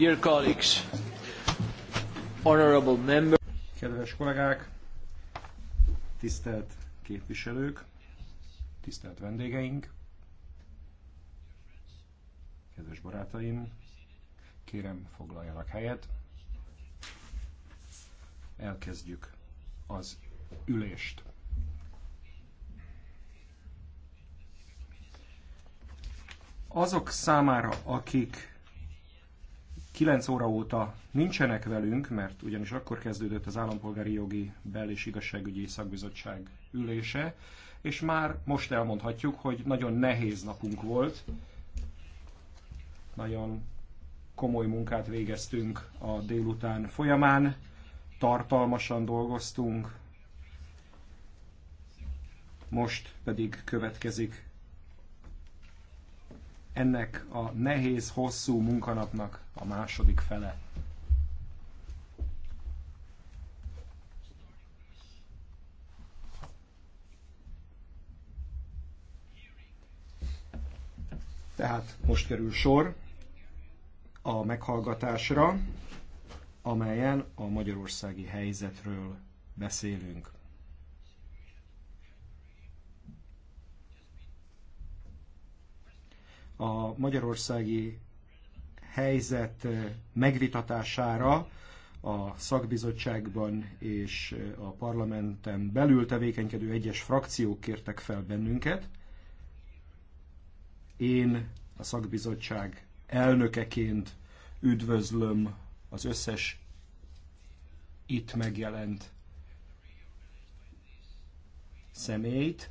Dear colleagues, honorable Kedves kollégák, tisztelt képviselők, tisztelt vendégeink, kedves barátaim, kérem foglaljanak helyet. Elkezdjük az ülést. azok számára, akik 9 óra óta nincsenek velünk, mert ugyanis akkor kezdődött az Állampolgári Jogi Bel- és Igazságügyi Szakbizottság ülése, és már most elmondhatjuk, hogy nagyon nehéz napunk volt, nagyon komoly munkát végeztünk a délután folyamán, tartalmasan dolgoztunk, most pedig következik ennek a nehéz, hosszú munkanapnak a második fele. Tehát most kerül sor a meghallgatásra, amelyen a magyarországi helyzetről beszélünk. a magyarországi helyzet megvitatására a szakbizottságban és a parlamenten belül tevékenykedő egyes frakciók kértek fel bennünket. Én a szakbizottság elnökeként üdvözlöm az összes itt megjelent személyt,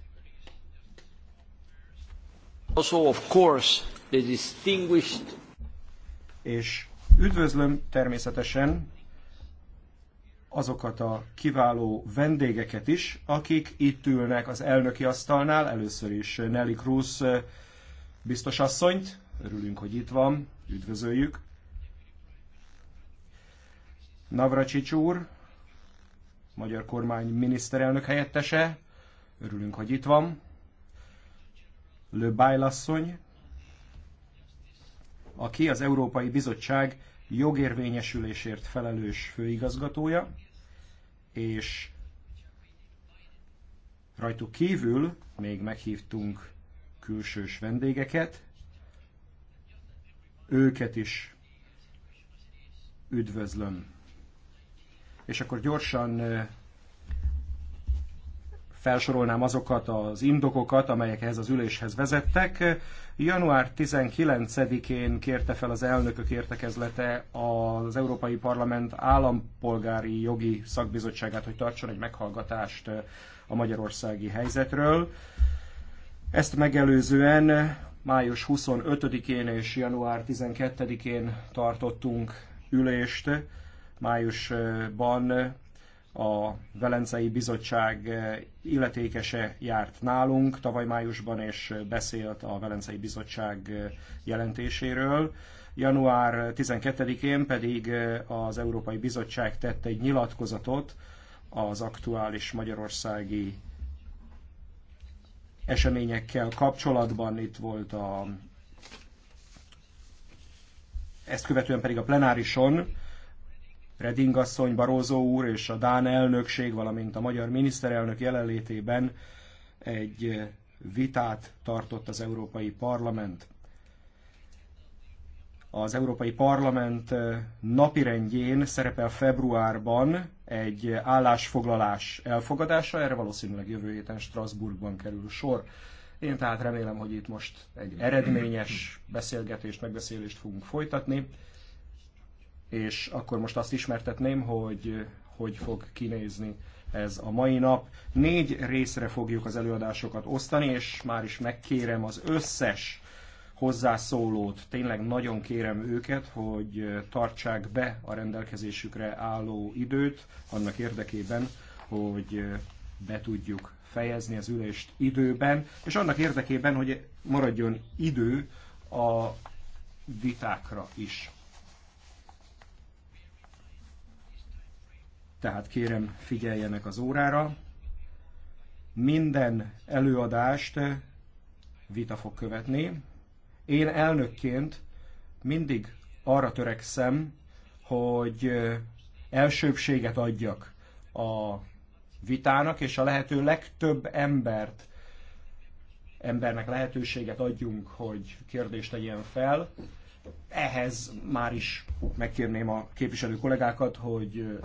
Also, of course, the distinguished... És üdvözlöm természetesen azokat a kiváló vendégeket is, akik itt ülnek az elnöki asztalnál. Először is Nelly Cruz eh, biztosasszonyt, örülünk, hogy itt van, üdvözöljük. Navracsics úr, magyar kormány miniszterelnök helyettese, örülünk, hogy itt van. Le Bájlasszony, aki az Európai Bizottság jogérvényesülésért felelős főigazgatója, és rajtuk kívül még meghívtunk külsős vendégeket, őket is üdvözlöm. És akkor gyorsan felsorolnám azokat az indokokat, amelyek ehhez az üléshez vezettek. Január 19-én kérte fel az elnökök értekezlete az Európai Parlament állampolgári jogi szakbizottságát, hogy tartson egy meghallgatást a magyarországi helyzetről. Ezt megelőzően május 25-én és január 12-én tartottunk ülést. Májusban a Velencei Bizottság illetékese járt nálunk tavaly májusban, és beszélt a Velencei Bizottság jelentéséről. Január 12-én pedig az Európai Bizottság tette egy nyilatkozatot az aktuális magyarországi eseményekkel kapcsolatban. Itt volt a ezt követően pedig a plenárison Reding asszony, Barózó úr és a Dán elnökség, valamint a magyar miniszterelnök jelenlétében egy vitát tartott az Európai Parlament. Az Európai Parlament eh, napirendjén szerepel februárban egy állásfoglalás elfogadása, erre valószínűleg jövő héten Strasbourgban kerül sor. Én tehát remélem, hogy itt most egy eredményes beszélgetést, megbeszélést fogunk folytatni és akkor most azt ismertetném, hogy hogy fog kinézni ez a mai nap. Négy részre fogjuk az előadásokat osztani, és már is megkérem az összes hozzászólót, tényleg nagyon kérem őket, hogy tartsák be a rendelkezésükre álló időt, annak érdekében, hogy be tudjuk fejezni az ülést időben, és annak érdekében, hogy maradjon idő a vitákra is. tehát kérem figyeljenek az órára. Minden előadást vita fog követni. Én elnökként mindig arra törekszem, hogy elsőbséget adjak a vitának, és a lehető legtöbb embert, embernek lehetőséget adjunk, hogy kérdést tegyen fel. Ehhez már is megkérném a képviselő kollégákat, hogy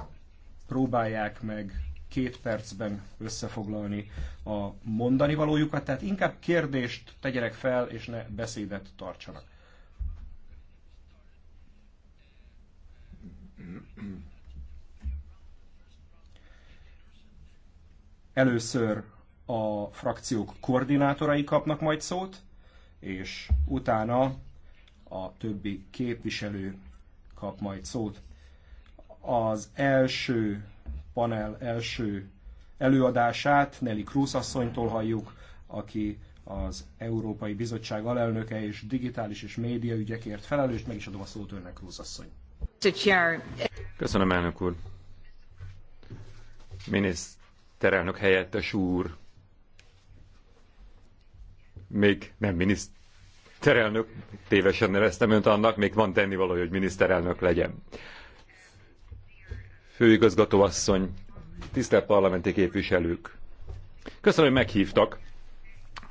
próbálják meg két percben összefoglalni a mondani valójukat, tehát inkább kérdést tegyenek fel, és ne beszédet tartsanak. Először a frakciók koordinátorai kapnak majd szót, és utána a többi képviselő kap majd szót az első panel első előadását Nelly Cruz asszonytól halljuk, aki az Európai Bizottság alelnöke és digitális és média ügyekért felelős. Meg is adom a szót önnek, Cruz asszony. Köszönöm, elnök úr. Miniszterelnök helyettes úr. Még nem miniszterelnök, tévesen neveztem önt annak, még van tennivaló, hogy miniszterelnök legyen asszony, tisztelt parlamenti képviselők! Köszönöm, hogy meghívtak,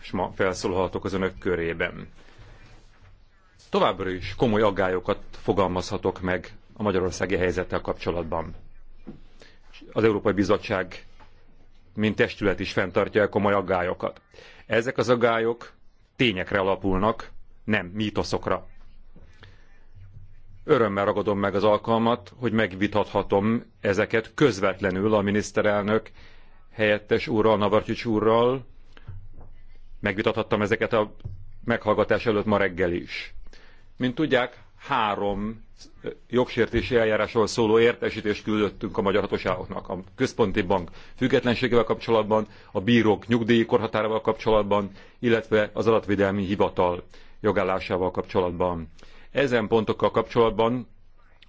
és ma felszólalhatok az önök körében. Továbbra is komoly aggályokat fogalmazhatok meg a magyarországi helyzettel kapcsolatban. Az Európai Bizottság, mint testület is fenntartja a komoly aggályokat. Ezek az aggályok tényekre alapulnak, nem mítoszokra. Örömmel ragadom meg az alkalmat, hogy megvitathatom ezeket közvetlenül a miniszterelnök helyettes úrral, Navarcsics úrral. Megvitathattam ezeket a meghallgatás előtt ma reggel is. Mint tudják, három jogsértési eljárásról szóló értesítést küldöttünk a magyar hatóságoknak. A központi bank függetlenségével kapcsolatban, a bírók nyugdíj korhatárával kapcsolatban, illetve az adatvédelmi hivatal jogállásával kapcsolatban. Ezen pontokkal kapcsolatban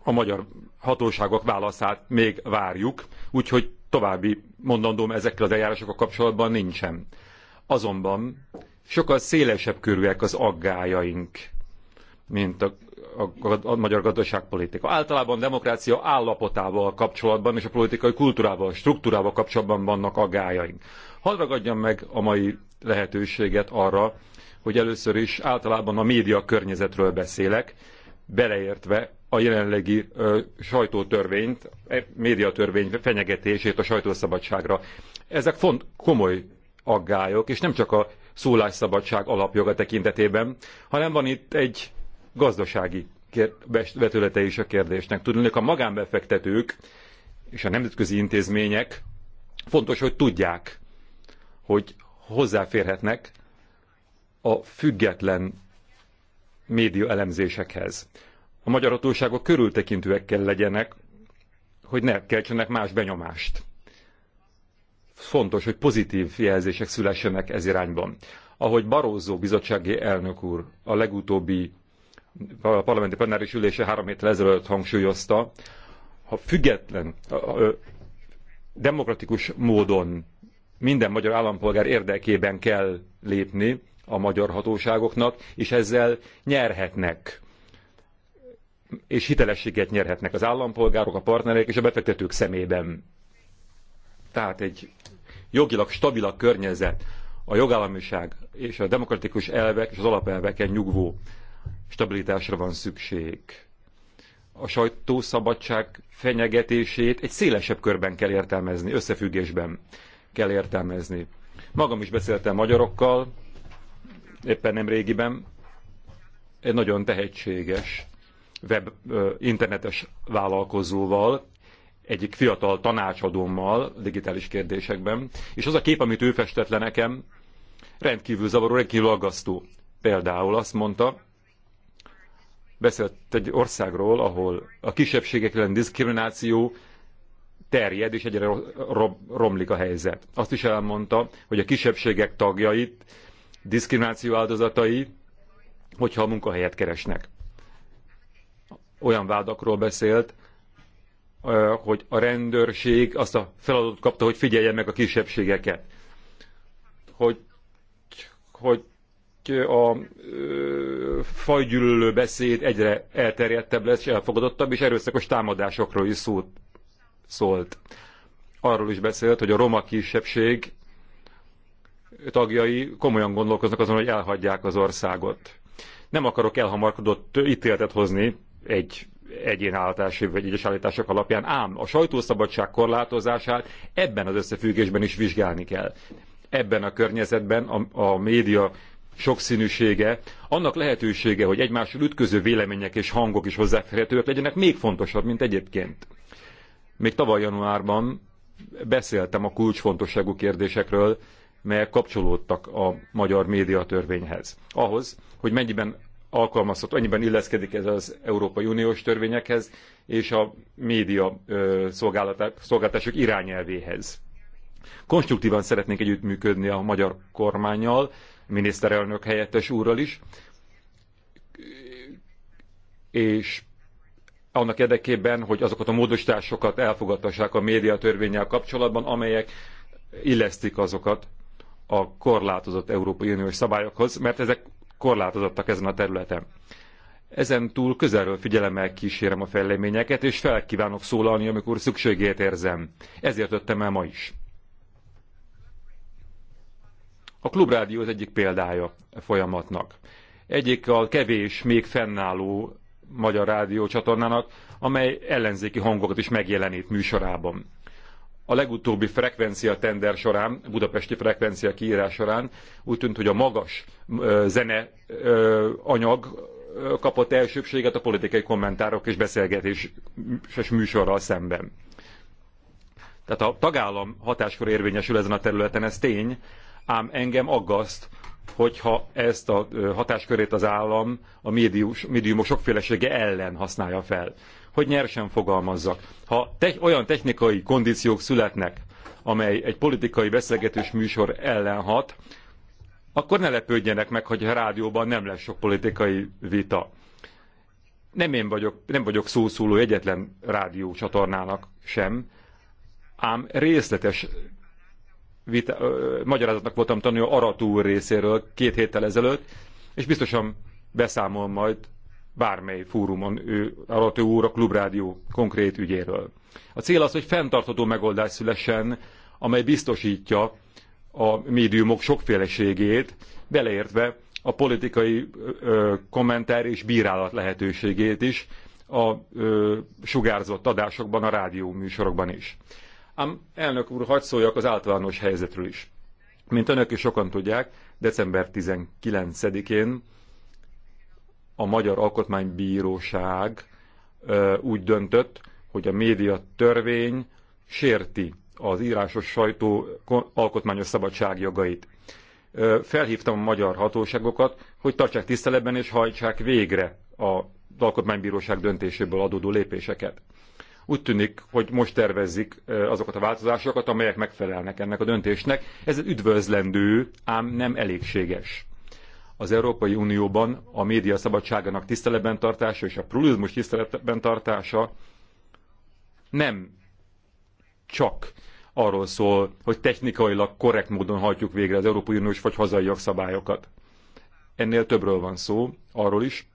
a magyar hatóságok válaszát még várjuk, úgyhogy további mondandóm ezekkel az eljárásokkal kapcsolatban nincsen. Azonban sokkal szélesebb körűek az aggájaink, mint a, a, a, a magyar gazdaságpolitika. Általában demokrácia állapotával kapcsolatban és a politikai kultúrával, struktúrával kapcsolatban vannak aggájaink. Hadd ragadjam meg a mai lehetőséget arra, hogy először is általában a média környezetről beszélek, beleértve a jelenlegi ö, sajtótörvényt, e, médiatörvény fenyegetését a sajtószabadságra. Ezek font komoly aggályok, és nem csak a szólásszabadság alapjoga tekintetében, hanem van itt egy gazdasági vetülete is a kérdésnek. Tudnék, a magánbefektetők és a nemzetközi intézmények fontos, hogy tudják, hogy hozzáférhetnek a független média elemzésekhez. A magyar hatóságok körültekintőek kell legyenek, hogy ne keltsenek más benyomást. Fontos, hogy pozitív jelzések szülessenek ez irányban. Ahogy Barózó bizottsági elnök úr a legutóbbi a parlamenti plenáris ülése három héttel ezelőtt hangsúlyozta, ha független, demokratikus módon minden magyar állampolgár érdekében kell lépni a magyar hatóságoknak, és ezzel nyerhetnek és hitelességet nyerhetnek az állampolgárok, a partnerek és a befektetők szemében. Tehát egy jogilag stabilabb környezet, a jogállamiság és a demokratikus elvek és az alapelveken nyugvó stabilitásra van szükség. A sajtószabadság fenyegetését egy szélesebb körben kell értelmezni, összefüggésben kell értelmezni. Magam is beszéltem magyarokkal, éppen nem régiben, egy nagyon tehetséges web, internetes vállalkozóval, egyik fiatal tanácsadómmal digitális kérdésekben, és az a kép, amit ő festett le nekem, rendkívül zavaró, rendkívül aggasztó. Például azt mondta, beszélt egy országról, ahol a kisebbségek ellen diszkrimináció terjed, és egyre romlik a helyzet. Azt is elmondta, hogy a kisebbségek tagjait, diszkrimináció áldozatai, hogyha a munkahelyet keresnek. Olyan vádakról beszélt, hogy a rendőrség azt a feladatot kapta, hogy figyelje meg a kisebbségeket. Hogy, hogy a fajgyűlölő beszéd egyre elterjedtebb lesz és elfogadottabb, és erőszakos támadásokról is szólt szólt. Arról is beszélt, hogy a roma kisebbség tagjai komolyan gondolkoznak azon, hogy elhagyják az országot. Nem akarok elhamarkodott ítéletet hozni egy egyén egyénállítási vagy egyes állítások alapján, ám a sajtószabadság korlátozását ebben az összefüggésben is vizsgálni kell. Ebben a környezetben a, a média sokszínűsége, annak lehetősége, hogy egymással ütköző vélemények és hangok is hozzáférhetőek legyenek, még fontosabb, mint egyébként. Még tavaly januárban beszéltem a kulcsfontosságú kérdésekről, melyek kapcsolódtak a magyar médiatörvényhez. Ahhoz, hogy mennyiben alkalmazható, mennyiben illeszkedik ez az Európai Uniós törvényekhez és a média szolgáltatások irányelvéhez. Konstruktívan szeretnénk együttműködni a magyar kormányjal, miniszterelnök helyettes úrral is, és annak érdekében, hogy azokat a módosításokat elfogadtassák a média kapcsolatban, amelyek illesztik azokat a korlátozott Európai Uniós szabályokhoz, mert ezek korlátozottak ezen a területen. Ezen túl közelről figyelemmel kísérem a fejleményeket, és felkívánok szólalni, amikor szükségét érzem. Ezért öttem el ma is. A klubrádió az egyik példája a folyamatnak. Egyik a kevés, még fennálló magyar rádió csatornának, amely ellenzéki hangokat is megjelenít műsorában. A legutóbbi frekvencia tender során, budapesti frekvencia kiírás során úgy tűnt, hogy a magas zene anyag kapott elsőbséget a politikai kommentárok és beszélgetéses műsorral szemben. Tehát a tagállam hatáskor érvényesül ezen a területen, ez tény, ám engem aggaszt, hogyha ezt a hatáskörét az állam a médiumok sokfélesége ellen használja fel. Hogy nyersen fogalmazzak. Ha te, olyan technikai kondíciók születnek, amely egy politikai beszélgetős műsor ellen hat, akkor ne lepődjenek meg, hogy a rádióban nem lesz sok politikai vita. Nem én vagyok, nem vagyok szószóló egyetlen rádiócsatornának sem, ám részletes vita, ö, magyarázatnak voltam a Aratú részéről két héttel ezelőtt, és biztosan beszámol majd bármely fórumon ő, Aratú úr a Klubrádió konkrét ügyéről. A cél az, hogy fenntartható megoldás szülessen, amely biztosítja a médiumok sokféleségét, beleértve a politikai ö, kommentár és bírálat lehetőségét is a ö, sugárzott adásokban, a rádió műsorokban is. Ám elnök úr, hadd szóljak az általános helyzetről is. Mint önök is sokan tudják, december 19-én a Magyar Alkotmánybíróság ö, úgy döntött, hogy a média törvény sérti az írásos sajtó alkotmányos szabadságjogait. Felhívtam a magyar hatóságokat, hogy tartsák tiszteletben és hajtsák végre a alkotmánybíróság döntéséből adódó lépéseket. Úgy tűnik, hogy most tervezzik azokat a változásokat, amelyek megfelelnek ennek a döntésnek. Ez üdvözlendő, ám nem elégséges. Az Európai Unióban a média szabadságának tiszteletben tartása és a pluralizmus tiszteletben tartása nem csak arról szól, hogy technikailag korrekt módon hajtjuk végre az Európai Uniós vagy hazai jogszabályokat. Ennél többről van szó, arról is,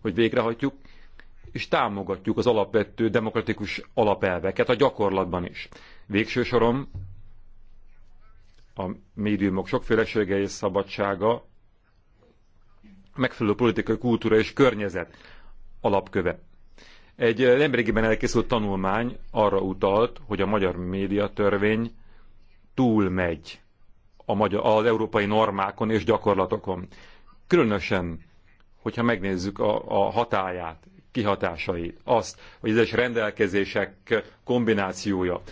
hogy végrehajtjuk és támogatjuk az alapvető demokratikus alapelveket a gyakorlatban is. Végső soron a médiumok sokfélesége és szabadsága, megfelelő politikai kultúra és környezet alapköve. Egy nemrégiben elkészült tanulmány arra utalt, hogy a magyar médiatörvény túlmegy a magyar, az európai normákon és gyakorlatokon. Különösen, hogyha megnézzük a, a hatáját kihatásait, azt, hogy az egyes rendelkezések kombinációja,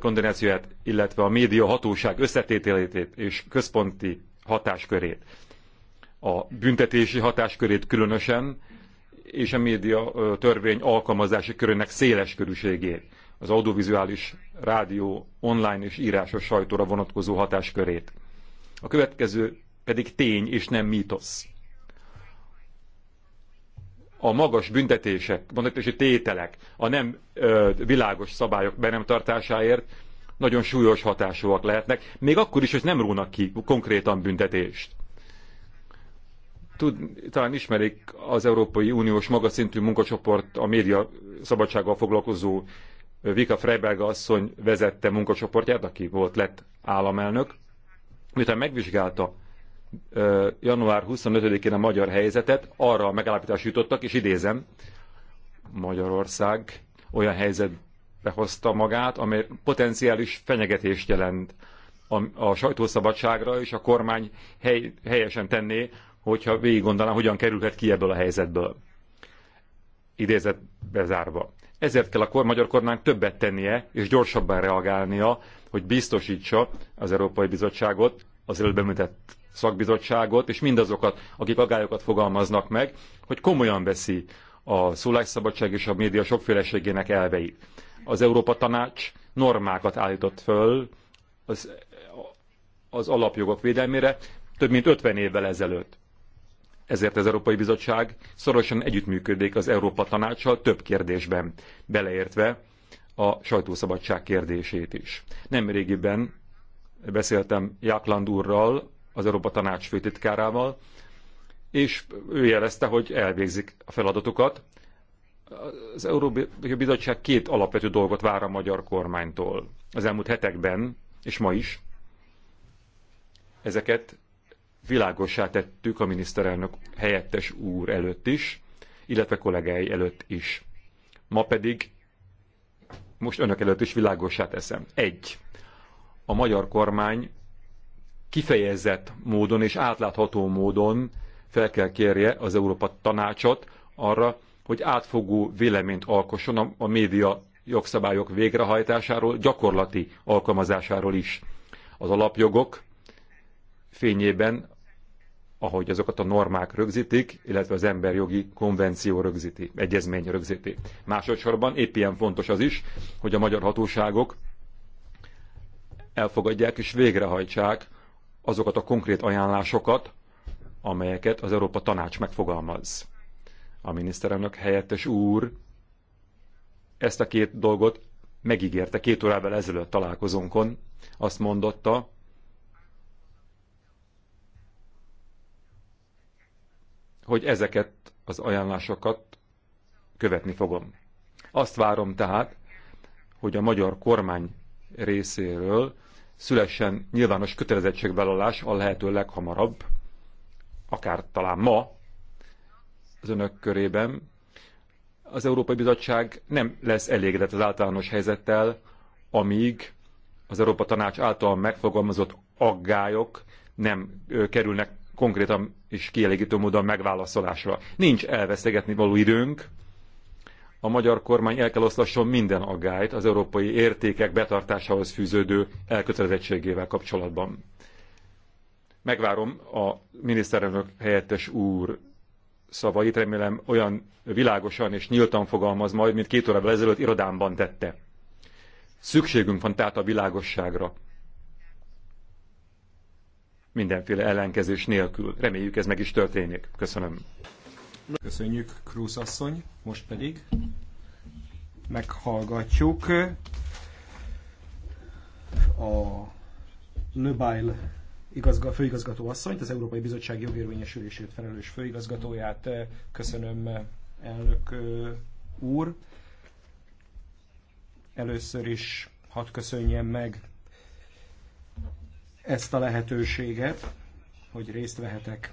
kombinációját, illetve a média hatóság összetételét és központi hatáskörét, a büntetési hatáskörét különösen, és a média törvény alkalmazási körének széles körűségét, az audiovizuális, rádió, online és írásos sajtóra vonatkozó hatáskörét. A következő pedig tény és nem mítosz a magas büntetések, büntetési tételek, a nem ö, világos szabályok be nem tartásáért nagyon súlyos hatásúak lehetnek, még akkor is, hogy nem rónak ki konkrétan büntetést. Tud, talán ismerik az Európai Uniós magaszintű munkacsoport, a média szabadsággal foglalkozó Vika Freiberg asszony vezette munkacsoportját, aki volt lett államelnök, miután megvizsgálta január 25-én a magyar helyzetet, arra a megállapítás jutottak, és idézem, Magyarország olyan helyzetbe hozta magát, amely potenciális fenyegetést jelent a, a sajtószabadságra, és a kormány hely, helyesen tenné, hogyha végig gondolná, hogyan kerülhet ki ebből a helyzetből. Idézet bezárva. Ezért kell a kor, magyar kormány többet tennie, és gyorsabban reagálnia, hogy biztosítsa az Európai Bizottságot az előbb említett szakbizottságot, és mindazokat, akik agályokat fogalmaznak meg, hogy komolyan veszi a szólásszabadság és a média sokféleségének elveit. Az Európa Tanács normákat állított föl az, az alapjogok védelmére több mint 50 évvel ezelőtt. Ezért az Európai Bizottság szorosan együttműködik az Európa Tanácssal több kérdésben, beleértve a sajtószabadság kérdését is. Nemrégiben beszéltem Jákland úrral, az Európa Tanács főtitkárával, és ő jelezte, hogy elvégzik a feladatukat. Az Európai Bizottság két alapvető dolgot vár a magyar kormánytól. Az elmúlt hetekben, és ma is, ezeket világosá tettük a miniszterelnök helyettes úr előtt is, illetve kollégái előtt is. Ma pedig most önök előtt is világosá teszem. Egy. A magyar kormány kifejezett módon és átlátható módon fel kell kérje az Európa Tanácsot arra, hogy átfogó véleményt alkosson a média jogszabályok végrehajtásáról, gyakorlati alkalmazásáról is. Az alapjogok fényében, ahogy azokat a normák rögzítik, illetve az emberjogi konvenció rögzíti, egyezmény rögzíti. Másodszorban épp ilyen fontos az is, hogy a magyar hatóságok elfogadják és végrehajtsák azokat a konkrét ajánlásokat, amelyeket az Európa Tanács megfogalmaz. A miniszterelnök helyettes úr ezt a két dolgot megígérte két órával ezelőtt találkozónkon. Azt mondotta, hogy ezeket az ajánlásokat követni fogom. Azt várom tehát, hogy a magyar kormány részéről szülessen nyilvános kötelezettségvállalás a lehető leghamarabb, akár talán ma az önök körében, az Európai Bizottság nem lesz elégedett az általános helyzettel, amíg az Európa Tanács által megfogalmazott aggályok nem kerülnek konkrétan és kielégítő módon megválaszolásra. Nincs elveszegetni való időnk, a magyar kormány el kell oszlasson minden aggályt az európai értékek betartásához fűződő elkötelezettségével kapcsolatban. Megvárom a miniszterelnök helyettes úr szavait, remélem olyan világosan és nyíltan fogalmaz majd, mint két órával ezelőtt irodámban tette. Szükségünk van tehát a világosságra. Mindenféle ellenkezés nélkül. Reméljük ez meg is történik. Köszönöm. Köszönjük, Krúz asszony. Most pedig meghallgatjuk a Nöbájl igazga, főigazgató asszonyt, az Európai Bizottság jogérvényesülését felelős főigazgatóját. Köszönöm, elnök úr. Először is hadd köszönjem meg ezt a lehetőséget, hogy részt vehetek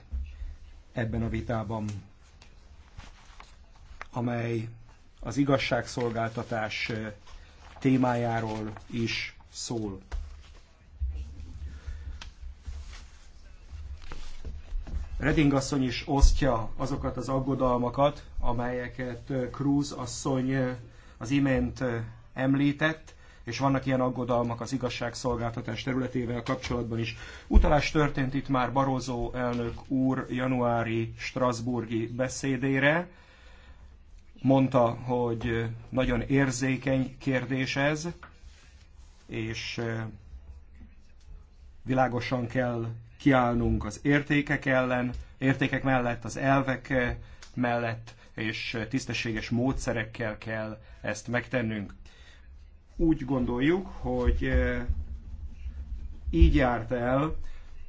ebben a vitában amely az igazságszolgáltatás témájáról is szól. Reding asszony is osztja azokat az aggodalmakat, amelyeket Cruz asszony az imént említett, és vannak ilyen aggodalmak az igazságszolgáltatás területével kapcsolatban is. Utalás történt itt már Barozó elnök úr januári Strasburgi beszédére, mondta, hogy nagyon érzékeny kérdés ez, és világosan kell kiállnunk az értékek ellen, értékek mellett, az elvek mellett, és tisztességes módszerekkel kell ezt megtennünk. Úgy gondoljuk, hogy így járt el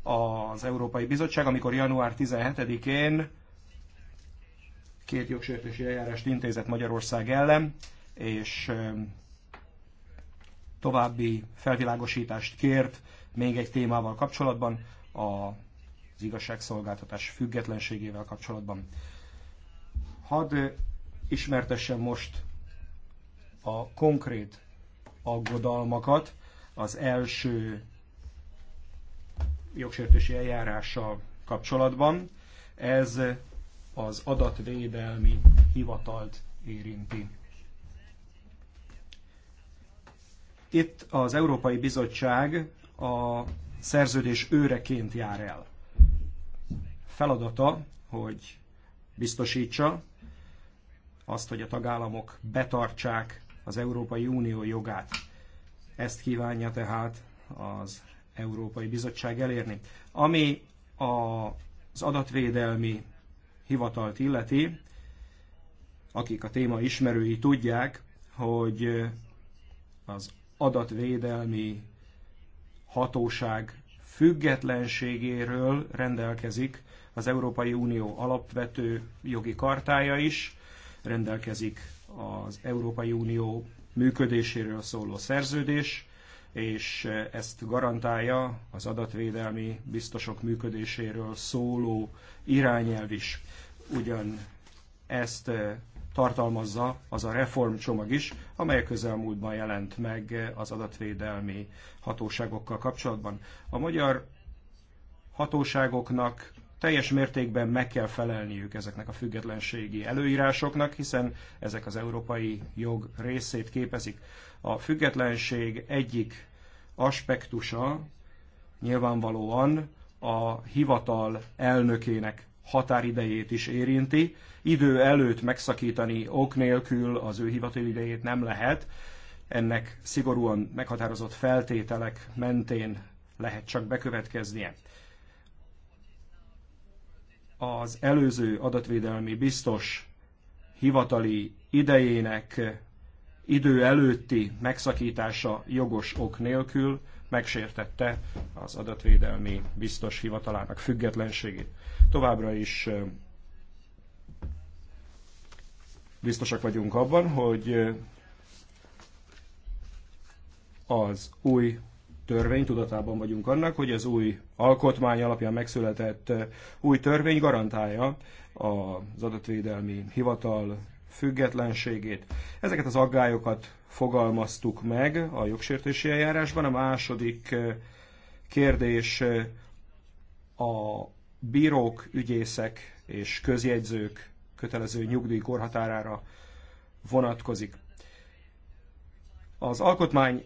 az Európai Bizottság, amikor január 17-én két jogsértési eljárást intézett Magyarország ellen, és további felvilágosítást kért még egy témával kapcsolatban, az igazságszolgáltatás függetlenségével kapcsolatban. Hadd ismertessem most a konkrét aggodalmakat. Az első jogsértési eljárással kapcsolatban. Ez az adatvédelmi hivatalt érinti. Itt az Európai Bizottság a szerződés őreként jár el. Feladata, hogy biztosítsa azt, hogy a tagállamok betartsák az Európai Unió jogát. Ezt kívánja tehát az Európai Bizottság elérni. Ami a, az adatvédelmi hivatalt illeti, akik a téma ismerői tudják, hogy az adatvédelmi hatóság függetlenségéről rendelkezik az Európai Unió alapvető jogi kartája is, rendelkezik az Európai Unió működéséről szóló szerződés, és eh, ezt garantálja az adatvédelmi biztosok működéséről szóló irányelv is. Ugyan ezt eh, tartalmazza az a reformcsomag is, amely közelmúltban jelent meg eh, az adatvédelmi hatóságokkal kapcsolatban. A magyar hatóságoknak teljes mértékben meg kell felelniük ezeknek a függetlenségi előírásoknak, hiszen ezek az európai jog részét képezik. A függetlenség egyik aspektusa nyilvánvalóan a hivatal elnökének határidejét is érinti. Idő előtt megszakítani ok nélkül az ő hivatalidejét nem lehet. Ennek szigorúan meghatározott feltételek mentén lehet csak bekövetkeznie az előző adatvédelmi biztos hivatali idejének idő előtti megszakítása jogos ok nélkül megsértette az adatvédelmi biztos hivatalának függetlenségét. Továbbra is biztosak vagyunk abban, hogy az új törvény, tudatában vagyunk annak, hogy az új alkotmány alapján megszületett új törvény garantálja az adatvédelmi hivatal függetlenségét. Ezeket az aggályokat fogalmaztuk meg a jogsértési eljárásban. A második kérdés a bírók, ügyészek és közjegyzők kötelező nyugdíjkorhatárára vonatkozik. Az alkotmány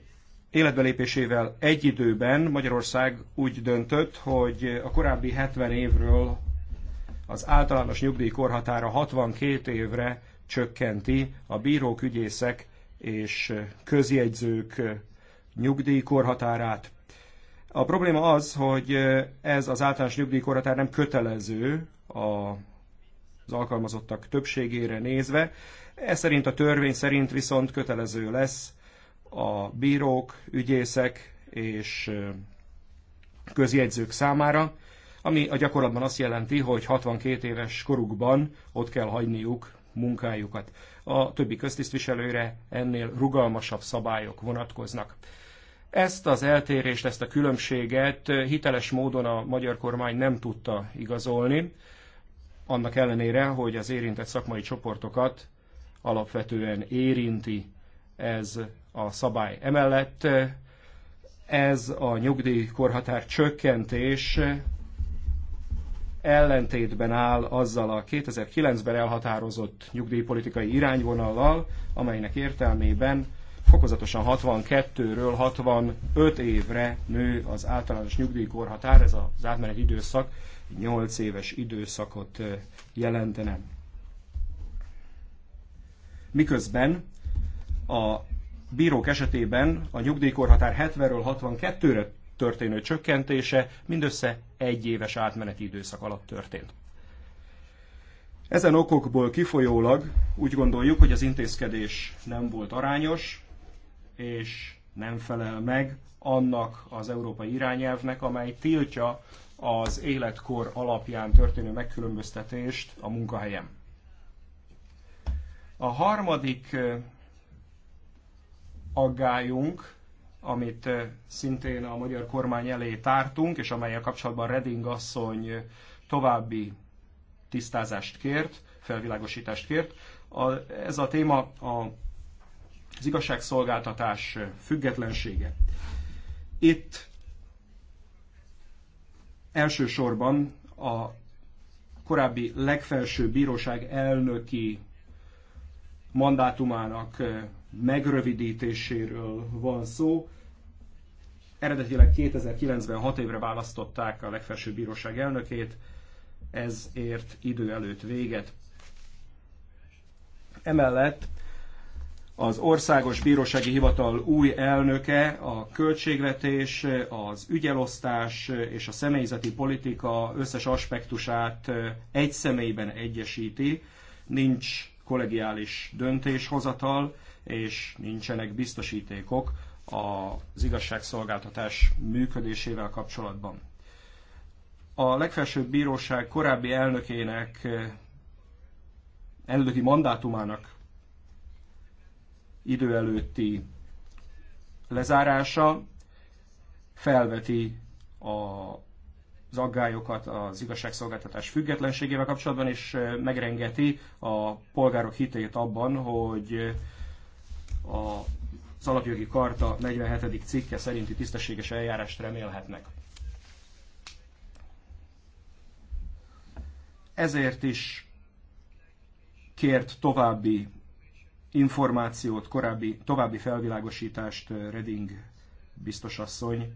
életbelépésével egy időben Magyarország úgy döntött, hogy a korábbi 70 évről az általános nyugdíjkorhatára 62 évre csökkenti a bírók, ügyészek és közjegyzők nyugdíjkorhatárát. A probléma az, hogy ez az általános nyugdíjkorhatár nem kötelező a az alkalmazottak többségére nézve. Ez szerint a törvény szerint viszont kötelező lesz a bírók, ügyészek és közjegyzők számára, ami a gyakorlatban azt jelenti, hogy 62 éves korukban ott kell hagyniuk munkájukat. A többi köztisztviselőre ennél rugalmasabb szabályok vonatkoznak. Ezt az eltérést, ezt a különbséget hiteles módon a magyar kormány nem tudta igazolni, annak ellenére, hogy az érintett szakmai csoportokat alapvetően érinti ez a szabály. Emellett eh, ez a nyugdíjkorhatár csökkentés ellentétben áll azzal a 2009-ben elhatározott nyugdíjpolitikai irányvonallal, amelynek értelmében fokozatosan 62-ről 65 évre nő az általános nyugdíjkorhatár, ez az átmeneti időszak 8 éves időszakot eh, jelentene. Miközben a bírók esetében a nyugdíjkorhatár 70-ről 62-re történő csökkentése mindössze egy éves átmeneti időszak alatt történt. Ezen okokból kifolyólag úgy gondoljuk, hogy az intézkedés nem volt arányos, és nem felel meg annak az európai irányelvnek, amely tiltja az életkor alapján történő megkülönböztetést a munkahelyen. A harmadik aggályunk, amit szintén a magyar kormány elé tártunk, és amelyel kapcsolatban Reding asszony további tisztázást kért, felvilágosítást kért. A, ez a téma a, az igazságszolgáltatás függetlensége. Itt elsősorban a korábbi legfelső bíróság elnöki mandátumának megrövidítéséről van szó. Eredetileg 2009-ben hat évre választották a legfelsőbb bíróság elnökét, ez ért idő előtt véget. Emellett az Országos Bírósági Hivatal új elnöke a költségvetés, az ügyelosztás és a személyzeti politika összes aspektusát egy személyben egyesíti, nincs kollegiális döntéshozatal, és nincsenek biztosítékok az igazságszolgáltatás működésével kapcsolatban. A legfelsőbb bíróság korábbi elnökének, elnöki mandátumának idő előtti lezárása felveti a, az aggályokat az igazságszolgáltatás függetlenségével kapcsolatban, és megrengeti a polgárok hitét abban, hogy az alapjogi karta 47. cikke szerinti tisztességes eljárást remélhetnek. Ezért is kért további információt, korábbi, további felvilágosítást eh, Reding biztosasszony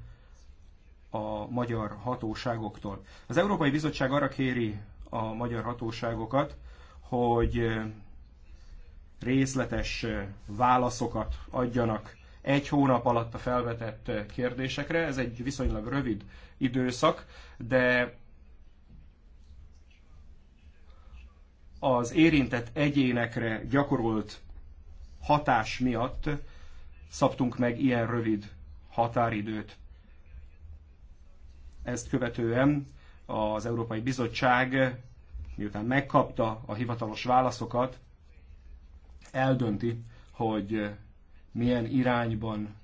a magyar hatóságoktól. Az Európai Bizottság arra kéri a magyar hatóságokat, hogy eh, részletes válaszokat adjanak egy hónap alatt a felvetett kérdésekre. Ez egy viszonylag rövid időszak, de az érintett egyénekre gyakorolt hatás miatt szabtunk meg ilyen rövid határidőt. Ezt követően az Európai Bizottság, miután megkapta a hivatalos válaszokat, eldönti, hogy eh, milyen irányban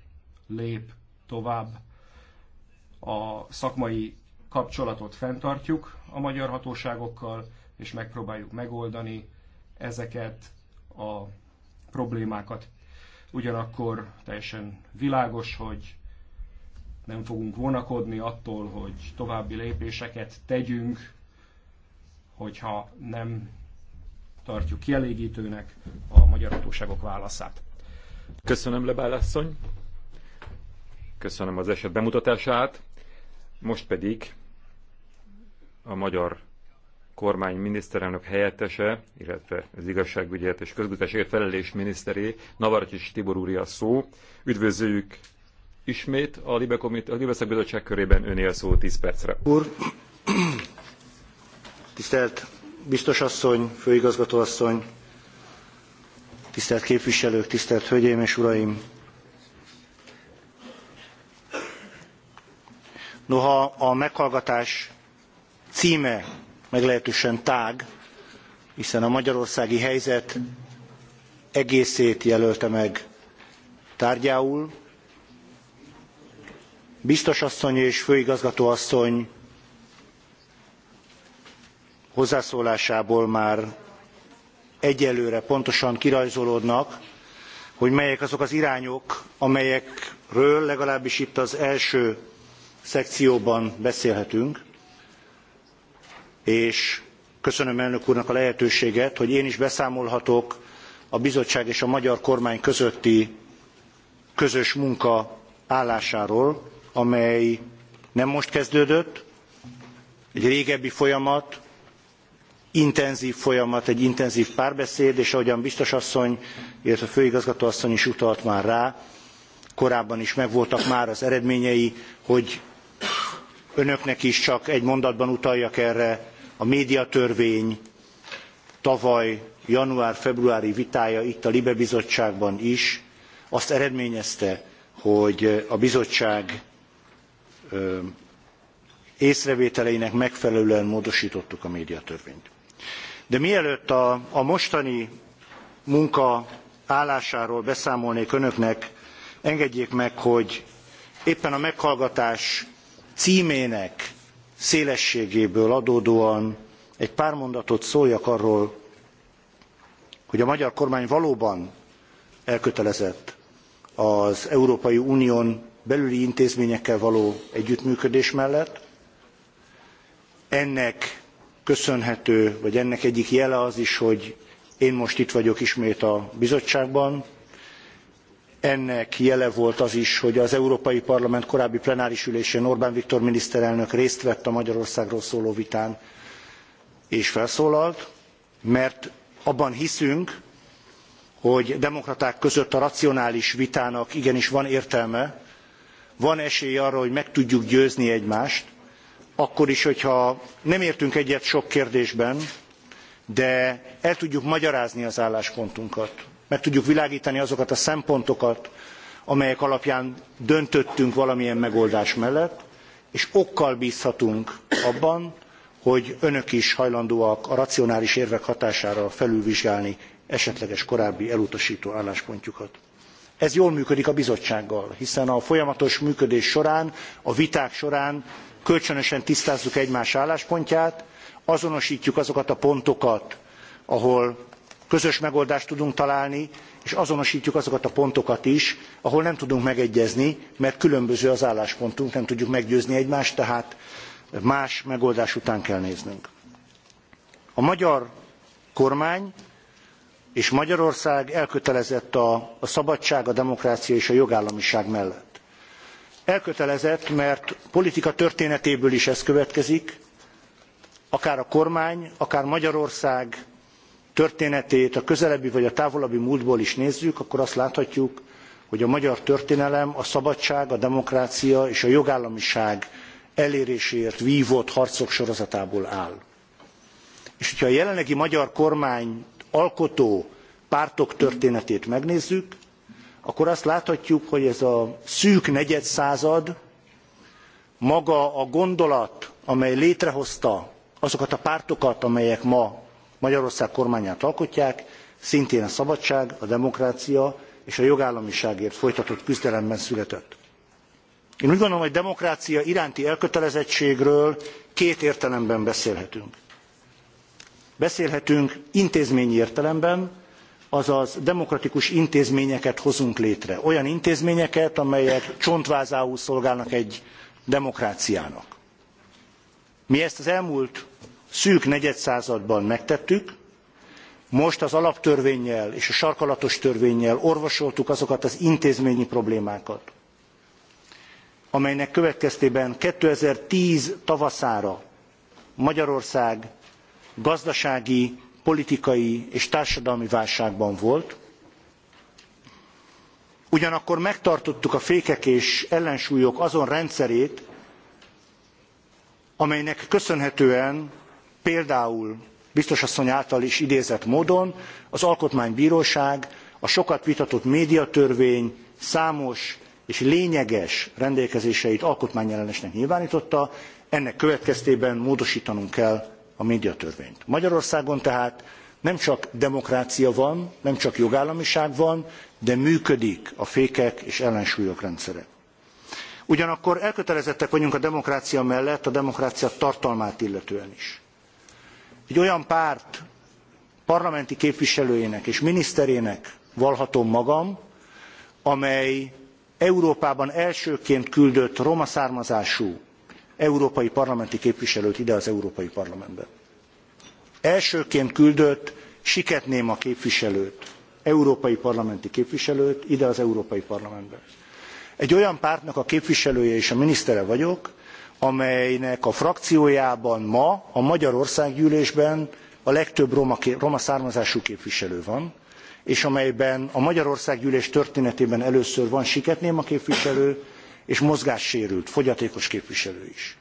lép tovább. A szakmai kapcsolatot fenntartjuk a magyar hatóságokkal, és megpróbáljuk megoldani ezeket a problémákat. Ugyanakkor teljesen világos, hogy nem fogunk vonakodni attól, hogy további lépéseket tegyünk, hogyha nem tartjuk kielégítőnek a magyar hatóságok válaszát. Köszönöm, Lebálasszony. Köszönöm az eset bemutatását. Most pedig a magyar kormány miniszterelnök helyettese, illetve az igazságügyért és közgutásért felelés miniszteré, Navarcsis Tibor úr a szó. Üdvözöljük ismét a Libeszak Bizottság a körében önél szó 10 percre. Úr, tisztelt biztos asszony, főigazgató asszony, tisztelt képviselők, tisztelt hölgyeim és uraim! Noha a meghallgatás címe meglehetősen tág, hiszen a magyarországi helyzet egészét jelölte meg tárgyául. Biztos asszony és főigazgató asszony hozzászólásából már egyelőre pontosan kirajzolódnak, hogy melyek azok az irányok, amelyekről legalábbis itt az első szekcióban beszélhetünk. És köszönöm elnök úrnak a lehetőséget, hogy én is beszámolhatok a bizottság és a magyar kormány közötti közös munka állásáról, amely nem most kezdődött, egy régebbi folyamat, intenzív folyamat, egy intenzív párbeszéd, és ahogyan biztos asszony, illetve a főigazgató asszony is utalt már rá, korábban is megvoltak már az eredményei, hogy önöknek is csak egy mondatban utaljak erre, a médiatörvény tavaly január-februári vitája itt a Libe bizottságban is azt eredményezte, hogy a bizottság észrevételeinek megfelelően módosítottuk a médiatörvényt de mielőtt a, mostani munka állásáról beszámolnék önöknek engedjék meg hogy éppen a meghallgatás címének szélességéből adódóan egy pár mondatot szóljak arról hogy a magyar kormány valóban elkötelezett az európai unión belüli intézményekkel való együttműködés mellett ennek köszönhető, vagy ennek egyik jele az is, hogy én most itt vagyok ismét a bizottságban. Ennek jele volt az is, hogy az Európai Parlament korábbi plenáris ülésén Orbán Viktor miniszterelnök részt vett a Magyarországról szóló vitán, és felszólalt, mert abban hiszünk, hogy demokraták között a racionális vitának igenis van értelme, van esély arra, hogy meg tudjuk győzni egymást, akkor is, hogyha nem értünk egyet sok kérdésben, de el tudjuk magyarázni az álláspontunkat, meg tudjuk világítani azokat a szempontokat, amelyek alapján döntöttünk valamilyen megoldás mellett, és okkal bízhatunk abban, hogy önök is hajlandóak a racionális érvek hatására felülvizsgálni esetleges korábbi elutasító álláspontjukat. Ez jól működik a bizottsággal, hiszen a folyamatos működés során, a viták során kölcsönösen tisztázzuk egymás álláspontját, azonosítjuk azokat a pontokat, ahol közös megoldást tudunk találni, és azonosítjuk azokat a pontokat is, ahol nem tudunk megegyezni, mert különböző az álláspontunk, nem tudjuk meggyőzni egymást, tehát más megoldás után kell néznünk. A magyar kormány és Magyarország elkötelezett a, a szabadság, a demokrácia és a jogállamiság mellett elkötelezett mert politika történetéből is ez következik akár a kormány akár magyarország történetét a közelebbi vagy a távolabbi múltból is nézzük akkor azt láthatjuk hogy a magyar történelem a szabadság a demokrácia és a jogállamiság eléréséért vívott harcok sorozatából áll. és hogyha a jelenlegi magyar kormányt alkotó pártok történetét megnézzük akkor azt láthatjuk, hogy ez a szűk negyedszázad maga a gondolat, amely létrehozta azokat a pártokat, amelyek ma Magyarország kormányát alkotják, szintén a szabadság, a demokrácia és a jogállamiságért folytatott küzdelemben született. Én úgy gondolom, hogy demokrácia iránti elkötelezettségről két értelemben beszélhetünk. Beszélhetünk intézményi értelemben, azaz demokratikus intézményeket hozunk létre. Olyan intézményeket, amelyek csontvázául szolgálnak egy demokráciának. Mi ezt az elmúlt szűk negyedszázadban megtettük, most az alaptörvényel és a sarkalatos törvényel orvosoltuk azokat az intézményi problémákat, amelynek következtében 2010 tavaszára Magyarország gazdasági politikai és társadalmi válságban volt ugyanakkor megtartottuk a fékek és ellensúlyok azon rendszerét amelynek köszönhetően például biztos asszony által is idézett módon az alkotmánybróság a sokat vitatott médiatörvény számos és lényeges rendelkezéseit alkotmányellenesnek nyilvántotta ennek következtében módostanunk kell a médiatörvényt. Magyarországon tehát nem csak demokrácia van, nem csak jogállamiság van, de működik a fékek és ellensúlyok rendszere. Ugyanakkor elkötelezettek vagyunk a demokrácia mellett, a demokrácia tartalmát illetően is. Egy olyan párt parlamenti képviselőjének és miniszterének valhatom magam, amely Európában elsőként küldött roma származású európai parlamenti képviselőt ide az Európai Parlamentbe. Elsőként küldött Néma képviselőt, európai parlamenti képviselőt ide az Európai Parlamentbe. Egy olyan pártnak a képviselője és a minisztere vagyok, amelynek a frakciójában ma a Magyar Országgyűlésben a legtöbb roma, roma származású képviselő van, és amelyben a Magyarországgyűlés történetében először van Néma képviselő, és mozgássérült, fogyatékos képviselő is.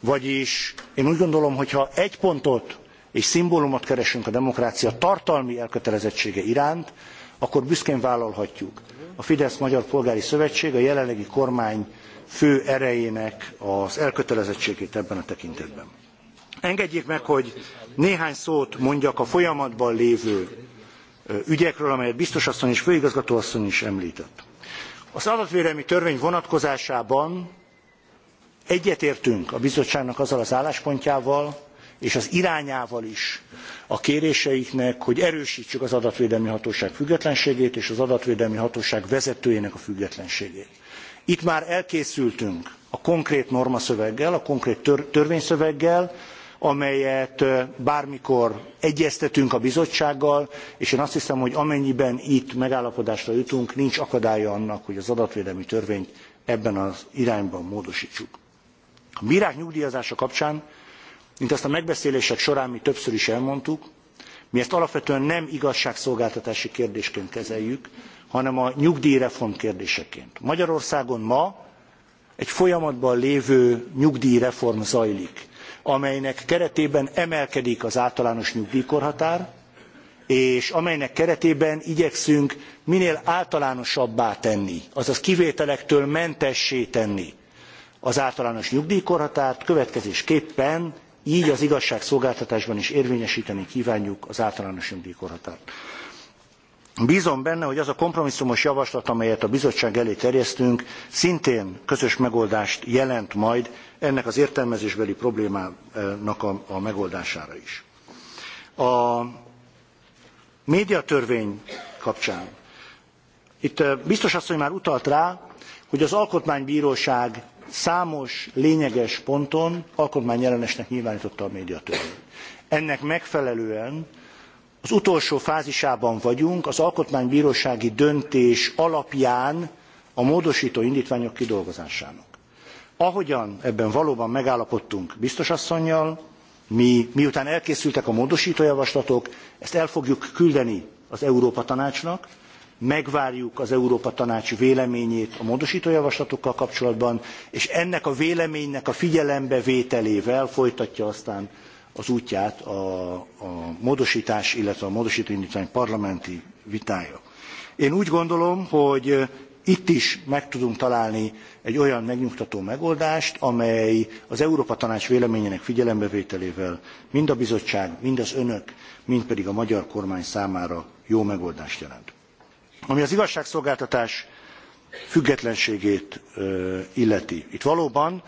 Vagyis én úgy gondolom, hogy ha egy pontot és szimbólumot keresünk a demokrácia tartalmi elkötelezettsége iránt, akkor büszkén vállalhatjuk. A Fidesz Magyar Polgári Szövetség a jelenlegi kormány fő erejének az elkötelezettségét ebben a tekintetben. Engedjék meg, hogy néhány szót mondjak a folyamatban lévő ügyekről, amelyet biztos asszony és főigazgató asszony is említett. Az adatvédelmi törvény vonatkozásában egyetértünk a bizottságnak azzal az álláspontjával, és az irányával is a kéréseiknek, hogy erősítsük az adatvédelmi hatóság függetlenségét és az adatvédelmi hatóság vezetőjének a függetlenségét. Itt már elkészültünk a konkrét normaszöveggel, a konkrét tör törvényszöveggel, amelyet bármikor egyeztetünk a bizottsággal, és én azt hiszem, hogy amennyiben itt megállapodásra jutunk, nincs akadálya annak, hogy az adatvédelmi törvényt ebben az irányban módosítsuk. A brák nyugdjazása kapcsán, mint azt a megbeszélések során mi többször is elmondtuk, mi ezt alapvetően nem igazságszolgáltatási kérdésként kezeljük, hanem a nyugdjreform kérdéseként. Magyarországon ma egy folyamatban lévő nyugdjreform zajlik amelynek keretében emelkedik az általános nyugdjkorhatár és amelynek keretében igyekszünk minél általánosabbá tenni azaz kivételektől mentessé tenni az általános nyugdjkorhatárt következésképpen gy az igazságszolgáltatásban is érvényesteni kvánjuk az általános nyugdjkorhatárt. Bízom benne, hogy az a kompromisszumos javaslat, amelyet a bizottság elé terjesztünk, szintén közös megoldást jelent majd ennek az értelmezésbeli problémának a, a megoldására is. A médiatörvény kapcsán itt biztos asszony már utalt rá, hogy az alkotmánybíróság számos lényeges ponton alkotmányellenesnek nyilvánította a médiatörvényt. Ennek megfelelően az utolsó fázisában vagyunk, az alkotmánybírósági döntés alapján a módosító indítványok kidolgozásának. Ahogyan ebben valóban megállapodtunk biztos asszonynal, mi, miután elkészültek a módosító javaslatok, ezt el fogjuk küldeni az Európa Tanácsnak, megvárjuk az Európa Tanács véleményét a módosító javaslatokkal kapcsolatban, és ennek a véleménynek a figyelembevételével folytatja aztán az útját a, a módosítás, illetve a módosító indítvány parlamenti vitája. Én úgy gondolom, hogy itt is meg tudunk találni egy olyan megnyugtató megoldást, amely az Európa Tanács véleményének figyelembevételével mind a bizottság, mind az önök, mind pedig a magyar kormány számára jó megoldást jelent. Ami az igazságszolgáltatás függetlenségét illeti. Itt valóban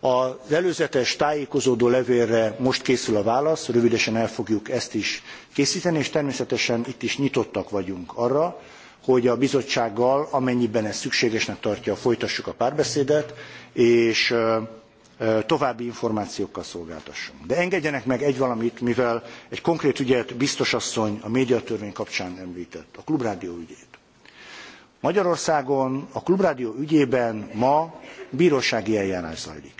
az előzetes tájékozódó levélre most készül a válasz, rövidesen el fogjuk ezt is készíteni, és természetesen itt is nyitottak vagyunk arra, hogy a bizottsággal, amennyiben ez szükségesnek tartja, folytassuk a párbeszédet, és további információkkal szolgáltassunk. De engedjenek meg egy valamit, mivel egy konkrét ügyet biztos asszony a médiatörvény kapcsán említett, a klubrádió ügyét. Magyarországon a klubrádió ügyében ma bírósági eljárás zajlik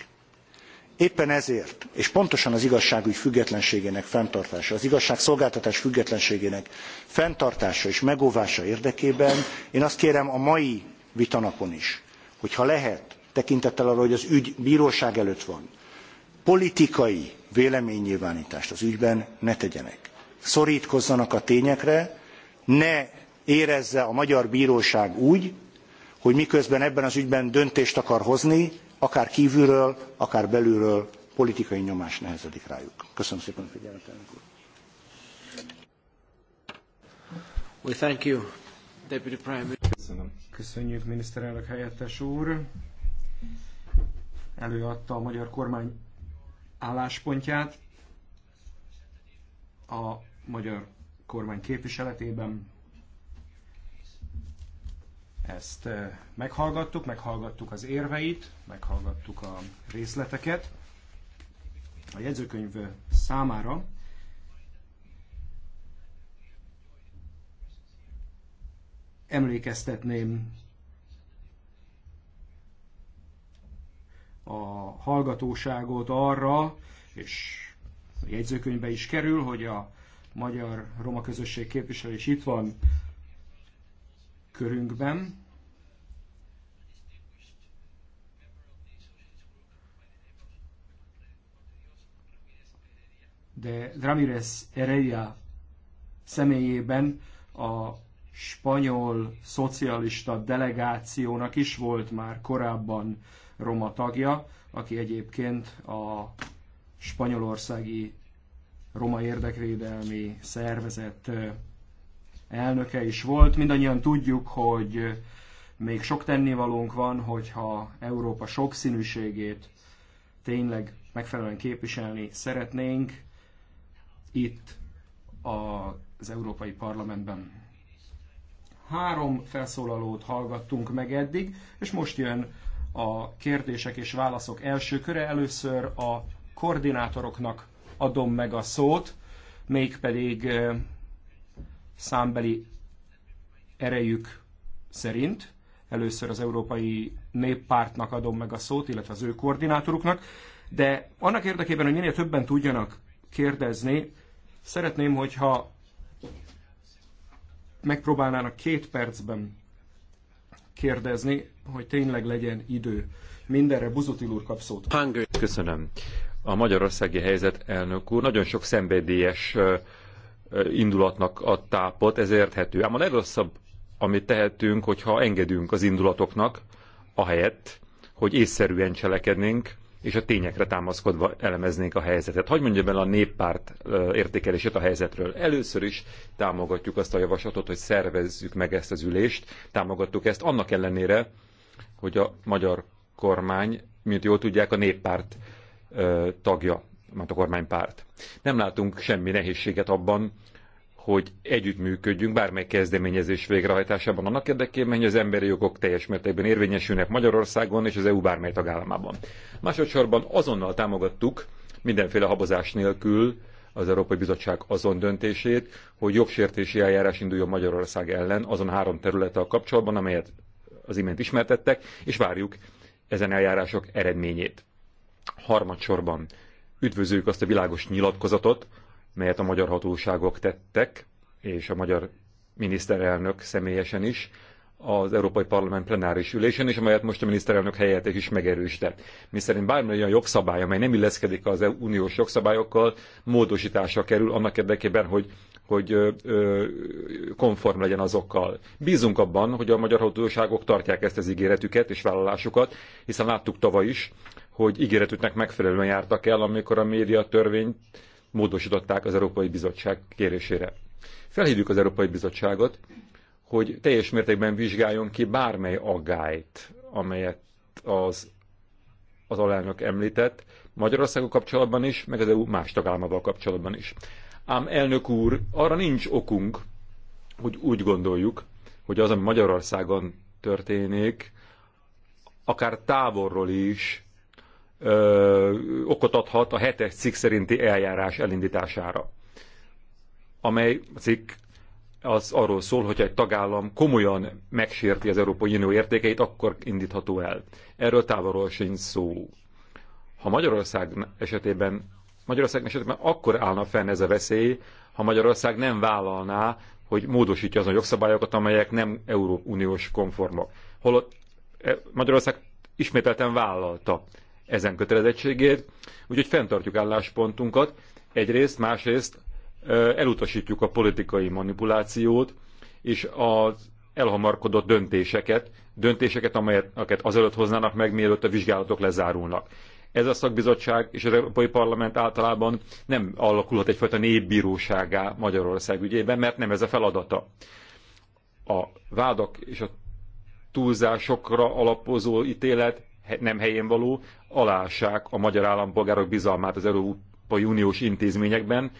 éppen ezért és pontosan az igazságügy függetlenségének fenntartása az igazságszolgáltatás függetlenségének fenntartása és megóvása érdekében én azt kérem a mai vitanapon is hogy ha lehet tekintettel arra hogy az ügy bróság előtt van politikai véleménynyilvántást az ügyben ne tegyenek szortkozzanak a tényekre ne érezze a magyar bróság úgy hogy miközben ebben az ügyben döntést akar hozni akár kívülről, akár belülről politikai nyomás nehezedik rájuk. Köszönöm szépen a figyelmet, elnök úr. We thank you, Deputy Prime Minister. Köszönöm. Köszönjük, miniszterelnök helyettes úr. Előadta a magyar kormány álláspontját a magyar kormány képviseletében. Ezt eh, meghallgattuk, meghallgattuk az érveit, meghallgattuk a részleteket. A jegyzőkönyv számára emlékeztetném a hallgatóságot arra, és a jegyzőkönyvbe is kerül, hogy a magyar roma közösség képviselő is itt van körünkben. De Ramirez Heredia személyében a spanyol szocialista delegációnak is volt már korábban roma tagja, aki egyébként a spanyolországi roma érdekvédelmi szervezet elnöke is volt. Mindannyian tudjuk, hogy még sok tennivalónk van, hogyha Európa sokszínűségét tényleg megfelelően képviselni szeretnénk itt az Európai Parlamentben. Három felszólalót hallgattunk meg eddig, és most jön a kérdések és válaszok első köre. Először a koordinátoroknak adom meg a szót, mégpedig számbeli erejük szerint. Először az Európai Néppártnak adom meg a szót, illetve az ő koordinátoruknak, de annak érdekében, hogy minél többen tudjanak kérdezni, szeretném, hogyha megpróbálnának két percben kérdezni, hogy tényleg legyen idő. Mindenre Buzutil úr kap szót. Köszönöm. A magyarországi helyzet elnök úr nagyon sok szenvedélyes indulatnak ad tápot, ez érthető. Ám a legrosszabb, amit tehetünk, hogyha engedünk az indulatoknak, a helyet, hogy észszerűen cselekednénk, és a tényekre támaszkodva elemeznénk a helyzetet. Hogy mondja el a néppárt értékelését a helyzetről. Először is támogatjuk azt a javaslatot, hogy szervezzük meg ezt az ülést. Támogattuk ezt annak ellenére, hogy a magyar kormány, mint jól tudják, a néppárt tagja a kormánypárt. Nem látunk semmi nehézséget abban, hogy együttműködjünk bármely kezdeményezés végrehajtásában annak érdekében, hogy az emberi jogok teljes mértékben érvényesülnek Magyarországon és az EU bármely tagállamában. Másodszorban azonnal támogattuk mindenféle habozás nélkül az Európai Bizottság azon döntését, hogy jogsértési eljárás induljon Magyarország ellen azon három a kapcsolatban, amelyet az imént ismertettek, és várjuk ezen eljárások eredményét. Harmadsorban Üdvözlők azt a világos nyilatkozatot, melyet a magyar hatóságok tettek, és a magyar miniszterelnök személyesen is, az Európai Parlament plenáris ülésen, és amelyet most a miniszterelnök helyettes is megerősített. szerint bármilyen olyan jogszabály, amely nem illeszkedik az e uniós jogszabályokkal, módosításra kerül annak érdekében, hogy hogy ö, ö, konform legyen azokkal. Bízunk abban, hogy a magyar hatóságok tartják ezt az ígéretüket és vállalásukat, hiszen láttuk tavaly is, hogy ígéretüknek megfelelően jártak el, amikor a média törvényt módosították az Európai Bizottság kérésére. Felhívjuk az Európai Bizottságot, hogy teljes mértékben vizsgáljon ki bármely aggályt, amelyet az, az alelnök említett, Magyarországok kapcsolatban is, meg az EU más tagállamával kapcsolatban is. Ám elnök úr, arra nincs okunk, hogy úgy gondoljuk, hogy az, ami Magyarországon történik, akár távolról is ö, okot adhat a hetes cikk szerinti eljárás elindítására, amely cikk az arról szól, hogy egy tagállam komolyan megsérti az Európai Unió értékeit, akkor indítható el. Erről távolról sincs szó. Ha Magyarország esetében, Magyarország esetében akkor állna fenn ez a veszély, ha Magyarország nem vállalná, hogy módosítja azon jogszabályokat, amelyek nem Európai Uniós konformok. Holott e, Magyarország ismételten vállalta ezen kötelezettségét, úgyhogy fenntartjuk álláspontunkat. Egyrészt, másrészt elutasítjuk a politikai manipulációt és az elhamarkodott döntéseket, döntéseket, amelyeket azelőtt hoznának meg, mielőtt a vizsgálatok lezárulnak. Ez a szakbizottság és az Európai Parlament általában nem alakulhat egyfajta népbíróságá Magyarország ügyében, mert nem ez a feladata. A vádak és a túlzásokra alapozó ítélet nem helyén való, alássák a magyar állampolgárok bizalmát az Európai Uniós intézményekben,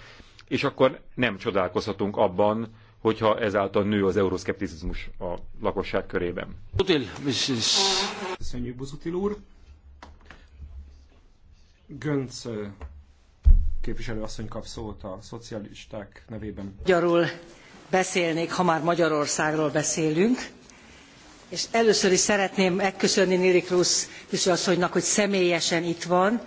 és akkor nem csodálkozhatunk abban, hogyha ezáltal nő az euroszkepticizmus a lakosság körében. Köszönjük, Buzutil úr! Gönc képviselő asszony kap szót a szocialisták nevében. Magyarul beszélnék, ha már Magyarországról beszélünk és először is szeretném megköszönni Nili Krusz asszonynak, hogy személyesen itt van,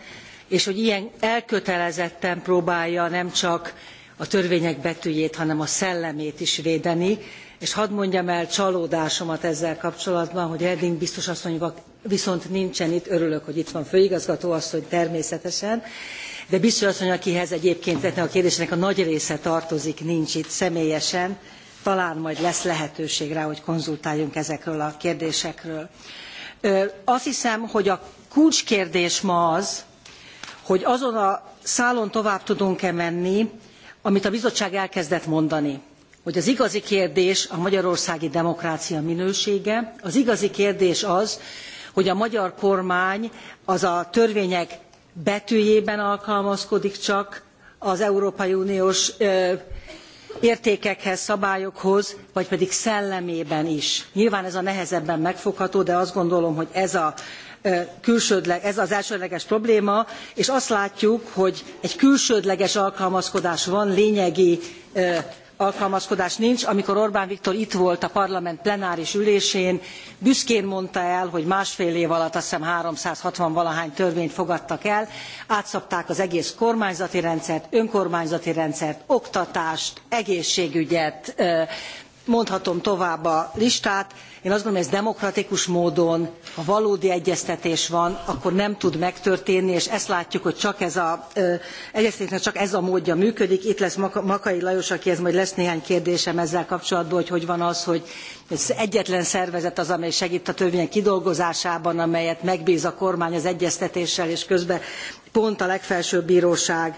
és hogy ilyen elkötelezetten próbálja nem csak a törvények betűjét, hanem a szellemét is védeni, és hadd mondjam el csalódásomat ezzel kapcsolatban, hogy Redding biztos asszony viszont nincsen itt, örülök, hogy itt van főigazgató asszony természetesen, de biztos asszony, akihez egyébként a kérdésnek a nagy része tartozik, nincs itt személyesen, talán majd lesz lehetőség rá, hogy konzultáljunk ezekről a kérdésekről. Azt hiszem, hogy a kulcskérdés ma az, hogy azon a szálon tovább tudunk-e menni, amit a bizottság elkezdett mondani hogy az igazi kérdés a magyarországi demokrácia minősége, az igazi kérdés az, hogy a magyar kormány az a törvények betűjében alkalmazkodik csak az Európai Uniós értékekhez szabályokhoz vagy pedig szellemében is. nyilván ez a nehezebben megfogható de azt gondolom hogy ez a Külsődleg, ez az elsődleges probléma és azt látjuk hogy egy külsődleges alkalmazkodás van lényegi alkalmazkodás nincs amikor orbán viktor itt volt a parlament plenáris ülésén büszkén mondta el hogy másfél év alatt azt hiszem háromszázhatvan valahány törvényt fogadtak el átszabták az egész kormányzati rendszert önkormányzati rendszert oktatást egészségügyet mondhatom tovább a listát. Én azt gondolom, hogy ez demokratikus módon, ha valódi egyeztetés van, akkor nem tud megtörténni, és ezt látjuk, hogy csak ez a egyeztetésnek csak ez a módja működik. Itt lesz Makai Lajos, akihez majd lesz néhány kérdésem ezzel kapcsolatban, hogy hogy van az, hogy ez egyetlen szervezet az, amely segít a törvények kidolgozásában, amelyet megbíz a kormány az egyeztetéssel, és közben pont a legfelsőbb bíróság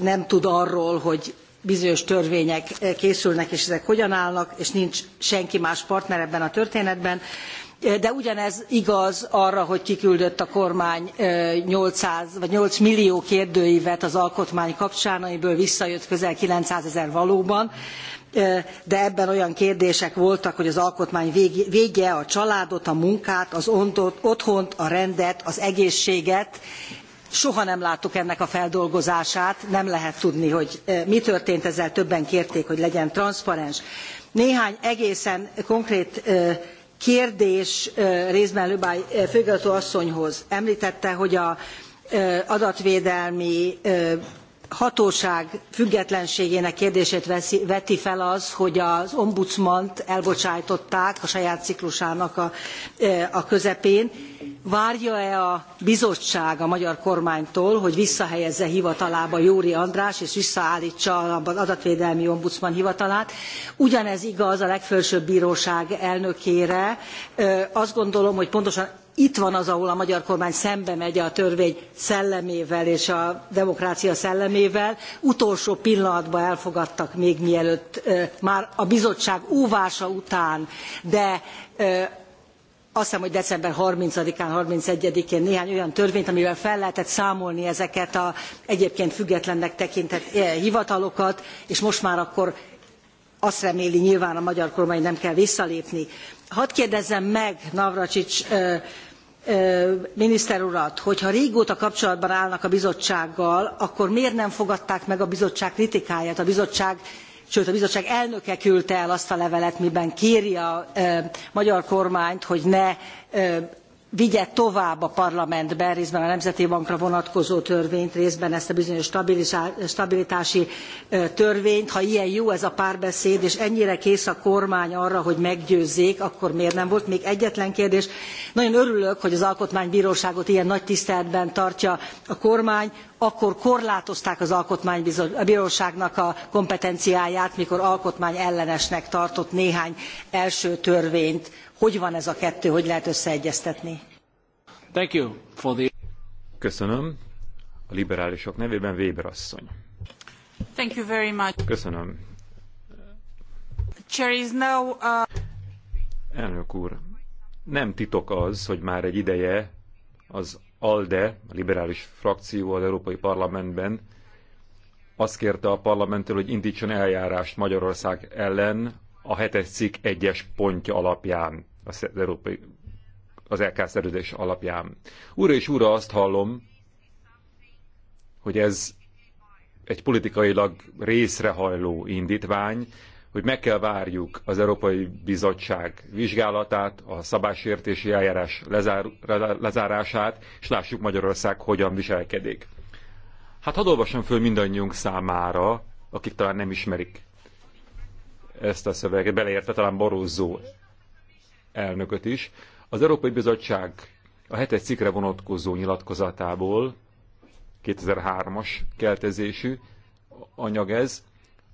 nem tud arról, hogy bizonyos törvények eh, készülnek, és ezek hogyan állnak, és nincs senki más partner ebben a történetben eh, de ugyanez igaz arra hogy kiküldött a kormány eight vagy eight millió kérdővet az alkotmány kapcsán amiből visszajött közel nine hundred ezer valóban eh, de ebben olyan kérdések voltak hogy az alkotmány védje a családot a munkát az otthont a rendet az egészséget soha nem láttuk ennek a feldolgozását nem lehet tudni hogy eh, mi történt ezzel többen kérték hogy legyen transzparens. néhány egészen konkrét eh, kérdés eh, részben le bay főigazgató asszonyhoz emltette hogy az adatvédelmi hatóság függetlenségének kérdését veszi, veti fel az, hogy az ombudsmant elbocsájtották a saját ciklusának a, eh, a közepén. Várja-e a bizottság a magyar kormánytól, hogy visszahelyezze hivatalába Jóri András, és visszaállítsa az adatvédelmi ombudsman hivatalát? Ugyanez igaz a legfelsőbb bíróság elnökére. Azt gondolom, hogy pontosan itt van az, ahol a magyar kormány szembe megy a törvény szellemével és a demokrácia szellemével. Utolsó pillanatban elfogadtak még mielőtt már a bizottság óvása után, de azt hiszem, hogy december 30-án, 31-én néhány olyan törvényt, amivel fel lehetett számolni ezeket a egyébként függetlennek tekintett eh, hivatalokat, és most már akkor azt reméli nyilván a magyar kormány nem kell visszalépni. Hadd kérdezzem meg Navracsics miniszter urat, hogy ha régóta kapcsolatban állnak a bizottsággal, akkor miért nem fogadták meg a bizottság kritikáját? A bizottság sőt a bizottság elnöke küldte el azt a levelet miben kéri a magyar kormányt hogy ne vigye tovább a parlamentben, részben a Nemzeti Bankra vonatkozó törvényt, részben ezt a bizonyos stabilitási törvényt. Ha ilyen jó ez a párbeszéd, és ennyire kész a kormány arra, hogy meggyőzzék, akkor miért nem volt még egyetlen kérdés? Nagyon örülök, hogy az Alkotmánybíróságot ilyen nagy tiszteletben tartja a kormány akkor korlátozták az alkotmánybróságnak a kompetenciáját mikor alkotmányellenesnek tartott néhány első törvényt hogy van ez a kettő, hogy lehet összeegyeztetni? Köszönöm. A liberálisok nevében Weber asszony. Thank you very much. Köszönöm. There is no, uh... Elnök úr, nem titok az, hogy már egy ideje az ALDE, a liberális frakció az Európai Parlamentben azt kérte a parlamenttől, hogy indítson eljárást Magyarország ellen a hetes cikk egyes pontja alapján az európai az LK szerződés alapján. Úra és úra azt hallom, hogy ez egy politikailag részrehajló indítvány, hogy meg kell várjuk az Európai Bizottság vizsgálatát, a szabásértési eljárás lezár, lezárását, és lássuk Magyarország hogyan viselkedik. Hát hadd olvasom föl mindannyiunk számára, akik talán nem ismerik ezt a szöveget, beleértve talán Borózó elnököt is. Az Európai Bizottság a hetes cikre vonatkozó nyilatkozatából, 2003-as keltezésű anyag ez,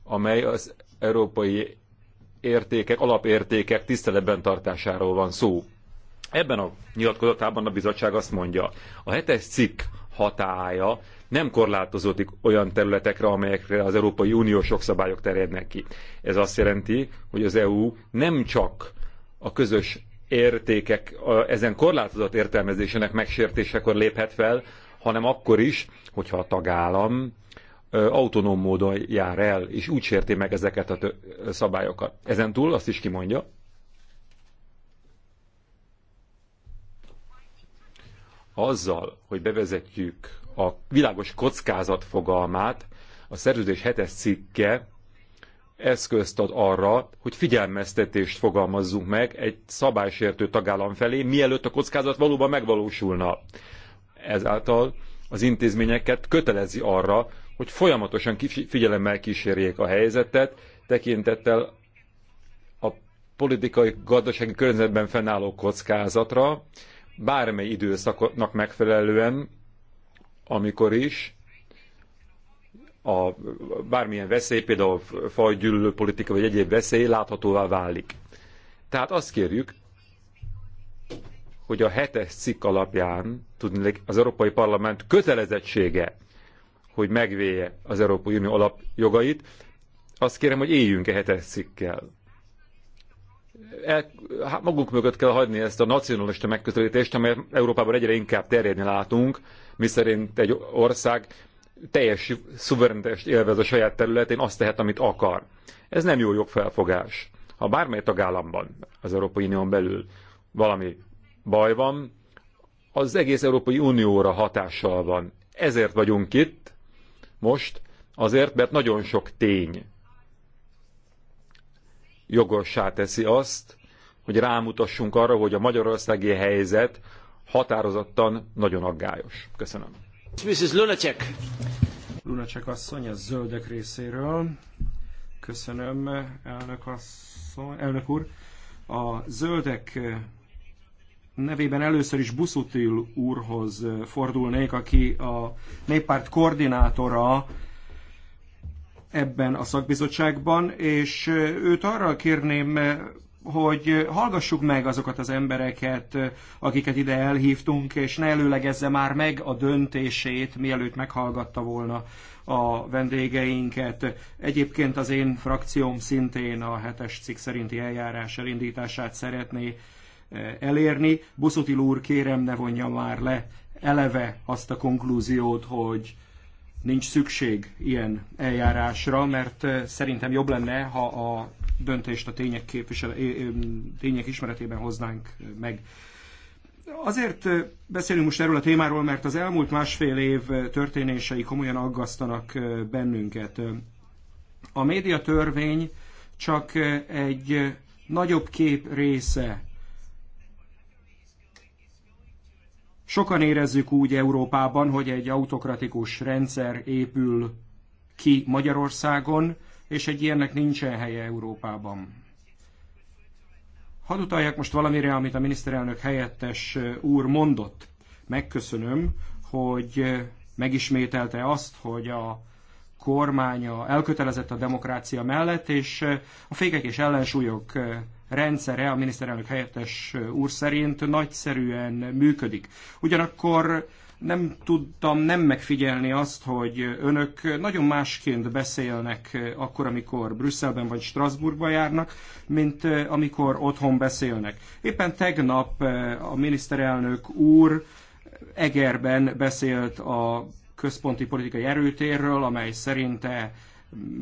amely az európai értékek, alapértékek tiszteletben tartásáról van szó. Ebben a nyilatkozatában a bizottság azt mondja, a hetes cikk hatája nem korlátozódik olyan területekre, amelyekre az Európai Uniós jogszabályok terjednek ki. Ez azt jelenti, hogy az EU nem csak a közös értékek ezen korlátozott értelmezésének megsértésekor léphet fel, hanem akkor is, hogyha a tagállam autonóm módon jár el, és úgy sérti meg ezeket a szabályokat. Ezen túl azt is kimondja, azzal, hogy bevezetjük a világos kockázat fogalmát, a szerződés hetes cikke eszközt ad arra, hogy figyelmeztetést fogalmazzunk meg egy szabálysértő tagállam felé, mielőtt a kockázat valóban megvalósulna. Ezáltal az intézményeket kötelezi arra, hogy folyamatosan figyelemmel kísérjék a helyzetet, tekintettel a politikai, gazdasági környezetben fennálló kockázatra, bármely időszaknak megfelelően, amikor is a bármilyen veszély, például fajgyűlölő politika vagy egyéb veszély láthatóvá válik. Tehát azt kérjük, hogy a hetes cikk alapján tudni, az Európai Parlament kötelezettsége, hogy megvéje az Európai Unió alapjogait, azt kérem, hogy éljünk-e hetes cikkkel. El, hát magunk mögött kell hagyni ezt a nacionalista megközelítést, amelyet Európában egyre inkább terjedni látunk, miszerint egy ország teljes szuverenitást élvez a saját területén, azt tehet, amit akar. Ez nem jó jogfelfogás. Ha bármely tagállamban, az Európai Unión belül valami baj van, az egész Európai Unióra hatással van. Ezért vagyunk itt most, azért, mert nagyon sok tény jogossá teszi azt, hogy rámutassunk arra, hogy a magyarországi helyzet határozottan nagyon aggályos. Köszönöm. Mrs. Lunacek. Lunacek asszony a zöldek részéről. Köszönöm, elnök, asszony, elnök úr. A zöldek nevében először is Buszutil úrhoz fordulnék, aki a néppárt koordinátora ebben a szakbizottságban, és őt arra kérném hogy hallgassuk meg azokat az embereket, akiket ide elhívtunk, és ne előlegezze már meg a döntését, mielőtt meghallgatta volna a vendégeinket. Egyébként az én frakcióm szintén a hetes cikk szerinti eljárás elindítását szeretné elérni. Buszotil úr, kérem, ne vonja már le eleve azt a konklúziót, hogy nincs szükség ilyen eljárásra, mert szerintem jobb lenne, ha a döntést a tények, képvisel, tények ismeretében hoznánk meg. Azért beszélünk most erről a témáról, mert az elmúlt másfél év történései komolyan aggasztanak bennünket. A médiatörvény csak egy nagyobb kép része. Sokan érezzük úgy Európában, hogy egy autokratikus rendszer épül ki Magyarországon, és egy ilyennek nincsen helye Európában. Hadd utaljak most valamire, amit a miniszterelnök helyettes úr mondott. Megköszönöm, hogy megismételte azt, hogy a kormánya elkötelezett a demokrácia mellett, és a fékek és ellensúlyok rendszere a miniszterelnök helyettes úr szerint nagyszerűen működik. Ugyanakkor nem tudtam nem megfigyelni azt, hogy önök nagyon másként beszélnek akkor, amikor Brüsszelben vagy Strasbourgban járnak, mint eh, amikor otthon beszélnek. Éppen tegnap eh, a miniszterelnök úr Egerben beszélt a központi politikai erőtérről, amely szerinte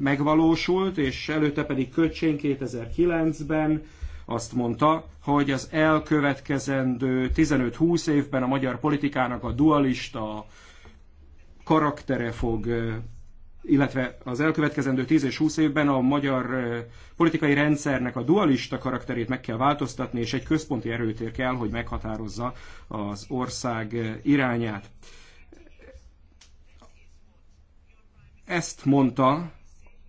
megvalósult, és előtte pedig Köcsén 2009-ben azt mondta, hogy az elkövetkezendő 15-20 évben a magyar politikának a dualista karaktere fog illetve az elkövetkezendő 10 és 20 évben a magyar politikai rendszernek a dualista karakterét meg kell változtatni, és egy központi erőtér kell, hogy meghatározza az ország irányát. Ezt mondta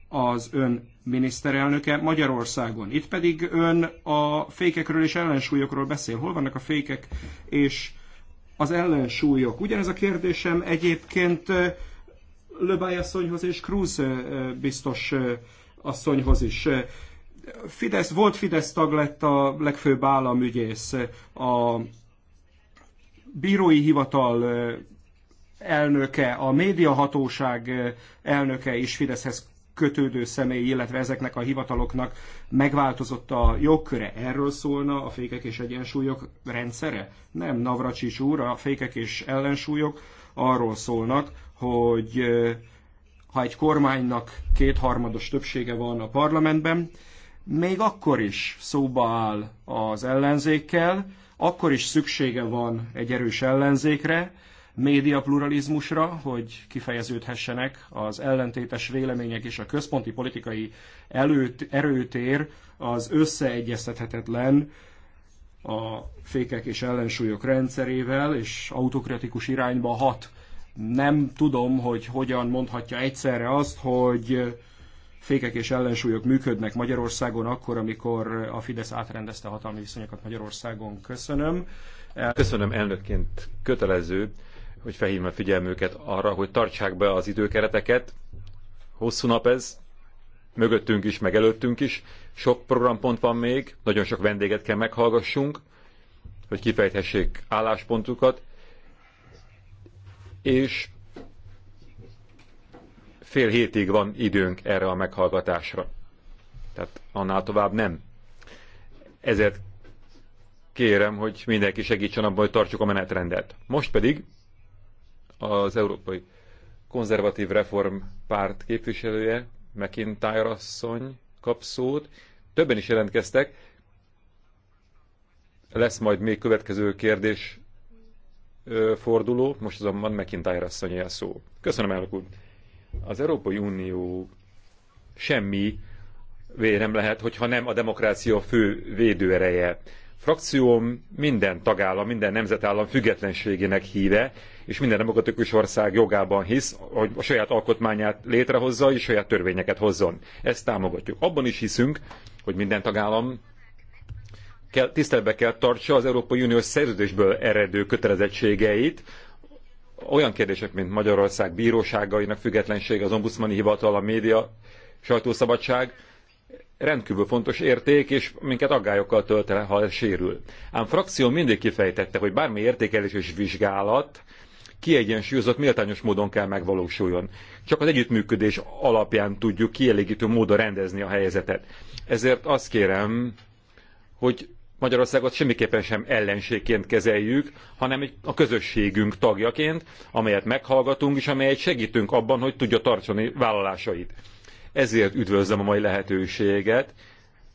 az ön miniszterelnöke Magyarországon. Itt pedig ön a fékekről és ellensúlyokról beszél. Hol vannak a fékek és az ellensúlyok? Ugyanez a kérdésem egyébként Löbály asszonyhoz és Cruz biztos asszonyhoz is. Fidesz, volt Fidesz tag lett a legfőbb államügyész, a bírói hivatal elnöke, a médiahatóság elnöke is Fideszhez kötődő személy, illetve ezeknek a hivataloknak megváltozott a jogköre. Erről szólna a fékek és egyensúlyok rendszere? Nem, Navracsics úr, a fékek és ellensúlyok arról szólnak, hogy ha egy kormánynak kétharmados többsége van a parlamentben, még akkor is szóba áll az ellenzékkel, akkor is szüksége van egy erős ellenzékre, média pluralizmusra, hogy kifejeződhessenek az ellentétes vélemények és a központi politikai előt, erőtér az összeegyeztethetetlen a fékek és ellensúlyok rendszerével, és autokratikus irányba hat. Nem tudom, hogy hogyan mondhatja egyszerre azt, hogy fékek és ellensúlyok működnek Magyarországon akkor, amikor a Fidesz átrendezte hatalmi viszonyokat Magyarországon. Köszönöm. Köszönöm elnökként kötelező hogy felhívjam a figyelmüket arra, hogy tartsák be az időkereteket. Hosszú nap ez, mögöttünk is, meg előttünk is. Sok programpont van még, nagyon sok vendéget kell meghallgassunk, hogy kifejthessék álláspontukat. És fél hétig van időnk erre a meghallgatásra. Tehát annál tovább nem. Ezért kérem, hogy mindenki segítsen abban, hogy tartsuk a menetrendet. Most pedig az Európai Konzervatív Reform Párt képviselője, McIntyre asszony kap szót. Többen is jelentkeztek. Lesz majd még következő kérdés forduló, most azonban McIntyre asszony a szó. Köszönöm, elnök úr. Az Európai Unió semmi nem lehet, hogyha nem a demokrácia fő védőereje. Frakcióm minden tagállam, minden nemzetállam függetlenségének híve, és minden demokratikus ország jogában hisz, hogy a saját alkotmányát létrehozza és saját törvényeket hozzon. Ezt támogatjuk. Abban is hiszünk, hogy minden tagállam kell, tiszteletbe kell tartsa az Európai Uniós szerződésből eredő kötelezettségeit, olyan kérdések, mint Magyarország bíróságainak függetlensége, az ombudsmani hivatal, a média, sajtószabadság, rendkívül fontos érték, és minket aggályokkal tölt el, ha ez sérül. Ám frakció mindig kifejtette, hogy bármi értékelés és vizsgálat kiegyensúlyozott, méltányos módon kell megvalósuljon. Csak az együttműködés alapján tudjuk kielégítő módon rendezni a helyzetet. Ezért azt kérem, hogy Magyarországot semmiképpen sem ellenségként kezeljük, hanem egy, a közösségünk tagjaként, amelyet meghallgatunk, és amelyet segítünk abban, hogy tudja tartani vállalásait. Ezért üdvözlöm a mai lehetőséget,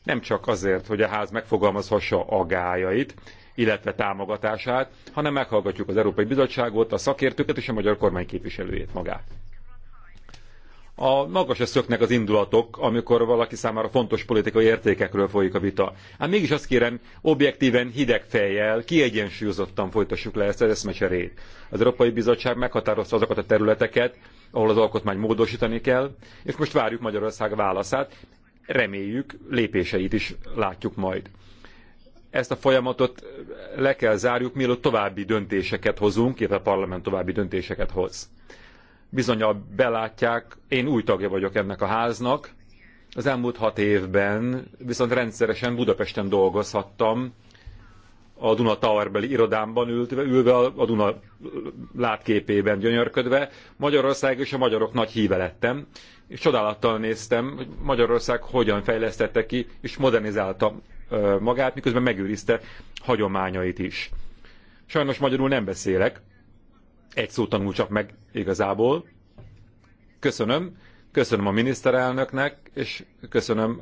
nem csak azért, hogy a ház megfogalmazhassa agájait, illetve támogatását, hanem meghallgatjuk az Európai Bizottságot, a szakértőket és a magyar kormány képviselőjét magát. A magas szöknek az indulatok, amikor valaki számára fontos politikai értékekről folyik a vita. Hát mégis azt kérem, objektíven, hideg fejjel, kiegyensúlyozottan folytassuk le ezt az eszmecserét. Az Európai Bizottság meghatározta azokat a területeket, ahol az alkotmány módosítani kell, és most várjuk Magyarország válaszát, reméljük, lépéseit is látjuk majd. Ezt a folyamatot le kell zárjuk, mielőtt további döntéseket hozunk, illetve a parlament további döntéseket hoz. Bizonyal belátják, én új tagja vagyok ennek a háznak, az elmúlt hat évben viszont rendszeresen Budapesten dolgozhattam, a Duna Towerbeli irodámban ültve, ülve a Duna látképében gyönyörködve. Magyarország és a magyarok nagy híve lettem, és csodálattal néztem, hogy Magyarország hogyan fejlesztette ki és modernizálta magát, miközben megőrizte hagyományait is. Sajnos magyarul nem beszélek, egy szót tanul csak meg igazából. Köszönöm, köszönöm a miniszterelnöknek, és köszönöm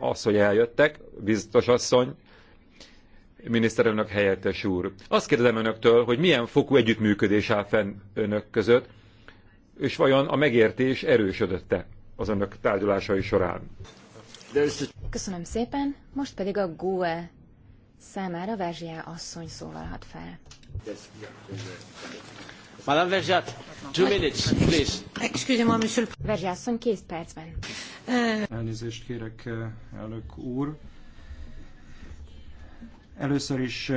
az, hogy eljöttek, biztos asszony, miniszterelnök helyettes úr. Azt kérdezem önöktől, hogy milyen fokú együttműködés áll fenn önök között, és vajon a megértés erősödötte az önök tárgyalásai során? Köszönöm szépen, most pedig a GUE számára Verzsiá asszony szólalhat fel. Madame Verzsát, two minutes, please. Excuse me, monsieur. Verzsá asszony, két percben. Elnézést kérek, elnök úr. Először is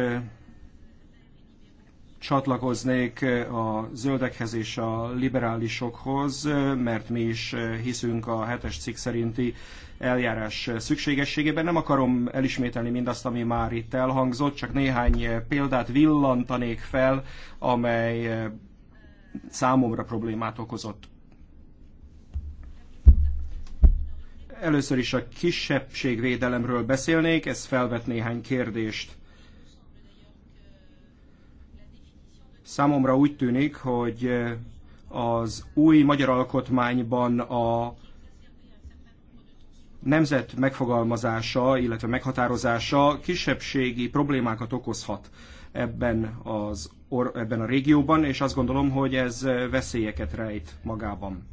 csatlakoznék a zöldekhez és a liberálisokhoz, mert mi is hiszünk a hetes cikk szerinti eljárás szükségességében. Nem akarom elismételni mindazt, ami már itt elhangzott, csak néhány példát villantanék fel, amely számomra problémát okozott. Először is a kisebbségvédelemről beszélnék, ez felvet néhány kérdést. Számomra úgy tűnik, hogy eh, az új magyar alkotmányban a nemzet megfogalmazása, illetve meghatározása kisebbségi problémákat okozhat ebben, az, ebben a régióban, és azt gondolom, hogy ez eh, veszélyeket rejt magában.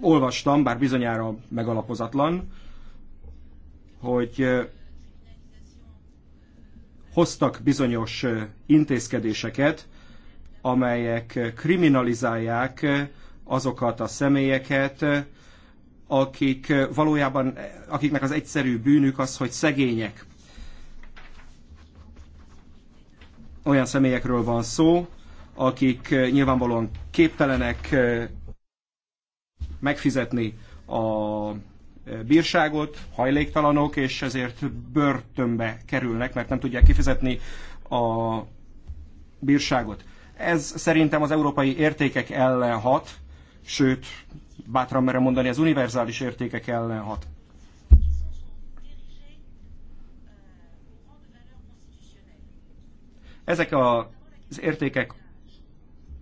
olvastam, bár bizonyára megalapozatlan, hogy hoztak bizonyos intézkedéseket, amelyek kriminalizálják azokat a személyeket, akik valójában, akiknek az egyszerű bűnük az, hogy szegények. Olyan személyekről van szó, akik nyilvánvalóan képtelenek megfizetni a e, bírságot, hajléktalanok, és ezért börtönbe kerülnek, mert nem tudják kifizetni a bírságot. Ez szerintem az európai értékek ellen hat, sőt, bátran merem mondani, az univerzális értékek ellen hat. Ezek a, az értékek,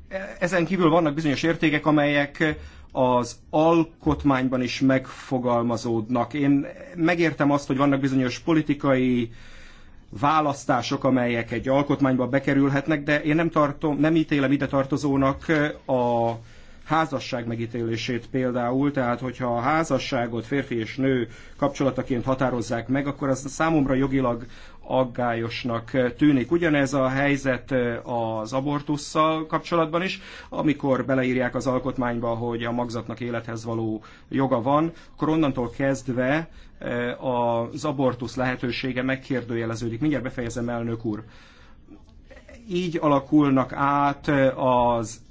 e, ezen kívül vannak bizonyos értékek, amelyek az alkotmányban is megfogalmazódnak. Én megértem azt, hogy vannak bizonyos politikai választások, amelyek egy alkotmányba bekerülhetnek, de én nem, tartom, nem ítélem ide tartozónak a házasság megítélését például, tehát hogyha a házasságot férfi és nő kapcsolataként határozzák meg, akkor az számomra jogilag aggályosnak eh, tűnik. Ugyanez a helyzet eh, az abortussal kapcsolatban is, amikor beleírják az alkotmányba, hogy a magzatnak élethez való joga van, akkor onnantól kezdve eh, az abortusz lehetősége megkérdőjeleződik. Mindjárt befejezem, elnök úr. Így alakulnak át az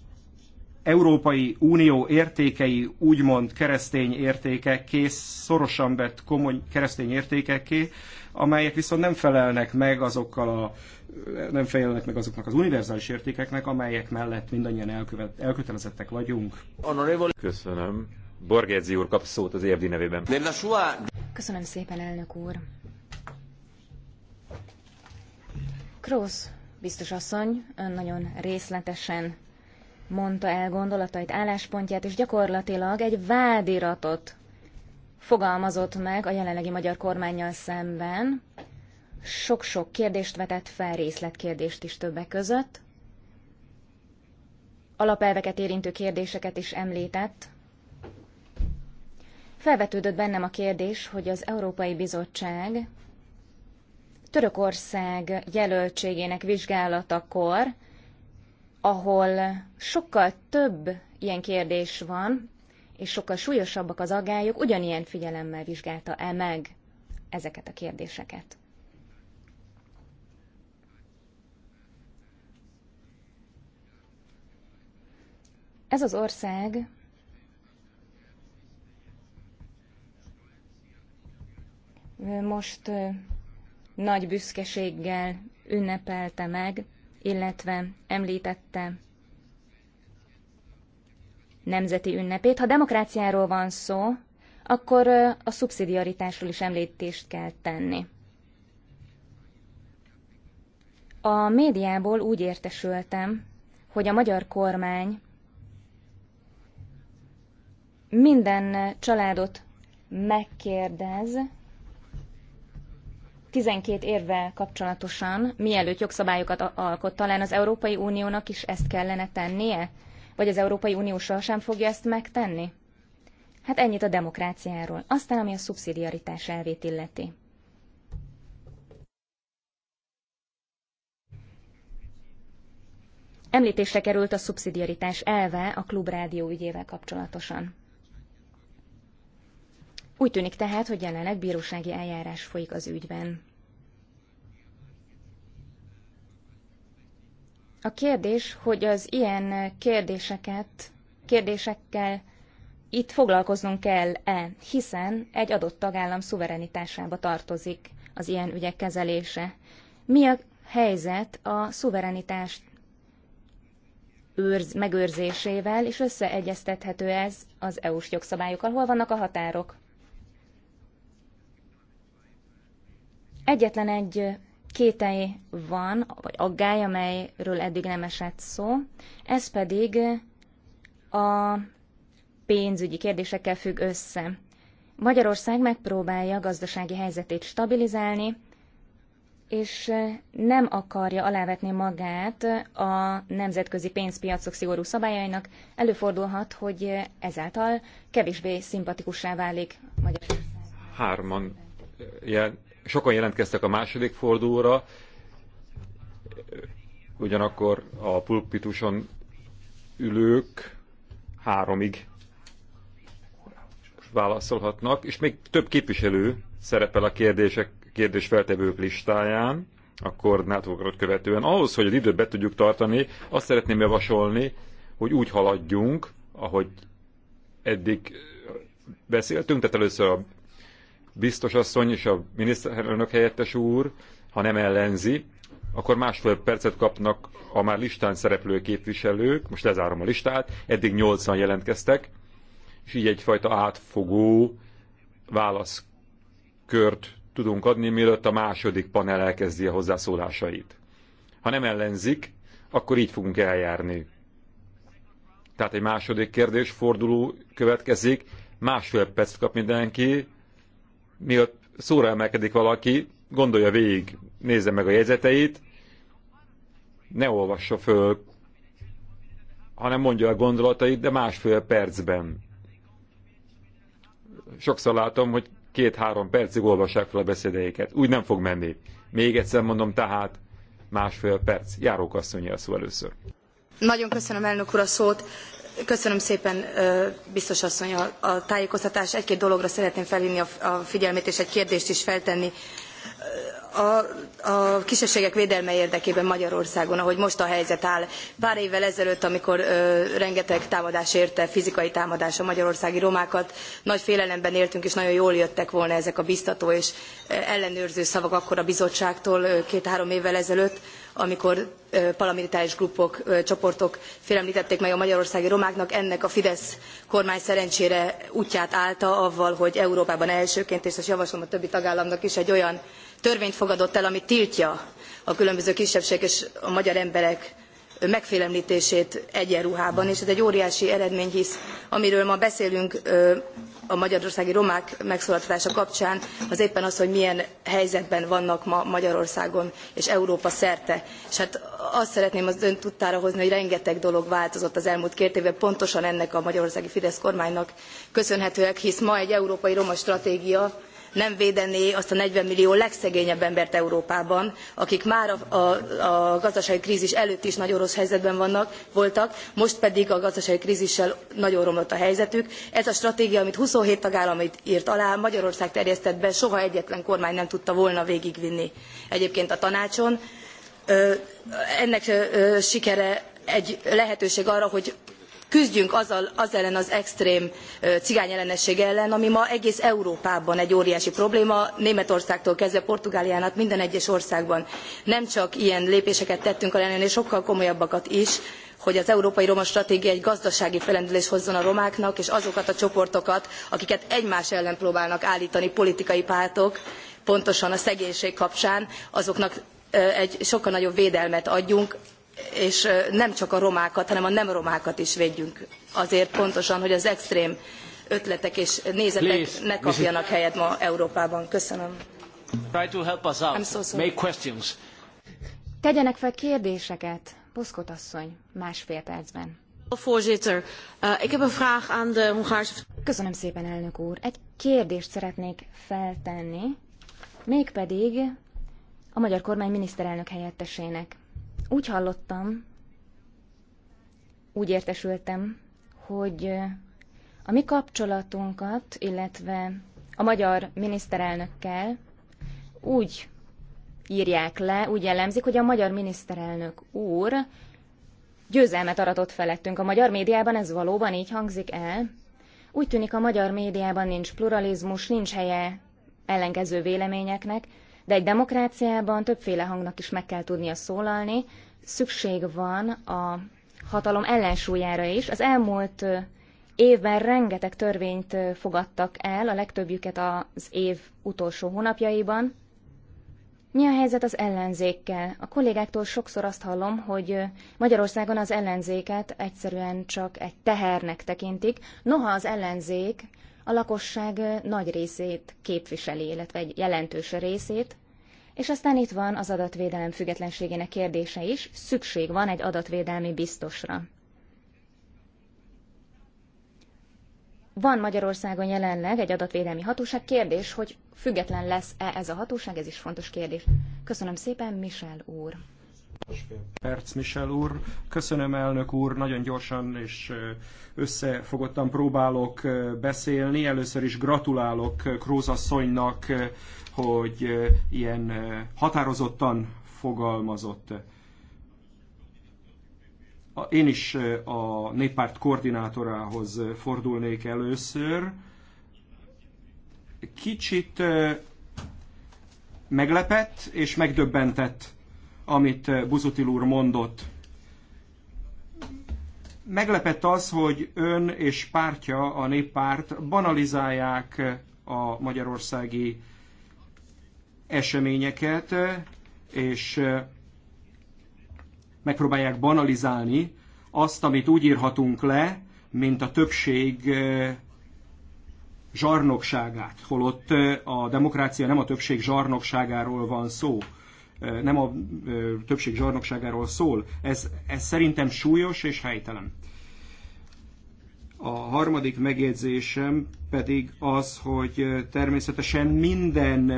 Európai Unió értékei úgymond keresztény értékekké, szorosan vett komoly keresztény értékekké, amelyek viszont nem felelnek meg azokkal a nem felelnek meg azoknak az univerzális értékeknek, amelyek mellett mindannyian elkövet, elkötelezettek vagyunk. Köszönöm. Borgézi úr kap szót az érdi nevében. Köszönöm szépen, elnök úr. Krósz, biztos asszony, ön nagyon részletesen mondta el gondolatait, álláspontját, és gyakorlatilag egy vádiratot fogalmazott meg a jelenlegi magyar kormányjal szemben. Sok-sok kérdést vetett fel, részletkérdést is többek között. Alapelveket érintő kérdéseket is említett. Felvetődött bennem a kérdés, hogy az Európai Bizottság Törökország jelöltségének vizsgálatakor, ahol sokkal több ilyen kérdés van, és sokkal súlyosabbak az agályok, ugyanilyen figyelemmel vizsgálta-e meg ezeket a kérdéseket? Ez az ország most nagy büszkeséggel ünnepelte meg, illetve említette nemzeti ünnepét. Ha demokráciáról van szó, akkor a szubszidiaritásról is említést kell tenni. A médiából úgy értesültem, hogy a magyar kormány minden családot megkérdez 12 érvel kapcsolatosan, mielőtt jogszabályokat alkot, talán az Európai Uniónak is ezt kellene tennie? Vagy az Európai Unió sohasem fogja ezt megtenni? Hát ennyit a demokráciáról. Aztán, ami a szubszidiaritás elvét illeti. Említésre került a szubszidiaritás elve a klubrádió ügyével kapcsolatosan. Úgy tűnik tehát, hogy jelenleg bírósági eljárás folyik az ügyben. A kérdés, hogy az ilyen kérdéseket, kérdésekkel itt foglalkoznunk kell-e, hiszen egy adott tagállam szuverenitásába tartozik az ilyen ügyek kezelése. Mi a helyzet a szuverenitás őrz, megőrzésével, és összeegyeztethető ez az EU-s jogszabályokkal? Hol vannak a határok? Egyetlen egy kételj van, vagy aggály, amelyről eddig nem esett szó, ez pedig a pénzügyi kérdésekkel függ össze. Magyarország megpróbálja gazdasági helyzetét stabilizálni, és nem akarja alávetni magát a nemzetközi pénzpiacok szigorú szabályainak. Előfordulhat, hogy ezáltal kevésbé szimpatikussá válik Magyarország. Hárman jel sokan jelentkeztek a második fordulóra, ugyanakkor a pulpituson ülők háromig válaszolhatnak, és még több képviselő szerepel a kérdések, kérdésfeltevők listáján a koordinátorokat követően. Ahhoz, hogy az időt be tudjuk tartani, azt szeretném javasolni, hogy úgy haladjunk, ahogy eddig beszéltünk, tehát először a biztos asszony és a miniszterelnök helyettes úr, ha nem ellenzi, akkor másfél percet kapnak a már listán szereplő képviselők, most lezárom a listát, eddig 80 jelentkeztek, és így egyfajta átfogó válaszkört tudunk adni, mielőtt a második panel elkezdi a hozzászólásait. Ha nem ellenzik, akkor így fogunk eljárni. Tehát egy második kérdés forduló következik, másfél percet kap mindenki, mielőtt szóra emelkedik valaki, gondolja végig, nézze meg a jegyzeteit, ne olvassa föl, hanem mondja a gondolatait, de másfél percben. Sokszor látom, hogy két-három percig olvassák fel a beszédeiket. Úgy nem fog menni. Még egyszer mondom, tehát másfél perc. Járók asszonyi a szó először. Nagyon köszönöm elnök úr a szót. Köszönöm szépen, biztos asszony, a, a tájékoztatás. Egy-két dologra szeretném felhívni a, a figyelmét, és egy kérdést is feltenni a, a kisebbségek védelme érdekében Magyarországon, ahogy most a helyzet áll. Pár évvel ezelőtt, amikor ö, rengeteg támadás érte, fizikai támadás a magyarországi romákat, nagy félelemben éltünk, és nagyon jól jöttek volna ezek a biztató és ellenőrző szavak akkor a bizottságtól két-három évvel ezelőtt, amikor paramilitáris grupok, csoportok félemlítették meg a magyarországi romáknak. Ennek a Fidesz kormány szerencsére útját állta avval, hogy Európában elsőként, és ezt javaslom a többi tagállamnak is, egy olyan törvényt fogadott el, ami tiltja a különböző kisebbségek és a magyar emberek megfélemlítését egyenruhában, és ez egy óriási eredmény, hisz amiről ma beszélünk a magyarországi romák megszólaltatása kapcsán, az éppen az, hogy milyen helyzetben vannak ma Magyarországon és Európa szerte. És hát azt szeretném az ön tudtára hozni, hogy rengeteg dolog változott az elmúlt két évben, pontosan ennek a magyarországi Fidesz kormánynak köszönhetőek, hisz ma egy európai roma stratégia, nem védené azt a 40 millió legszegényebb embert Európában, akik már a, a, a gazdasági krízis előtt is nagyon rossz helyzetben vannak, voltak, most pedig a gazdasági krízissel nagyon romlott a helyzetük. Ez a stratégia, amit 27 tagállam írt alá, Magyarország terjesztett be, soha egyetlen kormány nem tudta volna végigvinni egyébként a tanácson. Ennek sikere egy lehetőség arra, hogy küzdjünk azzal, az ellen az extrém cigányellenesség ellen, ami ma egész Európában egy óriási probléma, Németországtól kezdve Portugálián át minden egyes országban. Nem csak ilyen lépéseket tettünk a ellen, sokkal komolyabbakat is, hogy az Európai Roma Stratégia egy gazdasági felendülés hozzon a romáknak, és azokat a csoportokat, akiket egymás ellen próbálnak állítani politikai pártok, pontosan a szegénység kapcsán, azoknak egy sokkal nagyobb védelmet adjunk, és nem csak a romákat, hanem a nem romákat is védjünk azért pontosan, hogy az extrém ötletek és nézetek Please, ne kapjanak helyet ma Európában. Köszönöm. Try to help us out. I'm so sorry. Make questions. Tegyenek fel kérdéseket, Boszkot asszony, másfél percben. Eh, Köszönöm szépen, elnök úr. Egy kérdést szeretnék feltenni, mégpedig a magyar kormány miniszterelnök helyettesének. Úgy hallottam, úgy értesültem, hogy a mi kapcsolatunkat, illetve a magyar miniszterelnökkel úgy írják le, úgy jellemzik, hogy a magyar miniszterelnök úr győzelmet aratott felettünk. A magyar médiában ez valóban így hangzik el. Úgy tűnik a magyar médiában nincs pluralizmus, nincs helye ellenkező véleményeknek, de egy demokráciában többféle hangnak is meg kell tudnia szólalni, szükség van a hatalom ellensúlyára is. Az elmúlt évben rengeteg törvényt fogadtak el, a legtöbbjüket az év utolsó hónapjaiban. Mi a helyzet az ellenzékkel? A kollégáktól sokszor azt hallom, hogy Magyarországon az ellenzéket egyszerűen csak egy tehernek tekintik. Noha az ellenzék a lakosság nagy részét képviseli, illetve egy jelentős részét, és aztán itt van az adatvédelem függetlenségének kérdése is, szükség van egy adatvédelmi biztosra. Van Magyarországon jelenleg egy adatvédelmi hatóság. Kérdés, hogy független lesz-e ez a hatóság, ez is fontos kérdés. Köszönöm szépen, Michel úr. Perc, Michel úr. Köszönöm, elnök úr, nagyon gyorsan és összefogottan próbálok beszélni. Először is gratulálok Krózasszonynak, hogy ilyen határozottan fogalmazott. Én is a néppárt koordinátorához fordulnék először. Kicsit meglepett és megdöbbentett amit eh, Buzutil úr mondott. Meglepett az, hogy ön és pártja, a néppárt banalizálják eh, a magyarországi eseményeket, eh, és megpróbálják banalizálni azt, amit úgy írhatunk le, mint a többség zsarnokságát, holott a demokrácia nem a többség zsarnokságáról van szó nem a többség zsarnokságáról szól. Ez, ez szerintem súlyos és helytelen. A harmadik megjegyzésem pedig az, hogy természetesen minden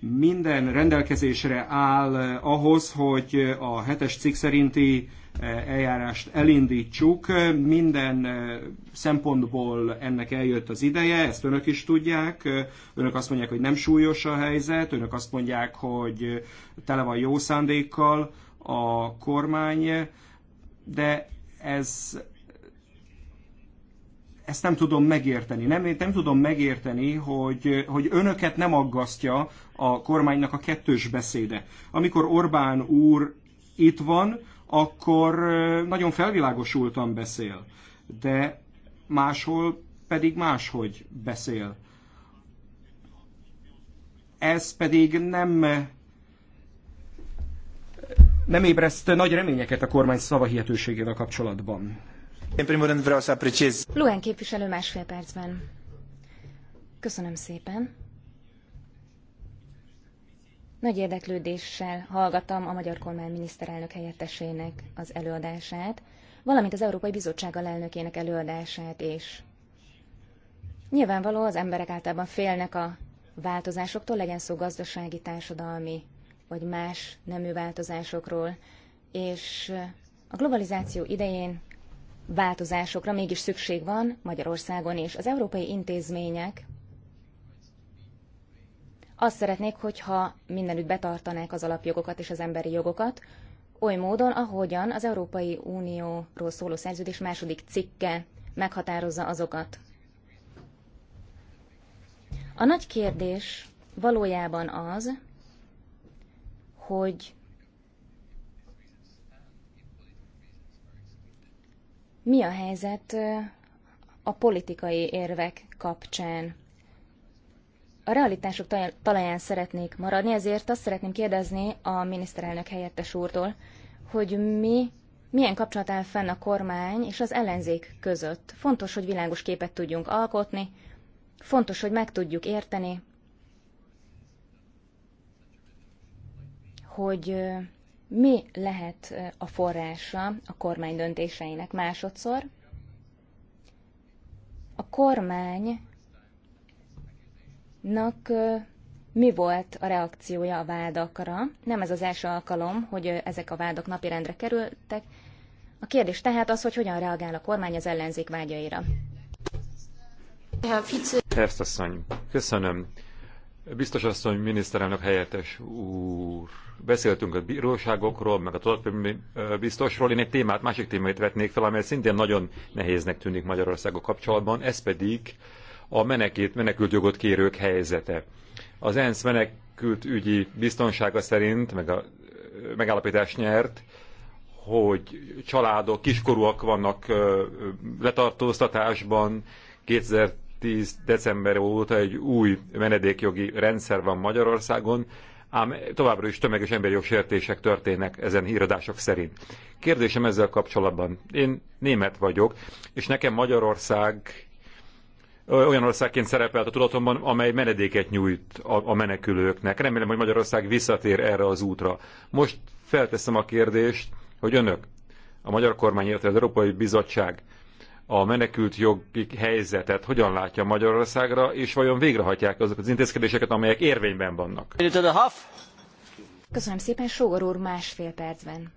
minden rendelkezésre áll ahhoz, hogy a hetes cikk szerinti Eh, eljárást elindítsuk. Minden eh, szempontból ennek eljött az ideje, ezt önök is tudják. Önök azt mondják, hogy nem súlyos a helyzet, önök azt mondják, hogy tele van jó szándékkal a kormány, de ez ezt nem tudom megérteni. Nem, nem tudom megérteni, hogy, hogy önöket nem aggasztja a kormánynak a kettős beszéde. Amikor Orbán úr itt van, akkor nagyon felvilágosultan beszél, de máshol pedig máshogy beszél. Ez pedig nem nem ébreszt nagy reményeket a kormány szavahihetőségével kapcsolatban. Én primul rând vreau să apreciez. Luen képviselő másfél percben. Köszönöm szépen. Nagy érdeklődéssel hallgattam a magyar kormány miniszterelnök helyettesének az előadását, valamint az Európai Bizottság alelnökének előadását is. Nyilvánvaló az emberek általában félnek a változásoktól, legyen szó gazdasági, társadalmi vagy más nemű változásokról, és a globalizáció idején változásokra mégis szükség van Magyarországon is. Az európai intézmények azt szeretnék, hogyha mindenütt betartanák az alapjogokat és az emberi jogokat, oly módon, ahogyan az Európai Unióról szóló szerződés második cikke meghatározza azokat. A nagy kérdés valójában az, hogy mi a helyzet a politikai érvek kapcsán a realitások talaján szeretnék maradni, ezért azt szeretném kérdezni a miniszterelnök helyettes úrtól, hogy mi, milyen kapcsolat áll fenn a kormány és az ellenzék között. Fontos, hogy világos képet tudjunk alkotni, fontos, hogy meg tudjuk érteni, hogy mi lehet a forrása a kormány döntéseinek másodszor. A kormány nak mi volt a reakciója a vádakra? Nem ez az első alkalom, hogy ezek a vádak napirendre kerültek. A kérdés tehát az, hogy hogyan reagál a kormány az ellenzék vágyaira. Ezt asszony, köszönöm. Biztos asszony, miniszterelnök helyettes úr, beszéltünk a bíróságokról, meg a biztosról. Én egy témát, másik témát vetnék fel, amely szintén nagyon nehéznek tűnik Magyarországok kapcsolatban, ez pedig a menekült, menekültjogot kérők helyzete. Az ENSZ menekült ügyi biztonsága szerint, meg a megállapítás nyert, hogy családok, kiskorúak vannak letartóztatásban. 2010. december óta egy új menedékjogi rendszer van Magyarországon, ám továbbra is tömeges emberi jogsértések történnek ezen híradások szerint. Kérdésem ezzel kapcsolatban. Én német vagyok, és nekem Magyarország olyan országként szerepelt a tudatomban, amely menedéket nyújt a, a menekülőknek. Remélem, hogy Magyarország visszatér erre az útra. Most felteszem a kérdést, hogy önök, a magyar kormány, illetve az Európai Bizottság a menekült jogi helyzetet hogyan látja Magyarországra, és vajon végrehajtják azok az intézkedéseket, amelyek érvényben vannak? Köszönöm szépen, Sógor úr, másfél percben.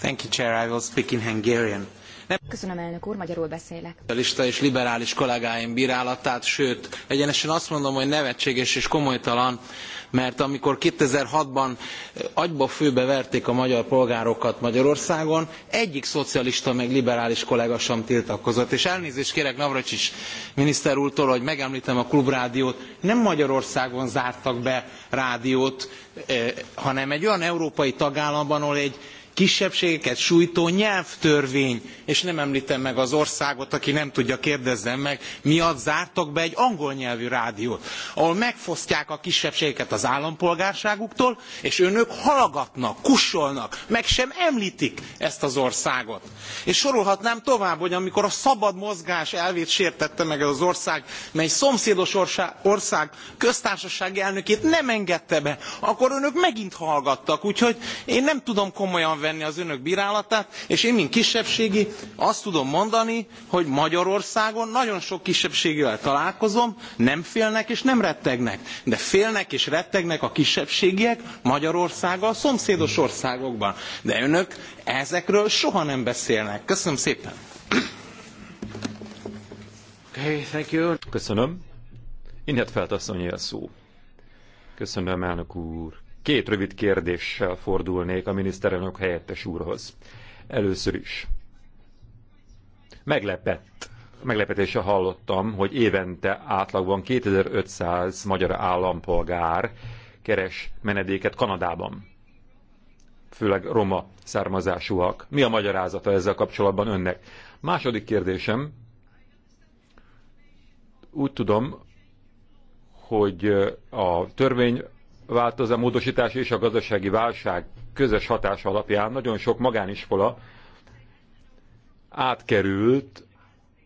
Thank you, Chair. I will speak in Hungarian. Nem... Köszönöm, elnök úr, magyarul beszélek. A lista és liberális kollégáim bírálatát, sőt, egyenesen azt mondom, hogy nevetséges és komolytalan, mert amikor 2006-ban eh, agyba főbe verték a magyar polgárokat Magyarországon, egyik szocialista meg liberális kollega sem tiltakozott. És elnézést kérek Navracsics miniszter úrtól, hogy megemlítem a klubrádiót. Nem Magyarországon zártak be rádiót, eh, hanem egy olyan európai tagállamban, ahol egy kisebbségeket sújtó nyelvtörvény, és nem emltem meg az országot, aki nem tudja, kérdezzen meg, miatt zártak be egy angol nyelvű rádiót, ahol megfosztják a kisebbségeket az állampolgárságuktól, és önök hallgatnak, kussolnak, meg sem említik ezt az országot. És sorolhatnám tovább, hogy amikor a szabad mozgás elvét sértette meg ez az ország, mely szomszédos ország köztársasági elnökét nem engedte be, akkor önök megint hallgattak, úgyhogy én nem tudom komolyan venni az önök brálatát és én mint kisebbségi azt tudom mondani hogy magyarországon nagyon sok kisebbségivel találkozom nem félnek és nem rettegnek de félnek és rettegnek a kisebbségiek magyarországgal a szomszédos országokban de önök ezekről soha nem beszélnek. köszönöm szépen! Okay, thank you. Köszönöm. Inhet a szó. Köszönöm, elnök úr. Két rövid kérdéssel fordulnék a miniszterelnök helyettes úrhoz. Először is. Meglepett meglepetése hallottam, hogy évente átlagban 2500 magyar állampolgár keres menedéket Kanadában. Főleg roma származásúak. Mi a magyarázata ezzel kapcsolatban önnek? Második kérdésem. Úgy tudom, hogy a törvény változó módosítás és a gazdasági válság közös hatása alapján nagyon sok magániskola átkerült,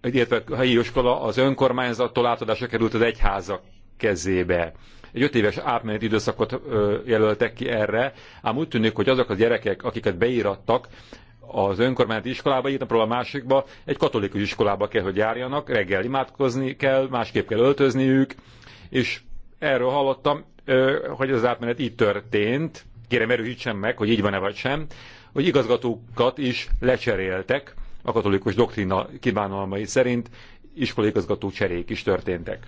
illetve a helyi iskola az önkormányzattól átadásra került az egyházak kezébe. Egy öt éves átmeneti időszakot jelöltek ki erre, ám úgy tűnik, hogy azok a gyerekek, akiket beírattak az önkormányzati iskolába, egyik napról a másikba, egy katolikus iskolába kell, hogy járjanak, reggel imádkozni kell, másképp kell öltözniük, és erről hallottam, hogy az átmenet így történt, kérem erősítsen meg, hogy így van-e vagy sem, hogy igazgatókat is lecseréltek, a katolikus doktrina kívánalmai szerint iskolaigazgató cserék is történtek.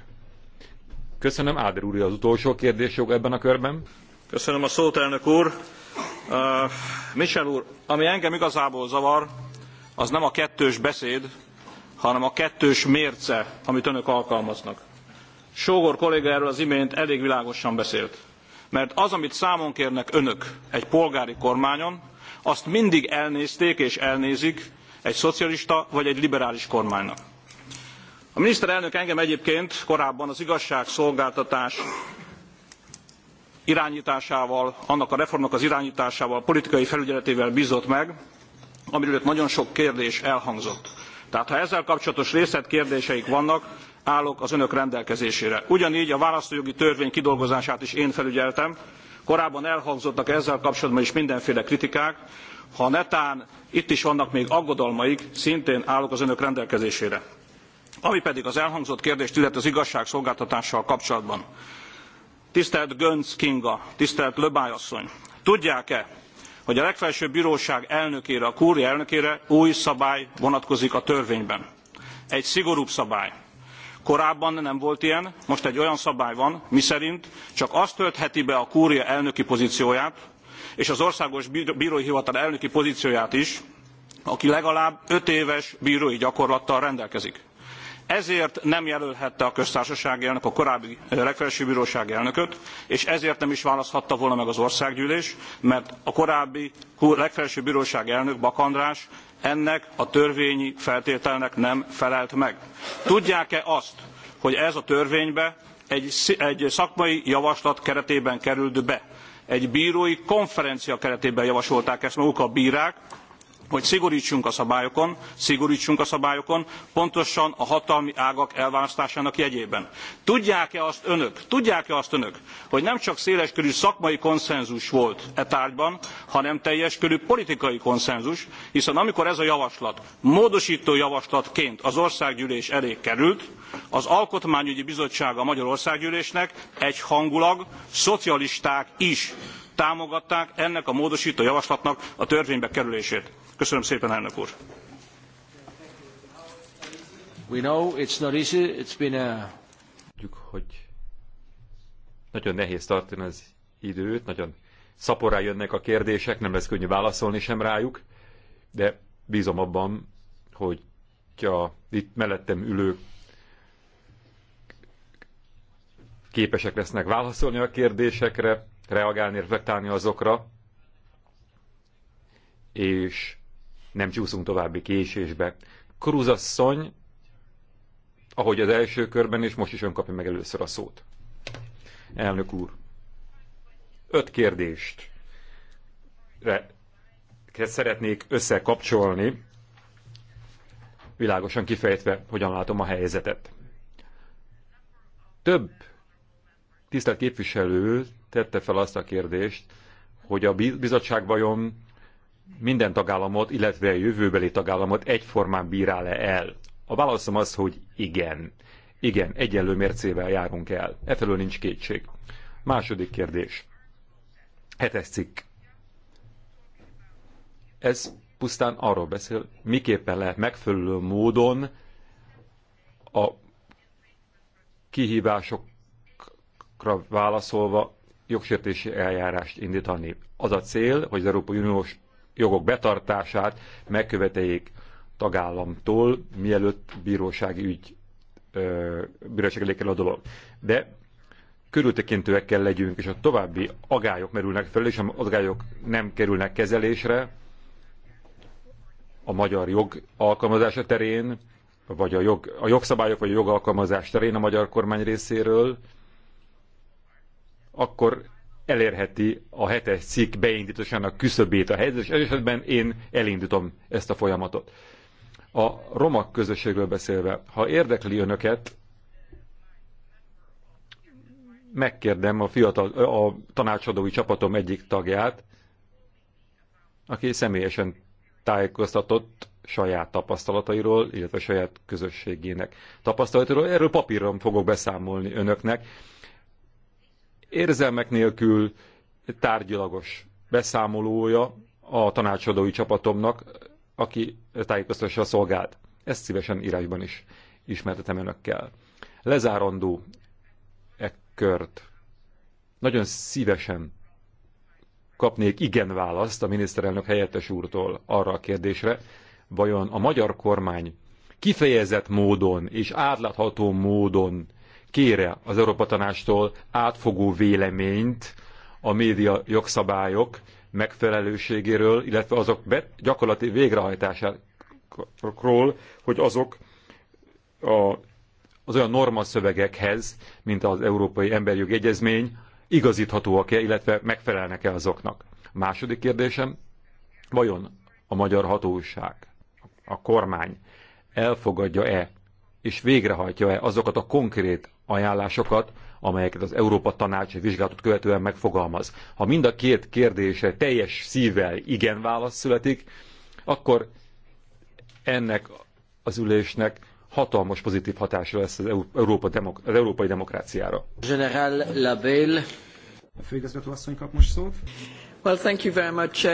Köszönöm, Áder úr, az utolsó kérdés jog ebben a körben. Köszönöm a szót, elnök úr. Uh, Michel úr, ami engem igazából zavar, az nem a kettős beszéd, hanem a kettős mérce, amit önök alkalmaznak Sógor kolléga erről az imént elég világosan beszélt. Mert az, amit számon kérnek önök egy polgári kormányon, azt mindig elnézték és elnézik egy szocialista vagy egy liberális kormánynak. A miniszterelnök engem egyébként korábban az igazságszolgáltatás irányításával, annak a reformnak az irányításával, politikai felügyeletével bízott meg, amiről itt nagyon sok kérdés elhangzott. Tehát ha ezzel kapcsolatos részletkérdéseik vannak, állok az önök rendelkezésére. Ugyanígy a választójogi törvény kidolgozását is én felügyeltem, korábban elhangzottak ezzel kapcsolatban is mindenféle kritikák, ha netán itt is vannak még aggodalmaik, szintén állok az önök rendelkezésére. Ami pedig az elhangzott kérdést illeti az igazságszolgáltatással kapcsolatban. Tisztelt Gönc Kinga, tisztelt Löbály asszony, tudják-e, hogy a legfelsőbb bíróság elnökére, a kúria elnökére új szabály vonatkozik a törvényben? Egy szigorúbb szabály korábban nem volt ilyen most egy olyan szabály van miszerint csak az töltheti be a kúria elnöki pozícióját és az országos brói hivatal elnöki pozícióját is aki legalább öt éves brói gyakorlattal rendelkezik. ezért nem jelölhette a köztársasági elnök a korábbi eh, legfelsőbb bíróság elnököt és ezért nem is választhatta volna meg az országgyűlés mert a korábbi legfelsőbb bíróság elnök bak andrás ennek a törvényi feltételnek nem felelt meg. Tudják-e azt, hogy ez a törvénybe egy, egy szakmai javaslat keretében került be? Egy bírói konferencia keretében javasolták ezt maguk a bírák, hogy szigorítsunk a szabályokon, szigorítsunk a szabályokon, pontosan a hatalmi ágak elválasztásának jegyében. Tudják-e azt önök, tudják-e azt önök, hogy nem csak széleskörű szakmai konszenzus volt e tárgyban, hanem teljes körű politikai konszenzus, hiszen amikor ez a javaslat módosító javaslatként az országgyűlés elé került, az Alkotmányügyi Bizottsága a Magyar Országgyűlésnek egyhangulag szocialisták is támogatták ennek a módostó javaslatnak a törvénybe kerülését. Köszönöm szépen, elnök úr! We know it's not easy. It's been a... Tudjuk, hogy nagyon nehéz tartani az időt, nagyon szaporá jönnek a kérdések, nem lesz könnyű válaszolni sem rájuk, de bízom abban, hogy a itt mellettem ülők képesek lesznek válaszolni a kérdésekre, reagálni, reflektálni azokra, és nem csúszunk további késésbe. Cruz asszony, ahogy az első körben, és most is ön kapja meg először a szót. Elnök úr, öt kérdést szeretnék összekapcsolni, világosan kifejtve, hogyan látom a helyzetet. Több tisztelt képviselő tette fel azt a kérdést, hogy a bizottság vajon minden tagállamot, illetve a jövőbeli tagállamot egyformán bírál-e el? A válaszom az, hogy igen. Igen, egyenlő mércével járunk el. Efelől nincs kétség. Második kérdés. Hetes cikk. Ez pusztán arról beszél, miképpen lehet megfelelő módon a kihívásokra válaszolva jogsértési eljárást indítani. Az a cél, hogy az Európai Uniós jogok betartását megköveteljék tagállamtól, mielőtt bírósági ügy bíróság elé kell a dolog. De körültekintőek kell legyünk, és a további agályok merülnek fel, és az agályok nem kerülnek kezelésre a magyar jog alkalmazása terén, vagy a, jog, a jogszabályok, vagy a jogalkalmazás terén a magyar kormány részéről, akkor elérheti a hetes cikk beindításának küszöbét a helyzet, és ez esetben én elindítom ezt a folyamatot. A romak közösségről beszélve, ha érdekli önöket, megkérdem a, fiatal, a tanácsadói csapatom egyik tagját, aki személyesen tájékoztatott saját tapasztalatairól, illetve saját közösségének tapasztalatairól. Erről papíron fogok beszámolni önöknek, érzelmek nélkül tárgyilagos beszámolója a tanácsadói csapatomnak, aki tájékoztassa a szolgált. Ezt szívesen írásban is ismertetem önökkel. Lezárandó e kört. Nagyon szívesen kapnék igen választ a miniszterelnök helyettes úrtól arra a kérdésre, vajon a magyar kormány kifejezett módon és átlátható módon kére az Európa Tanástól átfogó véleményt a média jogszabályok megfelelőségéről, illetve azok gyakorlati végrehajtásáról, hogy azok a, az olyan normaszövegekhez, mint az Európai Emberjogi Egyezmény, igazíthatóak-e, illetve megfelelnek-e azoknak. Második kérdésem, vajon a magyar hatóság, a kormány elfogadja-e és végrehajtja-e azokat a konkrét ajánlásokat, amelyeket az Európa Tanács vizsgálatot követően megfogalmaz. Ha mind a két kérdése teljes szívvel igen válasz születik, akkor ennek az ülésnek hatalmas pozitív hatása lesz az, Európa demok- az európai demokráciára. General Labelle. A főigazgató asszony kap most szót. Well, thank you very much.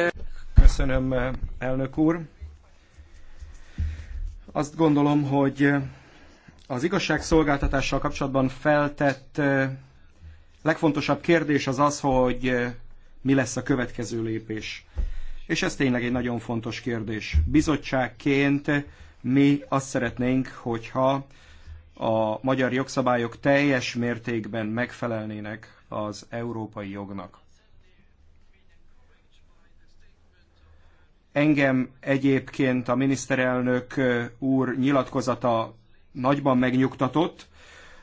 Köszönöm, eh, elnök úr. Azt gondolom, hogy az igazságszolgáltatással kapcsolatban feltett legfontosabb kérdés az az, hogy mi lesz a következő lépés. És ez tényleg egy nagyon fontos kérdés. Bizottságként mi azt szeretnénk, hogyha a magyar jogszabályok teljes mértékben megfelelnének az európai jognak. Engem egyébként a miniszterelnök úr nyilatkozata nagyban megnyugtatott.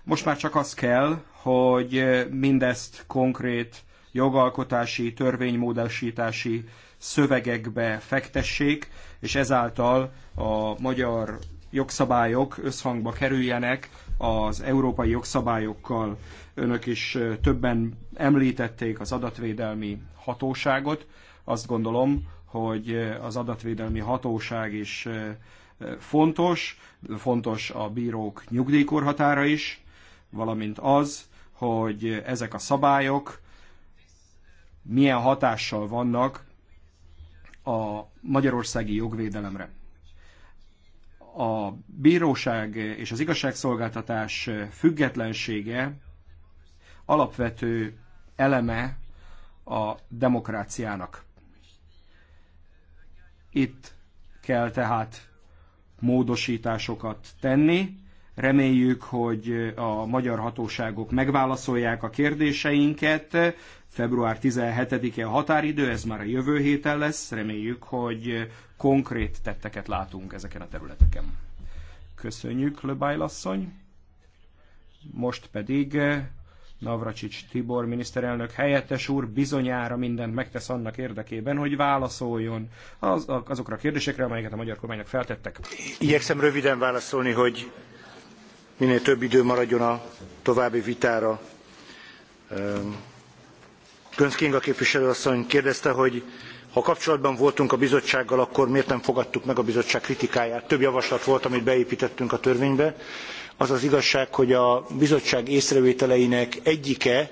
Most már csak az kell, hogy mindezt konkrét jogalkotási, törvénymódosítási szövegekbe fektessék, és ezáltal a magyar jogszabályok összhangba kerüljenek az európai jogszabályokkal. Önök is többen említették az adatvédelmi hatóságot. Azt gondolom, hogy az adatvédelmi hatóság is fontos, fontos a bírók nyugdíjkorhatára is, valamint az, hogy ezek a szabályok milyen hatással vannak a magyarországi jogvédelemre. A bíróság és az igazságszolgáltatás függetlensége alapvető eleme a demokráciának. Itt kell tehát módosításokat tenni. Reméljük, hogy a magyar hatóságok megválaszolják a kérdéseinket. Február 17-e a határidő, ez már a jövő héten lesz. Reméljük, hogy konkrét tetteket látunk ezeken a területeken. Köszönjük, Löbájlasszony. Most pedig Navracsics Tibor miniszterelnök helyettes úr bizonyára mindent megtesz annak érdekében, hogy válaszoljon az, azokra a kérdésekre, amelyeket a magyar kormánynak feltettek. Igyekszem röviden válaszolni, hogy minél több idő maradjon a további vitára. Gönc Kinga képviselőasszony kérdezte, hogy ha kapcsolatban voltunk a bizottsággal, akkor miért nem fogadtuk meg a bizottság kritikáját? Több javaslat volt, amit beépítettünk a törvénybe az az igazság, hogy a bizottság észrevételeinek egyike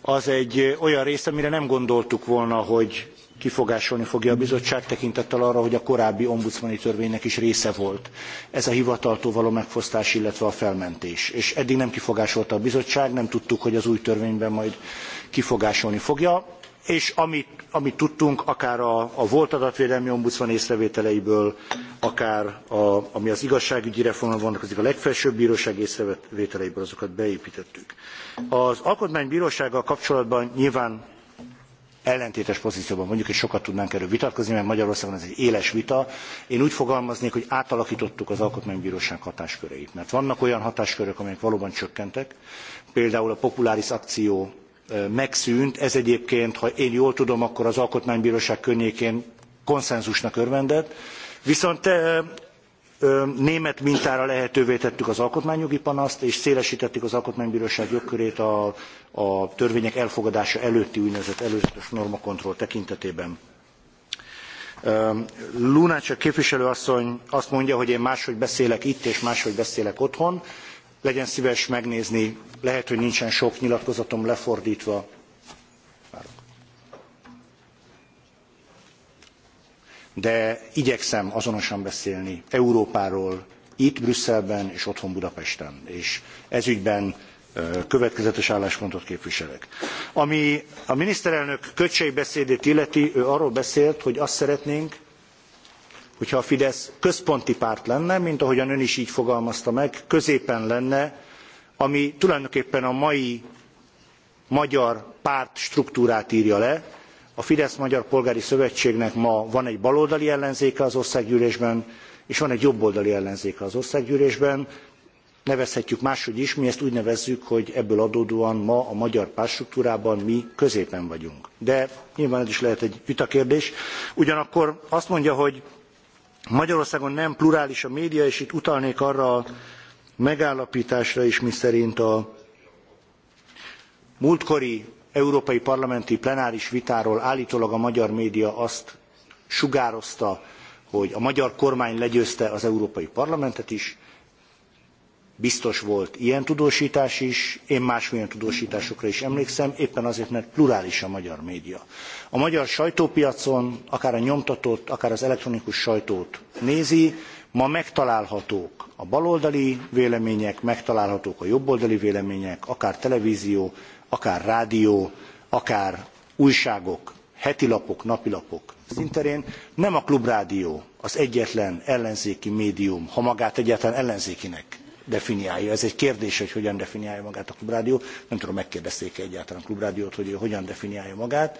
az egy olyan rész, amire nem gondoltuk volna, hogy kifogásolni fogja a bizottság tekintettel arra, hogy a korábbi ombudsmani törvénynek is része volt ez a hivataltól való megfosztás, illetve a felmentés. És eddig nem kifogásolta a bizottság, nem tudtuk, hogy az új törvényben majd kifogásolni fogja és amit, amit tudtunk, akár a, a volt adatvédelmi ombudsman észrevételeiből, akár a, ami az igazságügyi reformra vonatkozik, a legfelsőbb bíróság észrevételeiből, azokat beépítettük. Az alkotmánybírósággal kapcsolatban nyilván ellentétes pozícióban mondjuk, és sokat tudnánk erről vitatkozni, mert Magyarországon ez egy éles vita. Én úgy fogalmaznék, hogy átalakítottuk az Alkotmánybíróság hatásköreit, mert vannak olyan hatáskörök, amelyek valóban csökkentek, például a populáris akció megszűnt. Ez egyébként, ha én jól tudom, akkor az Alkotmánybíróság környékén konszenzusnak örvendett. Viszont német mintára lehetővé tettük az alkotmányjogi panaszt, és szélesítettük az alkotmánybíróság jogkörét a, a törvények elfogadása előtti úgynevezett előzetes normakontroll tekintetében. Lunácsak képviselő asszony azt mondja, hogy én máshogy beszélek itt, és máshogy beszélek otthon legyen szíves megnézni, lehet, hogy nincsen sok nyilatkozatom lefordítva. De igyekszem azonosan beszélni Európáról, itt Brüsszelben és otthon Budapesten, és ezügyben következetes álláspontot képviselek. Ami a miniszterelnök köcsei beszédét illeti, ő arról beszélt, hogy azt szeretnénk, hogyha a Fidesz központi párt lenne, mint ahogyan ön is így fogalmazta meg, középen lenne, ami tulajdonképpen a mai magyar párt struktúrát írja le. A Fidesz Magyar Polgári Szövetségnek ma van egy baloldali ellenzéke az országgyűlésben, és van egy jobboldali ellenzéke az országgyűlésben. Nevezhetjük máshogy is, mi ezt úgy nevezzük, hogy ebből adódóan ma a magyar pártstruktúrában mi középen vagyunk. De nyilván ez is lehet egy vitakérdés. Ugyanakkor azt mondja, hogy Magyarországon nem plurális a média, és itt utalnék arra a megállapításra is, miszerint a múltkori európai parlamenti plenáris vitáról állítólag a magyar média azt sugározta, hogy a magyar kormány legyőzte az európai parlamentet is, biztos volt ilyen tudósítás is, én másmilyen tudósításokra is emlékszem, éppen azért, mert plurális a magyar média a magyar sajtópiacon akár a nyomtatott, akár az elektronikus sajtót nézi, ma megtalálhatók a baloldali vélemények, megtalálhatók a jobboldali vélemények, akár televízió, akár rádió, akár újságok, hetilapok, napilapok szinterén. Nem a klubrádió az egyetlen ellenzéki médium, ha magát egyáltalán ellenzékinek definiálja. Ez egy kérdés, hogy hogyan definiálja magát a klubrádió. Nem tudom, megkérdezték -e egyáltalán a klubrádiót, hogy ő hogyan definiálja magát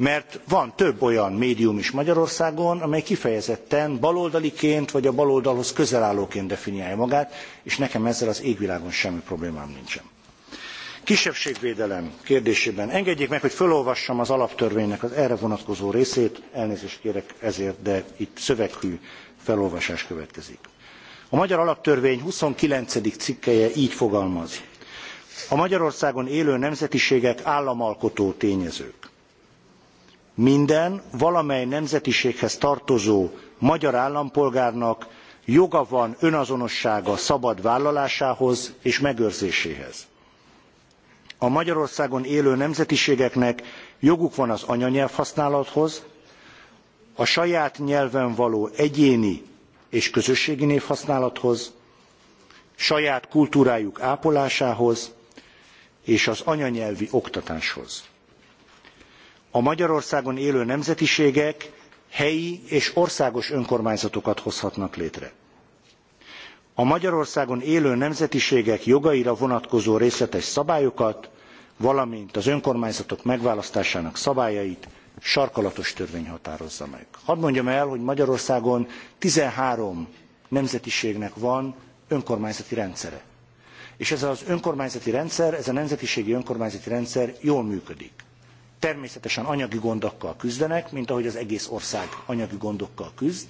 mert van több olyan médium is Magyarországon, amely kifejezetten baloldaliként vagy a baloldalhoz közel állóként definiálja magát, és nekem ezzel az égvilágon semmi problémám nincsen. Kisebbségvédelem kérdésében engedjék meg, hogy felolvassam az alaptörvénynek az erre vonatkozó részét, elnézést kérek ezért, de itt szöveghű felolvasás következik. A magyar alaptörvény 29. cikkeje így fogalmaz. A Magyarországon élő nemzetiségek államalkotó tényezők minden valamely nemzetiséghez tartozó magyar állampolgárnak joga van önazonossága szabad vállalásához és megőrzéséhez. a magyarországon élő nemzetiségeknek joguk van az anyanyelvhasználathoz a saját nyelven való egyéni és közösségi névhasználathoz saját kultúrájuk ápolásához és az anyanyelvi oktatáshoz a Magyarországon élő nemzetiségek helyi és országos önkormányzatokat hozhatnak létre. A Magyarországon élő nemzetiségek jogaira vonatkozó részletes szabályokat, valamint az önkormányzatok megválasztásának szabályait sarkalatos törvény határozza meg. Hadd mondjam el, hogy Magyarországon 13 nemzetiségnek van önkormányzati rendszere. És ez az önkormányzati rendszer, ez a nemzetiségi önkormányzati rendszer jól működik. Természetesen anyagi gondokkal küzdenek, mint ahogy az egész ország anyagi gondokkal küzd,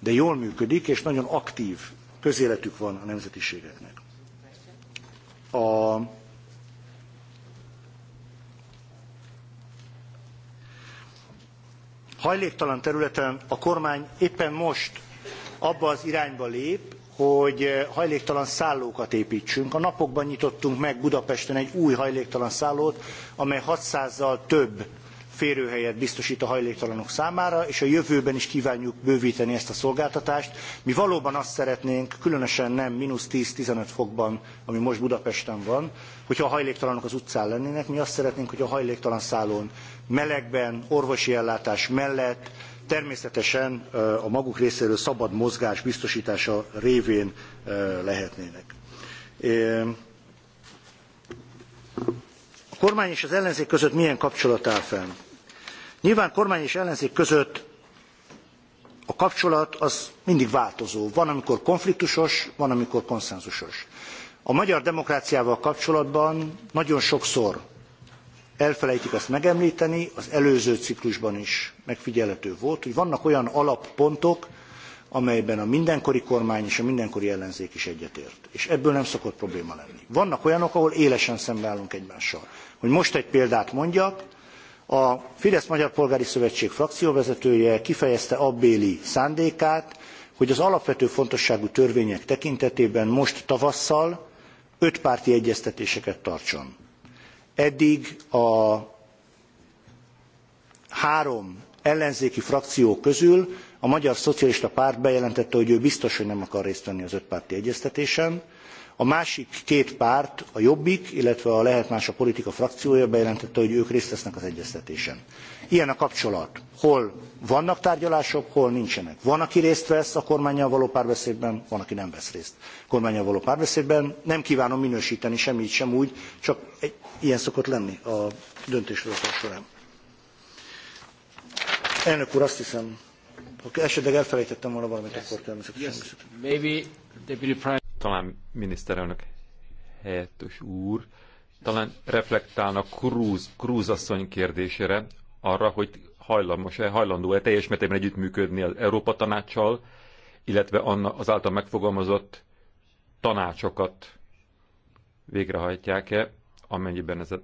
de jól működik, és nagyon aktív közéletük van a nemzetiségeknek. A hajléktalan területen a kormány éppen most abba az irányba lép, hogy eh, hajléktalan szállókat építsünk. A napokban nyitottunk meg Budapesten egy új hajléktalan szállót, amely 600-zal több férőhelyet biztosít a hajléktalanok számára, és a jövőben is kívánjuk bővíteni ezt a szolgáltatást. Mi valóban azt szeretnénk, különösen nem mínusz 10-15 fokban, ami most Budapesten van, hogyha a hajléktalanok az utcán lennének, mi azt szeretnénk, hogy a hajléktalan szállón melegben, orvosi ellátás mellett, természetesen a maguk részéről szabad mozgás biztosítása révén lehetnének. A kormány és az ellenzék között milyen kapcsolat áll fenn? Nyilván kormány és ellenzék között a kapcsolat az mindig változó. Van, amikor konfliktusos, van, amikor konszenzusos. A magyar demokráciával kapcsolatban nagyon sokszor elfelejtik azt megemlíteni, az előző ciklusban is megfigyelhető volt, hogy vannak olyan alappontok, amelyben a mindenkori kormány és a mindenkori ellenzék is egyetért. És ebből nem szokott probléma lenni. Vannak olyanok, ahol élesen szembeállunk egymással. Hogy most egy példát mondjak, a Fidesz Magyar Polgári Szövetség frakcióvezetője kifejezte abbéli szándékát, hogy az alapvető fontosságú törvények tekintetében most tavasszal ötpárti egyeztetéseket tartson eddig a három ellenzéki frakció közül a magyar szocialista párt bejelentette hogy ő biztos hogy nem akar részt venni az ötpárti egyeztetésen a másik két párt, a Jobbik, illetve a lehet más a politika frakciója bejelentette, hogy ők részt vesznek az egyeztetésen. Ilyen a kapcsolat. Hol vannak tárgyalások, hol nincsenek. Van, aki részt vesz a kormányjal való párbeszédben, van, aki nem vesz részt a kormányjal való párbeszédben. Nem kívánom minősíteni sem így, sem úgy, csak egy, ilyen szokott lenni a döntéshozatal során. Elnök úr, azt hiszem, ha esetleg elfelejtettem volna valamit, yes, akkor természetesen. Yes, maybe talán miniszterelnök helyettes úr, talán reflektálna Krúz, Krúz asszony kérdésére, arra, hogy hajlamos-e, hajlandó-e teljes mértékben együttműködni az Európa tanácssal, illetve az által megfogalmazott tanácsokat végrehajtják-e, amennyiben ez a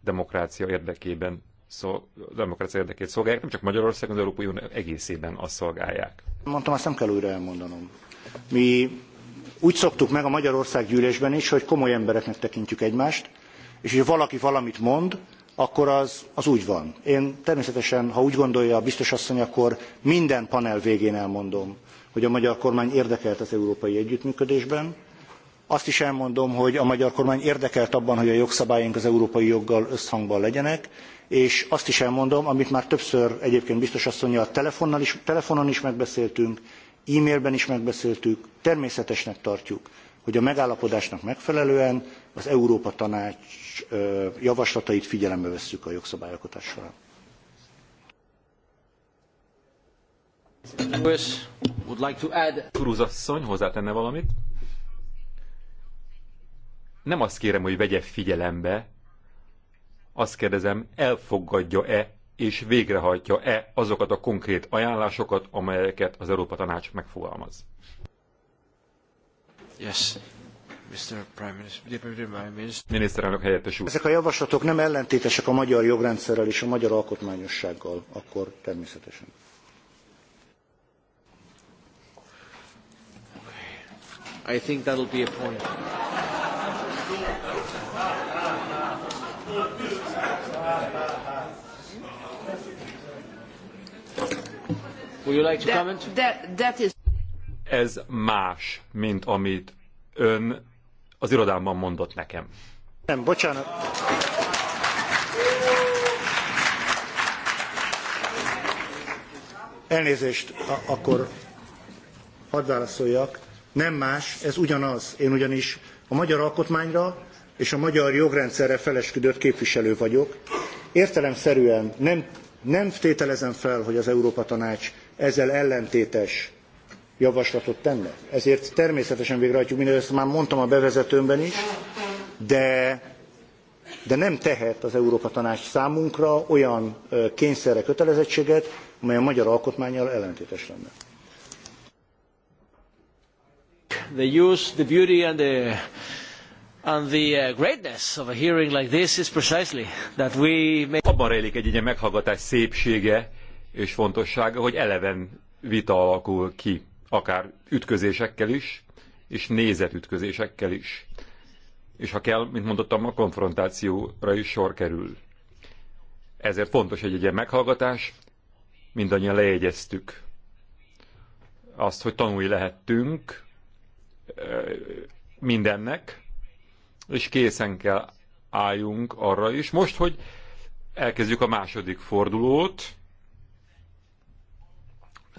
demokrácia érdekében szol, demokrácia érdekét szolgálják, nem csak Magyarországon, az Európai Unió egészében azt szolgálják. Mondtam, azt nem kell újra elmondanom. Mi úgy szoktuk meg a Magyarország gyűlésben is, hogy komoly embereknek tekintjük egymást, és hogyha valaki valamit mond, akkor az, az úgy van. Én természetesen, ha úgy gondolja a biztos asszony, akkor minden panel végén elmondom, hogy a magyar kormány érdekelt az európai együttműködésben. Azt is elmondom, hogy a magyar kormány érdekelt abban, hogy a jogszabályaink az európai joggal összhangban legyenek, és azt is elmondom, amit már többször egyébként biztos asszonyjal telefonon is megbeszéltünk, e-mailben is megbeszéltük, természetesnek tartjuk, hogy a megállapodásnak megfelelően az Európa Tanács javaslatait figyelembe vesszük a jogszabályalkotás során. Would like to add... Cruz hozzátenne valamit? Nem azt kérem, hogy vegye figyelembe, azt kérdezem, elfogadja-e és végrehajtja-e azokat a konkrét ajánlásokat, amelyeket az Európa Tanács megfogalmaz. Yes. Miniszterelnök helyettes úr. Ezek a javaslatok nem ellentétesek a magyar jogrendszerrel és a magyar alkotmányossággal, akkor természetesen. I think that'll be a point. Would you like to comment? That, that is... Ez más, mint amit ön az irodámban mondott nekem. Nem, bocsánat. Elnézést, akkor hadd válaszoljak. Nem más, ez ugyanaz. Én ugyanis a magyar alkotmányra és a magyar jogrendszerre felesküdött képviselő vagyok. Értelemszerűen nem, nem tételezem fel, hogy az Európa Tanács ezzel ellentétes javaslatot tenne. Ezért természetesen végrehajtjuk mindezt, ezt már mondtam a bevezetőmben is, de, de nem tehet az Európa Tanács számunkra olyan kényszerre kötelezettséget, amely a magyar alkotmányjal ellentétes lenne. The use, the beauty and the, and the uh, greatness of a hearing like this is precisely that we... Abban rejlik egy ilyen meghallgatás szépsége, és fontossága, hogy eleven vita alakul ki, akár ütközésekkel is, és nézetütközésekkel is. És ha kell, mint mondottam, a konfrontációra is sor kerül. Ezért fontos egy ilyen meghallgatás, mindannyian lejegyeztük azt, hogy tanulni lehettünk mindennek, és készen kell álljunk arra is. Most, hogy elkezdjük a második fordulót,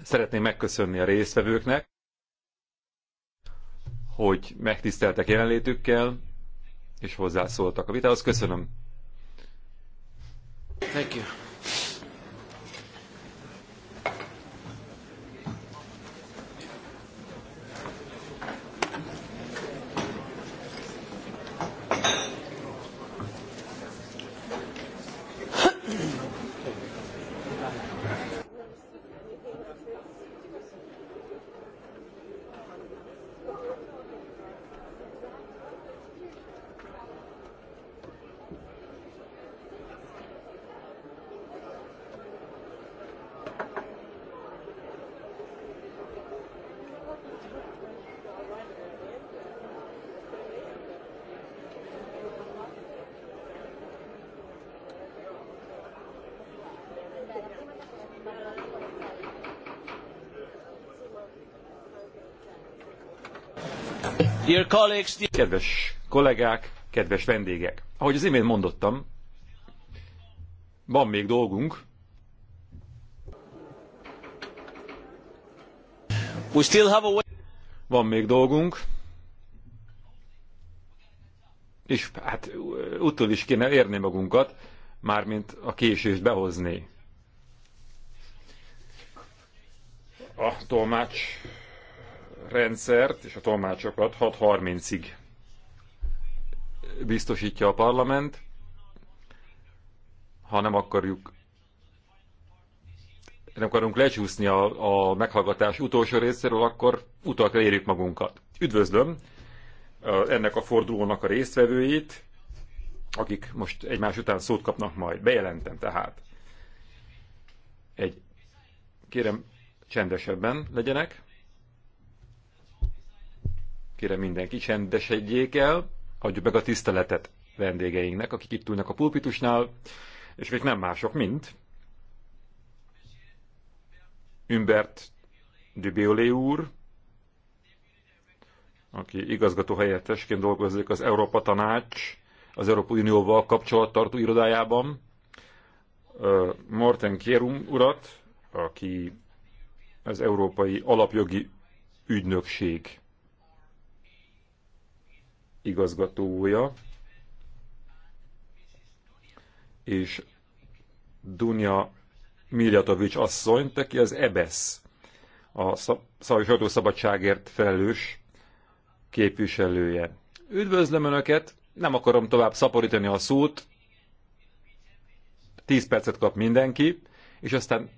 Szeretném megköszönni a résztvevőknek, hogy megtiszteltek jelenlétükkel, és hozzászóltak a vitához. Köszönöm. Thank you. Kedves kollégák, kedves vendégek! Ahogy az imént mondottam, van még dolgunk. We still have a Van még dolgunk. És hát utól is kéne érni magunkat, mármint a késést behozni. A tolmács rendszert és a tolmácsokat 6.30-ig biztosítja a parlament, ha nem akarjuk nem akarunk lecsúszni a, a meghallgatás utolsó részéről, akkor utakra érjük magunkat. Üdvözlöm ennek a fordulónak a résztvevőit, akik most egymás után szót kapnak majd. Bejelentem tehát. Egy, kérem, csendesebben legyenek. Kérem mindenki, csendesedjék el, adjuk meg a tiszteletet vendégeinknek, akik itt ülnek a pulpitusnál, és még nem mások, mint Ümbert Dubiolé úr, aki igazgató helyettesként dolgozik az Európa Tanács, az Európai Unióval kapcsolattartó irodájában, Morten Kérum urat, aki az Európai Alapjogi Ügynökség igazgatója, és Dunja Miljatovics asszony, aki az EBESZ, a Szabadságért felelős képviselője. Üdvözlöm Önöket, nem akarom tovább szaporítani a szót, 10 percet kap mindenki, és aztán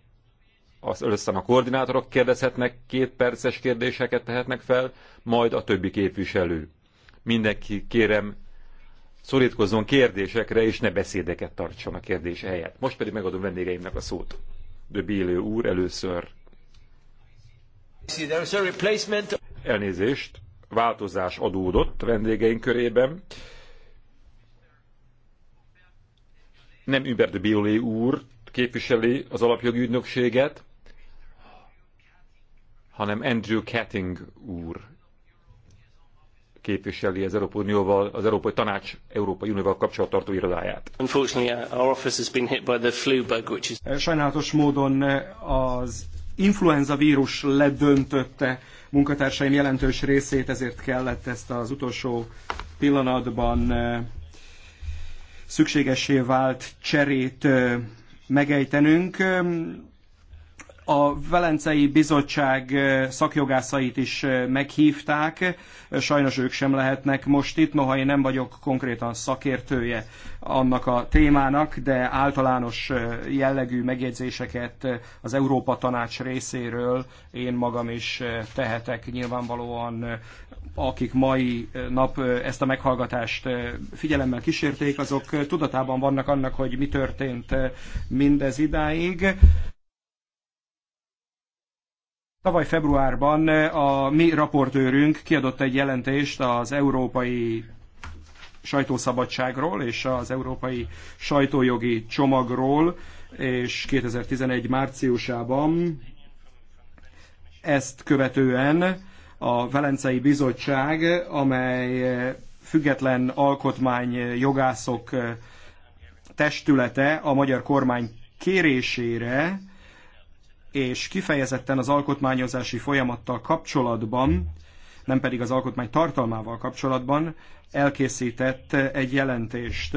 az először a koordinátorok kérdezhetnek, két perces kérdéseket tehetnek fel, majd a többi képviselő mindenki kérem szorítkozzon kérdésekre, és ne beszédeket tartson a kérdés helyett. Most pedig megadom vendégeimnek a szót. De Bélő úr először. Elnézést, változás adódott vendégeink körében. Nem Hubert de Biolé úr képviseli az alapjogi ügynökséget, hanem Andrew Ketting úr képviseli az Európai Unióval, az Európai Tanács Európai Unióval kapcsolattartó irodáját. Eh, sajnálatos módon eh, az influenza vírus ledöntötte munkatársaim jelentős részét, ezért kellett ezt az utolsó pillanatban eh, szükségessé vált cserét megejtenünk. A Velencei Bizottság szakjogászait is meghívták, sajnos ők sem lehetnek most itt, noha én nem vagyok konkrétan szakértője annak a témának, de általános jellegű megjegyzéseket az Európa Tanács részéről én magam is tehetek. Nyilvánvalóan akik mai nap ezt a meghallgatást figyelemmel kísérték, azok tudatában vannak annak, hogy mi történt mindez idáig. Tavaly februárban eh, a mi raportőrünk kiadott egy jelentést az európai sajtószabadságról és az európai sajtójogi csomagról, és 2011 márciusában ezt követően a Velencei Bizottság, amely eh, független alkotmány eh, jogászok testülete a magyar kormány kérésére és kifejezetten az alkotmányozási folyamattal kapcsolatban, nem pedig az alkotmány tartalmával kapcsolatban elkészített egy jelentést.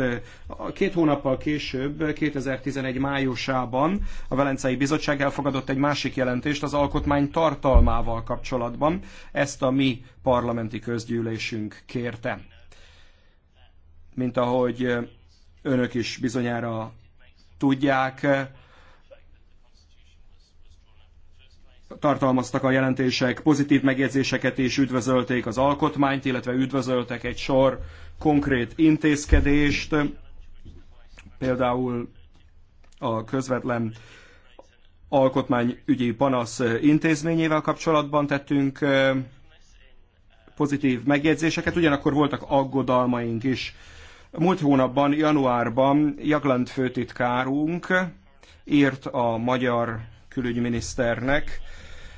Két hónappal később, 2011 májusában a Velencei Bizottság elfogadott egy másik jelentést az alkotmány tartalmával kapcsolatban. Ezt a mi parlamenti közgyűlésünk kérte. Mint ahogy önök is bizonyára tudják, tartalmaztak a jelentések pozitív megjegyzéseket is, üdvözölték az alkotmányt, illetve üdvözöltek egy sor konkrét intézkedést, például a közvetlen alkotmányügyi panasz intézményével kapcsolatban tettünk pozitív megjegyzéseket, ugyanakkor voltak aggodalmaink is. Múlt hónapban, januárban Jagland főtitkárunk írt a magyar külügyminiszternek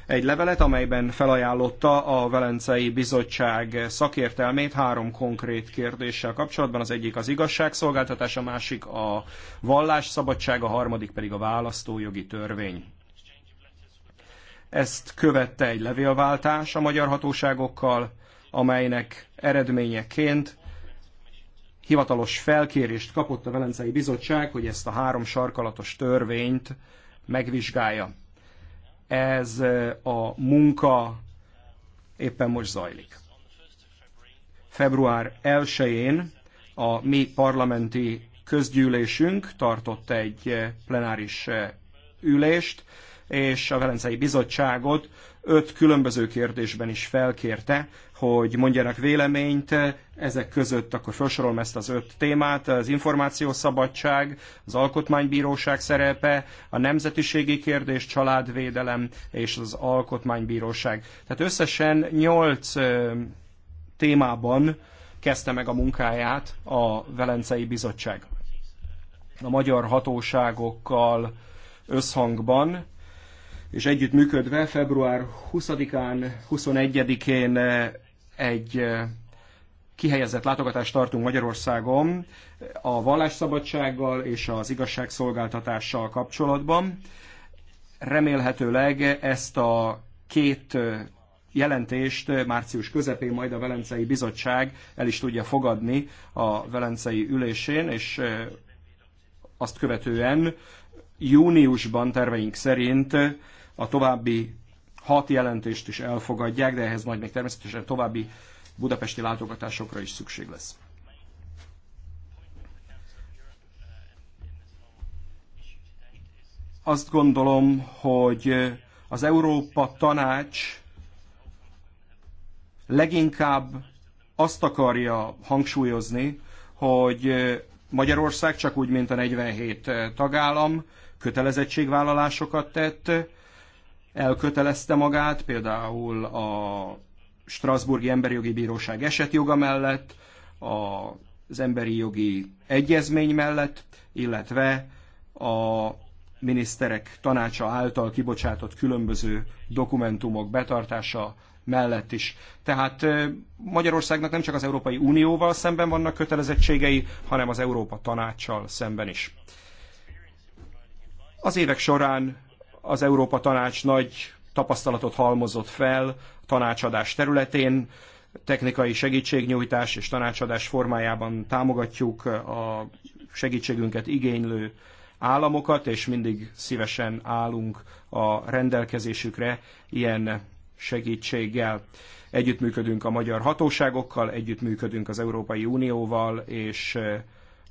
egy levelet, amelyben felajánlotta a Velencei Bizottság szakértelmét három konkrét kérdéssel kapcsolatban. Az egyik az igazságszolgáltatás, a másik a vallásszabadság, a harmadik pedig a választójogi törvény. Ezt követte egy levélváltás a magyar hatóságokkal, amelynek eredményeként hivatalos felkérést kapott a Velencei Bizottság, hogy ezt a három sarkalatos törvényt megvizsgálja. Ez a munka éppen most zajlik. Február 1-én a mi parlamenti közgyűlésünk tartott egy plenáris ülést, és a Velencei Bizottságot öt különböző kérdésben is felkérte, hogy mondjanak véleményt, ezek között akkor felsorolom ezt az öt témát, az információszabadság, az alkotmánybíróság szerepe, a nemzetiségi kérdés, családvédelem és az alkotmánybíróság. Tehát összesen nyolc témában kezdte meg a munkáját a Velencei Bizottság. A magyar hatóságokkal összhangban és együttműködve február 20-án, 21-én eh, egy eh, kihelyezett látogatást tartunk Magyarországon eh, a vallásszabadsággal és az igazságszolgáltatással kapcsolatban. Remélhetőleg ezt a két jelentést március közepén majd a Velencei Bizottság el is tudja fogadni a Velencei ülésén, és azt követően júniusban terveink szerint a további hat jelentést is elfogadják, de ehhez majd még természetesen további budapesti látogatásokra is szükség lesz. Azt gondolom, hogy az Európa Tanács leginkább azt akarja hangsúlyozni, hogy Magyarország csak úgy, mint a 47 tagállam kötelezettségvállalásokat tett, elkötelezte magát, például a Strasburgi Emberi Jogi Bíróság esetjoga mellett, az emberi jogi egyezmény mellett, illetve a miniszterek tanácsa által kibocsátott különböző dokumentumok betartása mellett is. Tehát Magyarországnak nem csak az Európai Unióval szemben vannak kötelezettségei, hanem az Európa tanácssal szemben is. Az évek során az Európa Tanács nagy tapasztalatot halmozott fel tanácsadás területén, technikai segítségnyújtás és tanácsadás formájában támogatjuk a segítségünket igénylő államokat, és mindig szívesen állunk a rendelkezésükre ilyen segítséggel. Együttműködünk a magyar hatóságokkal, együttműködünk az Európai Unióval és eh,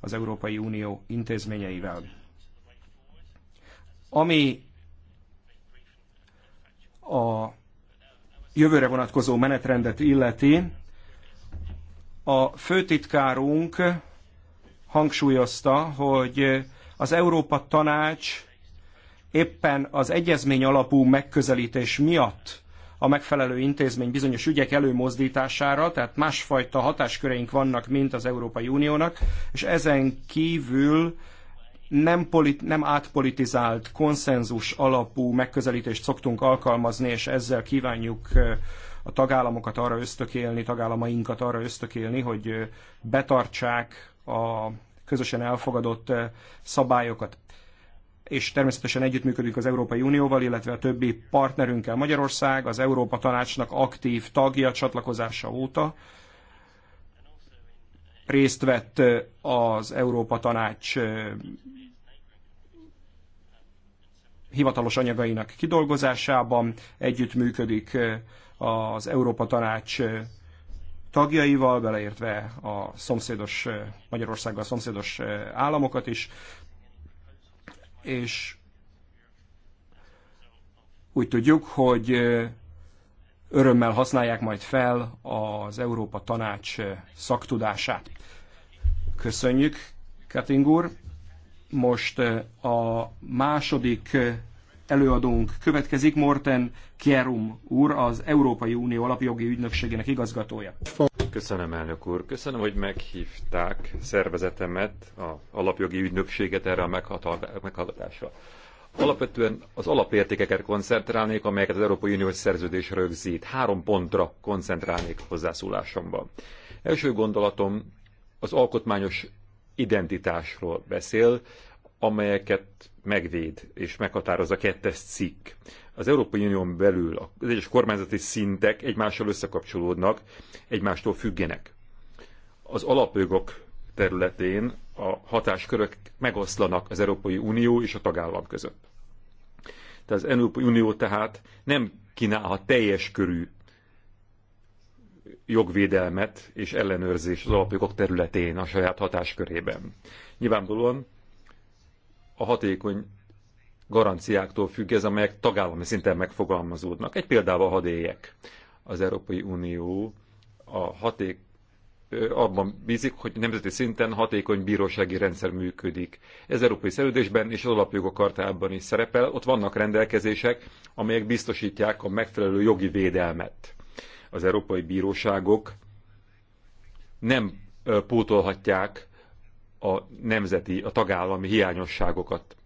az Európai Unió intézményeivel. Ami a jövőre vonatkozó menetrendet illeti, a főtitkárunk hangsúlyozta, hogy az Európa Tanács éppen az egyezmény alapú megközelítés miatt a megfelelő intézmény bizonyos ügyek előmozdítására, tehát másfajta hatásköreink vannak, mint az Európai Uniónak, és ezen kívül nem, politi- nem átpolitizált, konszenzus alapú megközelítést szoktunk alkalmazni, és ezzel kívánjuk a tagállamokat arra ösztökélni, tagállamainkat arra ösztökélni, hogy betartsák a közösen elfogadott szabályokat. És természetesen együttműködünk az Európai Unióval, illetve a többi partnerünkkel. Magyarország az Európa Tanácsnak aktív tagja csatlakozása óta részt vett az Európa Tanács hivatalos anyagainak kidolgozásában, együttműködik az Európa Tanács tagjaival, beleértve a szomszédos Magyarországgal szomszédos államokat is, és úgy tudjuk, hogy örömmel használják majd fel az Európa Tanács szaktudását. Köszönjük, Kettingúr! úr! Most a második előadónk következik, Morten Kierum úr, az Európai Unió Alapjogi Ügynökségének igazgatója. Köszönöm, elnök úr. Köszönöm, hogy meghívták szervezetemet, a alapjogi ügynökséget erre a meghallgatásra. Alapvetően az alapértékeket koncentrálnék, amelyeket az Európai Uniós szerződés rögzít. Három pontra koncentrálnék hozzászólásomban. Első gondolatom az alkotmányos identitásról beszél, amelyeket megvéd és meghatároz a kettes cikk. Az Európai Unión belül az egyes kormányzati szintek egymással összekapcsolódnak, egymástól függenek. Az alapjogok területén a hatáskörök megoszlanak az Európai Unió és a tagállam között. Tehát az Európai Unió tehát nem kínálhat teljes körű jogvédelmet és ellenőrzés az alapjogok területén, a saját hatáskörében. Nyilvánvalóan a hatékony garanciáktól függ ez, amelyek tagállami szinten megfogalmazódnak. Egy példával hadd éljek. Az Európai Unió a haték, abban bízik, hogy nemzeti szinten hatékony bírósági rendszer működik. Ez európai szerződésben és az alapjogok kartában is szerepel. Ott vannak rendelkezések, amelyek biztosítják a megfelelő jogi védelmet az európai bíróságok nem pótolhatják a nemzeti, a tagállami hiányosságokat.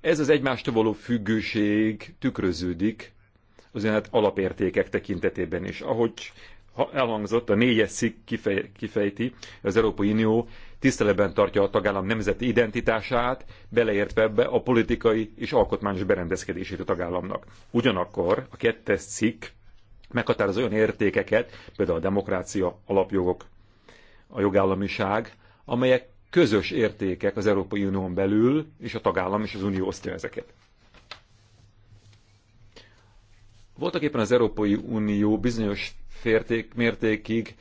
Ez az egymástól való függőség tükröződik az ilyen alapértékek tekintetében is. Ahogy elhangzott, a négyes szik kifej, kifejti, az Európai Unió tiszteleben tartja a tagállam nemzeti identitását, beleértve ebbe a politikai és alkotmányos berendezkedését a tagállamnak. Ugyanakkor a kettes cikk meghatároz olyan értékeket, például a demokrácia, alapjogok, a jogállamiság, amelyek közös értékek az Európai Unión belül, és a tagállam és az Unió osztja ezeket. Voltak éppen az Európai Unió bizonyos férték, mértékig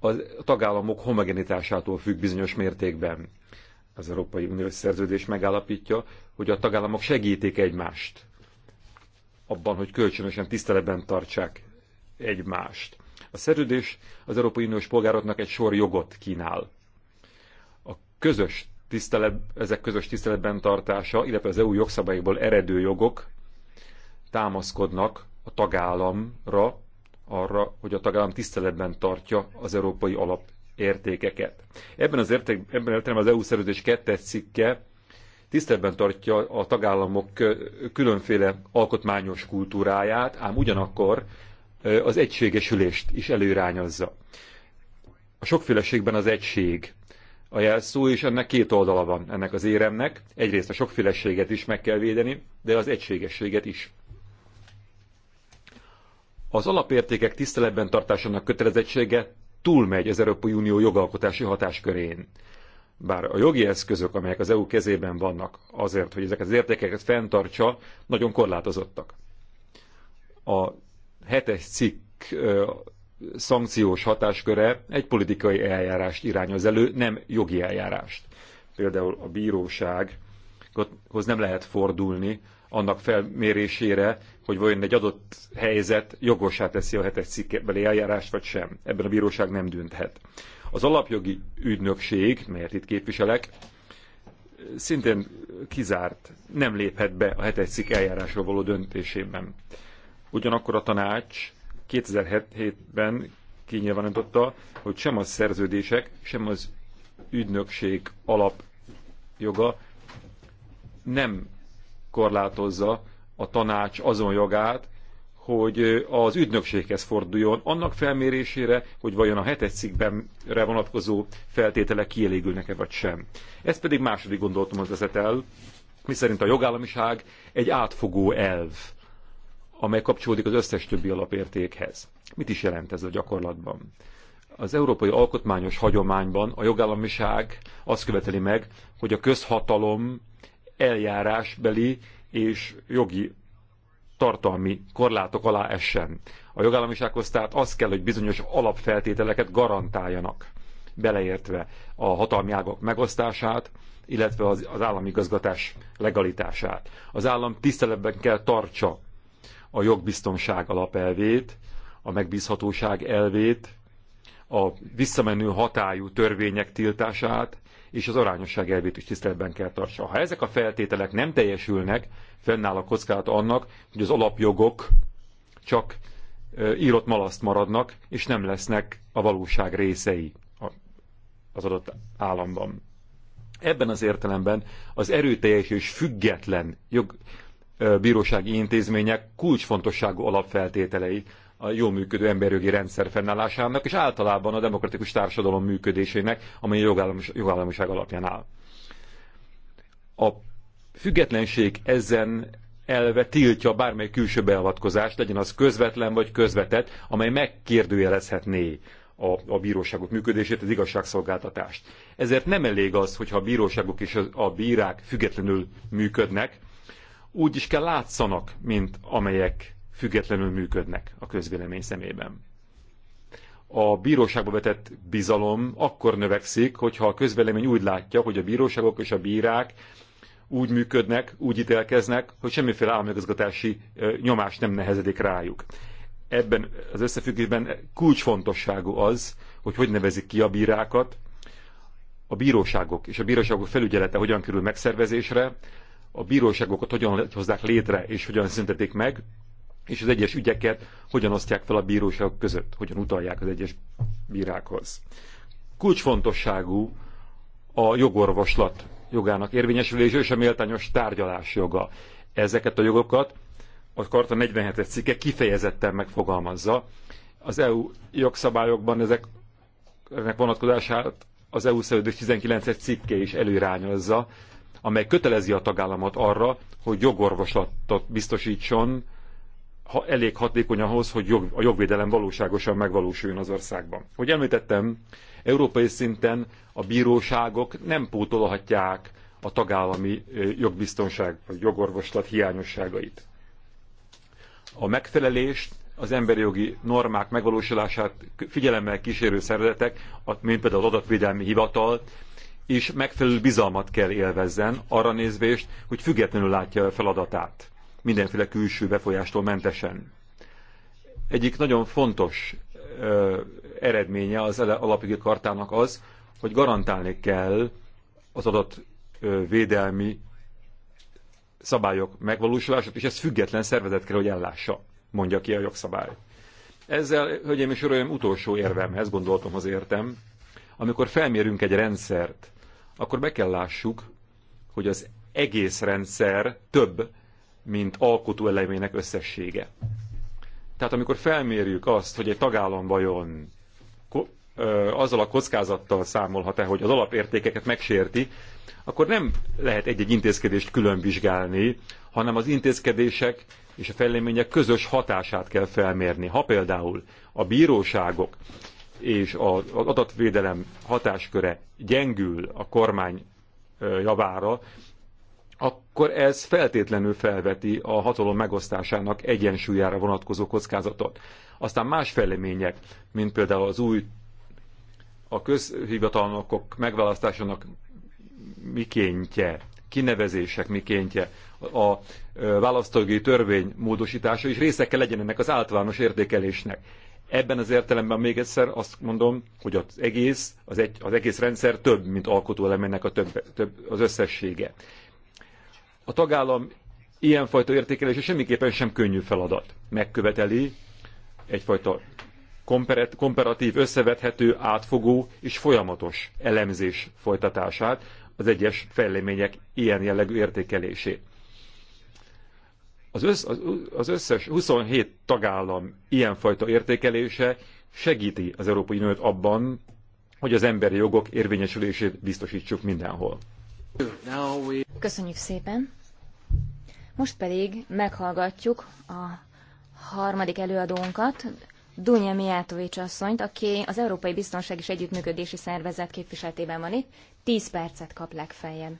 a tagállamok homogenitásától függ bizonyos mértékben. Az Európai Uniós szerződés megállapítja, hogy a tagállamok segítik egymást abban, hogy kölcsönösen tiszteletben tartsák egymást. A szerződés az Európai Uniós polgároknak egy sor jogot kínál. A közös tisztelet, ezek közös tiszteletben tartása, illetve az EU jogszabályokból eredő jogok támaszkodnak a tagállamra, arra, hogy a tagállam tiszteletben tartja az európai alapértékeket. Ebben az érték, ebben az EU szerződés kettes cikke tiszteletben tartja a tagállamok különféle alkotmányos kultúráját, ám ugyanakkor az egységesülést is előrányozza. A sokféleségben az egység a jelszó, és ennek két oldala van ennek az éremnek. Egyrészt a sokféleséget is meg kell védeni, de az egységességet is. Az alapértékek tiszteletben tartásának kötelezettsége túlmegy az Európai Unió jogalkotási hatáskörén. Bár a jogi eszközök, amelyek az EU kezében vannak azért, hogy ezeket az értékeket fenntartsa, nagyon korlátozottak. A hetes cikk szankciós hatásköre egy politikai eljárást irányoz elő, nem jogi eljárást. Például a bírósághoz nem lehet fordulni annak felmérésére, hogy vajon egy adott helyzet jogosá teszi a hetes cikkbeli eljárást, vagy sem. Ebben a bíróság nem dönthet. Az alapjogi ügynökség, melyet itt képviselek, szintén kizárt, nem léphet be a hetes cikk eljárásról való döntésében. Ugyanakkor a tanács 2007-ben kinyilvánította, hogy sem a szerződések, sem az ügynökség alapjoga nem korlátozza a tanács azon jogát, hogy az ügynökséghez forduljon annak felmérésére, hogy vajon a hetes cikkbenre vonatkozó feltételek kielégülnek-e vagy sem. Ez pedig második az vezet el, miszerint a jogállamiság egy átfogó elv amely kapcsolódik az összes többi alapértékhez. Mit is jelent ez a gyakorlatban? Az európai alkotmányos hagyományban a jogállamiság azt követeli meg, hogy a közhatalom eljárásbeli és jogi tartalmi korlátok alá essen. A jogállamisághoz tehát az kell, hogy bizonyos alapfeltételeket garantáljanak, beleértve a hatalmi ágok megosztását, illetve az, az államigazgatás legalitását. Az állam tiszteletben kell tartsa a jogbiztonság alapelvét, a megbízhatóság elvét, a visszamenő hatályú törvények tiltását és az arányosság elvét is tiszteletben kell tartsa. Ha ezek a feltételek nem teljesülnek, fennáll a kockázat annak, hogy az alapjogok csak írott malaszt maradnak, és nem lesznek a valóság részei az adott államban. Ebben az értelemben az erőteljes és független jog, bírósági intézmények kulcsfontosságú alapfeltételei a jó működő emberjogi rendszer fennállásának, és általában a demokratikus társadalom működésének, amely jogállamos, jogállamiság alapján áll. A függetlenség ezen elve tiltja bármely külső beavatkozást, legyen az közvetlen vagy közvetett, amely megkérdőjelezhetné a, a bíróságok működését, az igazságszolgáltatást. Ezért nem elég az, hogyha a bíróságok és a, a bírák függetlenül működnek, úgy is kell látszanak, mint amelyek függetlenül működnek a közvélemény szemében. A bíróságba vetett bizalom akkor növekszik, hogyha a közvélemény úgy látja, hogy a bíróságok és a bírák úgy működnek, úgy ítélkeznek, hogy semmiféle államigazgatási nyomás nem nehezedik rájuk. Ebben az összefüggésben kulcsfontosságú az, hogy hogy nevezik ki a bírákat, a bíróságok és a bíróságok felügyelete hogyan kerül megszervezésre, a bíróságokat hogyan hozzák létre és hogyan szüntetik meg, és az egyes ügyeket hogyan osztják fel a bíróságok között, hogyan utalják az egyes bírákhoz. Kulcsfontosságú a jogorvoslat jogának érvényesülése és a méltányos tárgyalás joga. Ezeket a jogokat a Karta 47-es cikke kifejezetten megfogalmazza. Az EU jogszabályokban ezek, ennek vonatkozását az EU szerződés 19-es cikke is előirányozza, amely kötelezi a tagállamot arra, hogy jogorvoslatot biztosítson, ha elég hatékony ahhoz, hogy jog, a jogvédelem valóságosan megvalósuljon az országban. Hogy említettem, európai szinten a bíróságok nem pótolhatják a tagállami jogbiztonság vagy jogorvoslat hiányosságait. A megfelelést az emberi jogi normák megvalósulását figyelemmel kísérő szervezetek, mint például az adatvédelmi hivatal is megfelelő bizalmat kell élvezzen, arra nézvést, hogy függetlenül látja a feladatát, mindenféle külső befolyástól mentesen. Egyik nagyon fontos ö, eredménye az alapjogi kartának az, hogy garantálni kell az védelmi szabályok megvalósulását, és ez független szervezet kell, hogy ellássa, mondja ki a jogszabály. Ezzel, hölgyeim és uraim, utolsó érvemhez gondoltam az értem, amikor felmérünk egy rendszert, akkor be kell lássuk, hogy az egész rendszer több, mint alkotó elemének összessége. Tehát amikor felmérjük azt, hogy egy tagállam vajon azzal a kockázattal számolhat-e, hogy az alapértékeket megsérti, akkor nem lehet egy-egy intézkedést külön vizsgálni, hanem az intézkedések és a fejlemények közös hatását kell felmérni. Ha például a bíróságok és az adatvédelem hatásköre gyengül a kormány javára, akkor ez feltétlenül felveti a hatalom megosztásának egyensúlyára vonatkozó kockázatot. Aztán más felemények, mint például az új a közhivatalnokok megválasztásának mikéntje, kinevezések mikéntje, a választógi törvény módosítása is része kell legyen ennek az általános értékelésnek. Ebben az értelemben még egyszer azt mondom, hogy az egész, az, egy, az egész rendszer több, mint alkotó elemének a több, több, az összessége. A tagállam ilyenfajta értékelése semmiképpen sem könnyű feladat. Megköveteli egyfajta komparatív, összevethető, átfogó és folyamatos elemzés folytatását, az egyes fejlemények ilyen jellegű értékelését. Az, össz, az összes 27 tagállam ilyenfajta értékelése segíti az Európai Uniót abban, hogy az emberi jogok érvényesülését biztosítsuk mindenhol. Köszönjük szépen! Most pedig meghallgatjuk a harmadik előadónkat, Dunja Mijátovics asszonyt, aki az Európai Biztonság és Együttműködési Szervezet képviseletében van itt, 10 percet kap legfeljebb.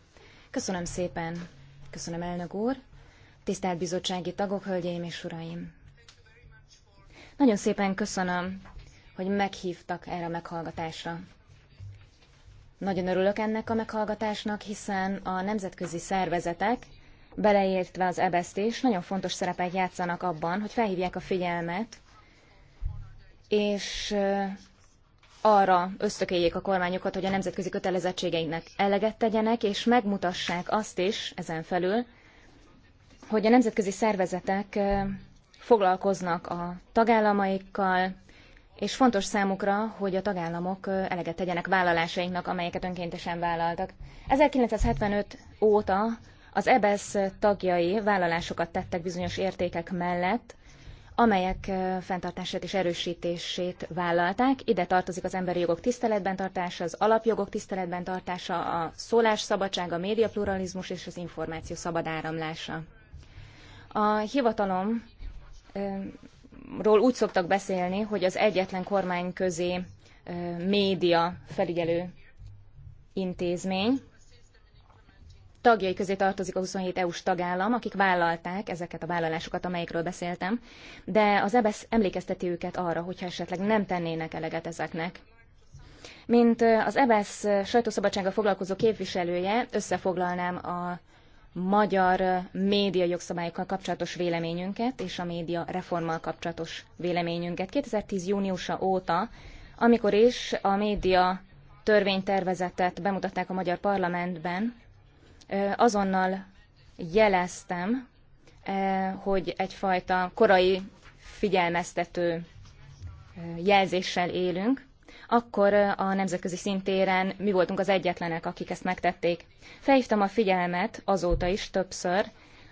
Köszönöm szépen, köszönöm elnök úr tisztelt bizottsági tagok, hölgyeim és uraim! Nagyon szépen köszönöm, hogy meghívtak erre a meghallgatásra. Nagyon örülök ennek a meghallgatásnak, hiszen a nemzetközi szervezetek, beleértve az ebeszt is, nagyon fontos szerepet játszanak abban, hogy felhívják a figyelmet, és arra ösztökéljék a kormányokat, hogy a nemzetközi kötelezettségeinknek eleget tegyenek, és megmutassák azt is ezen felül, hogy a nemzetközi szervezetek foglalkoznak a tagállamaikkal, és fontos számukra, hogy a tagállamok eleget tegyenek vállalásainknak, amelyeket önkéntesen vállaltak. 1975 óta az EBSZ e tagjai vállalásokat tettek bizonyos értékek mellett, amelyek fenntartását és erősítését vállalták. Ide tartozik az emberi jogok tiszteletben tartása, az alapjogok tiszteletben tartása, a szólásszabadság, a médiapluralizmus és az információ szabad áramlása. A hivatalomról úgy szoktak beszélni, hogy az egyetlen kormányközi média felügyelő intézmény. Tagjai közé tartozik a 27 EU-s tagállam, akik vállalták ezeket a vállalásokat, amelyekről beszéltem, de az EBSZ e emlékezteti őket arra, hogyha esetleg nem tennének eleget ezeknek. Mint az EBSZ e sajtószabadsága foglalkozó képviselője, összefoglalnám a magyar média jogszabályokkal kapcsolatos véleményünket és a média reformmal kapcsolatos véleményünket. 2010. júniusa óta, amikor is a média törvénytervezetet bemutatták a magyar parlamentben, azonnal jeleztem, hogy egyfajta korai figyelmeztető jelzéssel élünk, akkor a nemzetközi szintéren mi voltunk az egyetlenek, akik ezt megtették. Felhívtam a figyelmet azóta is többször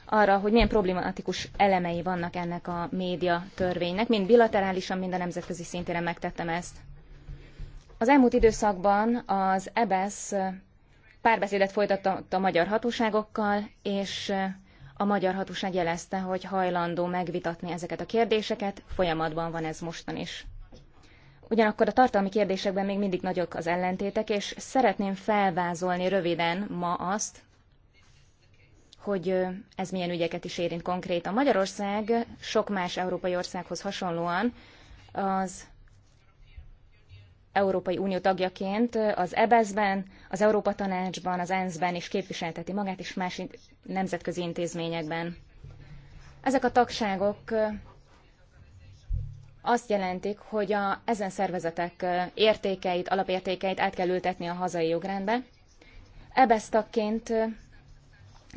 arra, hogy milyen problematikus elemei vannak ennek a média törvénynek, mind bilaterálisan, mind a nemzetközi szintéren megtettem ezt. Az elmúlt időszakban az EBSZ e párbeszédet folytatott a magyar hatóságokkal, és a magyar hatóság jelezte, hogy hajlandó megvitatni ezeket a kérdéseket, folyamatban van ez mostan is. Ugyanakkor a tartalmi kérdésekben még mindig nagyok az ellentétek, és szeretném felvázolni röviden ma azt, hogy ez milyen ügyeket is érint konkrétan. Magyarország sok más európai országhoz hasonlóan az Európai Unió tagjaként az ebesz ben az Európa Tanácsban, az ENSZ-ben is képviselteti magát, és más nemzetközi intézményekben. Ezek a tagságok azt jelentik, hogy a, ezen szervezetek értékeit, alapértékeit át kell ültetni a hazai jogrendbe. Ebesztakként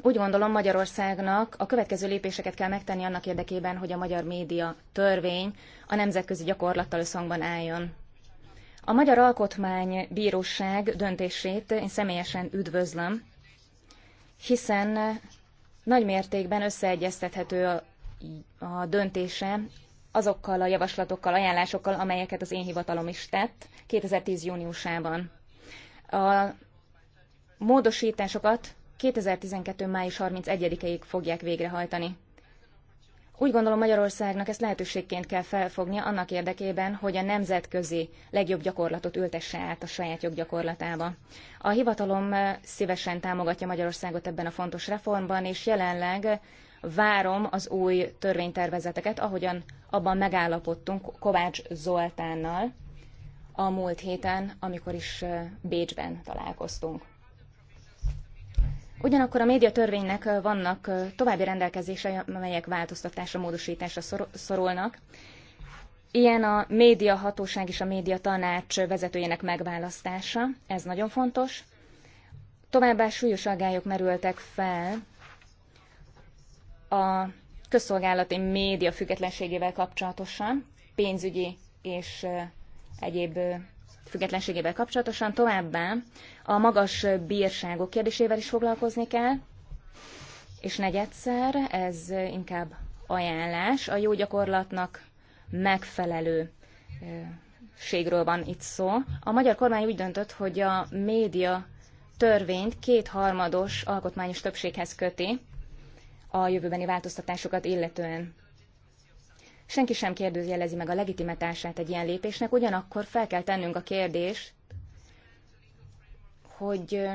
úgy gondolom Magyarországnak a következő lépéseket kell megtenni annak érdekében, hogy a magyar média törvény a nemzetközi gyakorlattal összhangban álljon. A Magyar Alkotmány Bíróság döntését én személyesen üdvözlöm, hiszen nagy mértékben összeegyeztethető a, a döntése azokkal a javaslatokkal, ajánlásokkal, amelyeket az én hivatalom is tett 2010. júniusában. A módosításokat 2012. május 31-ig fogják végrehajtani. Úgy gondolom Magyarországnak ezt lehetőségként kell felfognia annak érdekében, hogy a nemzetközi legjobb gyakorlatot ültesse át a saját joggyakorlatába. A hivatalom eh, szívesen támogatja Magyarországot ebben a fontos reformban, és jelenleg várom az új törvénytervezeteket, ahogyan abban megállapodtunk Kovács Zoltánnal a múlt héten, amikor is Bécsben találkoztunk. Ugyanakkor a médiatörvénynek vannak további rendelkezései, amelyek változtatásra, módosításra szorulnak. Ilyen a médiahatóság és a tanács vezetőjének megválasztása, ez nagyon fontos. Továbbá súlyos aggályok merültek fel a közszolgálati média függetlenségével kapcsolatosan, pénzügyi és egyéb függetlenségével kapcsolatosan, továbbá a magas bírságok kérdésével is foglalkozni kell, és negyedszer, ez inkább ajánlás, a jó gyakorlatnak megfelelő ségről van itt szó. A magyar kormány úgy döntött, hogy a média törvényt kétharmados alkotmányos többséghez köti, a jövőbeni változtatásokat illetően. Senki sem kérdőjelezi meg a legitimitását egy ilyen lépésnek, ugyanakkor fel kell tennünk a kérdést, hogy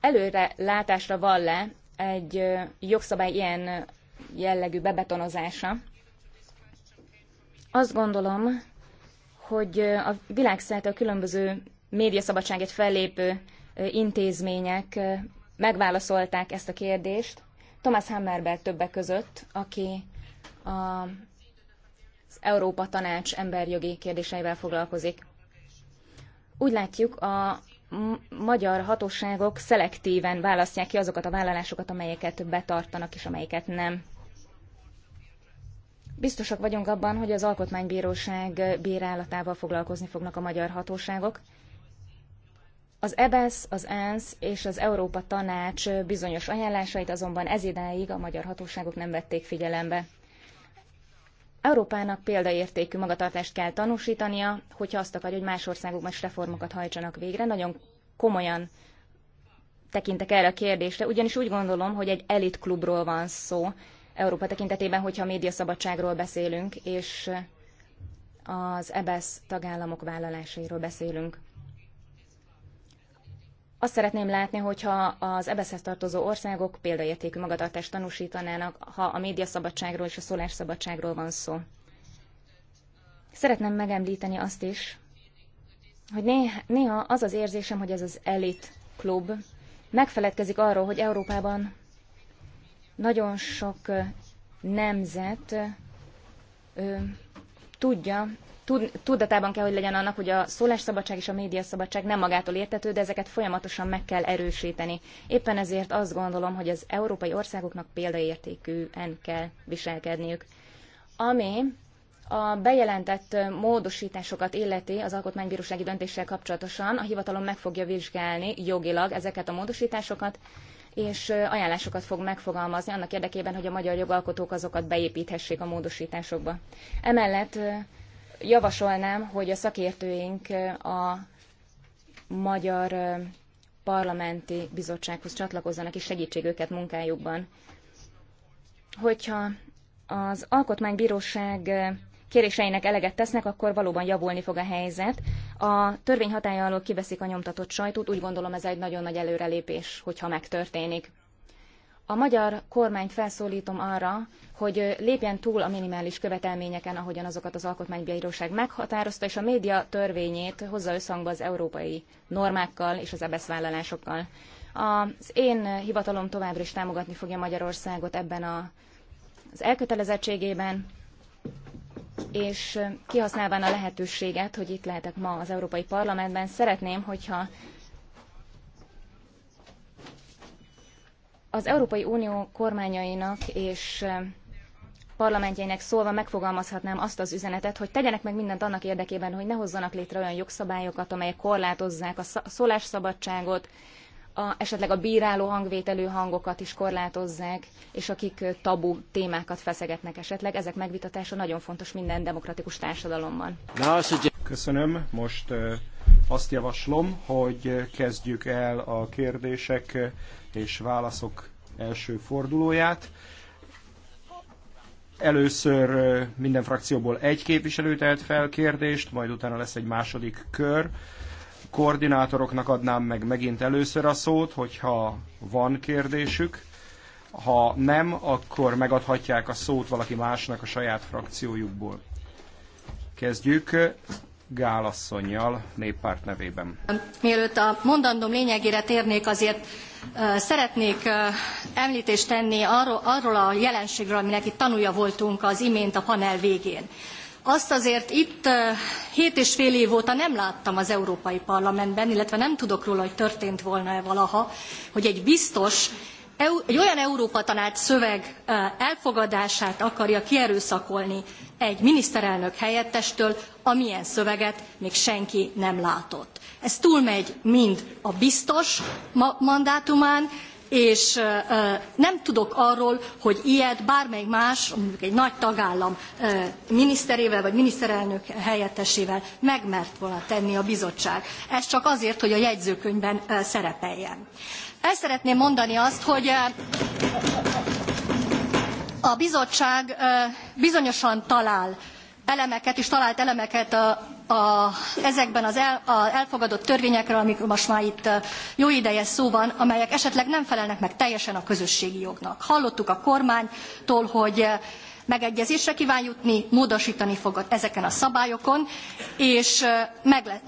előre látásra van le egy jogszabály ilyen jellegű bebetonozása. Azt gondolom, hogy a világszerte a különböző médiaszabadságért fellépő intézmények megválaszolták ezt a kérdést, Thomas Hammerberg többek között, aki a, az Európa Tanács emberjogi kérdéseivel foglalkozik. Úgy látjuk, a magyar hatóságok szelektíven választják ki azokat a vállalásokat, amelyeket betartanak és amelyeket nem. Biztosak vagyunk abban, hogy az Alkotmánybíróság bírálatával foglalkozni fognak a magyar hatóságok, az EBESZ, az ENSZ és az Európa Tanács bizonyos ajánlásait azonban ezidáig a magyar hatóságok nem vették figyelembe. Európának példaértékű magatartást kell tanúsítania, hogyha azt akarja, hogy más országokban is reformokat hajtsanak végre. Nagyon komolyan tekintek erre a kérdésre, ugyanis úgy gondolom, hogy egy elitklubról van szó Európa tekintetében, hogyha médiaszabadságról beszélünk, és az EBESZ tagállamok vállalásairól beszélünk. Azt szeretném látni, hogyha az ebeszhez tartozó országok példaértékű magatartást tanúsítanának, ha a médiaszabadságról és a szólásszabadságról van szó. Szeretném megemlíteni azt is, hogy néha az az érzésem, hogy ez az elit klub megfeledkezik arról, hogy Európában nagyon sok nemzet ö, tudja tudatában kell, hogy legyen annak, hogy a szólásszabadság és a médiaszabadság nem magától értető, de ezeket folyamatosan meg kell erősíteni. Éppen ezért azt gondolom, hogy az európai országoknak példaértékűen kell viselkedniük. Ami a bejelentett módosításokat illeti az alkotmánybírósági döntéssel kapcsolatosan a hivatalom meg fogja vizsgálni jogilag ezeket a módosításokat, és ajánlásokat fog megfogalmazni annak érdekében, hogy a magyar jogalkotók azokat beépíthessék a módosításokba. Emellett javasolnám, hogy a szakértőink a magyar parlamenti bizottsághoz csatlakozzanak és segítség őket munkájukban. Hogyha az alkotmánybíróság kéréseinek eleget tesznek, akkor valóban javulni fog a helyzet. A törvény hatája alól kiveszik a nyomtatott sajtót, úgy gondolom ez egy nagyon nagy előrelépés, hogyha megtörténik. A magyar kormányt felszólítom arra, hogy lépjen túl a minimális követelményeken, ahogyan azokat az alkotmánybíróság meghatározta, és a média törvényét hozza összhangba az európai normákkal és az ebesz vállalásokkal. Az én hivatalom továbbra is támogatni fogja Magyarországot ebben a, az elkötelezettségében, és kihasználván a lehetőséget, hogy itt lehetek ma az Európai Parlamentben, szeretném, hogyha Az Európai Unió kormányainak és parlamentjeinek szólva megfogalmazhatnám azt az üzenetet, hogy tegyenek meg mindent annak érdekében, hogy ne hozzanak létre olyan jogszabályokat, amelyek korlátozzák a szólásszabadságot, a, esetleg a bíráló hangvételű hangokat is korlátozzák, és akik tabu témákat feszegetnek esetleg. Ezek megvitatása nagyon fontos minden demokratikus társadalomban. Köszönöm. Most azt javaslom, hogy kezdjük el a kérdések és válaszok első fordulóját. Először minden frakcióból egy képviselő tehet fel kérdést, majd utána lesz egy második kör. Koordinátoroknak adnám meg megint először a szót, hogyha van kérdésük. Ha nem, akkor megadhatják a szót valaki másnak a saját frakciójukból. Kezdjük Gálasszonyjal néppárt nevében. Mielőtt a mondandóm lényegére térnék, azért szeretnék említést tenni arról, arról a jelenségről, aminek itt tanúja voltunk az imént a panel végén. Azt azért itt hét és fél év óta nem láttam az Európai Parlamentben, illetve nem tudok róla, hogy történt volna-e valaha, hogy egy biztos egy olyan Európa Tanács szöveg elfogadását akarja kierőszakolni egy miniszterelnök helyettestől, amilyen szöveget még senki nem látott. Ez túlmegy mind a biztos mandátumán, és nem tudok arról, hogy ilyet bármely más, mondjuk egy nagy tagállam miniszterével vagy miniszterelnök helyettesével megmert volna tenni a bizottság. Ez csak azért, hogy a jegyzőkönyvben szerepeljen. El szeretném mondani azt, hogy a bizottság bizonyosan talál elemeket, és talált elemeket a, a, ezekben az el, a elfogadott törvényekre, amik most már itt jó ideje szó van, amelyek esetleg nem felelnek meg teljesen a közösségi jognak. Hallottuk a kormánytól, hogy megegyezésre kíván jutni, módosítani fog ezeken a szabályokon, és meg,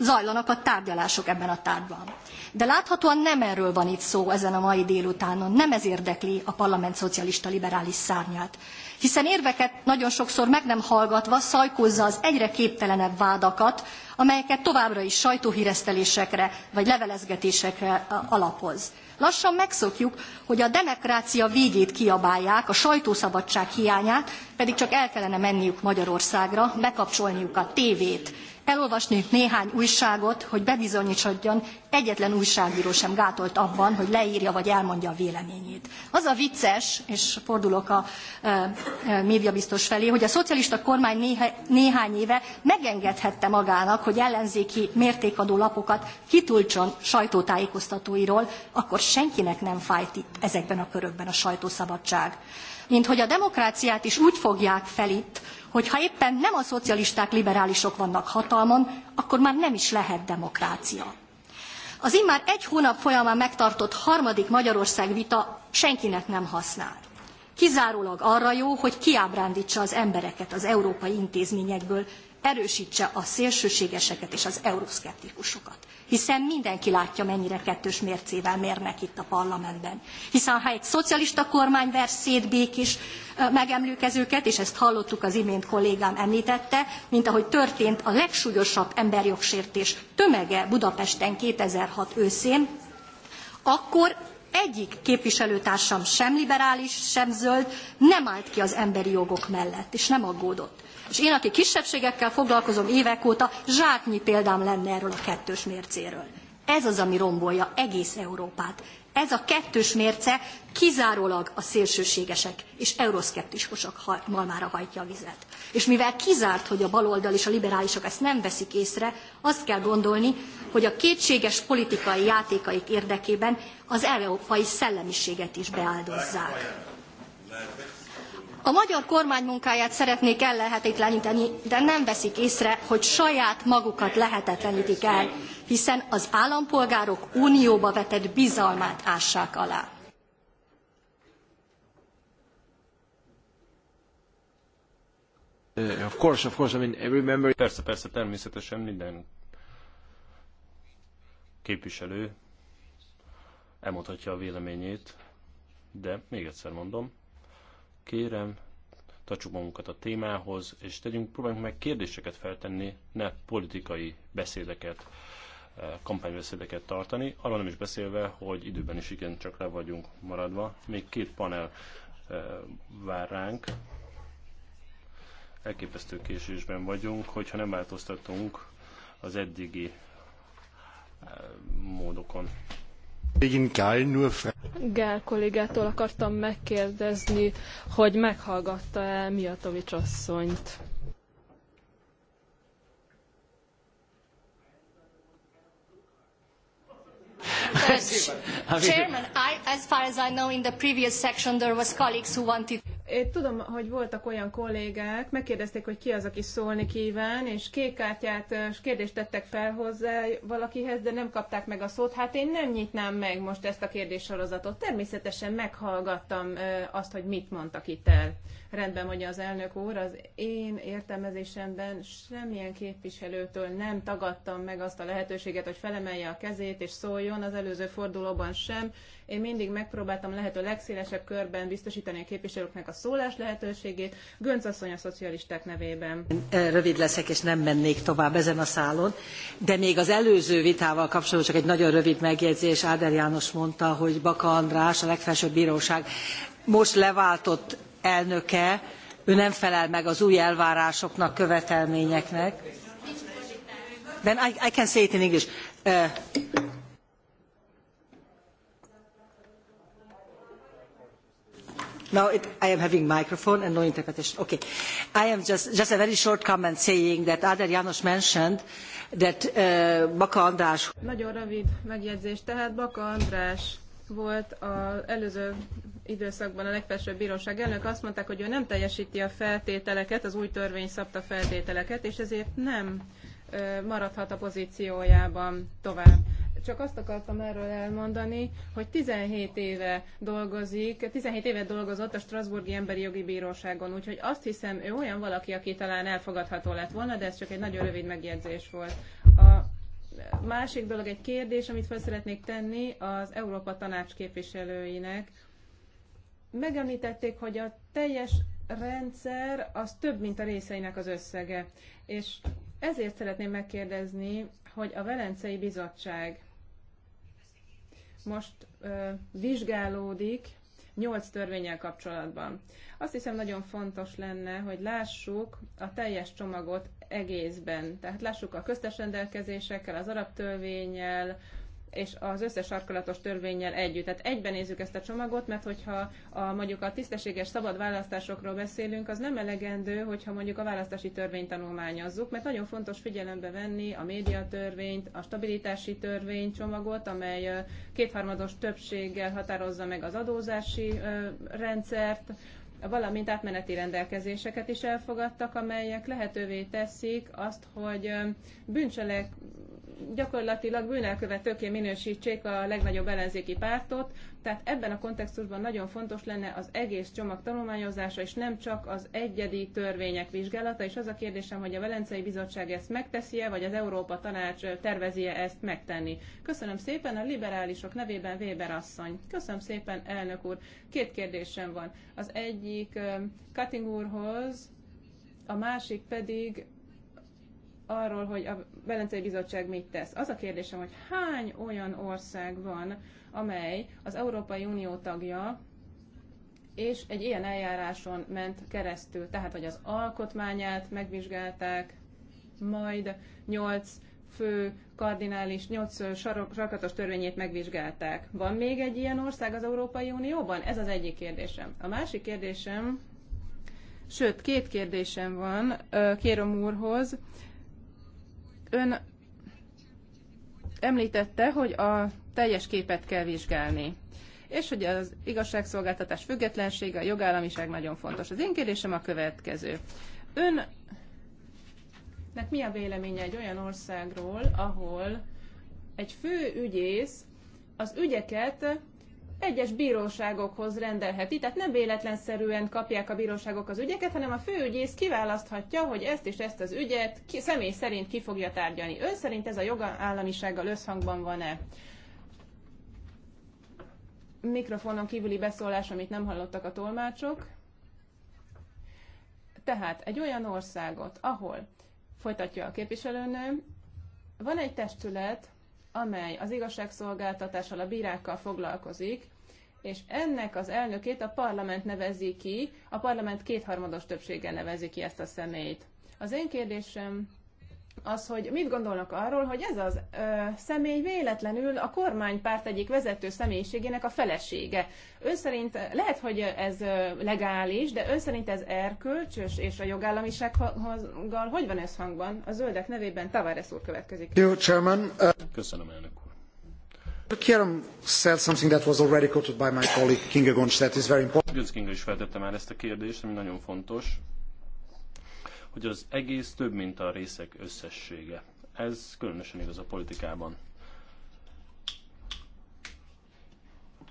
zajlanak a tárgyalások ebben a tárgyban. De láthatóan nem erről van itt szó ezen a mai délutánon, nem ez érdekli a parlament szocialista liberális szárnyát. Hiszen érveket nagyon sokszor meg nem hallgatva szajkózza az egyre képtelenebb vádakat, amelyeket továbbra is sajtóhíresztelésekre vagy levelezgetésekre alapoz. Lassan megszokjuk, hogy a demokrácia végét kiabálják, a sajtószabadság hiányát, pedig csak el kellene menniük Magyarországra, bekapcsolniuk a tévét, Elolvasnék néhány újságot, hogy bebizonyítsadjon, egyetlen újságíró sem gátolt abban, hogy leírja vagy elmondja a véleményét. Az a vicces, és fordulok a e, e, médiabiztos felé, hogy a szocialista kormány néha, néhány éve megengedhette magának, hogy ellenzéki mértékadó lapokat kitulcson sajtótájékoztatóiról, akkor senkinek nem fájt itt ezekben a körökben a sajtószabadság. Mint hogy a demokráciát is úgy fogják fel itt, hogy ha éppen nem a szocialisták, liberálisok vannak hatalmon, akkor már nem is lehet demokrácia. Az immár egy hónap folyamán megtartott harmadik Magyarország vita senkinek nem használ. Kizárólag arra jó, hogy kiábrándítsa az embereket az európai intézményekből erősítse a szélsőségeseket és az euroszkeptikusokat. Hiszen mindenki látja, mennyire kettős mércével mérnek itt a parlamentben. Hiszen ha egy szocialista kormány ver békés megemlőkezőket, és ezt hallottuk az imént kollégám említette, mint ahogy történt a legsúlyosabb emberjogsértés tömege Budapesten 2006 őszén, akkor egyik képviselőtársam sem liberális, sem zöld nem állt ki az emberi jogok mellett, és nem aggódott. És én, aki kisebbségekkel foglalkozom évek óta, zsáknyi példám lenne erről a kettős mércéről. Ez az, ami rombolja egész Európát. Ez a kettős mérce kizárólag a szélsőségesek és euroszkeptikusok malmára hajtja a vizet. És mivel kizárt, hogy a baloldal és a liberálisok ezt nem veszik észre, azt kell gondolni, hogy a kétséges politikai játékaik érdekében az európai szellemiséget is beáldozzák. A magyar kormány munkáját szeretnék ellehetetleníteni, de nem veszik észre, hogy saját magukat lehetetlenítik el, hiszen az állampolgárok unióba vetett bizalmát ássák alá. Uh, of course, of course, I mean, every member... Persze, persze, természetesen minden képviselő elmondhatja a véleményét, de még egyszer mondom, Kérem, tartsuk magunkat a témához, és tegyünk, próbáljunk meg kérdéseket feltenni, ne politikai beszédeket, eh, kampánybeszédeket tartani, arról nem is beszélve, hogy időben is igen csak le vagyunk maradva. Még két panel eh, vár ránk, elképesztő késésben vagyunk, hogyha nem változtatunk az eddigi eh, módokon. Gál kollégától akartam megkérdezni, hogy meghallgatta-e Mijatovics asszonyt. Chairman, I, as far as I know, in the previous section there was colleagues who wanted. Én tudom, hogy voltak olyan kollégák, megkérdezték, hogy ki az, aki szólni kíván, és kék kártyát, és kérdést tettek fel hozzá valakihez, de nem kapták meg a szót. Hát én nem nyitnám meg most ezt a kérdéssorozatot. Természetesen meghallgattam azt, hogy mit mondtak itt el. Rendben mondja az elnök úr, az én értelmezésemben semmilyen képviselőtől nem tagadtam meg azt a lehetőséget, hogy felemelje a kezét és szóljon, az előző fordulóban sem, én mindig megpróbáltam lehető legszélesebb körben biztosítani a képviselőknek a szólás lehetőségét. Gönc asszony a szocialisták nevében. Rövid leszek, és nem mennék tovább ezen a szálon, de még az előző vitával kapcsolatban csak egy nagyon rövid megjegyzés. Áder János mondta, hogy Baka András, a legfelsőbb bíróság most leváltott elnöke, ő nem felel meg az új elvárásoknak, követelményeknek. Then I, I can say it in English. Uh, Now it, I am having microphone and no interpretation. Okay. I am just, just a very short comment saying that János mentioned that uh, Baka András... Nagyon rövid megjegyzés. Tehát Baka András volt az előző időszakban a legfelsőbb bíróság elnök, azt mondták, hogy ő nem teljesíti a feltételeket, az új törvény szabta feltételeket, és ezért nem maradhat a pozíciójában tovább. Csak azt akartam erről elmondani, hogy 17 éve dolgozik, 17 éve dolgozott a Strasburgi Emberi Jogi Bíróságon, úgyhogy azt hiszem, ő olyan valaki, aki talán elfogadható lett volna, de ez csak egy nagyon rövid megjegyzés volt. A másik dolog, egy kérdés, amit fel szeretnék tenni az Európa Tanács képviselőinek. Megemlítették, hogy a teljes rendszer az több, mint a részeinek az összege. És ezért szeretném megkérdezni, hogy a Velencei Bizottság most ö, vizsgálódik nyolc törvényel kapcsolatban. Azt hiszem nagyon fontos lenne, hogy lássuk a teljes csomagot egészben. Tehát lássuk a köztes rendelkezésekkel, az arab törvényel, és az összes sarkalatos törvényel együtt. Tehát egyben nézzük ezt a csomagot, mert hogyha a, mondjuk a tisztességes szabad választásokról beszélünk, az nem elegendő, hogyha mondjuk a választási törvényt tanulmányozzuk, mert nagyon fontos figyelembe venni a médiatörvényt, a stabilitási csomagot, amely kétharmados többséggel határozza meg az adózási rendszert, valamint átmeneti rendelkezéseket is elfogadtak, amelyek lehetővé teszik azt, hogy bűncselek, gyakorlatilag bűnelkövetőké minősítsék a legnagyobb ellenzéki pártot, tehát ebben a kontextusban nagyon fontos lenne az egész csomag tanulmányozása, és nem csak az egyedi törvények vizsgálata, és az a kérdésem, hogy a Velencei Bizottság ezt megteszi-e, vagy az Európa Tanács tervezi-e ezt megtenni. Köszönöm szépen a liberálisok nevében Weber asszony. Köszönöm szépen, elnök úr. Két kérdésem van. Az egyik Kating úrhoz, a másik pedig arról, hogy a Velencei Bizottság mit tesz. Az a kérdésem, hogy hány olyan ország van, amely az Európai Unió tagja, és egy ilyen eljáráson ment keresztül, tehát hogy az alkotmányát megvizsgálták, majd nyolc fő kardinális, nyolc sarkatos törvényét megvizsgálták. Van még egy ilyen ország az Európai Unióban? Ez az egyik kérdésem. A másik kérdésem, sőt, két kérdésem van Kérom úrhoz, Ön említette, hogy a teljes képet kell vizsgálni és hogy az igazságszolgáltatás függetlensége, a jogállamiság nagyon fontos. Az én kérdésem a következő. Ön Nek mi a véleménye egy olyan országról, ahol egy fő ügyész az ügyeket egyes bíróságokhoz rendelheti, tehát nem véletlenszerűen kapják a bíróságok az ügyeket, hanem a főügyész kiválaszthatja, hogy ezt és ezt az ügyet ki, személy szerint ki fogja tárgyalni. Ön szerint ez a jogállamisággal összhangban van-e? Mikrofonon kívüli beszólás, amit nem hallottak a tolmácsok. Tehát egy olyan országot, ahol, folytatja a képviselőnő, van egy testület, amely az igazságszolgáltatással, a bírákkal foglalkozik, és ennek az elnökét a parlament nevezi ki, a parlament kétharmados többséggel nevezi ki ezt a személyt. Az én kérdésem az, hogy mit gondolnak arról, hogy ez az ö, személy véletlenül a kormánypárt egyik vezető személyiségének a felesége. Ön szerint lehet, hogy ez legális, de ön szerint ez erkölcsös és a jogállamisággal hogy van ez hangban? A zöldek nevében Tavares úr következik. Jó, chairman. Uh, Köszönöm, elnök úr. Kérem, said something that was already quoted by my colleague Kinga Gonch that is very important. Götz Kinga is feltette már ezt a kérdést, ami nagyon fontos hogy az egész több, mint a részek összessége. Ez különösen igaz a politikában.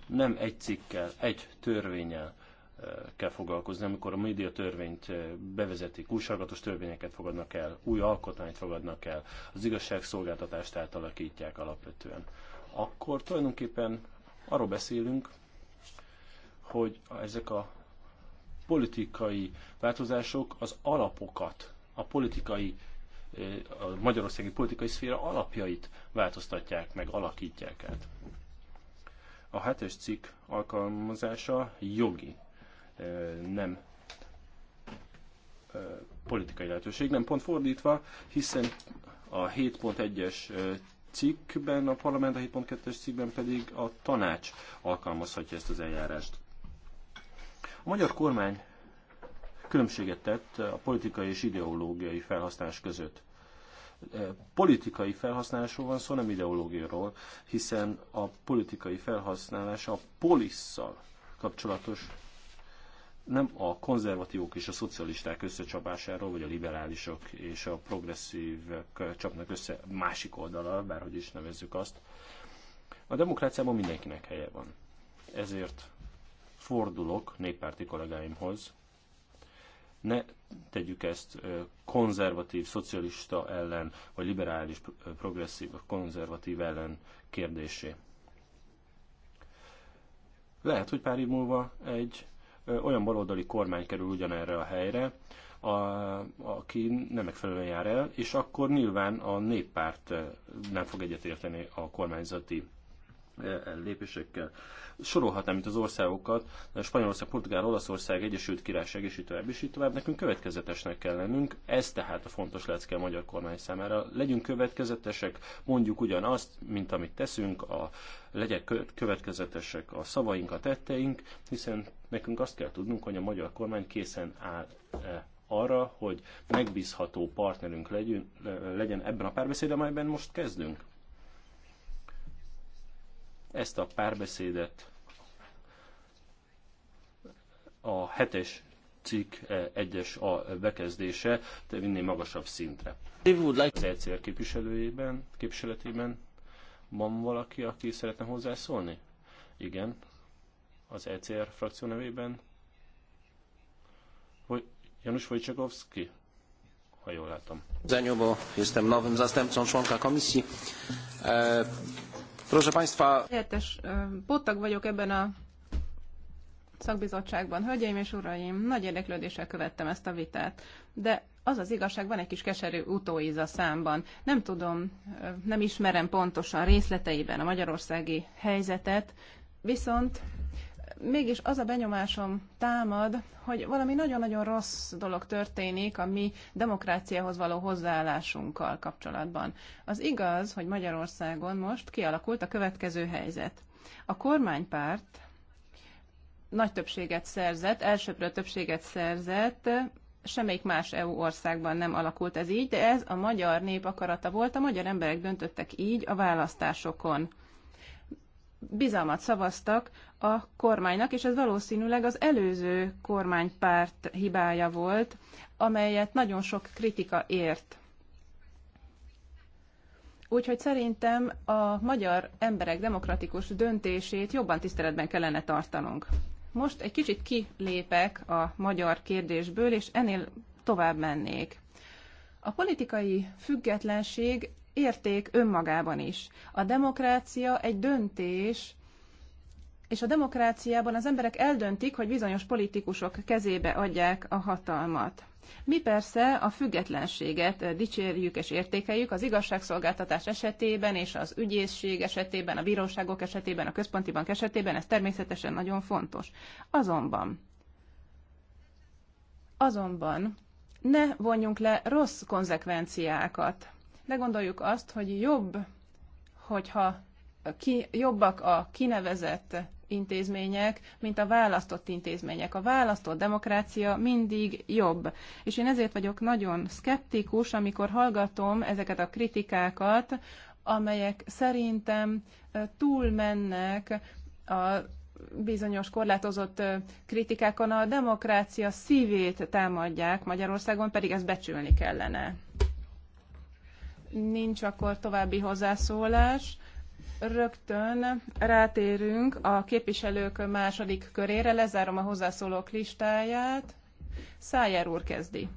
Nem egy cikkel, egy törvényel eh, kell foglalkozni, amikor a média törvényt eh, bevezetik, újságatos törvényeket fogadnak el, új alkotmányt fogadnak el, az igazságszolgáltatást átalakítják alapvetően, akkor tulajdonképpen arról beszélünk, hogy ezek a politikai változások az alapokat, a politikai, a magyarországi politikai szféra alapjait változtatják meg, alakítják át. A hetes cikk alkalmazása jogi, nem politikai lehetőség, nem pont fordítva, hiszen a 7.1-es cikkben, a parlament a 7.2-es cikkben pedig a tanács alkalmazhatja ezt az eljárást magyar kormány különbséget tett a politikai és ideológiai felhasználás között. Politikai felhasználásról van szó, nem ideológiáról, hiszen a politikai felhasználás a polisszal kapcsolatos nem a konzervatívok és a szocialisták összecsapásáról, vagy a liberálisok és a progresszívek csapnak össze másik oldalra, bárhogy is nevezzük azt. A demokráciában mindenkinek helye van. Ezért fordulok néppárti kollégáimhoz, ne tegyük ezt konzervatív, szocialista ellen, vagy liberális, progresszív, konzervatív ellen kérdésé. Lehet, hogy pár év múlva egy olyan baloldali kormány kerül ugyanerre a helyre, a, aki nem megfelelően jár el, és akkor nyilván a néppárt nem fog egyetérteni a kormányzati lépésekkel. Sorolhatnám itt az országokat, Spanyolország, Portugál, Olaszország, Egyesült Királyság, és így tovább, és így tovább. Nekünk következetesnek kell lennünk, ez tehát a fontos lecke a magyar kormány számára. Legyünk következetesek, mondjuk ugyanazt, mint amit teszünk, a, legyek következetesek a szavaink, a tetteink, hiszen nekünk azt kell tudnunk, hogy a magyar kormány készen áll -e arra, hogy megbízható partnerünk legyen, legyen ebben a párbeszédben, amelyben most kezdünk. Ezt a párbeszédet a hetes cikk egyes a bekezdése vinni magasabb szintre. Az ECR képviselőjében, képviseletében van valaki, aki szeretne hozzászólni? Igen. Az ECR frakció nevében? Hogy Janusz Wojciechowski? ha jól látom. Zeniubo, jestem nowym zastępcą członka komisji. Proszę Państwa... vagyok ebben a szakbizottságban. Hölgyeim és uraim, nagy érdeklődéssel követtem ezt a vitát, de az az igazság, van egy kis keserű utóíz a számban. Nem tudom, nem ismerem pontosan részleteiben a magyarországi helyzetet, viszont mégis az a benyomásom támad, hogy valami nagyon-nagyon rossz dolog történik a mi demokráciához való hozzáállásunkkal kapcsolatban. Az igaz, hogy Magyarországon most kialakult a következő helyzet. A kormánypárt nagy többséget szerzett, elsőprő többséget szerzett, semmelyik más EU országban nem alakult ez így, de ez a magyar nép akarata volt, a magyar emberek döntöttek így a választásokon bizalmat szavaztak a kormánynak, és ez valószínűleg az előző kormánypárt hibája volt, amelyet nagyon sok kritika ért. Úgyhogy szerintem a magyar emberek demokratikus döntését jobban tiszteletben kellene tartanunk. Most egy kicsit kilépek a magyar kérdésből, és ennél tovább mennék. A politikai függetlenség érték önmagában is. A demokrácia egy döntés, és a demokráciában az emberek eldöntik, hogy bizonyos politikusok kezébe adják a hatalmat. Mi persze a függetlenséget dicsérjük és értékeljük az igazságszolgáltatás esetében és az ügyészség esetében, a bíróságok esetében, a központi bank esetében, ez természetesen nagyon fontos. Azonban, azonban ne vonjunk le rossz konzekvenciákat de gondoljuk azt, hogy jobb, hogyha ki, jobbak a kinevezett intézmények, mint a választott intézmények. A választott demokrácia mindig jobb. És én ezért vagyok nagyon szkeptikus, amikor hallgatom ezeket a kritikákat, amelyek szerintem túlmennek a bizonyos korlátozott kritikákon a demokrácia szívét támadják Magyarországon, pedig ezt becsülni kellene nincs akkor további hozzászólás. Rögtön rátérünk a képviselők második körére, lezárom a hozzászólók listáját. Szájer úr kezdi.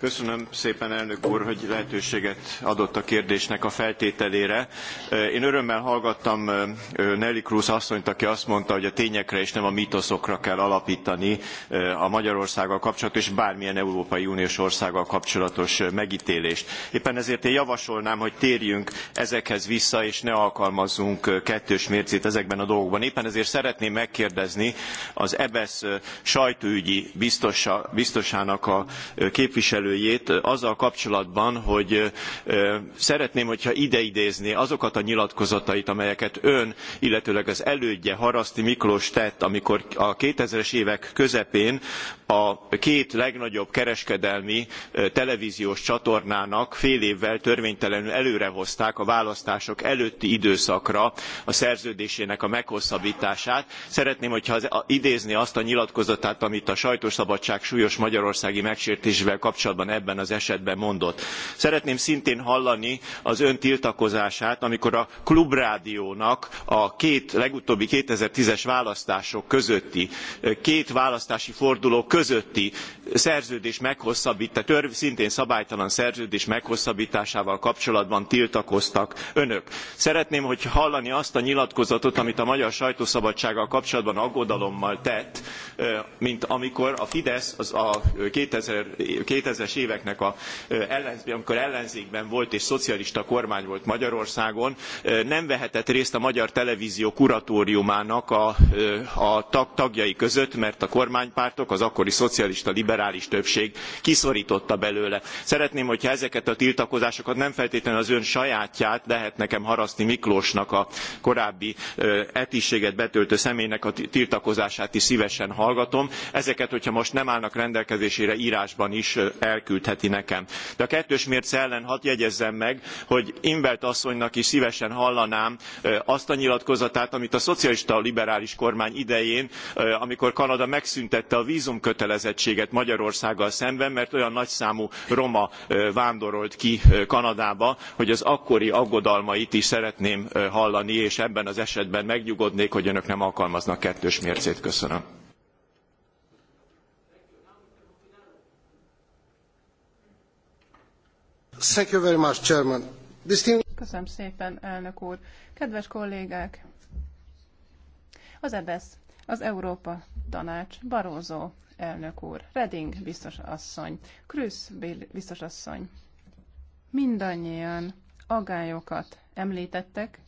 Köszönöm szépen, elnök úr, hogy lehetőséget adott a kérdésnek a feltételére. Eh, én örömmel hallgattam eh, Nelly Cruz asszonyt, aki azt mondta, hogy a tényekre és nem a mítoszokra kell alapítani eh, a Magyarországgal kapcsolatos és bármilyen Európai Uniós országgal kapcsolatos megítélést. Éppen ezért én javasolnám, hogy térjünk ezekhez vissza, és ne alkalmazzunk kettős mércét ezekben a dolgokban. Éppen ezért szeretném megkérdezni az EBESZ sajtóügyi biztosa, biztosának a képviselő képviselőjét azzal kapcsolatban, hogy szeretném, hogyha ideidézné azokat a nyilatkozatait, amelyeket ön, illetőleg az elődje Haraszti Miklós tett, amikor a 2000-es évek közepén a két legnagyobb kereskedelmi televíziós csatornának fél évvel törvénytelenül előrehozták a választások előtti időszakra a szerződésének a meghosszabbítását. Szeretném, hogyha az, idézné azt a nyilatkozatát, amit a sajtószabadság súlyos magyarországi megsértésével kapcsolatban kapcsolatban ebben az esetben mondott. Szeretném szintén hallani az ön tiltakozását, amikor a klubrádiónak a két legutóbbi 2010-es választások közötti, két választási forduló közötti szerződés meghosszabbítása, törv, szintén szabálytalan szerződés meghosszabbításával kapcsolatban tiltakoztak önök. Szeretném, hogy hallani azt a nyilatkozatot, amit a magyar sajtószabadsággal kapcsolatban aggodalommal tett, mint amikor a Fidesz az a 2000, 90-es éveknek, a, amikor ellenzékben volt és szocialista kormány volt Magyarországon, nem vehetett részt a Magyar Televízió kuratóriumának a, a tag, tagjai között, mert a kormánypártok, az akkori szocialista liberális többség kiszorította belőle. Szeretném, hogyha ezeket a tiltakozásokat nem feltétlenül az ön sajátját, lehet nekem Haraszti Miklósnak a korábbi etiséget betöltő személynek a tiltakozását is szívesen hallgatom. Ezeket, hogyha most nem állnak rendelkezésére írásban is el elküldheti nekem. De a kettős mérce ellen hadd jegyezzem meg, hogy Invelt asszonynak is szívesen hallanám azt a nyilatkozatát, amit a szocialista liberális kormány idején, amikor Kanada megszüntette a vízumkötelezettséget Magyarországgal szemben, mert olyan nagyszámú roma vándorolt ki Kanadába, hogy az akkori aggodalmait is szeretném hallani, és ebben az esetben megnyugodnék, hogy önök nem alkalmaznak kettős mércét. Köszönöm. Köszönöm szépen, elnök úr. Kedves kollégák! Az EBESZ, az Európa Tanács, Barózó elnök úr, Reding biztos asszony, Krüsz biztos asszony. Mindannyian agályokat említettek,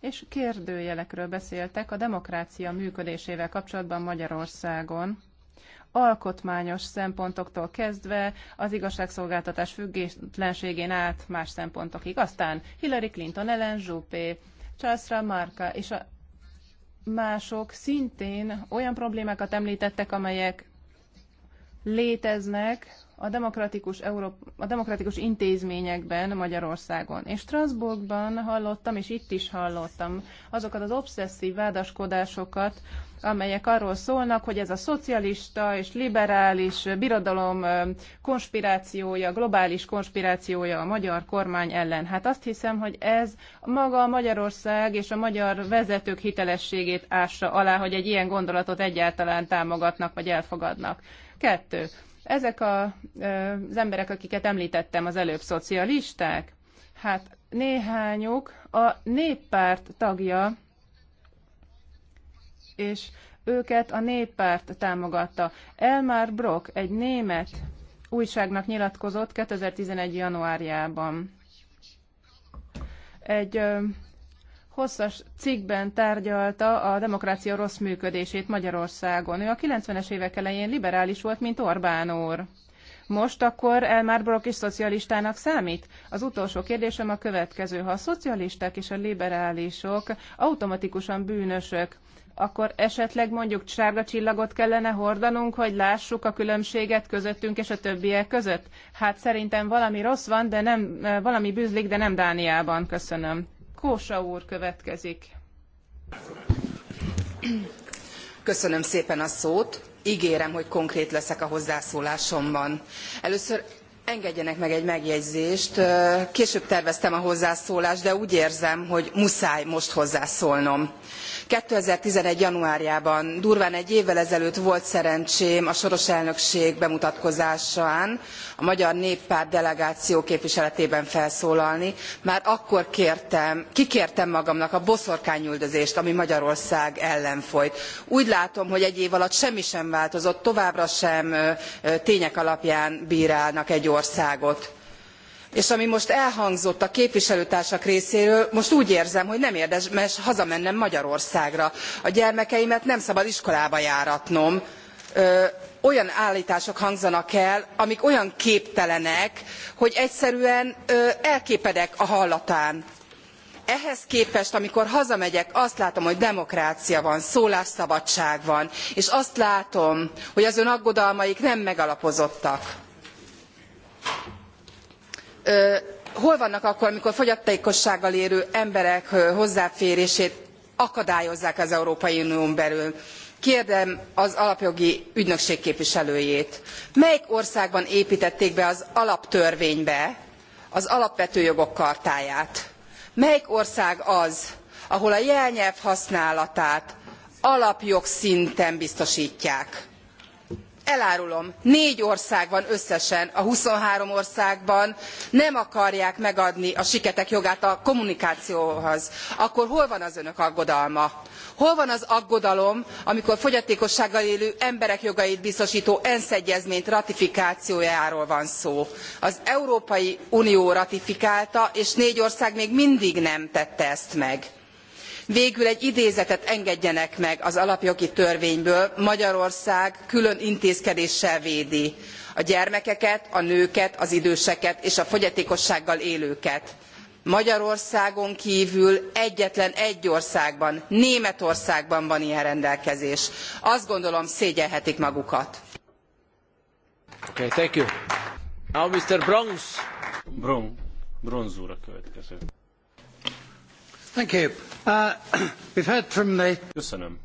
és kérdőjelekről beszéltek a demokrácia működésével kapcsolatban Magyarországon, alkotmányos szempontoktól kezdve az igazságszolgáltatás függetlenségén át más szempontokig. Aztán Hillary Clinton, Ellen Juppé, Charles Marka és a mások szintén olyan problémákat említettek, amelyek léteznek, a demokratikus, Európa, a demokratikus intézményekben Magyarországon. És Strasbourgban hallottam, és itt is hallottam azokat az obszesszív vádaskodásokat, amelyek arról szólnak, hogy ez a szocialista és liberális birodalom konspirációja, globális konspirációja a magyar kormány ellen. Hát azt hiszem, hogy ez maga Magyarország és a magyar vezetők hitelességét ássa alá, hogy egy ilyen gondolatot egyáltalán támogatnak vagy elfogadnak. Kettő ezek a, az emberek, akiket említettem az előbb, szocialisták, hát néhányuk a néppárt tagja, és őket a néppárt támogatta. Elmar Brock egy német újságnak nyilatkozott 2011. januárjában. Egy hosszas cikkben tárgyalta a demokrácia rossz működését Magyarországon. Ő a 90-es évek elején liberális volt, mint Orbán úr. Most akkor Elmar Brock is szocialistának számít? Az utolsó kérdésem a következő. Ha a szocialisták és a liberálisok automatikusan bűnösök, akkor esetleg mondjuk sárga csillagot kellene hordanunk, hogy lássuk a különbséget közöttünk és a többiek között? Hát szerintem valami rossz van, de nem, valami bűzlik, de nem Dániában. Köszönöm. Kósa úr következik. Köszönöm szépen a szót. Ígérem, hogy konkrét leszek a hozzászólásomban. Először engedjenek meg egy megjegyzést. Később terveztem a hozzászólást, de úgy érzem, hogy muszáj most hozzászólnom 2011 thousand and eleven januárjában durván egy évvel ezelőtt volt szerencsém a soros elnökség bemutatkozásán a magyar néppárt delegáció képviseletében felszólalni már akkor kértem kikértem magamnak a boszorkányüldözést ami magyarország ellen folyt. úgy látom hogy egy év alatt semmi sem változott továbbra sem tények alapján brálnak egy országot és ami most elhangzott a képviselőtársak részéről most úgy érzem hogy nem érdemes hazamennem magyarországra a gyermekeimet nem szabad iskolába járatnom olyan álltások hangzanak el amik olyan képtelenek hogy egyszerűen elképedek a hallatán. ehhez képest amikor hazamegyek azt látom hogy demokrácia van szólásszabadság van és azt látom hogy az ön aggodalmaik nem megalapozottak hol vannak akkor amikor fogyatékossággal élő emberek hozzáférését akadályozzák az európai unión belül? kérdem az alapjogi ügynökség képviselőjét melyik országban éptették be az alaptörvénybe az alapvető jogok chartáját? melyik ország az ahol a jelnyelv használatát alapjogszinten biztostják? elárulom négy ország van összesen a twenty three országban nem akarják megadni a siketek jogát a kommunikációhoz akkor hol van az önök aggodalma? hol van az aggodalom amikor fogyatékossággal élő emberek jogait biztostó ensz egyezmény ratifikációjáról van szó? az európai unió ratifikálta és négy ország még mindig nem tette ezt meg végül egy idézetet engedjenek meg az alapjogi törvényből magyarország külön intézkedéssel védi a gyermekeket a nőket az időseket és a fogyatékossággal élőket. magyarországon kvül egyetlen egy országban németországban van ilyen rendelkezés. azt gondolom szégyelhetik magukat. Okay, thank you. Now Mr. Bronx. Bron, bronz úr a következő. Thank you. Uh, Köszönöm.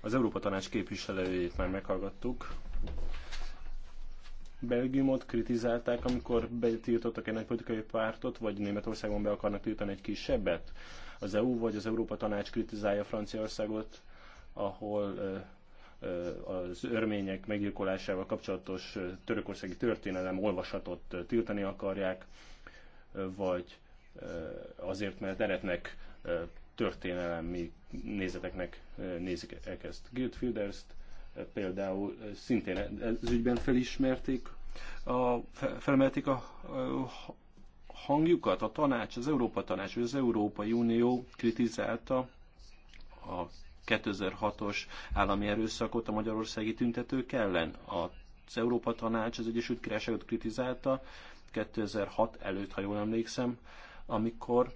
Az Európa Tanács képviselőjét már meghallgattuk. Belgiumot kritizálták, amikor betiltottak egy nagypolitikai pártot, vagy Németországban be akarnak tiltani egy kisebbet. Az EU vagy az Európa Tanács kritizálja Franciaországot, ahol az örmények meggyilkolásával kapcsolatos törökországi történelem olvasatot tiltani akarják, vagy azért, mert eretnek történelemi nézeteknek nézik e-, ezt. Guildfielderst például szintén ez ügyben felismerték, a, felemelték a, a hangjukat, a tanács, az Európa Tanács, vagy az Európai Unió kritizálta a 2006-os állami erőszakot a magyarországi tüntetők ellen. Az Európa Tanács az Egyesült Királyságot kritizálta 2006 előtt, ha jól emlékszem, amikor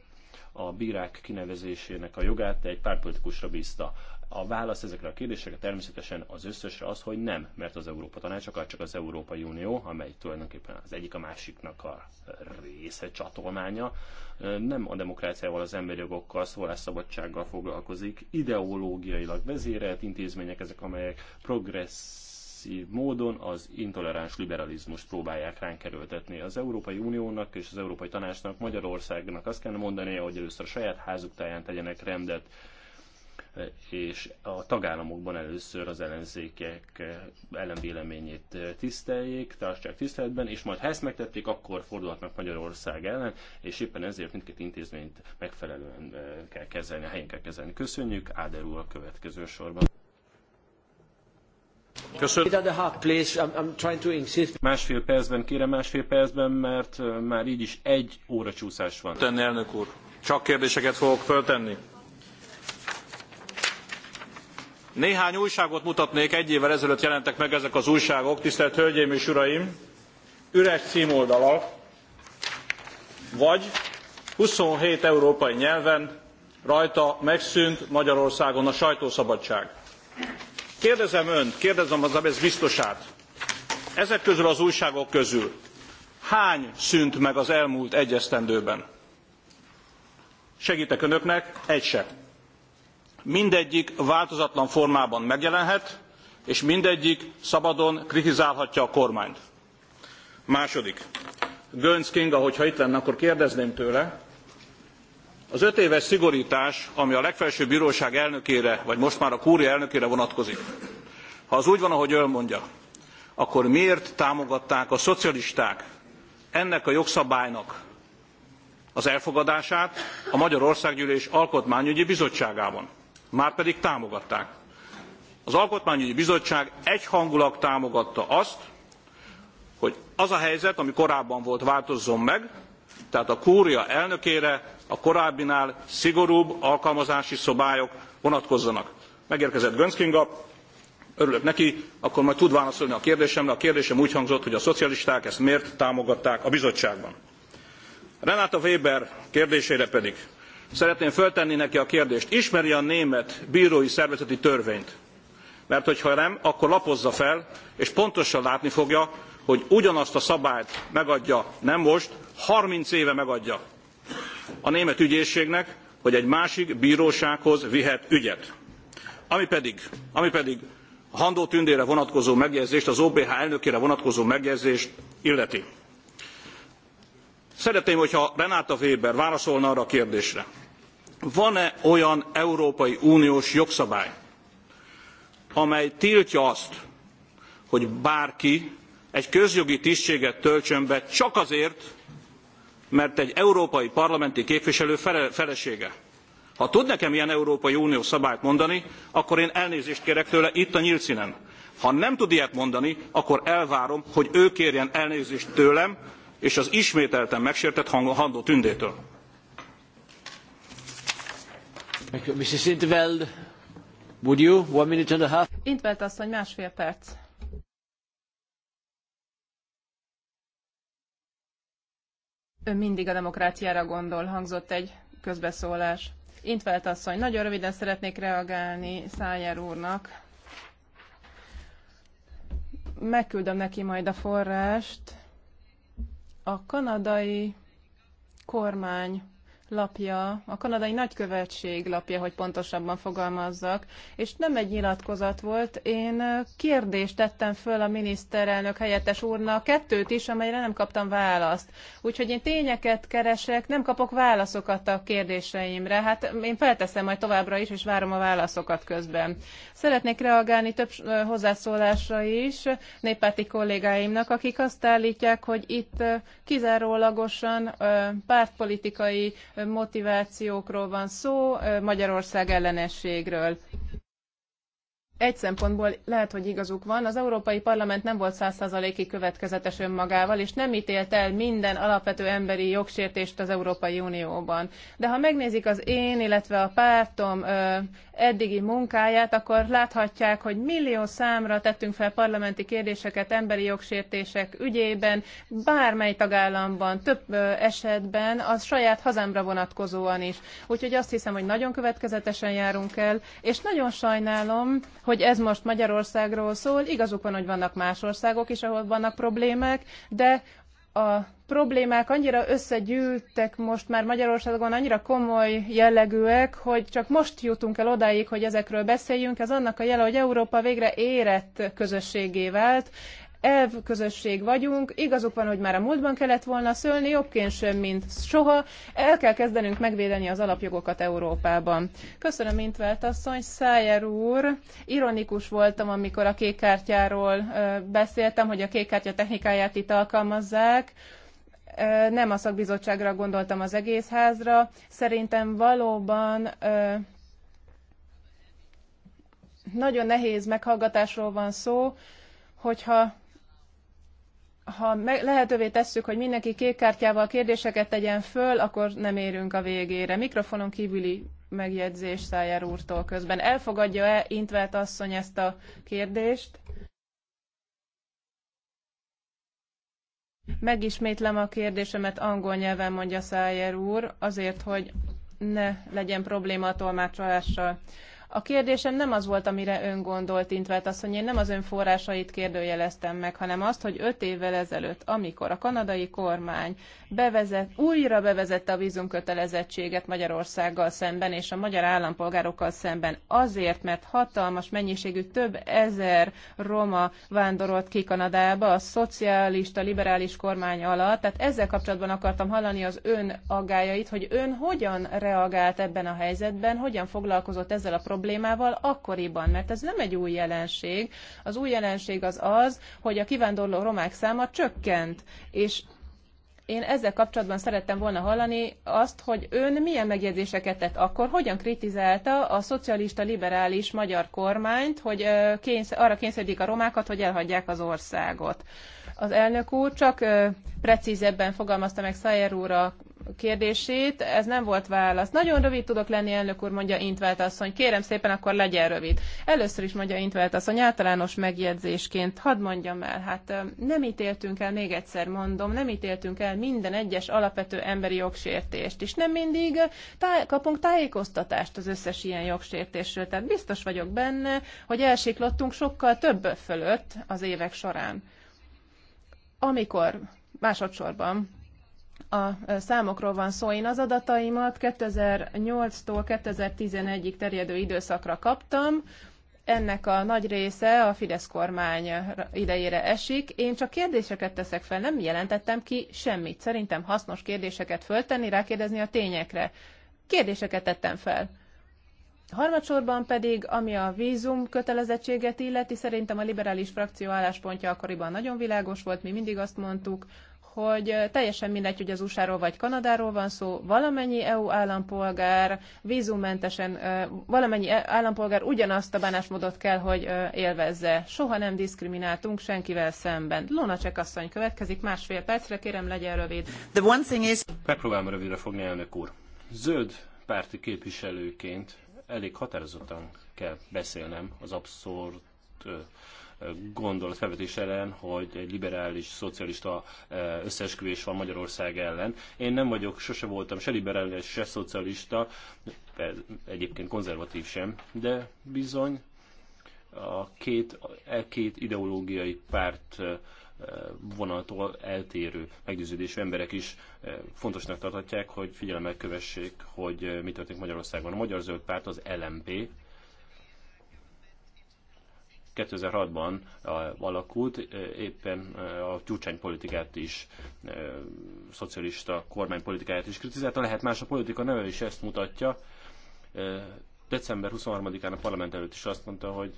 a bírák kinevezésének a jogát egy pártpolitikusra bízta. A válasz ezekre a kérdésekre természetesen az összesre az, hogy nem, mert az Európa Tanács akar csak az Európai Unió, amely tulajdonképpen az egyik a másiknak a része, csatolmánya, nem a demokráciával, az emberi jogokkal, szólásszabadsággal foglalkozik, ideológiailag vezérelt intézmények ezek, amelyek progressz agresszív módon az intoleráns liberalizmust próbálják ránk erőltetni. Az Európai Uniónak és az Európai Tanácsnak Magyarországnak azt kellene mondania, hogy először a saját házuk táján tegyenek rendet, és a tagállamokban először az ellenzékek ellenvéleményét tiszteljék, tartsák tiszteletben, és majd ha ezt megtették, akkor fordulhatnak Magyarország ellen, és éppen ezért mindkét intézményt megfelelően kell kezelni, a helyén kell kezelni. Köszönjük, Áder úr a következő sorban. Köszönöm. Másfél percben, kérem másfél percben, mert már így is egy óra csúszás van. Tenni, elnök úr. Csak kérdéseket fogok föltenni. Néhány újságot mutatnék, egy évvel ezelőtt jelentek meg ezek az újságok, tisztelt Hölgyeim és Uraim, üres címoldalak, vagy 27 európai nyelven rajta megszűnt Magyarországon a sajtószabadság Kérdezem önt, kérdezem az ABESZ biztosát, ezek közül az újságok közül hány szűnt meg az elmúlt egy esztendőben? Segítek önöknek, egy se. Mindegyik változatlan formában megjelenhet, és mindegyik szabadon kritizálhatja a kormányt. Második. Gönc Kinga, hogyha itt lenne, akkor kérdezném tőle, az öt éves szigortás ami a legfelsőbb bróság elnökére vagy most már a kúria elnökére vonatkozik ha az úgy van ahogy ön mondja akkor miért támogatták a szocialisták ennek a jogszabálynak az elfogadását a magyar országgyűlés alkotmányügyi bizottságában? márpedig támogatták. az alkotmányügyi bizottság egyhangúlag támogatta azt hogy az a helyzet ami korábban volt változzon meg tehát a kúria elnökére a korábbinál szigorúbb alkalmazási szabályok vonatkozzanak. megérkezett göncz kinga örülök neki akkor majd tud válaszolni a kérdésemre a kérdésem úgy hangzott hogy a szocialisták ezt miért támogatták a bizottságban. renate weber kérdésére pedig szeretném föltenni neki a kérdést ismeri a német brói szervezeti törvényt? mert hogyha nem akkor lapozza fel és pontosan látni fogja hogy ugyanazt a szabályt megadja, nem most, 30 éve megadja a német ügyészségnek, hogy egy másik bírósághoz vihet ügyet. Ami pedig, ami pedig a Handó Tündére vonatkozó megjegyzést, az OBH elnökére vonatkozó megjegyzést illeti. Szeretném, hogyha Renáta Weber válaszolna arra a kérdésre. Van-e olyan Európai Uniós jogszabály, amely tiltja azt, hogy bárki egy közjogi tisztséget töltsön be csak azért, mert egy európai parlamenti képviselő felesége. Ha tud nekem ilyen Európai Unió szabályt mondani, akkor én elnézést kérek tőle itt a nyílt színen. Ha nem tud ilyet mondani, akkor elvárom, hogy ő kérjen elnézést tőlem és az ismételten megsértett Handó Tündétől. Mrs. Intveld, would you? One minute and a half. Intveld asszony, másfél perc. Ön mindig a demokráciára gondol, hangzott egy közbeszólás. Intvelt asszony, nagyon röviden szeretnék reagálni Szájer úrnak. Megküldöm neki majd a forrást. A kanadai kormány lapja, a kanadai nagykövetség lapja, hogy pontosabban fogalmazzak, és nem egy nyilatkozat volt. Én kérdést tettem föl a miniszterelnök helyettes úrnak, kettőt is, amelyre nem kaptam választ. Úgyhogy én tényeket keresek, nem kapok válaszokat a kérdéseimre. Hát én felteszem majd továbbra is, és várom a válaszokat közben. Szeretnék reagálni több hozzászólásra is néppárti kollégáimnak, akik azt állítják, hogy itt kizárólagosan pártpolitikai motivációkról van szó, Magyarország ellenességről egy szempontból lehet, hogy igazuk van, az Európai Parlament nem volt százszázaléki következetes önmagával, és nem ítélt el minden alapvető emberi jogsértést az Európai Unióban. De ha megnézik az én, illetve a pártom ö, eddigi munkáját, akkor láthatják, hogy millió számra tettünk fel parlamenti kérdéseket emberi jogsértések ügyében, bármely tagállamban, több ö, esetben, az saját hazámra vonatkozóan is. Úgyhogy azt hiszem, hogy nagyon következetesen járunk el, és nagyon sajnálom, hogy ez most Magyarországról szól. Igazuk van, hogy vannak más országok is, ahol vannak problémák, de a problémák annyira összegyűltek most már Magyarországon, annyira komoly jellegűek, hogy csak most jutunk el odáig, hogy ezekről beszéljünk. Ez annak a jele, hogy Európa végre érett közösségé vált elvközösség vagyunk, igazuk van, hogy már a múltban kellett volna szőlni, jobbként sem, mint soha. El kell kezdenünk megvédeni az alapjogokat Európában. Köszönöm, Intvált asszony, Szájer úr. Ironikus voltam, amikor a kékkártyáról beszéltem, hogy a kékkártya technikáját itt alkalmazzák nem a szakbizottságra gondoltam az egész házra. Szerintem valóban nagyon nehéz meghallgatásról van szó, hogyha ha lehetővé tesszük, hogy mindenki kék kártyával kérdéseket tegyen föl, akkor nem érünk a végére. Mikrofonon kívüli megjegyzés Szájár úrtól közben. Elfogadja-e Intvelt asszony ezt a kérdést? Megismétlem a kérdésemet angol nyelven, mondja Szájer úr, azért, hogy ne legyen probléma a tolmácsolással. A kérdésem nem az volt, amire ön gondolt, Intvet hogy én nem az ön forrásait kérdőjeleztem meg, hanem azt, hogy öt évvel ezelőtt, amikor a kanadai kormány bevezet, újra bevezette a vízumkötelezettséget Magyarországgal szemben és a magyar állampolgárokkal szemben, azért, mert hatalmas mennyiségű több ezer roma vándorolt ki Kanadába a szocialista, liberális kormány alatt. Tehát ezzel kapcsolatban akartam hallani az ön aggájait, hogy ön hogyan reagált ebben a helyzetben, hogyan foglalkozott ezzel a problémával, problémával akkoriban, mert ez nem egy új jelenség. Az új jelenség az az, hogy a kivándorló romák száma csökkent, és én ezzel kapcsolatban szerettem volna hallani azt, hogy ön milyen megjegyzéseket tett akkor, hogyan kritizálta a szocialista liberális magyar kormányt, hogy kényszer, arra kényszerítik a romákat, hogy elhagyják az országot. Az elnök úr csak precízebben fogalmazta meg Szájer úr a kérdését, ez nem volt válasz. Nagyon rövid tudok lenni, elnök úr, mondja Intvelt asszony. Kérem szépen, akkor legyen rövid. Először is mondja Intvelt asszony, általános megjegyzésként, hadd mondjam el, hát nem ítéltünk el, még egyszer mondom, nem ítéltünk el minden egyes alapvető emberi jogsértést, és nem mindig táj- kapunk tájékoztatást az összes ilyen jogsértésről. Tehát biztos vagyok benne, hogy elsiklottunk sokkal több fölött az évek során. Amikor másodszorban a számokról van szó. Én az adataimat 2008-tól 2011-ig terjedő időszakra kaptam, ennek a nagy része a Fidesz kormány idejére esik. Én csak kérdéseket teszek fel, nem jelentettem ki semmit. Szerintem hasznos kérdéseket föltenni, rákérdezni a tényekre. Kérdéseket tettem fel. Harmadsorban pedig, ami a vízum kötelezettséget illeti, szerintem a liberális frakció álláspontja akkoriban nagyon világos volt, mi mindig azt mondtuk, hogy teljesen mindegy, hogy az usa vagy Kanadáról van szó, valamennyi EU állampolgár vízumentesen, valamennyi e állampolgár ugyanazt a bánásmódot kell, hogy élvezze. Soha nem diszkrimináltunk senkivel szemben. Lona asszony következik másfél percre, kérem legyen rövid. The one thing is... Megpróbálom rövidre fogni, elnök úr. Zöld párti képviselőként elég határozottan kell beszélnem az abszurd gondolatfelvetés ellen, hogy egy liberális, szocialista e, összeesküvés van Magyarország ellen. Én nem vagyok, sose voltam se liberális, se szocialista, egyébként konzervatív sem, de bizony a két, a e két ideológiai párt e, vonaltól eltérő meggyőződésű emberek is fontosnak tartatják, hogy figyelemmel kövessék, hogy mi történik Magyarországon. A Magyar Zöld Párt az LMP, 2006-ban eh, alakult, eh, éppen eh, a gyurcsánypolitikát is, szocialista kormánypolitikáját is kritizálta, lehet más a politika neve is ezt mutatja. December 23-án a parlament előtt is azt mondta, hogy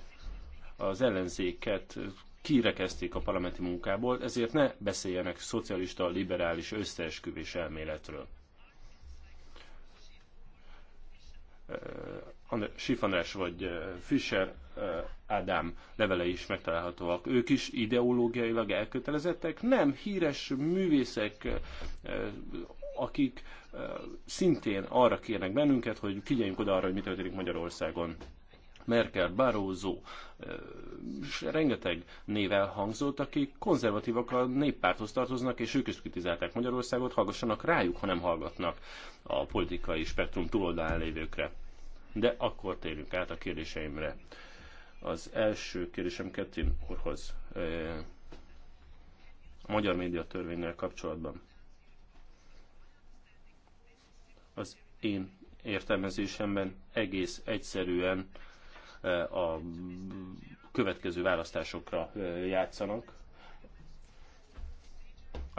az ellenzéket kirekezték a parlamenti munkából, ezért ne beszéljenek szocialista, liberális összeesküvés elméletről Sifanres vagy Fischer Ádám levele is megtalálhatóak. Ők is ideológiailag elkötelezettek? Nem, híres művészek, akik szintén arra kérnek bennünket, hogy figyeljünk oda arra, hogy mi történik Magyarországon. Merkel, Barózó, és rengeteg név elhangzott, akik konzervatívak a néppárthoz tartoznak, és ők is kritizálták Magyarországot, hallgassanak rájuk, ha nem hallgatnak a politikai spektrum túloldalán lévőkre. De akkor térünk át a kérdéseimre. Az első kérdésem Kettin úrhoz. A magyar média törvénynel kapcsolatban. Az én értelmezésemben egész egyszerűen a következő választásokra játszanak.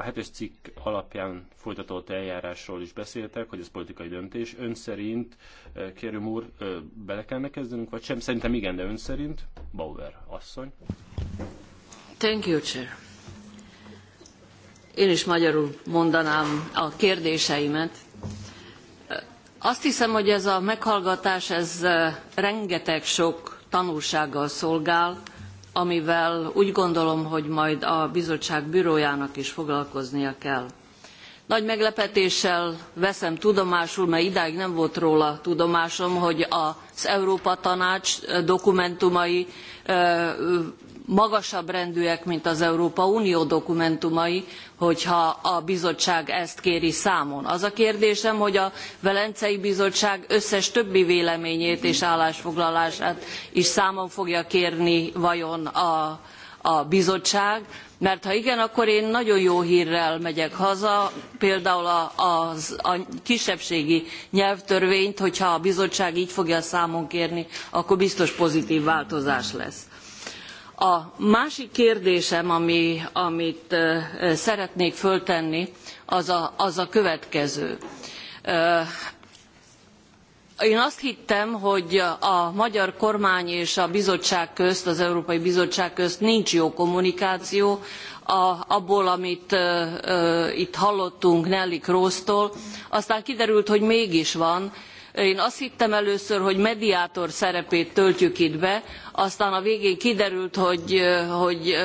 A hetes cikk alapján folytatott eljárásról is beszéltek, hogy ez politikai döntés. Ön szerint, eh, kérjük, úr, eh, bele kellene kezdenünk, vagy sem? Szerintem igen, de ön szerint? Bauer asszony. Thank you, Chair. Én is magyarul mondanám a kérdéseimet. Eh, azt hiszem, hogy ez a meghallgatás ez rengeteg sok tanulsággal szolgál, amivel úgy gondolom, hogy majd a bizottság bürójának is foglalkoznia kell. Nagy meglepetéssel veszem tudomásul, mert idáig nem volt róla tudomásom, hogy az Európa Tanács dokumentumai magasabb rendűek, mint az Európa Unió dokumentumai, hogyha a bizottság ezt kéri számon. Az a kérdésem, hogy a Velencei Bizottság összes többi véleményét és állásfoglalását is számon fogja kérni vajon a, a bizottság, mert ha igen, akkor én nagyon jó hírrel megyek haza, például a, a, a kisebbségi nyelvtörvényt, hogyha a bizottság így fogja számon kérni, akkor biztos pozitív változás lesz. A másik kérdésem, ami, amit szeretnék föltenni, az a, az a következő. Én azt hittem, hogy a magyar kormány és a bizottság közt, az Európai Bizottság közt nincs jó kommunikáció, a, abból, amit itt hallottunk Nelly Krósztól, aztán kiderült, hogy mégis van, én azt hittem először, hogy mediátor szerepét töltjük itt be, aztán a végén kiderült, hogy, hogy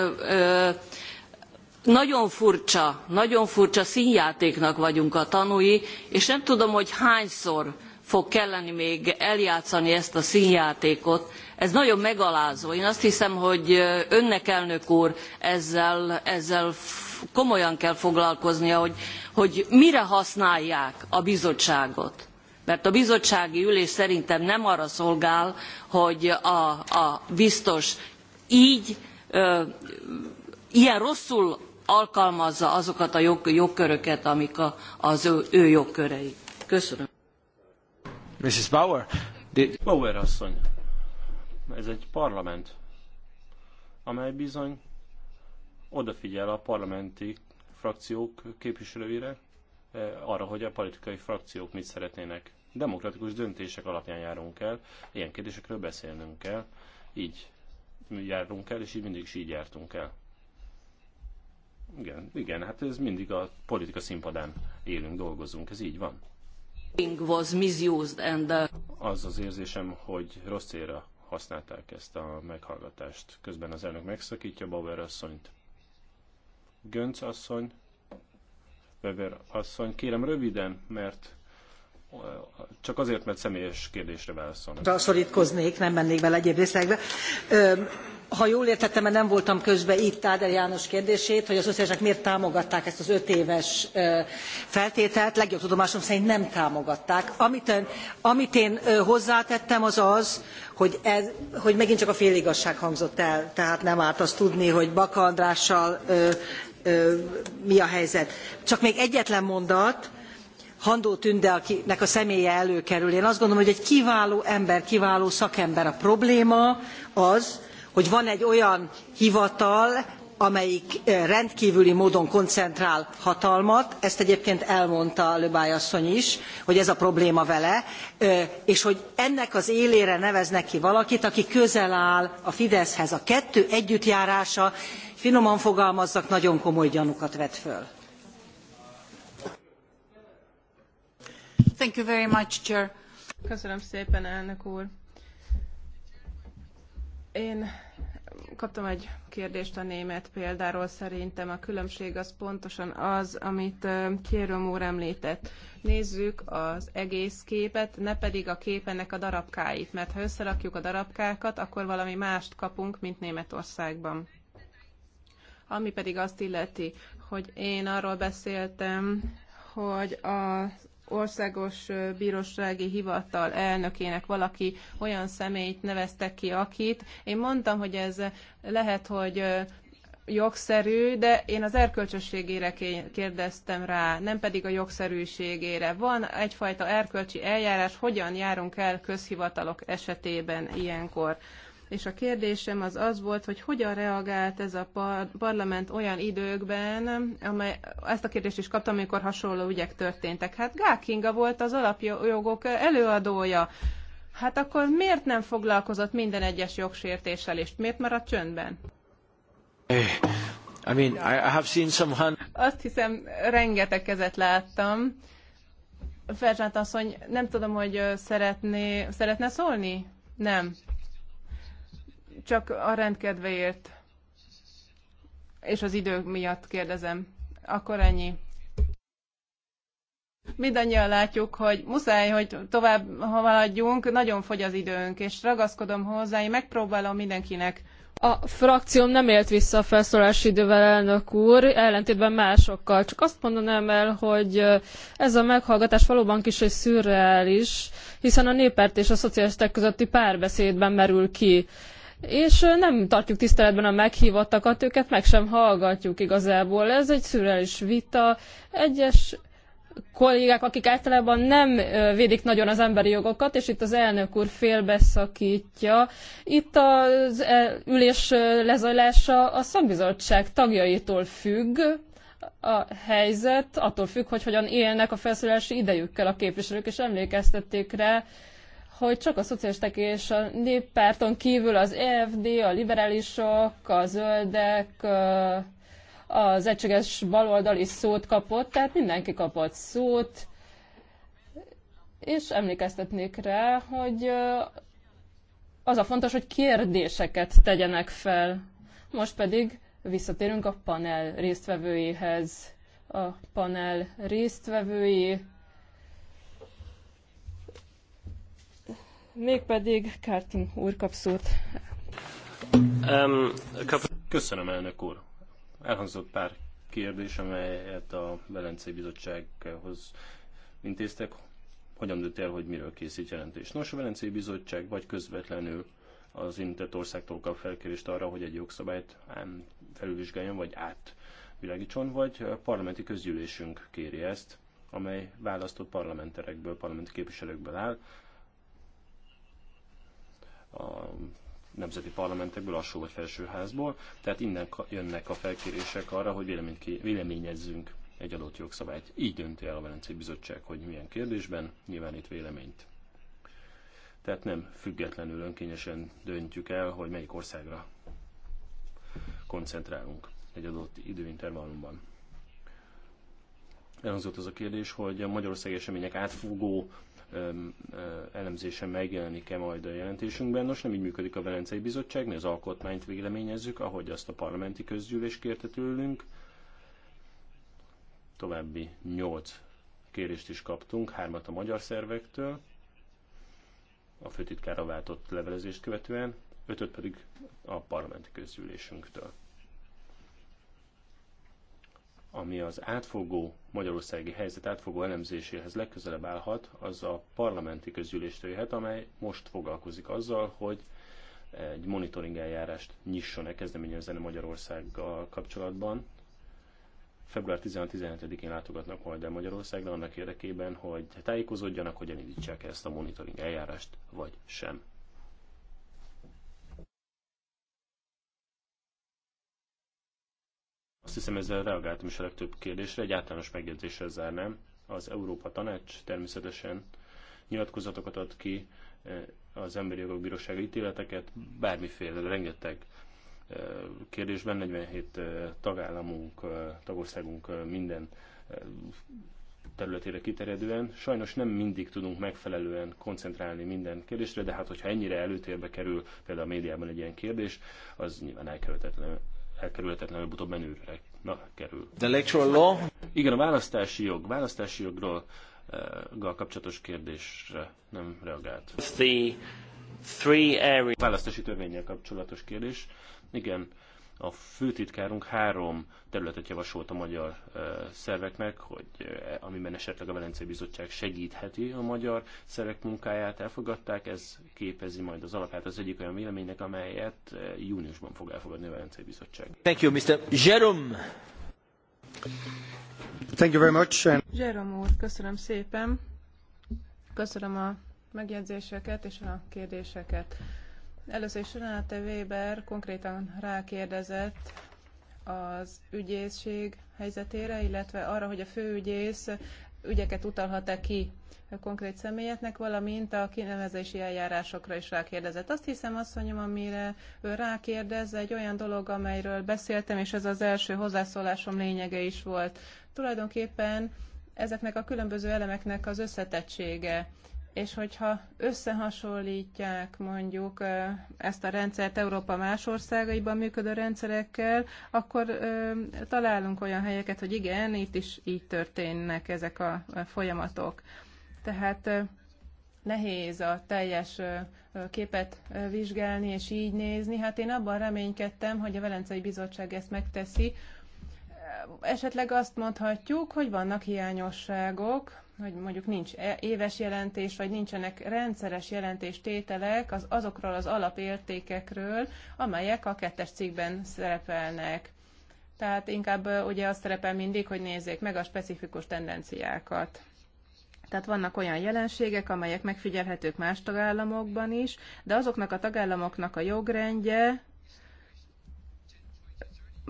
nagyon furcsa, nagyon furcsa színjátéknak vagyunk a tanúi, és nem tudom, hogy hányszor fog kelleni még eljátszani ezt a színjátékot. Ez nagyon megalázó. Én azt hiszem, hogy önnek, elnök úr, ezzel, ezzel komolyan kell foglalkoznia, hogy, hogy mire használják a bizottságot mert a bizottsági ülés szerintem nem arra szolgál, hogy a, a biztos így ö, ilyen rosszul alkalmazza azokat a jog, jogköröket, amik a, az ő, ő jogkörei. Köszönöm. Mrs. Bauer. Did... Bauer asszony. Ez egy parlament, amely bizony odafigyel a parlamenti frakciók képviselőire, eh, arra, hogy a politikai frakciók mit szeretnének demokratikus döntések alapján járunk el, ilyen kérdésekről beszélnünk kell, így járunk el, és így mindig is így jártunk el. Igen, igen, hát ez mindig a politika színpadán élünk, dolgozunk, ez így van. Uh, az az érzésem, hogy rossz célra használták ezt a meghallgatást. Közben az elnök megszakítja Bauer asszonyt. Gönc asszony, Weber asszony, kérem röviden, mert csak azért, mert személyes kérdésre válaszolnak. Szorítkoznék, nem mennék bele egyéb részekbe. Ha jól értettem, mert nem voltam közben itt Áder János kérdését, hogy az összesek miért támogatták ezt az öt éves feltételt, legjobb tudomásom szerint nem támogatták. Amit, ön, amit én hozzátettem, az az, hogy, ez, hogy megint csak a féligasság hangzott el, tehát nem árt azt tudni, hogy Baka Andrással mi a helyzet. Csak még egyetlen mondat, Handó Tünde, akinek a személye előkerül. Én azt gondolom, hogy egy kiváló ember, kiváló szakember. A probléma az, hogy van egy olyan hivatal, amelyik eh, rendkívüli módon koncentrál hatalmat, ezt egyébként elmondta Löbály asszony is, hogy ez a probléma vele, eh, és hogy ennek az élére neveznek ki valakit, aki közel áll a Fideszhez. A kettő együttjárása, finoman fogalmazzak, nagyon komoly gyanukat vet föl. Köszönöm szépen, elnök úr. Én kaptam egy kérdést a német példáról, szerintem a különbség az pontosan az, amit kérőm úr említett. Nézzük az egész képet, ne pedig a képenek a darabkáit, mert ha összerakjuk a darabkákat, akkor valami mást kapunk, mint Németországban. Ami pedig azt illeti, hogy én arról beszéltem, hogy az országos bírósági hivatal elnökének valaki olyan személyt neveztek ki, akit. Én mondtam, hogy ez lehet, hogy jogszerű, de én az erkölcsösségére kérdeztem rá, nem pedig a jogszerűségére. Van egyfajta erkölcsi eljárás, hogyan járunk el közhivatalok esetében ilyenkor és a kérdésem az az volt, hogy hogyan reagált ez a par- parlament olyan időkben, amely ezt a kérdést is kaptam, amikor hasonló ügyek történtek. Hát Gákinga volt az alapjogok előadója. Hát akkor miért nem foglalkozott minden egyes jogsértéssel, és miért maradt csöndben? Eh, I mean, I have seen someone... Azt hiszem, rengeteg kezet láttam. Ferzsát asszony, nem tudom, hogy szeretné, szeretne szólni? Nem. Csak a rendkedvéért és az idő miatt kérdezem. Akkor ennyi. Mindannyian látjuk, hogy muszáj, hogy tovább haladjunk, nagyon fogy az időnk, és ragaszkodom hozzá, én megpróbálom mindenkinek a frakcióm nem élt vissza a felszólási idővel, elnök úr, ellentétben másokkal. Csak azt mondanám el, hogy ez a meghallgatás valóban kis és szürreális, hiszen a néppárt és a szocialisták közötti párbeszédben merül ki és nem tartjuk tiszteletben a meghívottakat, őket meg sem hallgatjuk igazából. Ez egy szürreális vita. Egyes kollégák, akik általában nem védik nagyon az emberi jogokat, és itt az elnök úr félbeszakítja. Itt az e, ülés lezajlása a szakbizottság tagjaitól függ, a helyzet attól függ, hogy hogyan élnek a felszólalási idejükkel a képviselők, és emlékeztették rá, hogy csak a szocialisták és a néppárton kívül az EFD, a liberálisok, a zöldek, az egységes baloldali szót kapott, tehát mindenki kapott szót, és emlékeztetnék rá, hogy az a fontos, hogy kérdéseket tegyenek fel. Most pedig visszatérünk a panel résztvevőihez. A panel résztvevői Mégpedig Kártin úr kap szót. Um, Köszönöm, elnök úr. Elhangzott pár kérdés, amelyet a Velencei Bizottsághoz intéztek. Hogyan dönt el, hogy miről készít jelentést? Nos, a Velencei Bizottság vagy közvetlenül az intett országtól kap felkérést arra, hogy egy jogszabályt felülvizsgáljon, vagy átvilágítson, vagy a parlamenti közgyűlésünk kéri ezt, amely választott parlamenterekből, parlamenti képviselőkből áll, a nemzeti parlamentekből, alsó vagy felsőházból, tehát innen jönnek a felkérések arra, hogy véleményezzünk egy adott jogszabályt. Így dönti el a Velencei Bizottság, hogy milyen kérdésben nyilvánít véleményt. Tehát nem függetlenül önkényesen döntjük el, hogy melyik országra koncentrálunk egy adott időintervallumban. Elhangzott az a kérdés, hogy a Magyarország események átfogó elemzése megjelenik-e majd a jelentésünkben. Nos, nem így működik a Velencei Bizottság, mi az alkotmányt véleményezzük, ahogy azt a parlamenti közgyűlés kérte tőlünk. További nyolc kérést is kaptunk, hármat a magyar szervektől, a főtitkára váltott levelezést követően, ötöt pedig a parlamenti közgyűlésünktől ami az átfogó magyarországi helyzet átfogó elemzéséhez legközelebb állhat, az a parlamenti közgyűléstől jöhet, amely most foglalkozik azzal, hogy egy monitoring eljárást nyisson-e, kezdeményezzen Magyarországgal kapcsolatban. Február 16-17-én látogatnak majd el Magyarországra annak érdekében, hogy tájékozódjanak, hogy elindítsák ezt a monitoring eljárást, vagy sem. Azt hiszem ezzel reagáltam is a legtöbb kérdésre, egy általános megjegyzéssel zárnám. Az Európa Tanács természetesen nyilatkozatokat ad ki, eh, az Emberi Jogok Bírósága ítéleteket, bármiféle, rengeteg eh, kérdésben 47 eh, tagállamunk, tagországunk minden területére kiterjedően. Sajnos nem mindig tudunk megfelelően koncentrálni minden kérdésre, de hát hogyha ennyire előtérbe kerül például a médiában egy ilyen kérdés, az nyilván elkerülhetetlen, elkerülhetetlen előbb-utóbb menőre Na, kerül. The electoral law? Igen, a választási jog. Választási jogról eh, gal kapcsolatos kérdésre nem reagált. The three area... Választási törvényel kapcsolatos kérdés. Igen, a főtitkárunk három területet javasolt a magyar szerveknek, hogy amiben esetleg a Velencei Bizottság segítheti a magyar szervek munkáját, elfogadták. Ez képezi majd az alapját az egyik olyan véleménynek, amelyet júniusban fog elfogadni a Velencei Bizottság. Thank you, Mr. Jerome. Thank you very much. Jerome úr, köszönöm szépen. Köszönöm a megjegyzéseket és a kérdéseket. Először is Renate Weber konkrétan rákérdezett az ügyészség helyzetére, illetve arra, hogy a főügyész ügyeket utalhat-e ki konkrét személyeknek, valamint a kinevezési eljárásokra is rákérdezett. Azt hiszem, asszonyom, amire ő rákérdez, egy olyan dolog, amelyről beszéltem, és ez az első hozzászólásom lényege is volt. Tulajdonképpen ezeknek a különböző elemeknek az összetettsége és hogyha összehasonlítják mondjuk ezt a rendszert Európa más országaiban működő rendszerekkel, akkor találunk olyan helyeket, hogy igen, itt is így történnek ezek a folyamatok. Tehát nehéz a teljes képet vizsgálni és így nézni. Hát én abban reménykedtem, hogy a Velencei Bizottság ezt megteszi, esetleg azt mondhatjuk, hogy vannak hiányosságok, hogy mondjuk nincs e- éves jelentés, vagy nincsenek rendszeres jelentéstételek az, azokról az alapértékekről, amelyek a kettes cikkben szerepelnek. Tehát inkább ugye azt szerepel mindig, hogy nézzék meg a specifikus tendenciákat. Tehát vannak olyan jelenségek, amelyek megfigyelhetők más tagállamokban is, de azoknak a tagállamoknak a jogrendje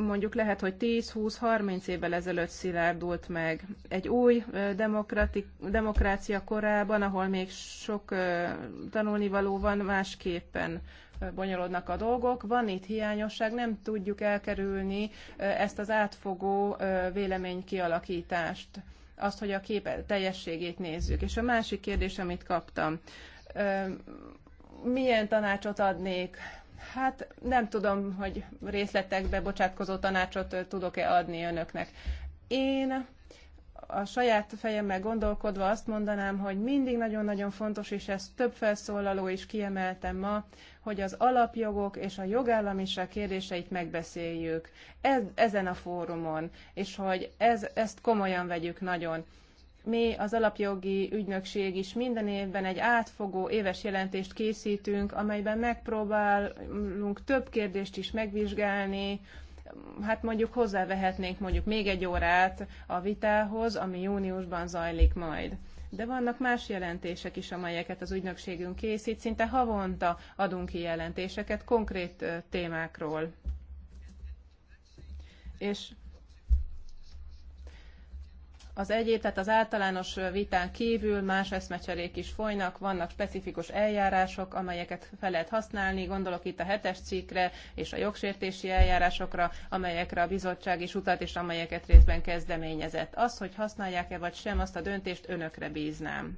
mondjuk lehet, hogy 10-20-30 évvel ezelőtt szilárdult meg. Egy új demokratik, demokrácia korában, ahol még sok tanulnivaló van, másképpen bonyolodnak a dolgok. Van itt hiányosság, nem tudjuk elkerülni ezt az átfogó vélemény kialakítást, azt, hogy a kép teljességét nézzük. És a másik kérdés, amit kaptam, milyen tanácsot adnék Hát nem tudom, hogy részletekbe bocsátkozó tanácsot tudok-e adni önöknek. Én a saját fejemmel gondolkodva azt mondanám, hogy mindig nagyon-nagyon fontos, és ezt több felszólaló is kiemeltem, ma, hogy az alapjogok és a jogállamiság kérdéseit megbeszéljük ezen a fórumon, és hogy ez, ezt komolyan vegyük nagyon mi az alapjogi ügynökség is minden évben egy átfogó éves jelentést készítünk, amelyben megpróbálunk több kérdést is megvizsgálni, hát mondjuk hozzávehetnénk mondjuk még egy órát a vitához, ami júniusban zajlik majd. De vannak más jelentések is, amelyeket az ügynökségünk készít, szinte havonta adunk ki jelentéseket konkrét témákról. És az egyéb, tehát az általános vitán kívül más eszmecserék is folynak, vannak specifikus eljárások, amelyeket fel lehet használni, gondolok itt a hetes cikkre és a jogsértési eljárásokra, amelyekre a bizottság is utalt, és amelyeket részben kezdeményezett. Az, hogy használják-e vagy sem, azt a döntést önökre bíznám.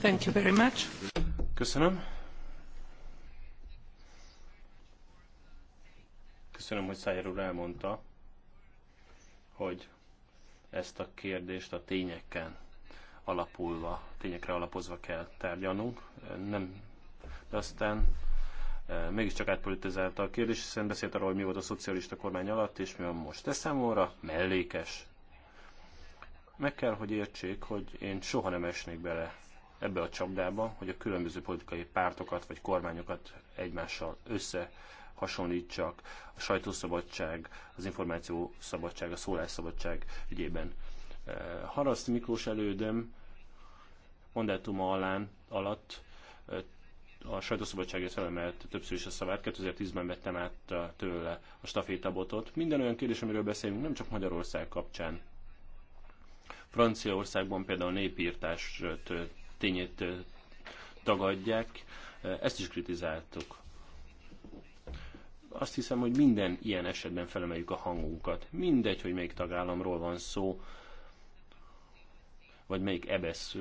Thank you very much. Köszönöm. Köszönöm, hogy Szájer úr elmondta, hogy ezt a kérdést a tényeken alapulva, tényekre alapozva kell tárgyalnunk. Nem, de aztán e, mégiscsak átpolitizálta a kérdés, hiszen beszélt arról, hogy mi volt a szocialista kormány alatt, és mi van most. Ez számomra mellékes. Meg kell, hogy értsék, hogy én soha nem esnék bele ebbe a csapdába, hogy a különböző politikai pártokat vagy kormányokat egymással össze hasonlítsak a sajtószabadság, az információ szabadság, a szólásszabadság ügyében. Eh, Haraszt Miklós elődöm mandátuma alán, alatt eh, a sajtószabadságért felemelt többször is a szavát, 2010-ben vettem át tőle a stafétabotot. Minden olyan kérdés, amiről beszélünk, nem csak Magyarország kapcsán. Franciaországban például népírtás eh, tényét tagadják, ezt is kritizáltuk azt hiszem, hogy minden ilyen esetben felemeljük a hangunkat. Mindegy, hogy melyik tagállamról van szó, vagy melyik ebesz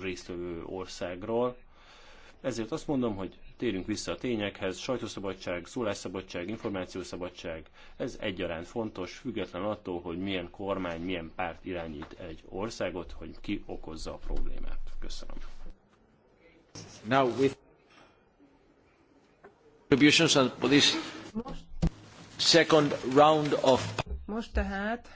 résztvevő országról. Ezért azt mondom, hogy térünk vissza a tényekhez, sajtószabadság, szólásszabadság, információszabadság, ez egyaránt fontos, független attól, hogy milyen kormány, milyen párt irányít egy országot, hogy ki okozza a problémát. Köszönöm. Now with contributions and for this second round of... Most tehát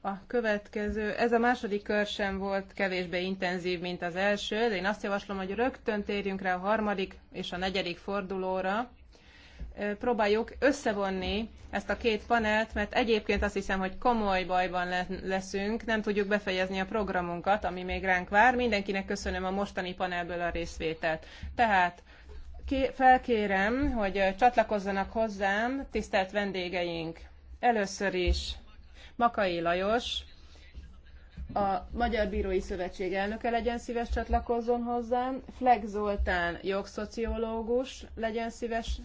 a következő, ez a második kör sem volt kevésbé intenzív, mint az első, de én azt javaslom, hogy rögtön térjünk rá a harmadik és a negyedik fordulóra. Próbáljuk összevonni ezt a két panelt, mert egyébként azt hiszem, hogy komoly bajban leszünk, nem tudjuk befejezni a programunkat, ami még ránk vár. Mindenkinek köszönöm a mostani panelből a részvételt. Tehát felkérem, hogy csatlakozzanak hozzám tisztelt vendégeink. Először is Makai Lajos, a Magyar Bírói Szövetség elnöke legyen szíves csatlakozzon hozzám, Fleck Zoltán jogszociológus legyen szíves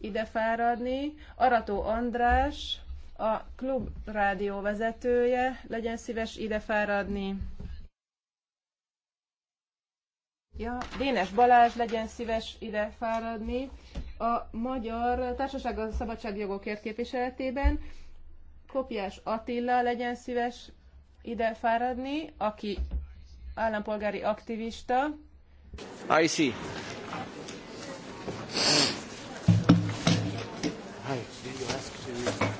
ide fáradni, Arató András, a klub rádió vezetője legyen szíves ide fáradni, Ja, Dénes Balázs legyen szíves ide fáradni a Magyar Társaság a Szabadságjogokért képviseletében. Kopjás Attila legyen szíves ide fáradni, aki állampolgári aktivista. I see. Hi, did you ask to...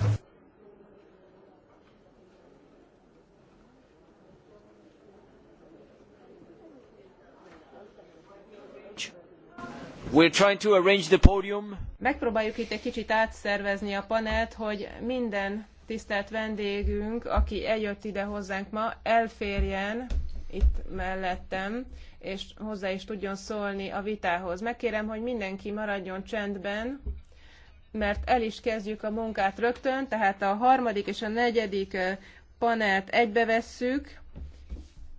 We're trying to arrange the podium. Megpróbáljuk itt egy kicsit átszervezni a panelt, hogy minden tisztelt vendégünk, aki eljött ide hozzánk ma, elférjen itt mellettem, és hozzá is tudjon szólni a vitához. Megkérem, hogy mindenki maradjon csendben, mert el is kezdjük a munkát rögtön, tehát a harmadik és a negyedik eh, panelt egybevesszük,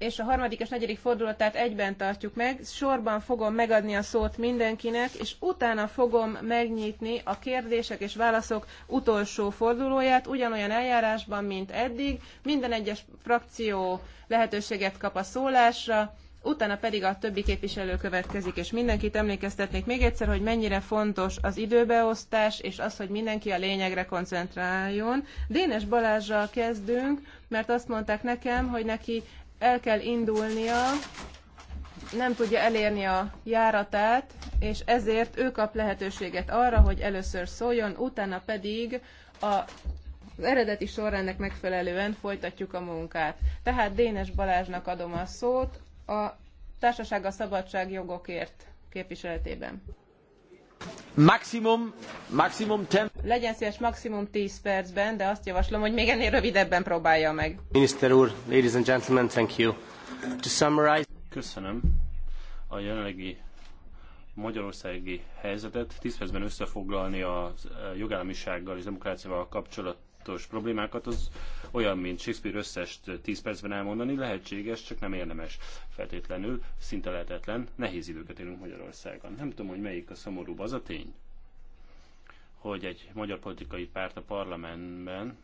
és a harmadik és negyedik fordulatát egyben tartjuk meg. Sorban fogom megadni a szót mindenkinek, és utána fogom megnyitni a kérdések és válaszok utolsó fordulóját, ugyanolyan eljárásban, mint eddig. Minden egyes frakció lehetőséget kap a szólásra, utána pedig a többi képviselő következik, és mindenkit emlékeztetnék még egyszer, hogy mennyire fontos az időbeosztás, és az, hogy mindenki a lényegre koncentráljon. Dénes Balázsral kezdünk, mert azt mondták nekem, hogy neki el kell indulnia, nem tudja elérni a járatát, és ezért ő kap lehetőséget arra, hogy először szóljon, utána pedig a az eredeti sorrendnek megfelelően folytatjuk a munkát. Tehát Dénes Balázsnak adom a szót a Társaság a Szabadság jogokért képviseletében. Maximum, maximum ten... Legyen szíves maximum 10 percben, de azt javaslom, hogy még ennél rövidebben próbálja meg. Miniszter úr, ladies and gentlemen, thank you. To summarize... Köszönöm a jelenlegi magyarországi helyzetet. 10 percben összefoglalni a jogállamisággal és demokráciával kapcsolat kapcsolatos problémákat, az olyan, mint Shakespeare összes 10 percben elmondani, lehetséges, csak nem érdemes feltétlenül, szinte lehetetlen, nehéz időket élünk Magyarországon. Nem tudom, hogy melyik a szomorúbb, az a tény, hogy egy magyar politikai párt a parlamentben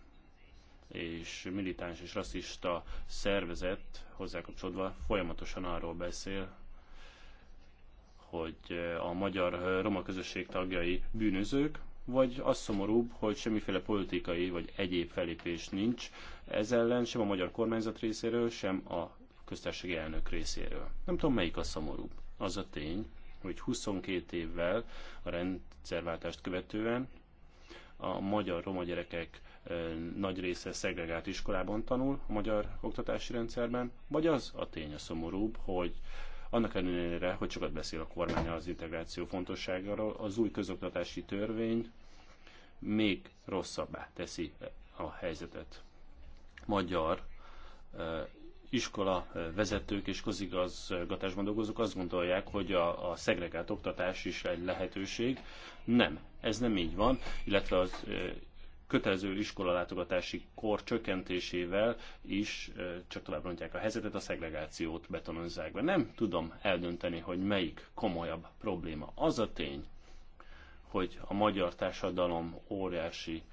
és militáns és rasszista szervezet hozzákapcsolódva folyamatosan arról beszél, hogy a magyar roma közösség tagjai bűnözők, vagy az szomorúbb, hogy semmiféle politikai vagy egyéb felépés nincs ez ellen, sem a magyar kormányzat részéről, sem a köztársasági elnök részéről. Nem tudom, melyik a szomorúbb. Az a tény, hogy 22 évvel a rendszerváltást követően a magyar roma gyerekek nagy része szegregált iskolában tanul a magyar oktatási rendszerben, vagy az a tény a szomorúbb, hogy annak ellenére, hogy sokat beszél a kormány az integráció fontosságáról, az új közoktatási törvény még rosszabbá teszi a helyzetet. Magyar iskola vezetők és közigazgatásban dolgozók azt gondolják, hogy a, a szegregált oktatás is egy lehetőség. Nem, ez nem így van, illetve az kötelező iskola látogatási kor csökkentésével is csak tovább rontják a helyzetet, a szegregációt betonozzák be. Nem tudom eldönteni, hogy melyik komolyabb probléma. Az a tény, hogy a magyar társadalom óriási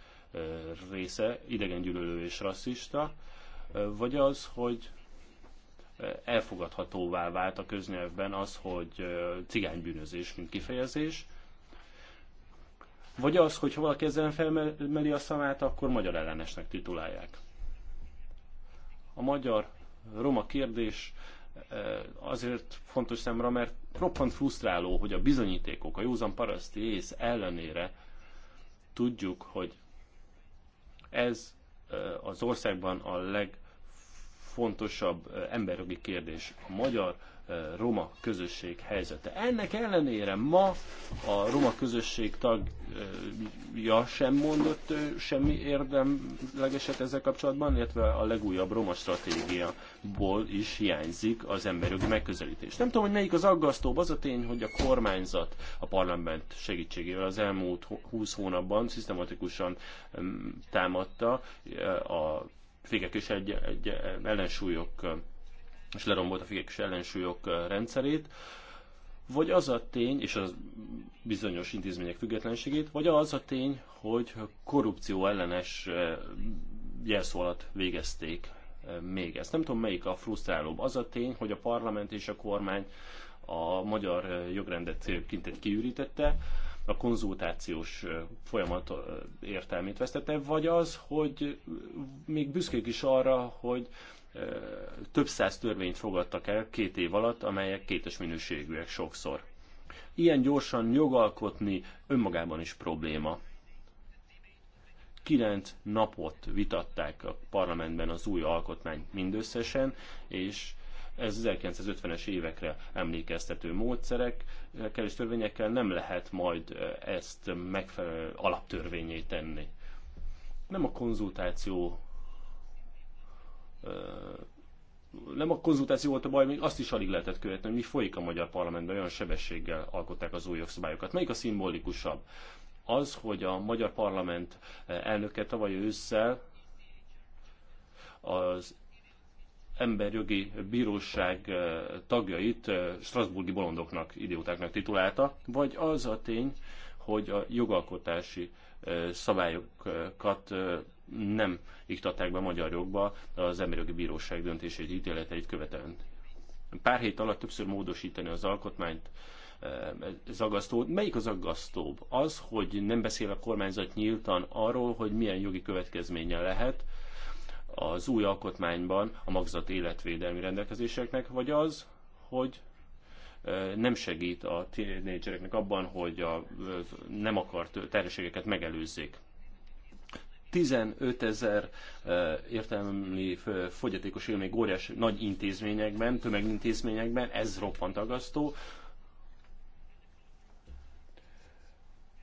része idegengyűlölő és rasszista, vagy az, hogy elfogadhatóvá vált a köznyelvben az, hogy cigánybűnözés, mint kifejezés, vagy az, hogy ha valaki ezzel felmeli a szavát, akkor magyar ellenesnek titulálják. A magyar roma kérdés azért fontos számra, mert roppant frusztráló, hogy a bizonyítékok, a józan paraszti ész ellenére tudjuk, hogy ez az országban a legfontosabb emberjogi kérdés. A magyar roma közösség helyzete. Ennek ellenére ma a roma közösség tagja sem mondott semmi érdemlegeset ezzel kapcsolatban, illetve a legújabb roma stratégiából is hiányzik az emberjogi megközelítés. Nem tudom, hogy melyik az aggasztóbb, az a tény, hogy a kormányzat a parlament segítségével az elmúlt 20 hónapban szisztematikusan mm, támadta a fékek és egy, egy ellensúlyok és lerombolt a figyelés ellensúlyok rendszerét, vagy az a tény, és az bizonyos intézmények függetlenségét, vagy az a tény, hogy korrupció ellenes jelszó alatt végezték még ezt. Nem tudom, melyik a frusztrálóbb. Az a tény, hogy a parlament és a kormány a magyar jogrendet kintet kiürítette, a konzultációs folyamat értelmét vesztette, vagy az, hogy még büszkék is arra, hogy több száz törvényt fogadtak el két év alatt, amelyek kétes minőségűek sokszor. Ilyen gyorsan jogalkotni önmagában is probléma. Kilenc napot vitatták a parlamentben az új alkotmány mindösszesen, és ez 1950-es évekre emlékeztető módszerek, és törvényekkel nem lehet majd ezt megfelelő alaptörvényé tenni. Nem a konzultáció nem a konzultáció volt a baj, még azt is alig lehetett követni, hogy mi folyik a magyar parlamentben, olyan sebességgel alkották az új jogszabályokat. Melyik a szimbolikusabb? Az, hogy a magyar parlament elnöke tavaly ősszel az emberjogi bíróság tagjait Strasburgi bolondoknak, idiótáknak titulálta, vagy az a tény, hogy a jogalkotási szabályokat nem iktatták be magyar jogba az emberi bíróság döntését, ítéleteit követően. Pár hét alatt többször módosítani az alkotmányt, ez aggasztó. Melyik az aggasztóbb? Az, hogy nem beszél a kormányzat nyíltan arról, hogy milyen jogi következménye lehet az új alkotmányban a magzat életvédelmi rendelkezéseknek, vagy az, hogy nem segít a tínédzsereknek abban, hogy a nem akart terhességeket megelőzzék. 15 ezer értelmi fogyatékos él még nagy intézményekben, tömegintézményekben, ez roppant agasztó.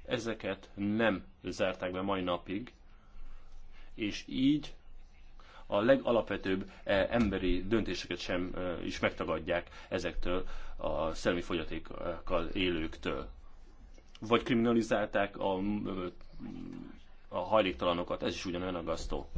Ezeket nem zárták be mai napig, és így a legalapvetőbb eh, emberi döntéseket sem eh, is megtagadják ezektől a szellemi fogyatékkal élőktől. Vagy kriminalizálták a, a hajléktalanokat, ez is ugyanolyan aggasztó.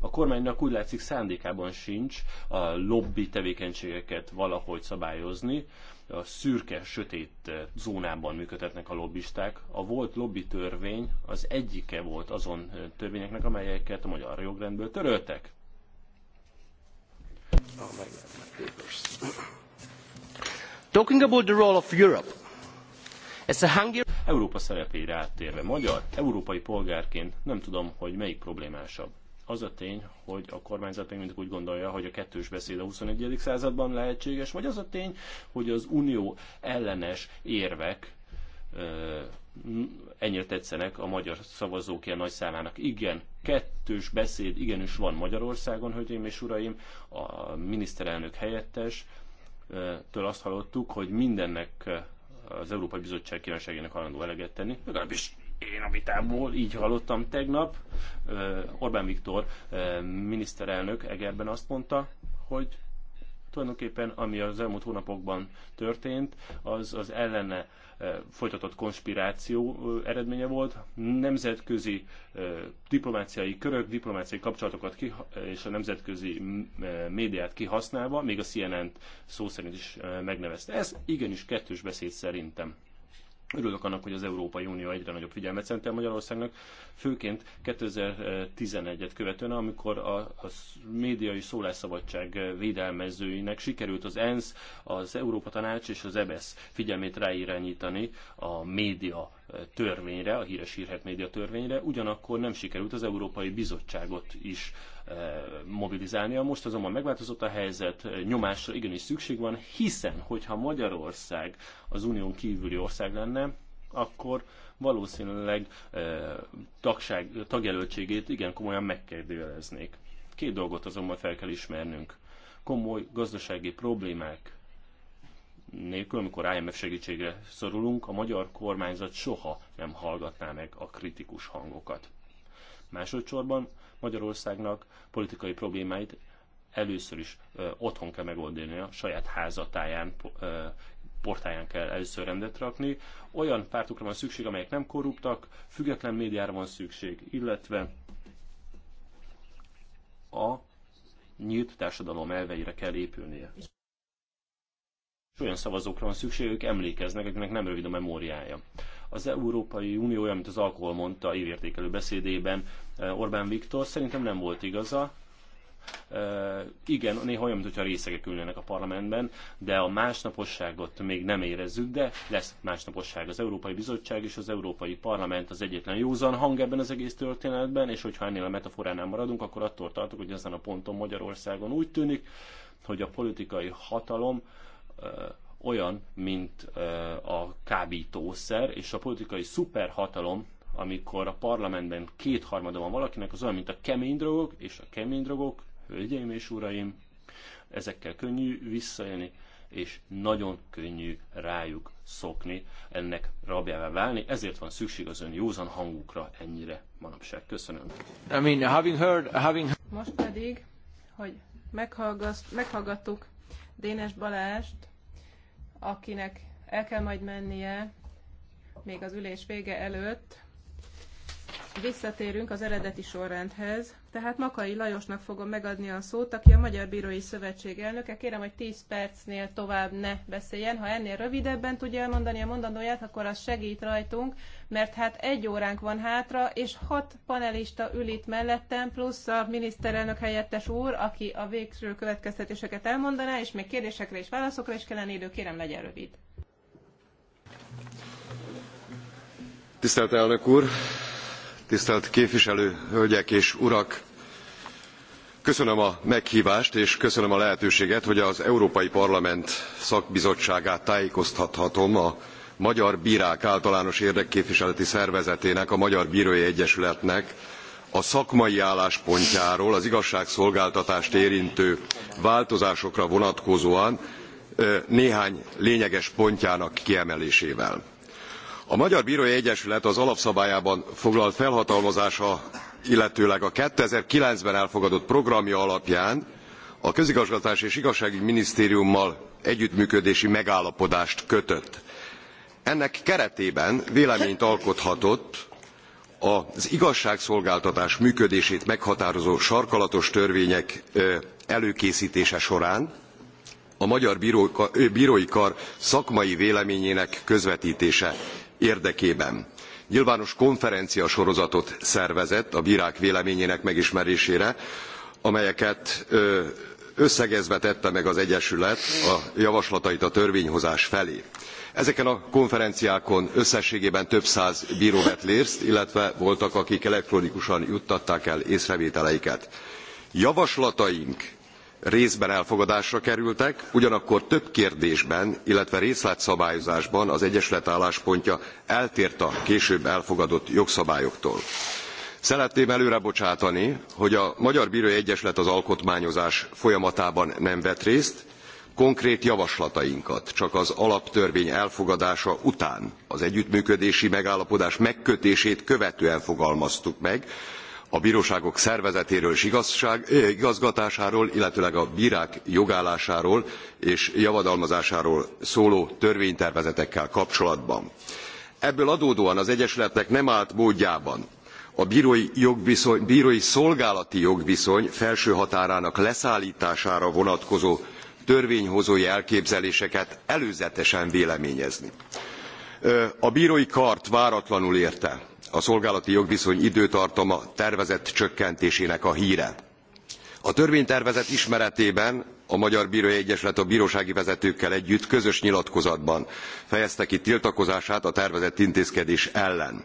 A kormánynak úgy látszik szándékában sincs a lobby tevékenységeket valahogy szabályozni, a szürke, sötét eh, zónában működhetnek a lobbisták. A volt lobby törvény az egyike volt azon eh, törvényeknek, amelyeket a magyar jogrendből töröltek. Talking about the role of Europe. Ez a Hungary... Európa szerepére áttérve magyar, európai polgárként nem tudom, hogy melyik problémásabb. Az a tény, hogy a kormányzat még mindig úgy gondolja, hogy a kettős beszéd a 21. században lehetséges, vagy az a tény, hogy az unió ellenes érvek ennyire tetszenek a magyar szavazók ilyen nagy számának. Igen, kettős beszéd igenis van Magyarországon, hölgyeim és uraim, a miniszterelnök helyettes től azt hallottuk, hogy mindennek az Európai Bizottság kívánságének hajlandó eleget tenni, legalábbis én a vitából így hallottam tegnap, Orbán Viktor miniszterelnök Egerben azt mondta, hogy tulajdonképpen ami az elmúlt hónapokban történt, az az ellene folytatott konspiráció eredménye volt. Nemzetközi diplomáciai körök, diplomáciai kapcsolatokat ki, és a nemzetközi médiát kihasználva, még a CNN-t szó szerint is megnevezte. Ez igenis kettős beszéd szerintem. Örülök annak, hogy az Európai Unió egyre nagyobb figyelmet szentel Magyarországnak, főként 2011-et követően, amikor a, a médiai szólásszabadság védelmezőinek sikerült az ENSZ, az Európa Tanács és az EBSZ figyelmét ráirányítani a média törvényre, a híres hírhet média törvényre, ugyanakkor nem sikerült az Európai Bizottságot is mobilizálnia. Most azonban megváltozott a helyzet, nyomásra igenis szükség van, hiszen hogyha Magyarország az unión kívüli ország lenne, akkor valószínűleg e, tagság, tagjelöltségét igen komolyan megkérdőjeleznék. Két dolgot azonban fel kell ismernünk. Komoly gazdasági problémák nélkül, amikor IMF segítségre szorulunk, a magyar kormányzat soha nem hallgatná meg a kritikus hangokat. Másodszorban Magyarországnak politikai problémáit először is ö, otthon kell a saját házatáján, ö, portáján kell először rendet rakni. Olyan pártokra van szükség, amelyek nem korruptak, független médiára van szükség, illetve a nyílt társadalom elveire kell épülnie. És olyan szavazókra van szükség, ők emlékeznek, akiknek nem rövid a memóriája. Az Európai Unió olyan, mint az alkohol mondta évértékelő beszédében eh, Orbán Viktor, szerintem nem volt igaza. Eh, igen, néha olyan, mintha részegek ülnének a parlamentben, de a másnaposságot még nem érezzük, de lesz másnaposság. Az Európai Bizottság és az Európai Parlament az egyetlen józan hang ebben az egész történetben, és hogyha ennél a metaforánál maradunk, akkor attól tartok, hogy ezen a ponton Magyarországon úgy tűnik, hogy a politikai hatalom eh, olyan, mint a kábítószer, és a politikai szuperhatalom, amikor a parlamentben kétharmada van valakinek, az olyan, mint a kemény drogok, és a kemény drogok, hölgyeim és uraim, ezekkel könnyű visszaélni, és nagyon könnyű rájuk szokni, ennek rabjává válni, ezért van szükség az ön józan hangukra ennyire manapság. Köszönöm. I mean, having heard, having... Most pedig, hogy meghallgattuk Dénes Balást, akinek el kell majd mennie még az ülés vége előtt, visszatérünk az eredeti sorrendhez, tehát Makai Lajosnak fogom megadni a szót, aki a Magyar Bírói Szövetség elnöke. Kérem, hogy 10 percnél tovább ne beszéljen. Ha ennél rövidebben tudja elmondani a mondandóját, akkor az segít rajtunk, mert hát egy óránk van hátra, és hat panelista ül itt mellettem, plusz a miniszterelnök helyettes úr, aki a végső következtetéseket elmondaná, és még kérdésekre és válaszokra is kellene idő. Kérem, legyen rövid. Tisztelt elnök úr, tisztelt képviselő hölgyek és urak! köszönöm a meghvást és köszönöm a lehetőséget hogy az európai parlament szakbizottságát tájékoztathatom a magyar brák általános érdekképviseleti szervezetének a magyar brói egyesületnek a szakmai álláspontjáról az igazságszolgáltatást érintő változásokra vonatkozóan néhány lényeges pontjának kiemelésével a magyar brói egyesület az alapszabályában foglalt felhatalmazása illetőleg a two thousand and nine ben elfogadott programja alapján a Közigazgatási és igazságügyi minisztériummal együttműködési megállapodást kötött. ennek keretében véleményt alkothatott az igazságszolgáltatás működését meghatározó sarkalatos törvények előkésztése során a magyar brói kar szakmai véleményének közvettése érdekében nyilvános konferenciasorozatot szervezett a brák véleményének megismerésére amelyeket összegezve tette meg az egyesület a javaslatait a törvényhozás felé. ezeken a konferenciákon összességében több száz bró vett részt illetve voltak akik elektronikusan juttatták el észrevételeiket. javaslataink részben elfogadásra kerültek ugyanakkor több kérdésben illetve részletszabályozásban az egyesület álláspontja eltért a később elfogadott jogszabályoktól. szeretném előre bocsátani hogy a magyar brói egyesület az alkotmányozás folyamatában nem vett részt konkrét javaslatainkat csak az alaptörvény elfogadása után az együttműködési megállapodás megkötését követően fogalmaztuk meg a bróságok szervezetéről és igazgatásáról illetőleg a brák jogállásáról és javadalmazásáról szóló törvénytervezetekkel kapcsolatban. ebből adódóan az egyesületnek nem állt módjában a brói, bírói szolgálati jogviszony felső határának leszálltására vonatkozó törvényhozói elképzeléseket előzetesen véleményezni. a brói kart váratlanul érte a szolgálati jogviszony időtartama tervezett csökkentésének a hre. a törvénytervezet ismeretében a magyar Bírói egyesület a brósági vezetőkkel együtt közös nyilatkozatban fejezte ki tiltakozását a tervezett intézkedés ellen.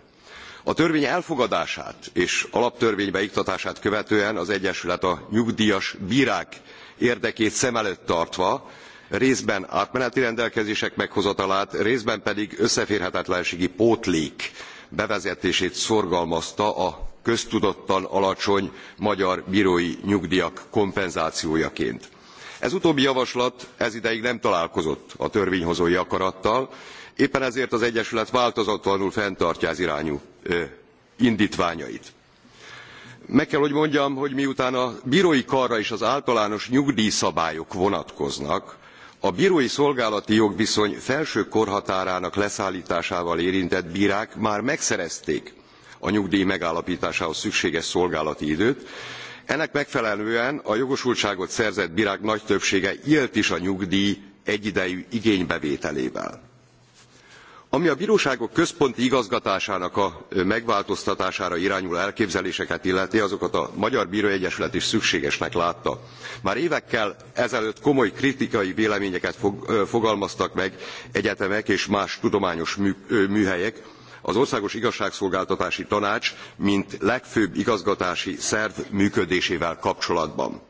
a törvény elfogadását és alaptörvénybe iktatását követően az egyesület a nyugdjas brák érdekét szem előtt tartva részben átmeneti rendelkezések meghozatalát részben pedig összeférhetetlenségi pótlék bevezetését szorgalmazta a köztudottan alacsony magyar brói nyugdjak kompenzációjaként. ez utóbbi javaslat ezidáig nem találkozott a törvényhozói akarattal éppen ezért az egyesület változatlanul fenntartja ez irányú indtványait. meg kell hogy mondjam hogy miután a brói karra is az általános nyugdjszabályok vonatkoznak a brói szolgálati jogviszony felső korhatárának leszálltásával érintett brák már megszerezték a nyugdj megállaptásához szükséges szolgálati időt ennek megfelelően a jogosultságot szerzett brák nagy többsége élt is a nyugdj egyidejű igénybevételével ami a bróságok központi igazgatásának a megváltoztatására irányuló elképzeléseket illeti azokat a magyar bróegyesület is szükségesnek látta. már évekkel ezelőtt komoly kritikai véleményeket fogalmaztak meg egyetemek és más tudományos műhelyek az országos igazságszolgáltatási tanács mint legfőbb igazgatási szerv működésével kapcsolatban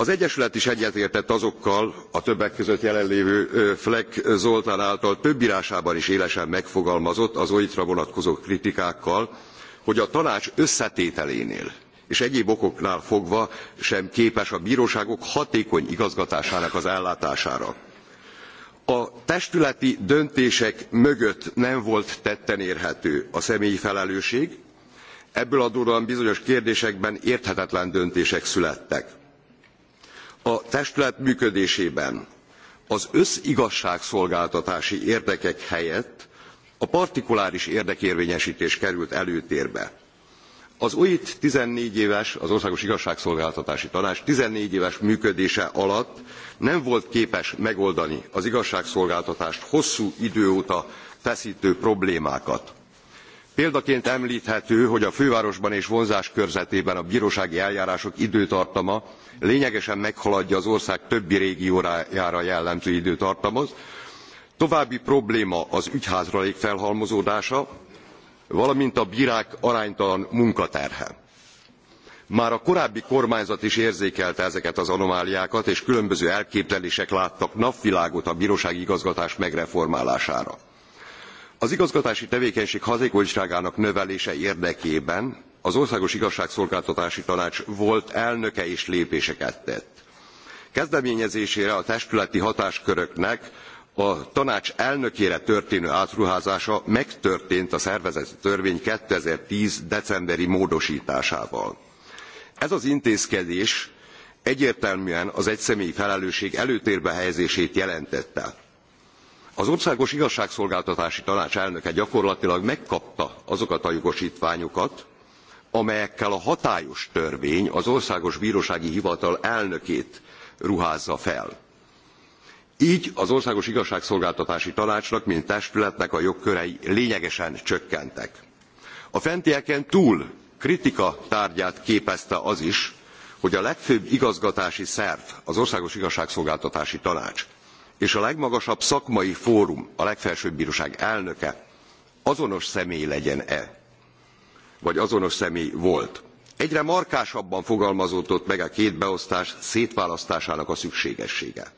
az egyesület is egyetértett azokkal a többek között jelenlévő flek zoltán által több rásában is élesen megfogalmazott az oit ra vonatkozó kritikákkal hogy a tanács összetételénél és egyéb okoknál fogva sem képes a bróságok hatékony igazgatásának az ellátására. a testületi döntések mögött nem volt tetten érhető a személyi felelősség ebből adódóan bizonyos kérdésekben érthetetlen döntések születtek a testület működésében az összigazságszolgáltatási érdekek helyett a partikuláris érdekérvényestés került előtérbe. Az OIT 14 éves, az Országos Igazságszolgáltatási Tanács 14 éves működése alatt nem volt képes megoldani az igazságszolgáltatást hosszú idő óta feszítő problémákat példaként emlthető hogy a fővárosban és vonzás körzetében a brósági eljárások időtartama lényegesen meghaladja az ország többi régiójára jellemző időtartamot további probléma az ügyhátralék felhalmozódása valamint a brák aránytalan munkaterhe. már a korábbi kormányzat is érzékelte ezeket az anomáliákat és különböző elképzelések láttak napvilágot a brósági igazgatás megreformálására az igazgatási tevékenység hatékonyságának növelése érdekében az országos igazságszolgáltatási tanács volt elnöke is lépéseket tett. kezdeményezésére a testületi hatásköröknek a tanács elnökére történő átruházása megtörtént a szervezeti törvény two thousand and ten decemberi módostásával. ez az intézkedés egyértelműen az egyszemélyi felelősség előtérbe helyezését jelentette az Országos Igazságszolgáltatási Tanács elnöke gyakorlatilag megkapta azokat a jogosítványokat, amelyekkel a hatályos törvény az Országos Bírósági Hivatal elnökét ruházza fel. Így az Országos Igazságszolgáltatási Tanácsnak, mint testületnek a jogkörei lényegesen csökkentek. A fentieken túl kritika tárgyát képezte az is, hogy a legfőbb igazgatási szerv, az Országos Igazságszolgáltatási Tanács és a legmagasabb szakmai fórum, a legfelsőbb bíróság elnöke azonos személy legyen-e, vagy azonos személy volt. Egyre markásabban fogalmazódott meg a két beosztás szétválasztásának a szükségessége.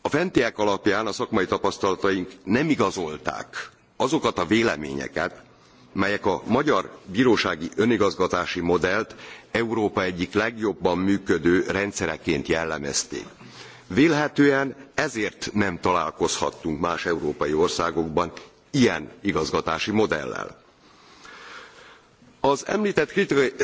A fentiek alapján a szakmai tapasztalataink nem igazolták azokat a véleményeket, melyek a magyar bírósági önigazgatási modellt Európa egyik legjobban működő rendszereként jellemezték Vélhetően ezért nem találkozhattunk más európai országokban ilyen igazgatási modellel. Az említett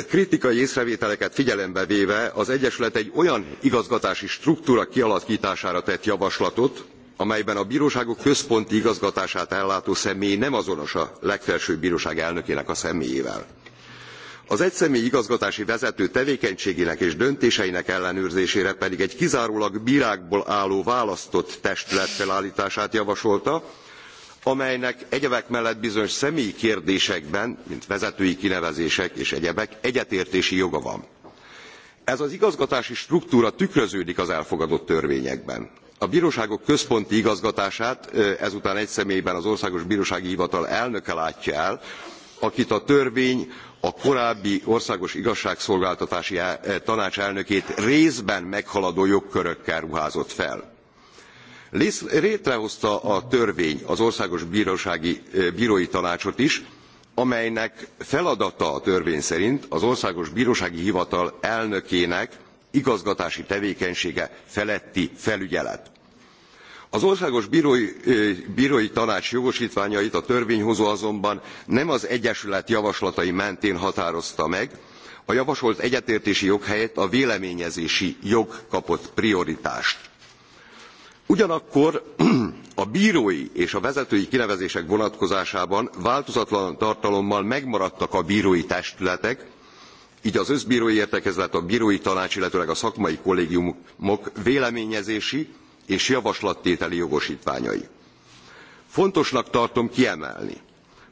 kritikai észrevételeket figyelembe véve az Egyesület egy olyan igazgatási struktúra kialaktására tett javaslatot, amelyben a bróságok központi igazgatását ellátó személy nem azonos a legfelsőbb bróság elnökének a személyével az egyszemélyi igazgatási vezető tevékenységének és döntéseinek ellenőrzésére pedig egy kizárólag brákból álló választott testület felálltását javasolta amelynek egyebek mellett bizonyos személyi kérdésekben mint vezetői kinevezések és egyebek egyetértési joga van. ez az igazgatási struktúra tükröződik az elfogadott törvényekben. a bróságok központi igazgatását ezután egy személyben az országos brósági hivatal elnöke látja el akit a törvény a korábbi országos igazságszolgáltatási eh, tanács elnökét részben meghaladó jogkörökkel ruházott fel. létrehozta a törvény az országos bírósági, eh, bírói tanácsot is amelynek feladata a törvény szerint az országos brósági hivatal elnökének igazgatási tevékenysége feletti felügyelet az országos brói, tanács jogostványait a törvényhozó azonban nem az egyesület javaslatai mentén határozta meg a javasolt egyetértési jog helyett a véleményezési jog kapott prioritást. ugyanakkor a brói és a vezetői kinevezések vonatkozásában változatlan tartalommal megmaradtak a brói testületek gy az összbrói értekezlet a brói tanács illetőleg a szakmai kollégiumok véleményezési és javaslattételi jogosítványai. Fontosnak tartom kiemelni,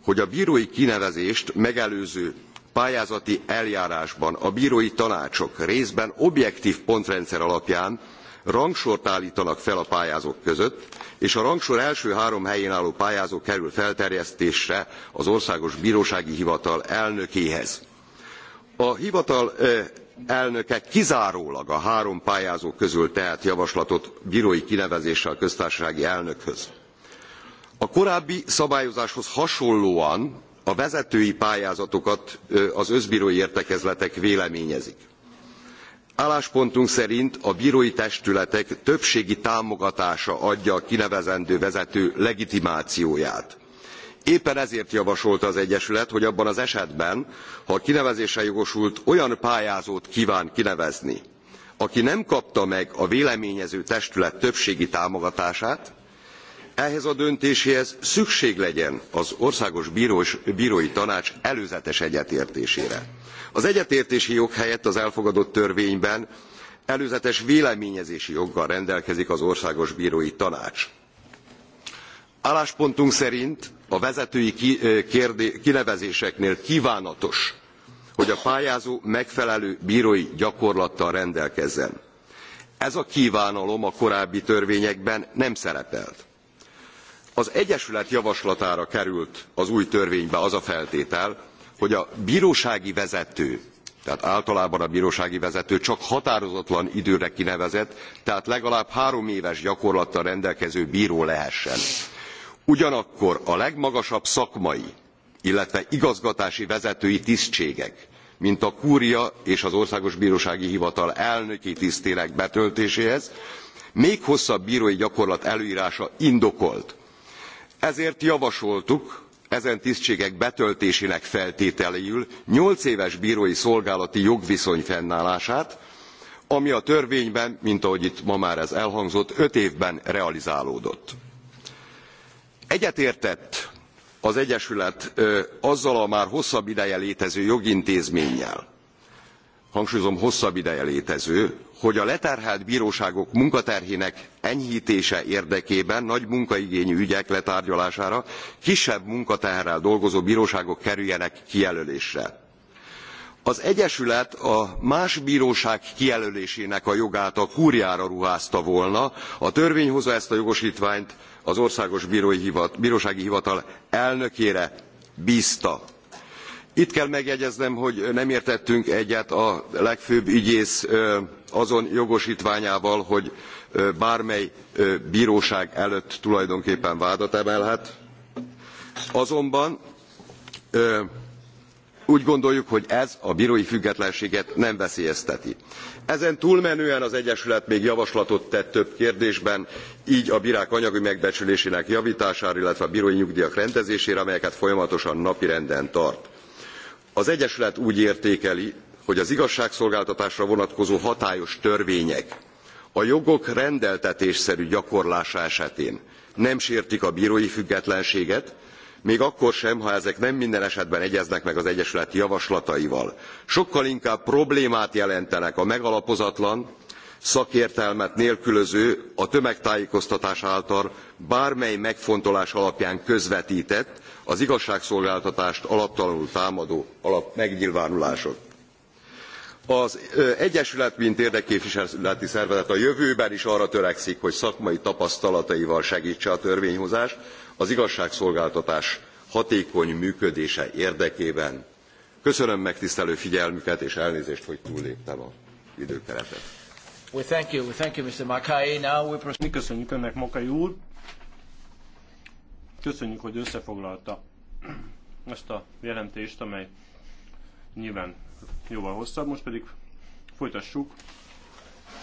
hogy a bírói kinevezést megelőző pályázati eljárásban a bírói tanácsok részben objektv pontrendszer alapján rangsort álltanak fel a pályázók között és a rangsor első három helyén álló pályázó kerül felterjesztésre az országos brósági hivatal elnökéhez. a hivatal elnöke kizárólag a három pályázó közül tehet javaslatot brói kinevezésre a köztársasági elnökhöz. a korábbi szabályozáshoz hasonlóan a vezetői pályázatokat az összbrói értekezletek véleményezik. álláspontunk szerint a brói testületek többségi támogatása adja a kinevezendő vezető legitimációját éppen ezért javasolta az egyesület hogy abban az esetben ha a kinevezésre jogosult olyan pályázót kván kinevezni aki nem kapta meg a véleményező testület többségi támogatását ehhez a döntéséhez szükség legyen az országos brói tanács előzetes egyetértésére. az egyetértési jog helyett az elfogadott törvényben előzetes véleményezési joggal rendelkezik az országos brói tanács álláspontunk szerint a vezetői kinevezéseknél kvánatos hogy a pályázó megfelelő brói gyakorlattal rendelkezzen. ez a kvánalom a korábbi törvényekben nem szerepelt. az egyesület javaslatára került az új törvénybe az a feltétel hogy a brósági vezető tehát általában a brósági vezető csak határozatlan időre kinevezett tehát legalább három éves gyakorlattal rendelkező bró lehessen ugyanakkor a legmagasabb szakmai illetve igazgatási vezetői tisztségek mint a kúria és az országos brósági hivatal elnöki tisztének betöltéséhez még hosszabb brói gyakorlat előrása indokolt ezért javasoltuk ezen tisztségek betöltésének feltételéül nyolc éves brói szolgálati jogviszony fennállását ami a törvényben mint ahogy itt ma már ez elhangzott öt évben realizálódott egyetértett az egyesület azzal a már hosszabb ideje létező jogintézménnyel hangsúlyozom hosszabb ideje létező hogy a leterhelt bróságok munkaterhének enyhtése érdekében nagy munkaigényű ügyek letárgyalására kisebb munkaterhel dolgozó bróságok kerüljenek kijelölésre. az egyesület a más bróság kijelölésének a jogát a kúriára ruházta volna a törvényhozó ezt a jogostványt az Országos brósági Bírósági Hivatal elnökére bízta. Itt kell megjegyeznem, hogy nem értettünk egyet a legfőbb ügyész azon jogostványával hogy bármely bíróság előtt tulajdonképpen vádat emelhet. Azonban úgy gondoljuk, hogy ez a bírói függetlenséget nem veszélyezteti ezen túlmenően az egyesület még javaslatot tett több kérdésben gy a brák anyagi megbecsülésének javtására illetve a brói nyugdjak rendezésére amelyeket folyamatosan napirenden tart. az egyesület úgy értékeli hogy az igazságszolgáltatásra vonatkozó hatályos törvények a jogok rendeltetésszerű gyakorlása esetén nem sértik a brói függetlenséget még akkor sem ha ezek nem minden esetben egyeznek meg az egyesület javaslataival. sokkal inkább problémát jelentenek a megalapozatlan szakértelmet nélkülöző a tömegtájékoztatás által bármely megfontolás alapján közvettett az igazságszolgáltatást alaptalanul támadó alap megnyilvánulások. az egyesület mint érdekképviseleti szervezet a jövőben is arra törekszik hogy szakmai tapasztalataival segtse a törvényhozást az igazságszolgáltatás hatékony működése érdekében. Köszönöm megtisztelő figyelmüket, és elnézést, hogy túlléptem a időkeretet. We thank you, we thank you, Mr. Makai. Now we Mi köszönjük önnek, Makai úr. Köszönjük, hogy összefoglalta ezt a jelentést, amely nyilván jóval hosszabb. Most pedig folytassuk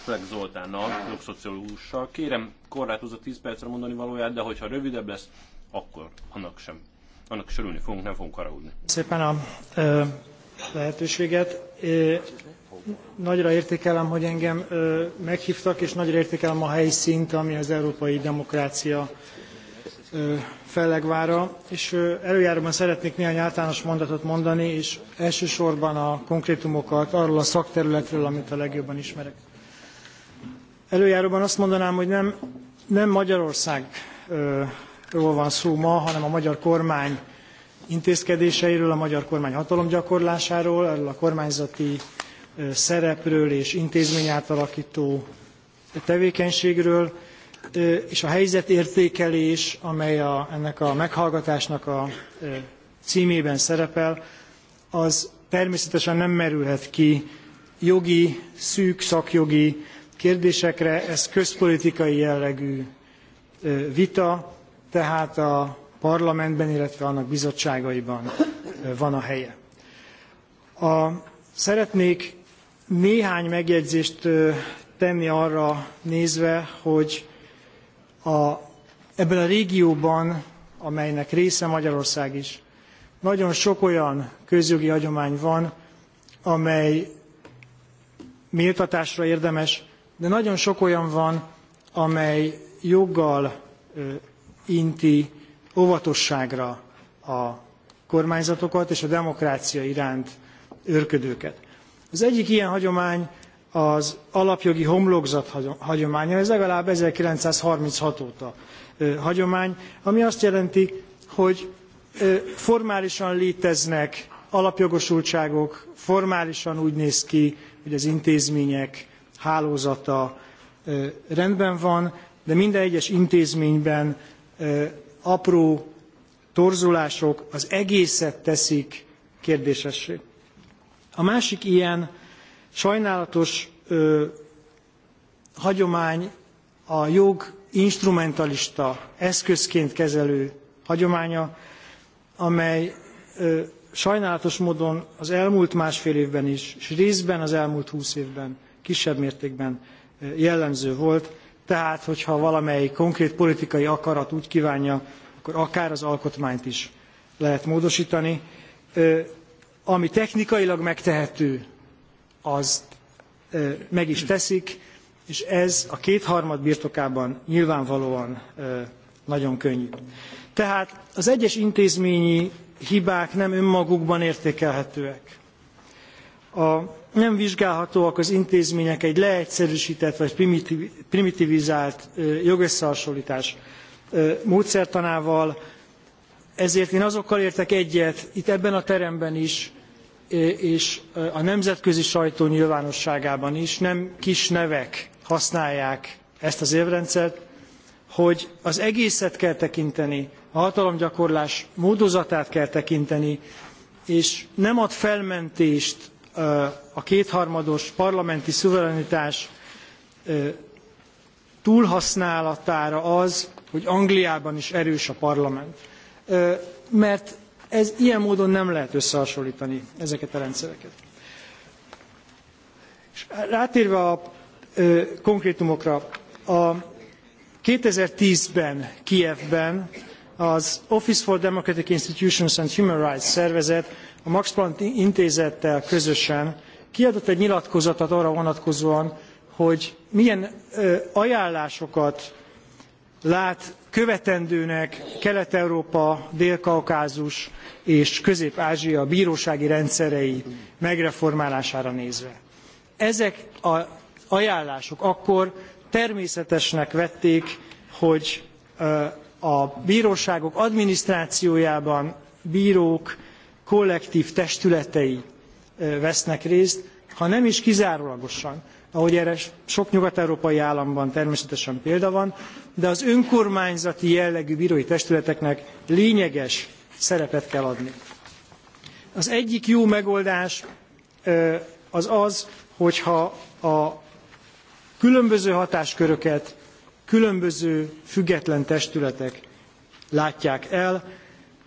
Flex Zoltánnal, jogszociológussal. Kérem, korlátozza 10 percre mondani valóját, de hogyha rövidebb lesz, akkor annak sem. Annak is örülni fogunk, nem fogunk haragudni. Szépen a ö, lehetőséget. É, nagyra értékelem, hogy engem ö, meghívtak, és nagyra értékelem a helyszínt, ami az európai demokrácia ö, fellegvára, és előjáróban szeretnék néhány általános mondatot mondani, és elsősorban a konkrétumokat arról a szakterületről, amit a legjobban ismerek. Előjáróban azt mondanám, hogy nem, nem Magyarországról van szó ma, hanem a magyar kormány intézkedéseiről, a magyar kormány hatalomgyakorlásáról, erről a kormányzati szerepről és intézményátalakító tevékenységről, és a helyzetértékelés, amely a, ennek a meghallgatásnak a címében szerepel, az természetesen nem merülhet ki jogi, szűk szakjogi kérdésekre. Ez közpolitikai jellegű vita, tehát a parlamentben, illetve annak bizottságaiban van a helye. A, szeretnék néhány megjegyzést tenni arra nézve, hogy a, ebben a régióban, amelynek része Magyarország is, nagyon sok olyan közjogi hagyomány van, amely méltatásra érdemes, de nagyon sok olyan van, amely joggal inti óvatosságra a kormányzatokat és a demokrácia iránt őrködőket. Az egyik ilyen hagyomány az alapjogi homlokzat hagyománya, ez legalább 1936 óta hagyomány, ami azt jelenti, hogy formálisan léteznek alapjogosultságok, formálisan úgy néz ki, hogy az intézmények hálózata rendben van, de minden egyes intézményben apró torzulások az egészet teszik kérdésessé. A másik ilyen sajnálatos hagyomány a jog instrumentalista eszközként kezelő hagyománya, amely sajnálatos módon az elmúlt másfél évben is, és részben az elmúlt húsz évben kisebb mértékben jellemző volt. Tehát, hogyha valamelyik konkrét politikai akarat úgy kívánja, akkor akár az alkotmányt is lehet módosítani. Ami technikailag megtehető, azt meg is teszik, és ez a kétharmad birtokában nyilvánvalóan nagyon könnyű. Tehát az egyes intézményi hibák nem önmagukban értékelhetőek. A nem vizsgálhatóak az intézmények egy leegyszerűsített vagy primitivizált jogösszehasonlítás módszertanával, ezért én azokkal értek egyet itt ebben a teremben is, és a nemzetközi sajtó nyilvánosságában is nem kis nevek használják ezt az érvrendszert, hogy az egészet kell tekinteni, a hatalomgyakorlás módozatát kell tekinteni, és nem ad felmentést a kétharmados parlamenti szuverenitás túlhasználatára az, hogy Angliában is erős a parlament. Mert ez ilyen módon nem lehet összehasonlítani ezeket a rendszereket. És rátérve a ö, konkrétumokra, a 2010-ben Kijevben az Office for Democratic Institutions and Human Rights szervezet a Max Planck intézettel közösen kiadott egy nyilatkozatot arra vonatkozóan, hogy milyen ajánlásokat lát követendőnek Kelet-Európa, Dél-Kaukázus és Közép-Ázsia bírósági rendszerei megreformálására nézve. Ezek az ajánlások akkor természetesnek vették, hogy a bíróságok adminisztrációjában bírók kollektív testületei vesznek részt, ha nem is kizárólagosan, ahogy erre sok nyugat-európai államban természetesen példa van, de az önkormányzati jellegű bírói testületeknek lényeges szerepet kell adni. Az egyik jó megoldás az az, hogyha a különböző hatásköröket különböző független testületek látják el,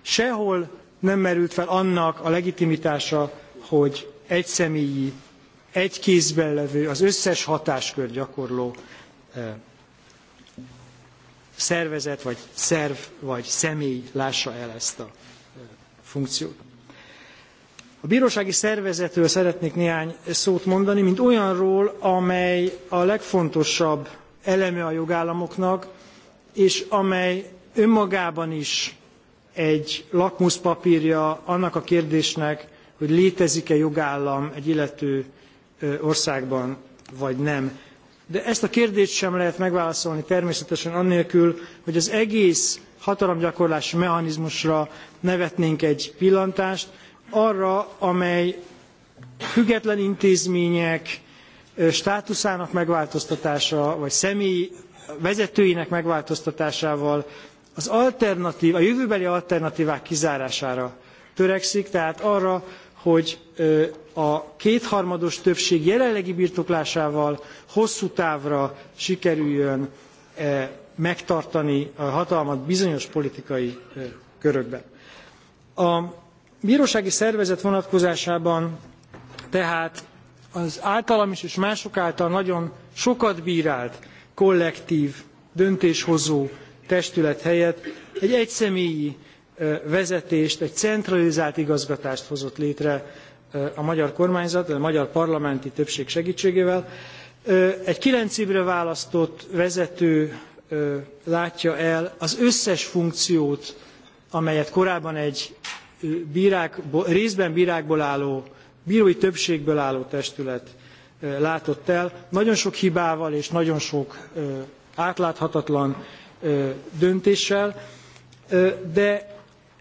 sehol nem merült fel annak a legitimitása, hogy egyszemélyi, egy kézben levő, az összes hatáskör gyakorló szervezet, vagy szerv, vagy személy lássa el ezt a funkciót. A bírósági szervezetről szeretnék néhány szót mondani, mint olyanról, amely a legfontosabb eleme a jogállamoknak, és amely önmagában is egy lakmuszpapírja annak a kérdésnek, hogy létezik-e jogállam egy illető országban, vagy nem. De ezt a kérdést sem lehet megválaszolni természetesen annélkül, hogy az egész hatalomgyakorlási mechanizmusra nevetnénk egy pillantást, arra, amely független intézmények státuszának megváltoztatása, vagy személy vezetőinek megváltoztatásával az alternatív, a jövőbeli alternatívák kizárására törekszik, tehát arra, hogy a kétharmados többség jelenlegi birtoklásával hosszú távra sikerüljön e, megtartani a hatalmat bizonyos politikai körökben. A bírósági szervezet vonatkozásában tehát az általam is és mások által nagyon sokat bírált kollektív döntéshozó testület helyett egy egyszemélyi vezetést, egy centralizált igazgatást hozott létre a magyar kormányzat, a magyar parlamenti többség segítségével. Egy kilenc évre választott vezető látja el az összes funkciót, amelyet korábban egy bírák, részben bírákból álló, bírói többségből álló testület látott el, nagyon sok hibával és nagyon sok átláthatatlan döntéssel, de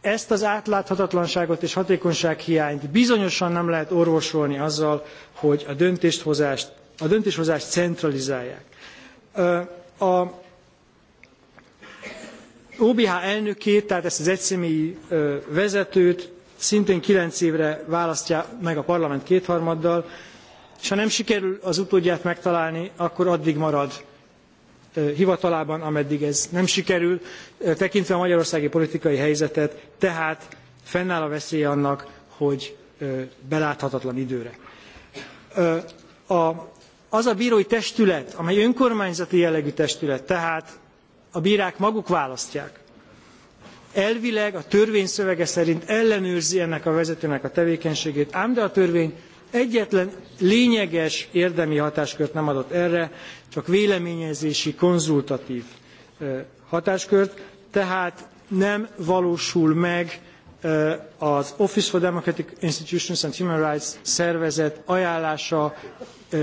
ezt az átláthatatlanságot és hatékonysághiányt bizonyosan nem lehet orvosolni azzal, hogy a döntéshozást, a döntéshozást centralizálják. A OBH elnökét, tehát ezt az egyszemélyi vezetőt szintén kilenc évre választja meg a parlament kétharmaddal, és ha nem sikerül az utódját megtalálni, akkor addig marad hivatalában, ameddig ez nem sikerül, tekintve a magyarországi politikai helyzetet, tehát fennáll a veszélye annak, hogy beláthatatlan időre. Az a bírói testület, amely önkormányzati jellegű testület, tehát a bírák maguk választják, elvileg a törvény szövege szerint ellenőrzi ennek a vezetőnek a tevékenységét, ám de a törvény Egyetlen lényeges érdemi hatáskört nem adott erre, csak véleményezési, konzultatív hatáskört, tehát nem valósul meg az Office for Democratic Institutions and Human Rights szervezet ajánlása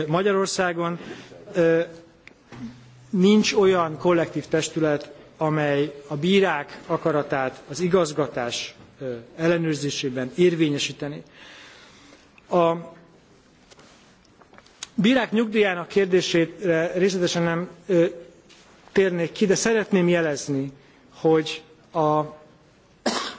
Magyarországon. Nincs olyan kollektív testület, amely a bírák akaratát az igazgatás ellenőrzésében érvényesíteni. A brák nyugdjának kérdésére részletesen nem térnék ki, de szeretném jelezni, hogy a,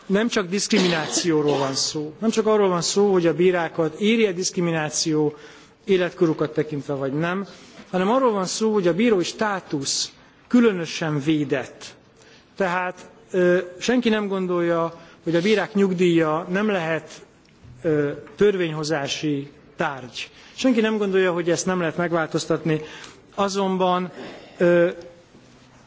nem csak diszkriminációról van szó. Nem csak arról van szó, hogy a bírákat a diszkrimináció életkorukat tekintve vagy nem, hanem arról van szó, hogy a bírói státusz különösen védett. Tehát ö, senki nem gondolja, hogy a bírák nyugdíja nem lehet ö, törvényhozási tárgy. Senki nem gondolja, hogy ezt nem lehet megváltoztatni, azonban ö,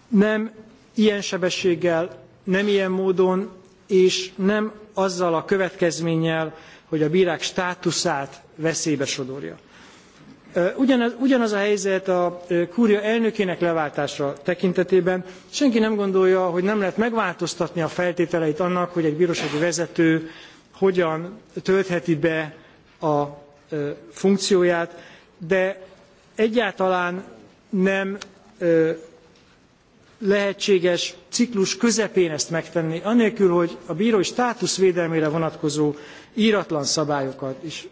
nem ilyen sebességgel, nem ilyen módon, és nem azzal a következménnyel, hogy a bírák státuszát veszélybe sodorja. Ugyanaz, ugyanaz, a helyzet a kúria elnökének leváltása tekintetében. Senki nem gondolja, hogy nem lehet megváltoztatni a feltételeit annak, hogy egy bírósági vezető hogyan töltheti be a funkcióját, de egyáltalán nem lehetséges ciklus közepén ezt megtenni, anélkül, hogy a bírói státusz védelmére vonatkozó íratlan szabályokat és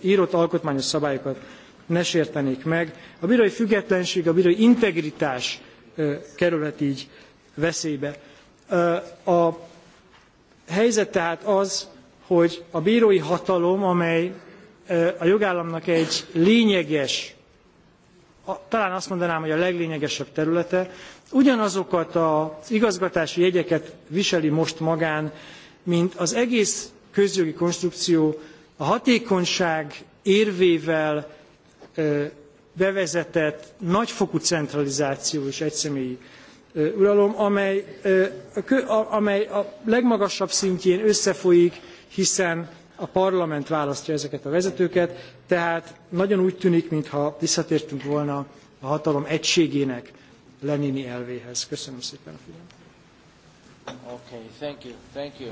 írott alkotmányos szabályokat ne sértenék meg. A bírói függetlenség, a bírói integritás kerülhet így veszélybe. A helyzet tehát az, hogy a bírói hatalom, amely a jogállamnak egy lényeges, talán azt mondanám, hogy a leglényegesebb területe, ugyanazokat az igazgatási jegyeket viseli most magán, mint az egész közjogi konstrukció a hatékonyság érvével bevezetett nagyfokú centralizáció és egyszemélyi uralom, amely, amely a legmagasabb szintjén összefolyik, hiszen a parlament választja ezeket a vezetőket, tehát nagyon úgy tűnik, mintha visszatértünk volna a hatalom egységének Lenini elvéhez. Köszönöm szépen a figyelmet. Okay, thank you, thank you.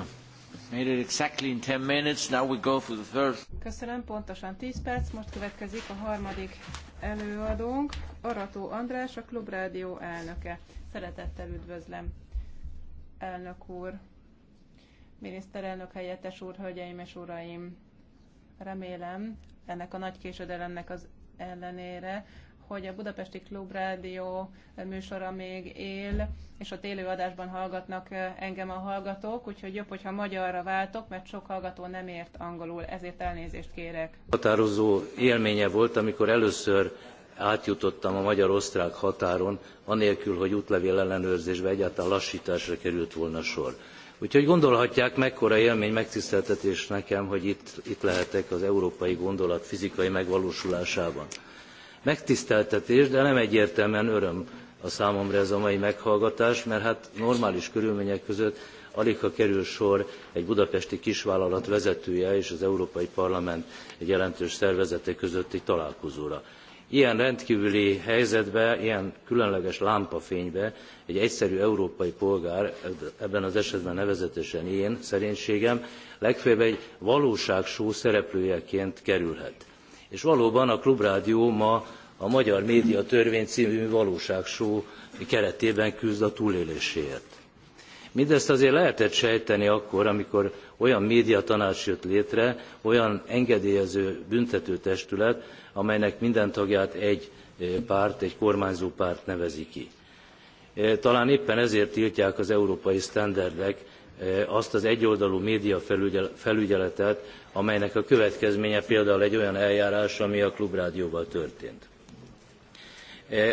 Made it exactly in 10 minutes, now we go for the third. Köszönöm, pontosan 10 perc, most következik a harmadik előadónk, Arató András, a Klubrádió elnöke. Szeretettel üdvözlem, elnök úr. Miniszterelnök helyettes úr, hölgyeim és uraim, remélem ennek a nagy késődelemnek az ellenére, hogy a Budapesti Klub Rádió műsora még él, és a télő adásban hallgatnak eh, engem a hallgatók, úgyhogy jobb, hogyha magyarra váltok, mert sok hallgató nem ért angolul, ezért elnézést kérek. Határozó élménye volt, amikor először átjutottam a magyar-osztrák határon, anélkül, hogy útlevél ellenőrzésbe egyáltalán lassításra került volna sor Úgyhogy gondolhatják, mekkora élmény, megtiszteltetés nekem, hogy itt, itt lehetek az európai gondolat fizikai megvalósulásában. Megtiszteltetés, de nem egyértelműen öröm a számomra ez a mai meghallgatás, mert hát normális körülmények között alig ha kerül sor egy budapesti kisvállalat vezetője és az Európai Parlament egy jelentős szervezete közötti találkozóra ilyen rendkvüli helyzetben ilyen különleges lámpafényben egy egyszerű európai polgár ebben az esetben nevezetesen én szerénységem legfeljebb egy valóságshow szereplőjeként kerülhet. és valóban a klubrádió ma a magyar médiatörvény című valóságshow keretében küzd a túléléséért. mindezt azért lehetett sejteni akkor amikor olyan médiatanács jött létre olyan engedélyező büntetőtestület amelynek minden tagját egy párt, egy kormányzó párt nevezi ki. Talán éppen ezért tiltják az európai sztenderdek azt az egyoldalú média felügyeletet, amelynek a következménye például egy olyan eljárás, ami a klubrádióval történt.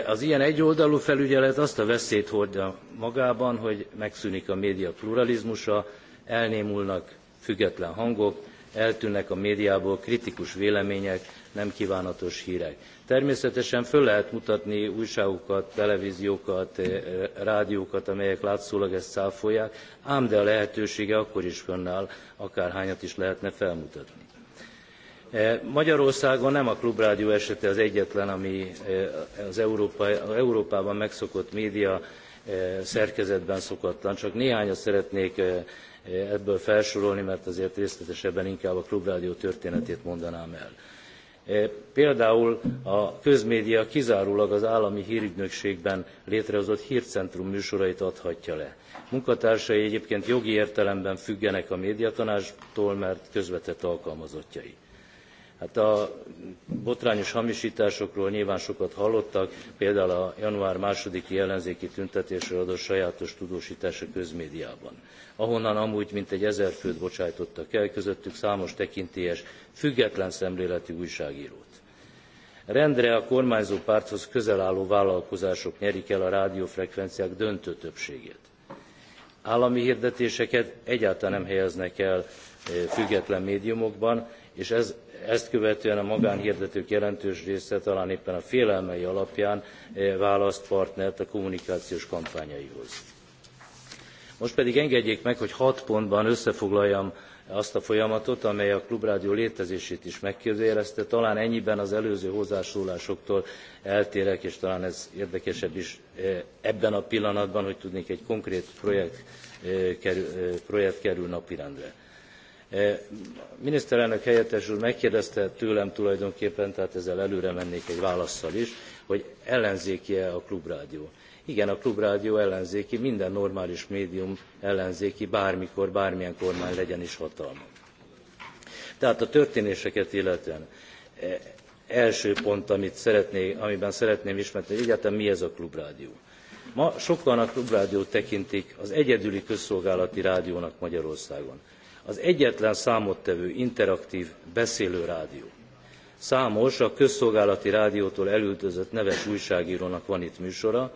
Az ilyen egyoldalú felügyelet azt a veszélyt hordja magában, hogy megszűnik a média pluralizmusa, elnémulnak független hangok, eltűnnek a médiából kritikus vélemények, nem kívánatos hírek. Természetesen föl lehet mutatni újságokat, televíziókat, eh, eh, rádiókat, amelyek látszólag ezt cáfolják, ám de a lehetősége akkor is fönnáll, akárhányat is lehetne felmutatni. Eh, Magyarországon nem a klubrádió esete az egyetlen, ami az Európában megszokott média szerkezetben szokatlan. Csak néhányat szeretnék ebből felsorolni, mert azért részletesebben inkább a klubrádió történetét mondanám el. E, például a közmédia kizárólag az állami hrügynökségben létrehozott hrcentrum műsorait adhatja le. munkatársai egyébként jogi értelemben függenek a médiatanácstól mert közvetett alkalmazottjai. Hát a botrányos hamisításokról nyilván sokat hallottak, például a január másodiki ellenzéki tüntetésről adott sajátos a közmédiában, ahonnan amúgy mintegy ezer főt bocsájtottak el, közöttük számos tekintélyes, független szemléletű újságírót. Rendre a kormányzó párthoz közel álló vállalkozások nyerik el a rádiófrekvenciák döntő többségét. Állami hirdetéseket egyáltalán nem helyeznek el eh, független médiumokban, és ez ezt követően a magánhirdetők jelentős része talán éppen a félelmei alapján eh, választ partnert a kommunikációs kampányaihoz. Most pedig engedjék meg, hogy hat pontban összefoglaljam azt a folyamatot, amely a klubrádió létezését is megkérdőjelezte. Talán ennyiben az előző hozzászólásoktól eltérek, és talán ez érdekesebb is eh, ebben a pillanatban, hogy tudnék egy konkrét projekt eh, projekt kerül napirendre Eh, miniszterelnök helyettes úr megkérdezte tőlem tulajdonképpen tehát ezzel előre mennék egy válasszal is hogy ellenzéki e a klubrádió. igen a klubrádió ellenzéki minden normális médium ellenzéki bármikor bármilyen kormány legyen is hatalmon. tehát a történéseket illetően eh, első pont amit szeretné, amiben szeretném ismertetni hogy egyáltalán mi ez a klubrádió. ma sokan a klubrádiót tekintik az egyedüli közszolgálati rádiónak magyarországon az egyetlen számottevő interaktív beszélő rádió. Számos a közszolgálati rádiótól elüldözött neves újságírónak van itt műsora,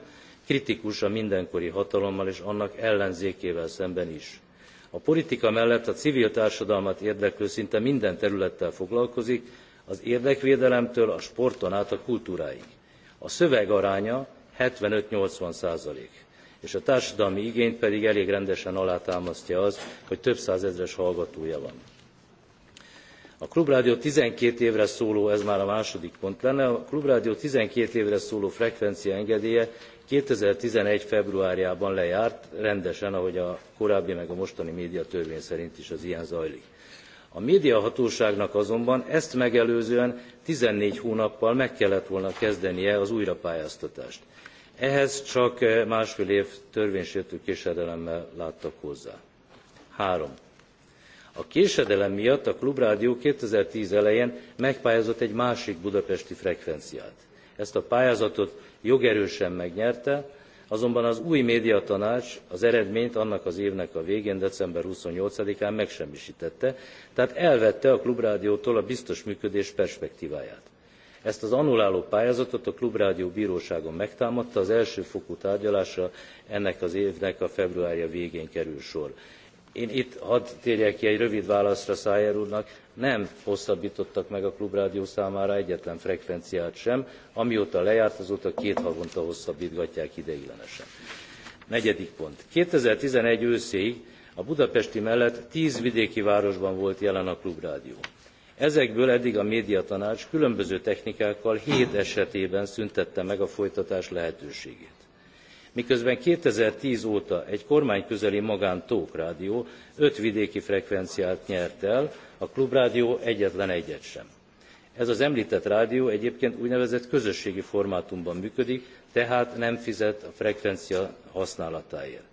kritikus a mindenkori hatalommal és annak ellenzékével szemben is. A politika mellett a civil társadalmat érdeklő szinte minden területtel foglalkozik, az érdekvédelemtől a sporton át a kultúráig. A szöveg aránya 75-80 százalék és a társadalmi igényt pedig elég rendesen alátámasztja az, hogy több százezres hallgatója van. A Klubrádió 12 évre szóló, ez már a második pont lenne, a Klubrádió 12 évre szóló frekvencia engedélye 2011. februárjában lejárt, rendesen, ahogy a korábbi meg a mostani médiatörvény szerint is az ilyen zajlik. A médiahatóságnak azonban ezt megelőzően 14 hónappal meg kellett volna kezdenie az újrapályáztatást ehhez csak eh, másfél év törvénysértő késedelemmel láttak hozzá. három a késedelem miatt a klubrádió two thousand and ten elején megpályázott egy másik budapesti frekvenciát. ezt a pályázatot jogerősen megnyerte azonban az új médiatanács az eredményt annak az évnek a végén december twenty eight án megsemmistette tehát elvette a klubrádiótól a biztos működés perspektváját ezt az annuláló pályázatot a klubrádió bróságon megtámadta az első fokú tárgyalásra ennek az évnek a februárja végén kerül sor. én itt hadd térjek ki egy rövid válaszra szájer úrnak nem hosszabbtottak meg a klubrádió számára egyetlen frekvenciát sem amióta lejárt azóta két havonta hosszabbtgatják ideiglenesen. negyedik pont two thousand and eleven őszéig a budapesti mellett tíz vidéki városban volt jelen a klubrádió ezekből eddig a médiatanács különböző technikákkal hét esetében szüntette meg a folytatás lehetőségét miközben two thousand and ten óta egy kormányközeli magántók rádió öt vidéki frekvenciát nyert el a klubrádió egyetlen egyet sem. ez az emltett rádió egyébként úgynevezett közösségi formátumban működik tehát nem fizet a frekvencia használatáért.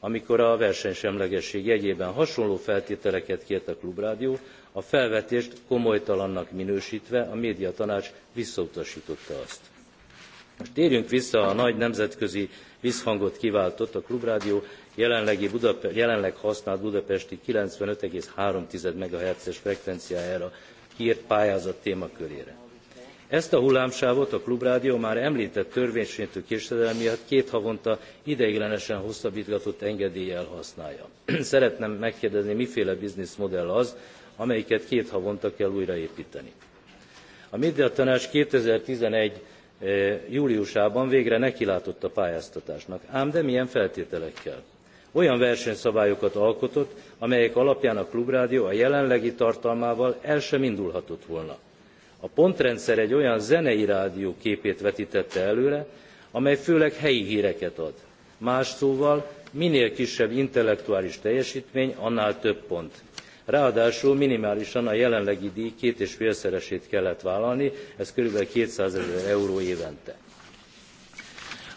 amikor a versenysemlegesség jegyében hasonló feltételeket kért a klubrádió a felvetést komolytalannak minőstve a médiatanács visszautastotta azt. most térjünk vissza a nagy nemzetközi visszhangot kiváltott a klubrádió jelenlegi Budapest, jelenleg használt budapesti ninety five three mhz es frekvenciájára kirt pályázat témakörére. ezt a hullámsávot a klubrádió már emltett törvénysértő késedelem miatt két havonta ideiglenesen hosszabbtgatott engedéllyel használja. szeretném megkérdezni miféle bizniszmodell az amelyiket két havonta kell újraépíteni. A médiatanács 2011 eh, júliusában végre nekilátott a pályáztatásnak ám de milyen feltételekkel? olyan versenyszabályokat alkotott amelyek alapján a klubrádió a jelenlegi tartalmával el sem indulhatott volna. a pontrendszer egy olyan zenei rádió képét vettette előre amely főleg helyi híreket ad más szóval minél kisebb intellektuális teljestmény annál több pont ráadásul minimálisan a jelenlegi dj két és félszeresét kellett vállalni ez körülbelül kétszázezer euró évente.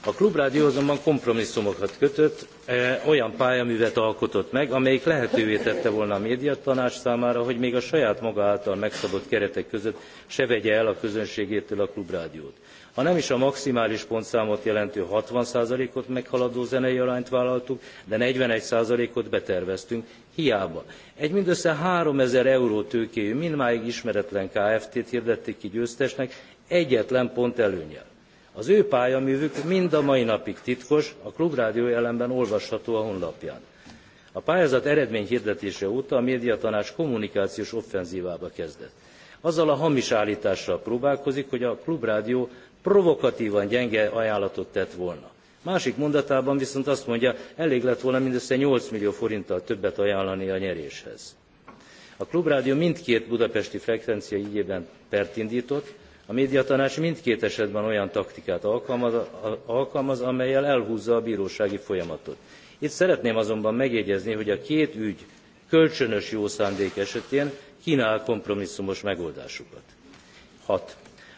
a klubrádió azonban kompromisszumokat kötött e, olyan pályaművet alkotott meg amelyik lehetővé tette volna a médiatanács számára hogy még a saját maga által megszabott keretek között se vegye el a közönségétől a klubrádiót ha nem is a maximális pontszámot jelentő sixty ot meghaladó zenei arányt vállaltuk de forty one ot beterveztünk hiába. egy mindössze three thousand euró tőkéjű mindmáig ismeretlen kft t hirdették ki győztesnek egyetlen pont előnnyel. az ő pályaművük mind a mai napig titkos a klubrádió ellenben olvasható a honlapján. a pályázat eredményhirdetése óta a médiatanács kommunikációs offenzívába kezdett. azzal a hamis álltással próbálkozik hogy a klubrádió provokatvan gyenge ajánlatot tett volna. másik mondatában viszont azt mondja elég lett volna mindössze eight millió forinttal többet ajánlani a nyeréshez. a klubrádió mindkét budapesti frekvencia ügyében pert indtott a médiatanács mindkét esetben olyan taktikát alkalmaz, alkalmaz amellyel elhúzza a brósági folyamatot. itt szeretném azonban megjegyezni hogy a két ügy kölcsönös jó szándék esetén knál kompromisszumos megoldásokat. Hat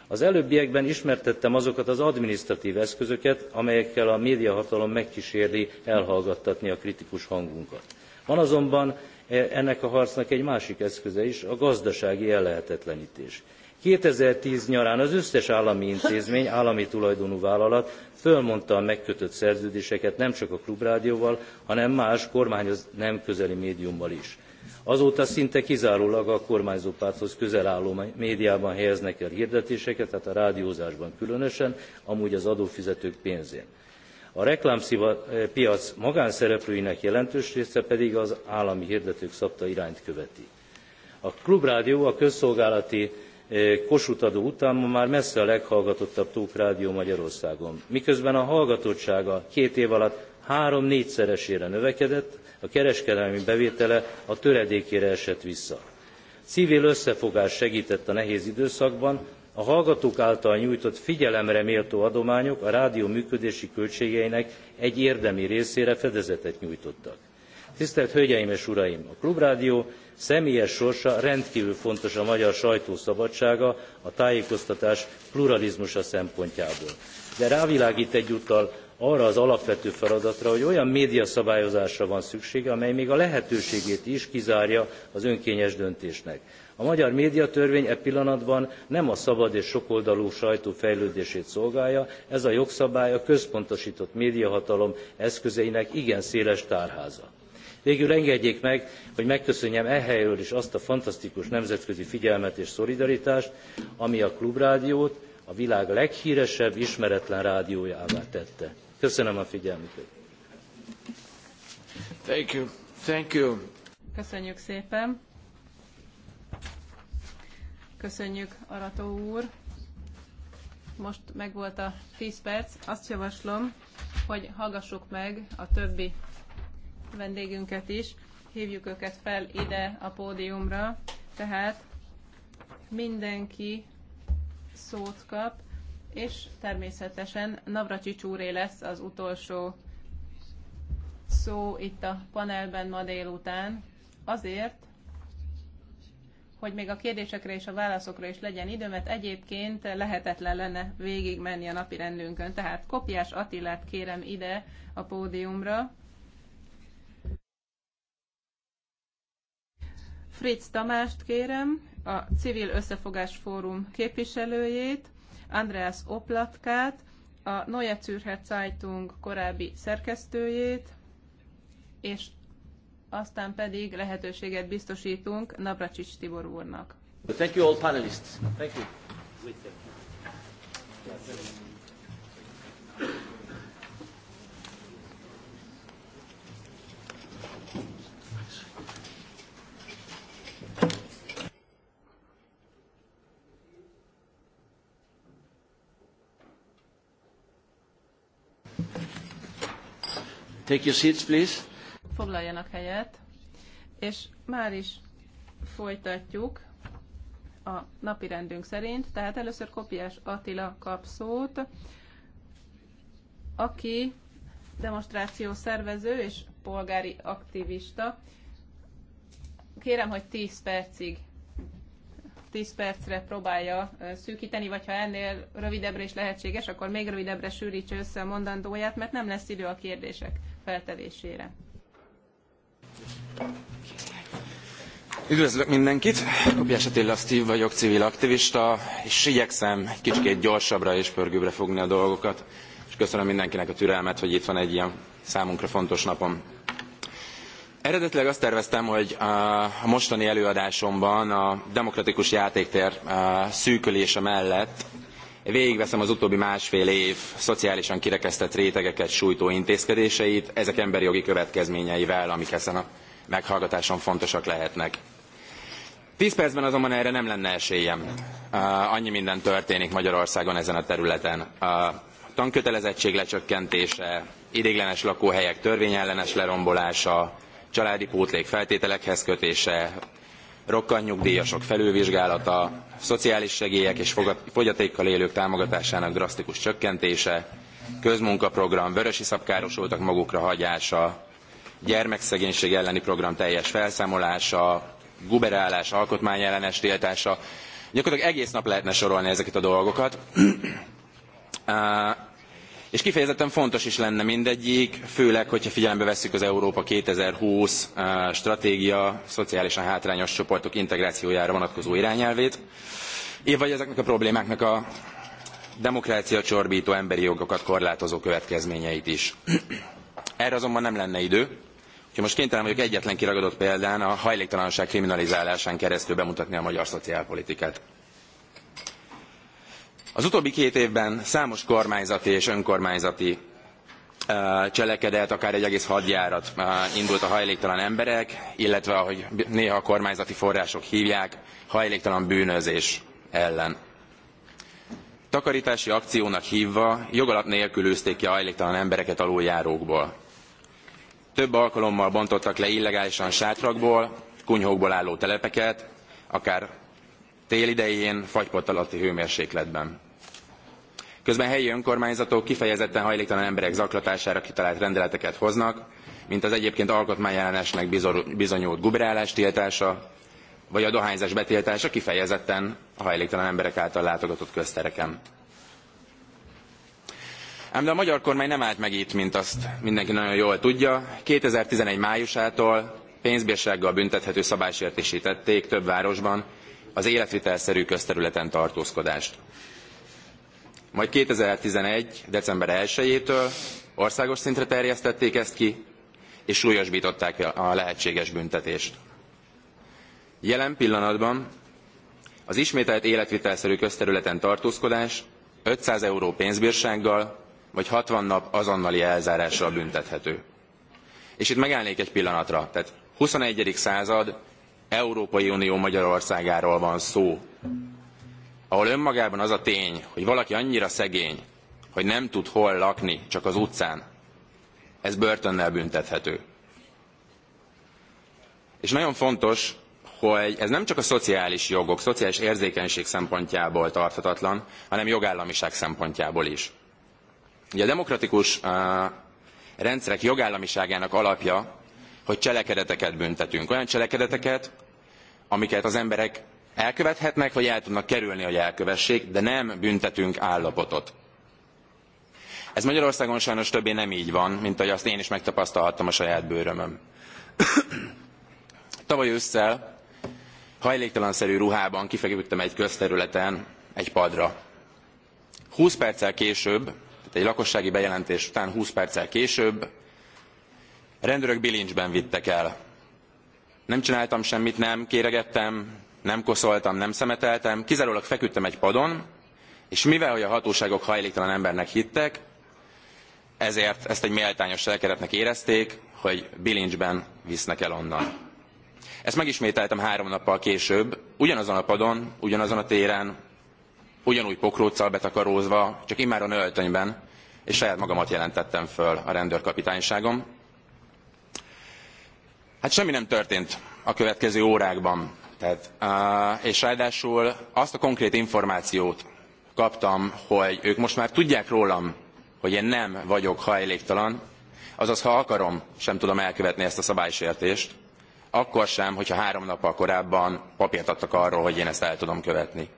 az előbbiekben ismertettem azokat az adminisztratv eszközöket amelyekkel a médiahatalom megksérli elhallgattatni a kritikus hangunkat. van azonban e, ennek a harcnak egy másik eszköze is a gazdasági ellehetetlentés. two thousand and ten nyarán az összes állami intézmény állami tulajdonú vállalat fölmondta a megkötött szerződéseket nemcsak a klubrádióval hanem más kormányhoz nem közeli médiummal is azóta szinte kizárólag a kormányzó párthoz közel álló médiában helyeznek el hirdetéseket tehát a rádiózásban különösen amúgy az adófizetők pénzén. a reklámpiac eh, magánszereplőinek jelentős része pedig az állami hirdetők szabta irányt követi. a klubrádió a közszolgálati eh, kossuth adó után ma már messze a leghallgatottabb tókrádió magyarországon miközben a hallgatottsága két év alatt három négyszeresére növekedett a kereskedelmi bevétele a töredékére esett vissza. civil összefogás segtett a nehéz időszakban a hallgatók által nyújtott figyelemre méltó adományok a rádió működési költségeinek egy érdemi részére fedezetet nyújtottak. tisztelt hölgyeim és uraim! a klubrádió személyes sorsa rendkvül fontos a magyar sajtó szabadsága a tájékoztatás pluralizmusa szempontjából de rávilágt egyúttal arra az alapvető feladatra, hogy olyan médiaszabályozásra van szüksége, amely még a lehetőségét is kizárja az önkényes döntésnek. A magyar médiatörvény e pillanatban nem a szabad és sokoldalú sajtó fejlődését szolgálja, ez a jogszabály a központosított médiahatalom eszközeinek igen széles tárháza. Végül engedjék meg, hogy megköszönjem e helyről is azt a fantasztikus nemzetközi figyelmet és szolidaritást, ami a klubrádiót a világ leghíresebb, ismeretlen rádiójává tette. Köszönöm a figyelmüket. Thank you. Thank you. Köszönjük szépen. Köszönjük, Arató úr. Most megvolt a 10 perc. Azt javaslom, hogy hallgassuk meg a többi vendégünket is. Hívjuk őket fel ide a pódiumra. Tehát mindenki szót kap és természetesen Navracsics úré lesz az utolsó szó itt a panelben ma délután, azért, hogy még a kérdésekre és a válaszokra is legyen idő, mert egyébként lehetetlen lenne végigmenni a napi rendünkön. Tehát Kopiás Attilát kérem ide a pódiumra. Fritz Tamást kérem, a Civil Összefogás Fórum képviselőjét, Andreas Oplatkát, a Neue Zürcher Zeitung korábbi szerkesztőjét, és aztán pedig lehetőséget biztosítunk Navracsics Tibor úrnak. Thank you all panelists. Thank you. Take your seats, please. Foglaljanak helyet, és már is folytatjuk a napi rendünk szerint. Tehát először Kopiás Attila kap szót, aki demonstráció szervező és polgári aktivista. Kérem, hogy 10 percig 10 percre próbálja szűkíteni, vagy ha ennél rövidebbre is lehetséges, akkor még rövidebbre sűrítse össze a mondandóját, mert nem lesz idő a kérdések feltevésére. Üdvözlök mindenkit! Kopiás Attila Steve vagyok, civil aktivista, és igyekszem kicsit gyorsabbra és pörgőbbre fogni a dolgokat, és köszönöm mindenkinek a türelmet, hogy itt van egy ilyen számunkra fontos napom. Eredetileg azt terveztem, hogy a mostani előadásomban a demokratikus játéktér szűkölése mellett Végigveszem az utóbbi másfél év szociálisan kirekesztett rétegeket sújtó intézkedéseit, ezek emberi jogi következményeivel, amik ezen a meghallgatáson fontosak lehetnek. Tíz percben azonban erre nem lenne esélyem. Uh, annyi minden történik Magyarországon ezen a területen. A tankötelezettség lecsökkentése, idéglenes lakóhelyek törvényellenes lerombolása, családi pótlék feltételekhez kötése, rokkantnyugdíjasok felülvizsgálata, szociális segélyek és fogyatékkal élők támogatásának drasztikus csökkentése, közmunkaprogram, vörösi szabkárosultak magukra hagyása, gyermekszegénység elleni program teljes felszámolása, guberálás, alkotmányellenes tiltása. Gyakorlatilag egész nap lehetne sorolni ezeket a dolgokat. és kifejezetten fontos is lenne mindegyik, főleg, hogyha figyelembe vesszük az Európa 2020 eh, stratégia szociálisan hátrányos csoportok integrációjára vonatkozó irányelvét, így vagy ezeknek a problémáknak a demokrácia csorbító emberi jogokat korlátozó következményeit is. Erre azonban nem lenne idő, Úgyhogy most kénytelen vagyok egyetlen kiragadott példán a hajléktalanság kriminalizálásán keresztül bemutatni a magyar szociálpolitikát. Az utóbbi két évben számos kormányzati és önkormányzati cselekedet, akár egy egész hadjárat indult a hajléktalan emberek, illetve ahogy néha a kormányzati források hívják, hajléktalan bűnözés ellen. Takarítási akciónak hívva jogalap nélkül űzték ki a hajléktalan embereket aluljárókból. Több alkalommal bontottak le illegálisan sátrakból, kunyhókból álló telepeket, akár télidején, idején, fagypott alatti hőmérsékletben. Közben helyi önkormányzatok kifejezetten hajléktalan emberek zaklatására kitalált rendeleteket hoznak, mint az egyébként alkotmányellenesnek bizonyult guberálás tiltása, vagy a dohányzás betiltása kifejezetten a hajléktalan emberek által látogatott köztereken. Ám de a magyar kormány nem állt meg itt, mint azt mindenki nagyon jól tudja. 2011 májusától pénzbírsággal büntethető szabálysértésítették több városban az életvitelszerű közterületen tartózkodást majd 2011. december 1-től országos szintre terjesztették ezt ki, és súlyosbították a lehetséges büntetést. Jelen pillanatban az ismételt életvitelszerű közterületen tartózkodás 500 euró pénzbírsággal vagy 60 nap azonnali elzárással büntethető. És itt megállnék egy pillanatra, tehát 21. század Európai Unió Magyarországáról van szó ahol önmagában az a tény, hogy valaki annyira szegény, hogy nem tud hol lakni, csak az utcán, ez börtönnel büntethető. És nagyon fontos, hogy ez nem csak a szociális jogok, szociális érzékenység szempontjából tarthatatlan, hanem jogállamiság szempontjából is. Ugye a demokratikus uh, rendszerek jogállamiságának alapja, hogy cselekedeteket büntetünk. Olyan cselekedeteket, amiket az emberek Elkövethetnek, vagy el tudnak kerülni, hogy elkövessék, de nem büntetünk állapotot. Ez Magyarországon sajnos többé nem így van, mint ahogy azt én is megtapasztalhattam a saját bőrömön. Tavaly ősszel hajléktalanszerű ruhában kifeküdtem egy közterületen, egy padra. 20 perccel később, tehát egy lakossági bejelentés után 20 perccel később rendőrök bilincsben vittek el. Nem csináltam semmit, nem kéregettem, nem koszoltam, nem szemeteltem, kizárólag feküdtem egy padon, és mivel hogy a hatóságok hajléktalan embernek hittek, ezért ezt egy méltányos cselekedetnek érezték, hogy bilincsben visznek el onnan. Ezt megismételtem három nappal később, ugyanazon a padon, ugyanazon a téren, ugyanúgy pokróccal betakarózva, csak immáron öltönyben, és saját magamat jelentettem föl a rendőrkapitányságom. Hát semmi nem történt a következő órákban. Tehát, és ráadásul azt a konkrét információt kaptam, hogy ők most már tudják rólam, hogy én nem vagyok hajléktalan, azaz ha akarom, sem tudom elkövetni ezt a szabálysértést, akkor sem, hogyha három nappal korábban papírt adtak arról, hogy én ezt el tudom követni.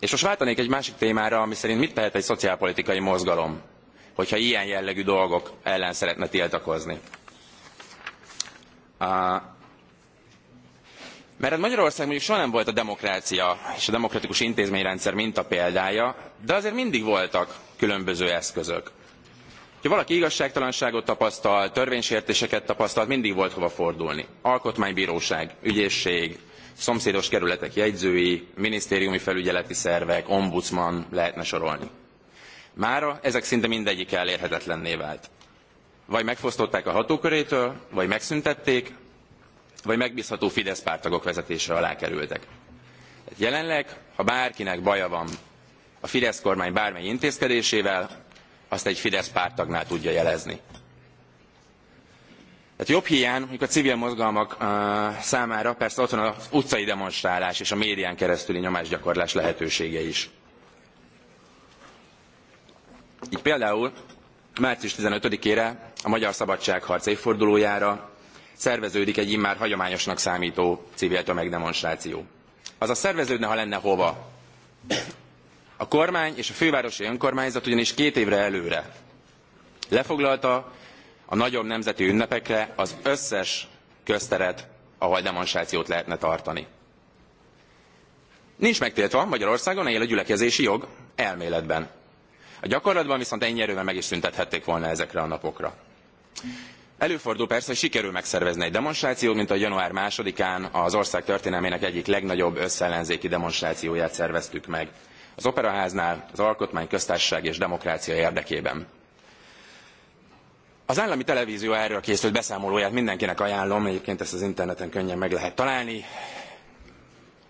és most váltanék egy másik témára, ami szerint mit tehet egy szociálpolitikai mozgalom, hogyha ilyen jellegű dolgok ellen szeretne tiltakozni mert hát Magyarország mondjuk soha nem volt a demokrácia és a demokratikus intézményrendszer mintapéldája, de azért mindig voltak különböző eszközök. Ha valaki igazságtalanságot tapasztal, törvénysértéseket tapasztalt, mindig volt hova fordulni. Alkotmánybíróság, ügyészség, szomszédos kerületek jegyzői, minisztériumi felügyeleti szervek, ombudsman lehetne sorolni. Mára ezek szinte mindegyik elérhetetlenné vált vagy megfosztották a hatókörétől, vagy megszüntették, vagy megbízható Fidesz pártagok vezetése alá kerültek. Hát jelenleg, ha bárkinek baja van a Fidesz kormány bármely intézkedésével, azt egy Fidesz párttagnál tudja jelezni. Tehát jobb hiány, hogy a civil mozgalmak uh, számára persze ott van az utcai demonstrálás és a médián keresztüli nyomásgyakorlás lehetősége is. Így például március 15-ére, a Magyar Szabadságharc évfordulójára szerveződik egy immár hagyományosnak számító civil tömegdemonstráció. Azaz szerveződne, ha lenne hova. A kormány és a fővárosi önkormányzat ugyanis két évre előre lefoglalta a nagyobb nemzeti ünnepekre az összes közteret, ahol demonstrációt lehetne tartani. Nincs megtiltva Magyarországon él a gyülekezési jog elméletben. A gyakorlatban viszont ennyi erővel meg is szüntethették volna ezekre a napokra. Előfordul persze, hogy sikerül megszervezni egy demonstrációt, mint a január 2-án az ország történelmének egyik legnagyobb összellenzéki demonstrációját szerveztük meg. Az Operaháznál az Alkotmány, Köztársaság és Demokrácia érdekében. Az állami televízió erről készült beszámolóját mindenkinek ajánlom, egyébként ezt az interneten könnyen meg lehet találni.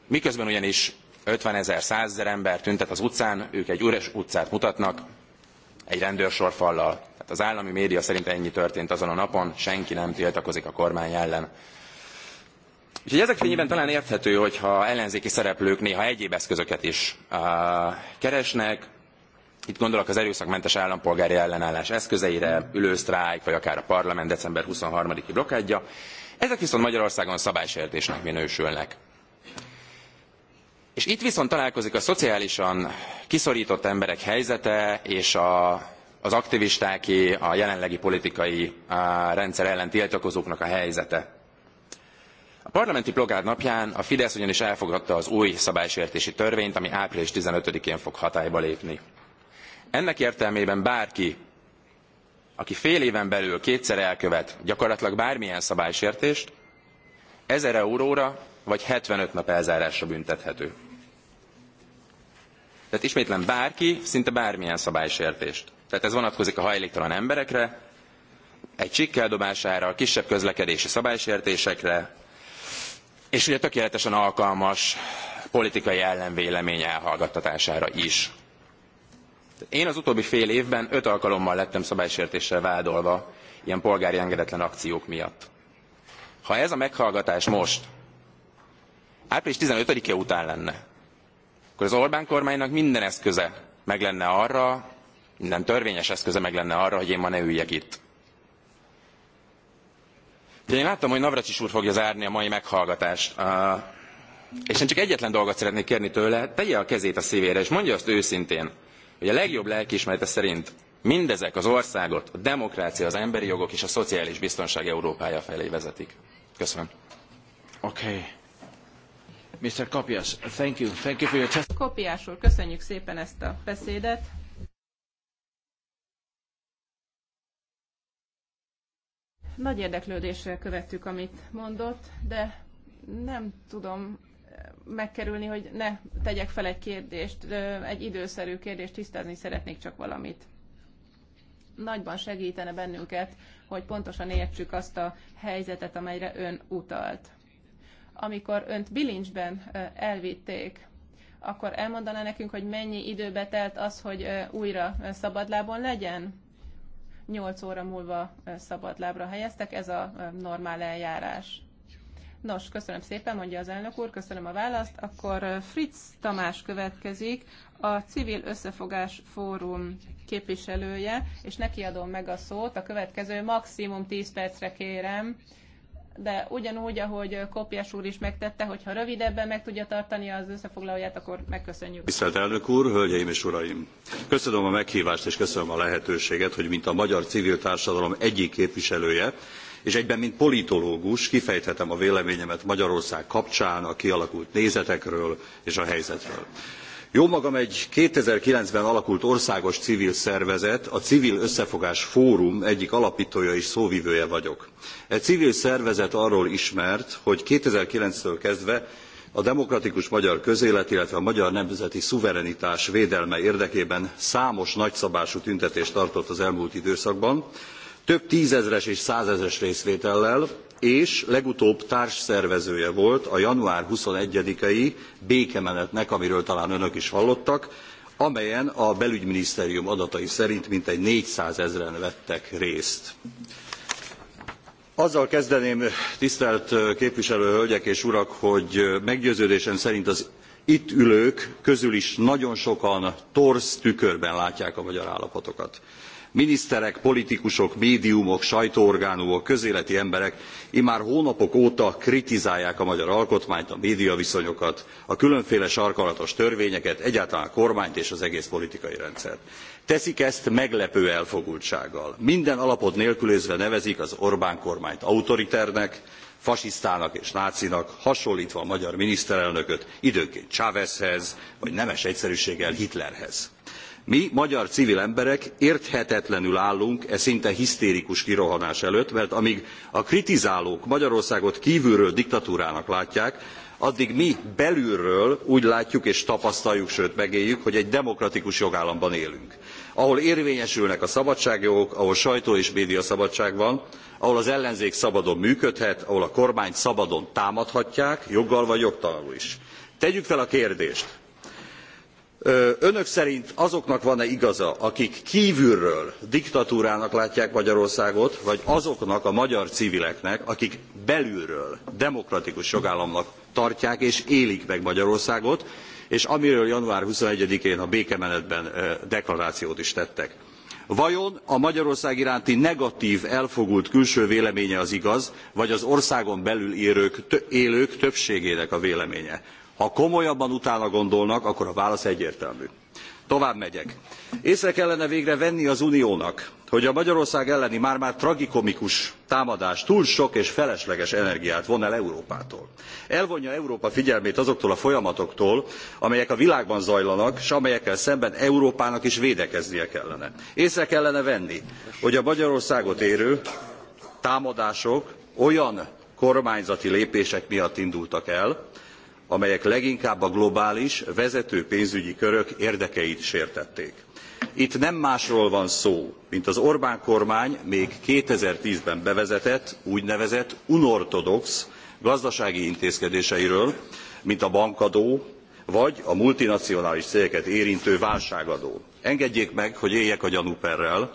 Miközben ugyanis 50 ezer, 100 ezer ember tüntet az utcán, ők egy üres utcát mutatnak, egy rendőrsorfallal. Tehát az állami média szerint ennyi történt azon a napon, senki nem tiltakozik a kormány ellen. Úgyhogy ezek fényében talán érthető, hogyha ellenzéki szereplők néha egyéb eszközöket is uh, keresnek. Itt gondolok az erőszakmentes állampolgári ellenállás eszközeire, ülősztrájk, vagy akár a parlament december 23-i blokkádja. Ezek viszont Magyarországon szabálysértésnek minősülnek. És itt viszont találkozik a szociálisan kiszorított emberek helyzete és a, az aktivistáké, a jelenlegi politikai a rendszer ellen tiltakozóknak a helyzete. A parlamenti blogád napján a Fidesz ugyanis elfogadta az új szabálysértési törvényt, ami április 15-én fog hatályba lépni. Ennek értelmében bárki, aki fél éven belül kétszer elkövet gyakorlatilag bármilyen szabálysértést, 1000 euróra vagy 75 nap elzárásra büntethető. Tehát ismétlen bárki szinte bármilyen szabálysértést. Tehát ez vonatkozik a hajléktalan emberekre, egy csikkel dobására, a kisebb közlekedési szabálysértésekre, és ugye tökéletesen alkalmas politikai ellenvélemény elhallgattatására is. Én az utóbbi fél évben öt alkalommal lettem szabálysértéssel vádolva ilyen polgári engedetlen akciók miatt. Ha ez a meghallgatás most április 15-e után lenne, akkor az Orbán kormánynak minden eszköze meg lenne arra, minden törvényes eszköze meg lenne arra, hogy én ma ne üljek itt. De én láttam, hogy Navracsis úr fogja zárni a mai meghallgatást. És én csak egyetlen dolgot szeretnék kérni tőle, tegye a kezét a szívére, és mondja azt őszintén, hogy a legjobb lelkiismerete szerint mindezek az országot a demokrácia, az emberi jogok és a szociális biztonság Európája felé vezetik. Köszönöm. Oké. Okay. Mr. Kopias, thank you. Thank you for your test. Kopiás úr, köszönjük szépen ezt a beszédet. Nagy érdeklődéssel követtük, amit mondott, de nem tudom eh, megkerülni, hogy ne tegyek fel egy kérdést, egy időszerű kérdést, tisztázni szeretnék csak valamit. Nagyban segítene bennünket, hogy pontosan értsük azt a helyzetet, amelyre ön utalt amikor önt bilincsben elvitték, akkor elmondaná nekünk, hogy mennyi időbe telt az, hogy újra szabadlábon legyen? 8 óra múlva szabadlábra helyeztek, ez a normál eljárás. Nos, köszönöm szépen, mondja az elnök úr, köszönöm a választ. Akkor Fritz Tamás következik, a Civil Összefogás Fórum képviselője, és neki adom meg a szót. A következő maximum 10 percre kérem, de ugyanúgy, ahogy Kopjas úr is megtette, hogyha rövidebben meg tudja tartani az összefoglalóját, akkor megköszönjük. Tisztelt elnök úr, hölgyeim és uraim! Köszönöm a meghívást és köszönöm a lehetőséget, hogy mint a magyar civil társadalom egyik képviselője, és egyben mint politológus kifejthetem a véleményemet Magyarország kapcsán, a kialakult nézetekről és a helyzetről Jómagam egy nine ben alakult országos civil szervezet, a Civil Összefogás Fórum egyik alapítója és szóvivője vagyok. E civil szervezet arról ismert, hogy nine től kezdve a demokratikus magyar közélet, illetve a magyar nemzeti szuverenitás védelme érdekében számos nagyszabású tüntetést tartott az elmúlt időszakban, több tzezres és százezres részvétellel, és legutóbb társszervezője volt a január 21-i békemenetnek, amiről talán önök is hallottak, amelyen a belügyminisztérium adatai szerint mintegy 400 ezeren vettek részt. Azzal kezdeném, tisztelt képviselő hölgyek és urak, hogy meggyőződésem szerint az itt ülők közül is nagyon sokan torz tükörben látják a magyar állapotokat miniszterek politikusok médiumok sajtóorgánumok közéleti emberek immár hónapok óta kritizálják a magyar alkotmányt a médiaviszonyokat a különféle sarkalatos törvényeket egyáltalán a kormányt és az egész politikai rendszert. teszik ezt meglepő elfogultsággal minden alapot nélkülözve nevezik az orbán kormányt autoriternek fasisztának és nácinak hasonltva a magyar miniszterelnököt időnként chávezhez vagy nemes egyszerűséggel hitlerhez mi, magyar civil emberek érthetetlenül állunk e szinte hisztérikus kirohanás előtt, mert amíg a kritizálók Magyarországot kívülről diktatúrának látják, addig mi belülről úgy látjuk és tapasztaljuk, sőt megéljük, hogy egy demokratikus jogállamban élünk. Ahol érvényesülnek a szabadságjogok, ahol sajtó és média szabadság van, ahol az ellenzék szabadon működhet, ahol a kormányt szabadon támadhatják, joggal vagy jogtalanul is. Tegyük fel a kérdést, önök szerint azoknak van e igaza akik kvülről diktatúrának látják magyarországot vagy azoknak a magyar civileknek akik belülről demokratikus jogállamnak tartják és élik meg magyarországot és amiről január twenty one én a békemenetben deklarációt is tettek? vajon a magyarország iránti negatv elfogult külső véleménye az igaz vagy az országon belül élők többségének a véleménye? Ha komolyabban utána gondolnak, akkor a válasz egyértelmű. Tovább megyek. Észre kellene végre venni az Uniónak, hogy a Magyarország elleni már-már tragikomikus támadás túl sok és felesleges energiát von el Európától. Elvonja Európa figyelmét azoktól a folyamatoktól, amelyek a világban zajlanak, és amelyekkel szemben Európának is védekeznie kellene. Észre kellene venni, hogy a Magyarországot érő támadások olyan kormányzati lépések miatt indultak el, amelyek leginkább a globális, vezető pénzügyi körök érdekeit sértették. Itt nem másról van szó, mint az Orbán kormány még 2010-ben bevezetett, úgynevezett unortodox gazdasági intézkedéseiről, mint a bankadó, vagy a multinacionális cégeket érintő válságadó. Engedjék meg, hogy éljek a gyanúperrel,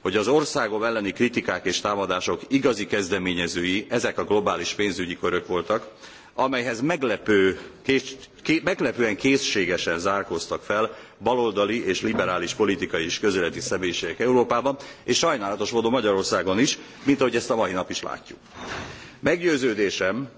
hogy az országom elleni kritikák és támadások igazi kezdeményezői ezek a globális pénzügyi körök voltak, amelyhez meglepően készségesen zárkóztak fel baloldali és liberális politikai és közéleti személyiségek európában és sajnálatos módon magyarországon is mint ahogy ezt a mai nap is látjuk. meggyőződésem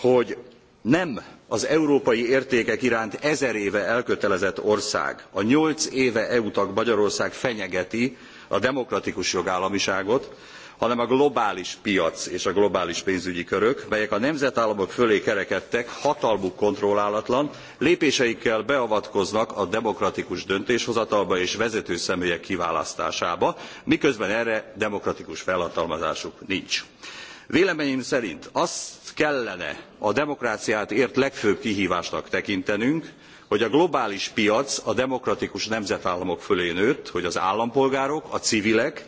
hogy nem az európai értékek iránt ezer éve elkötelezett ország a nyolc éve eu tag magyarország fenyegeti a demokratikus jogállamiságot hanem a globális piac és a globális pénzügyi körök, melyek a nemzetállamok fölé kerekedtek, hatalmuk kontrollálatlan, lépéseikkel beavatkoznak a demokratikus döntéshozatalba és vezető személyek kiválasztásába, miközben erre demokratikus felhatalmazásuk nincs. Véleményem szerint azt kellene a demokráciát ért legfőbb kihívásnak tekintenünk, hogy a globális piac a demokratikus nemzetállamok fölé nőtt, hogy az állampolgárok, a civilek,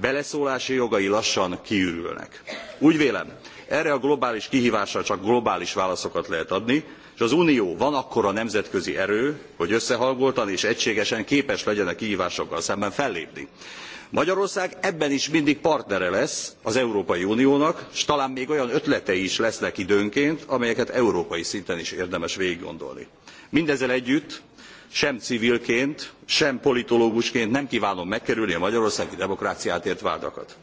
beleszólási jogai lassan kiürülnek. úgy vélem erre a globális kihvásra csak globális válaszokat lehet adni és az unió van akkora nemzetközi erő hogy összehangoltan és egységesen képes legyen a kihvásokkal szemben fellépni. magyarország ebben is mindig partnere lesz az európai uniónak s talán még olyan ötletei is lesznek időnként amelyeket európai szinten is érdemes végiggondolni. mindezzel együtt sem civilként sem politológusként nem kívánom megkerülni a magyarországi demokráciát ért vádakat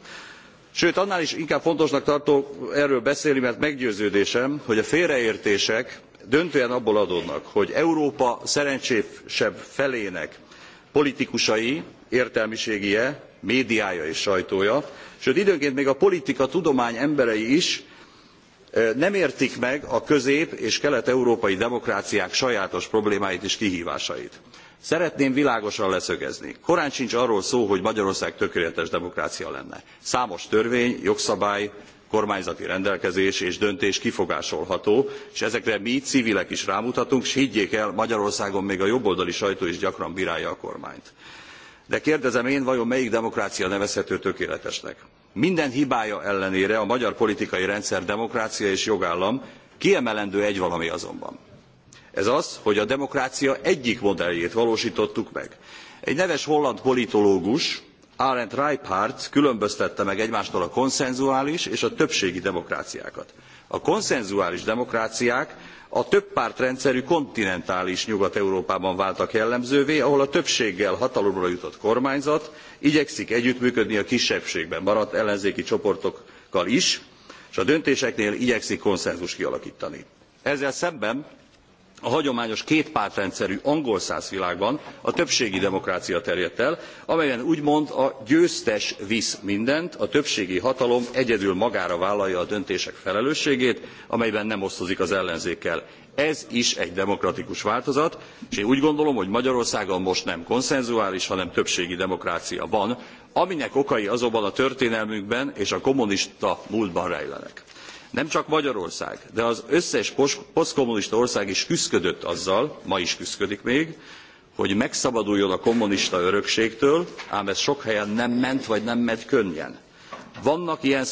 sőt annál is inkább fontosnak tartom erről beszélni mert meggyőződésem hogy a félreértések döntően abból adódnak hogy európa szerencsésebb felének politikusai értelmiségie médiája és sajtója sőt időnként még a politika tudomány emberei is nem értik meg a közép és kelet európai demokráciák sajátos problémáit és kihvásait. szeretném világosan leszögezni korántsincs arról szó hogy magyarország tökéletes demokrácia lenne. számos törvény jogszabály kormányzati rendelkezés és döntés kifogásolható és ezekre mi civilek is rámutatunk s higgyék el magyarországon még a jobboldali sajtó is gyakran brálja a kormányt. de kérdezem én vajon melyik demokrácia nevezhető tökéletesnek? minden hibája ellenére a magyar politikai rendszer demokrácia és jogállam kiemelendő egy valami azonban ez az hogy a demokrácia egyik modelljét valóstottuk meg. egy neves holland politológus arend reiphardt különböztette meg egymástól a konszenzuális és a többségi demokráciákat. a konszenzuális demokráciák a többpártrendszerű kontinentális nyugat európában váltak jellemzővé ahol a többséggel hatalomra jutott kormányzat igyekszik együttműködni a kisebbségben maradt ellenzéki csoportokkal is és a döntéseknél igyekszik konszenzust kialaktani. ezzel szemben a hagyományos kétpártrendszerű angol száz világban a többségi demokrácia terjedt el amelyen úgymond a győztes visz mindent a többségi hatalom egyedül magára vállalja a döntések felelősségét amelyben nem osztozik az ellenzékkel. ez is egy demokratikus változat és én úgy gondolom hogy magyarországon most nem konszenzuális hanem többségi demokrácia van aminek okai azonban a történelmünkben és a kommunista múltban rejlenek nem csak magyarország de az összes posztkommunista ország is küszködött azzal ma is küszködik még hogy megszabaduljon a kommunista örökségtől ám ez sok helyen nem ment vagy nem megy könnyen. vannak ilyen,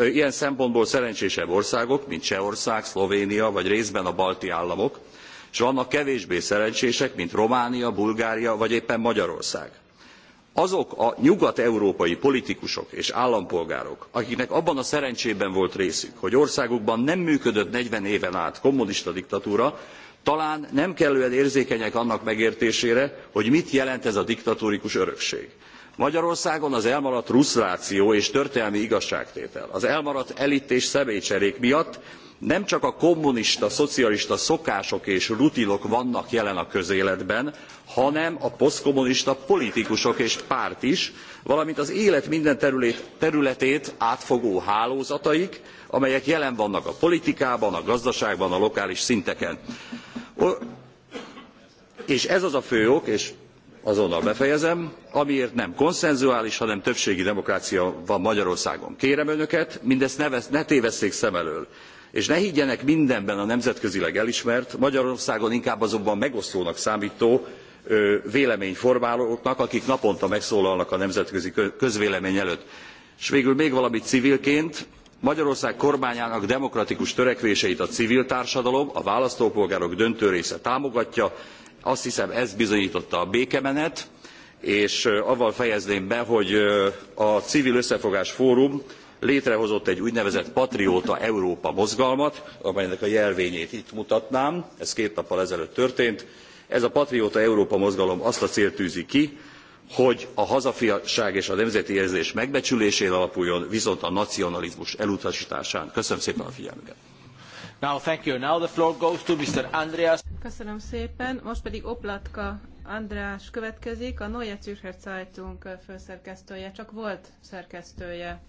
ilyen szempontból szerencsésebb országok mint csehország szlovénia vagy részben a balti államok és vannak kevésbé szerencsések mint románia bulgária vagy éppen magyarország azok a nyugat-európai politikusok és állampolgárok, akiknek abban a szerencsében volt részük, hogy országukban nem működött 40 éven át kommunista diktatúra, talán nem kellően érzékenyek annak megértésére, hogy mit jelent ez a diktatórikus örökség. Magyarországon az elmaradt ruszláció és történelmi igazságtétel, az elmaradt elit és személycserék miatt nem csak a kommunista, szocialista szokások és rutinok vannak jelen a közéletben, hanem a posztkommunista politikusok és párt is, valamint az élet minden területét átfogó hálózataik, amelyek jelen vannak a politikában, a gazdaságban, a lokális szinteken. És ez az a fő ok, és azonnal befejezem, amiért nem konszenzuális, hanem többségi demokrácia van Magyarországon. Kérem önöket, mindezt ne, tévesszék szem elől és ne higgyenek mindenben a nemzetközileg elismert magyarországon inkább azonban megosztónak számtó véleményformálóknak akik naponta megszólalnak a nemzetközi közvélemény előtt. s végül még valamit civilként magyarország kormányának demokratikus törekvéseit a civil társadalom a választópolgárok döntő része támogatja azt hiszem ezt bizonytotta a békemenet és avval fejezném be hogy a civil összefogás fórum létrehozott egy úgynevezett patrióta európa mozgalmat amelynek a jelvényét itt mutatnám ez két nappal ezelőtt történt ez a patrióta európa mozgalom azt a célt tűzi ki hogy a hazafiasság és a nemzeti érzés megbecsülésén alapuljon viszont a nacionalizmus elutastásán. köszönöm szépen a figyelmüket! Now, thank you. Now the floor goes to Mr. Andreas. Köszönöm szépen. Most pedig Oplatka András következik, a Neue Zürcher Zeitung főszerkesztője, csak volt szerkesztője.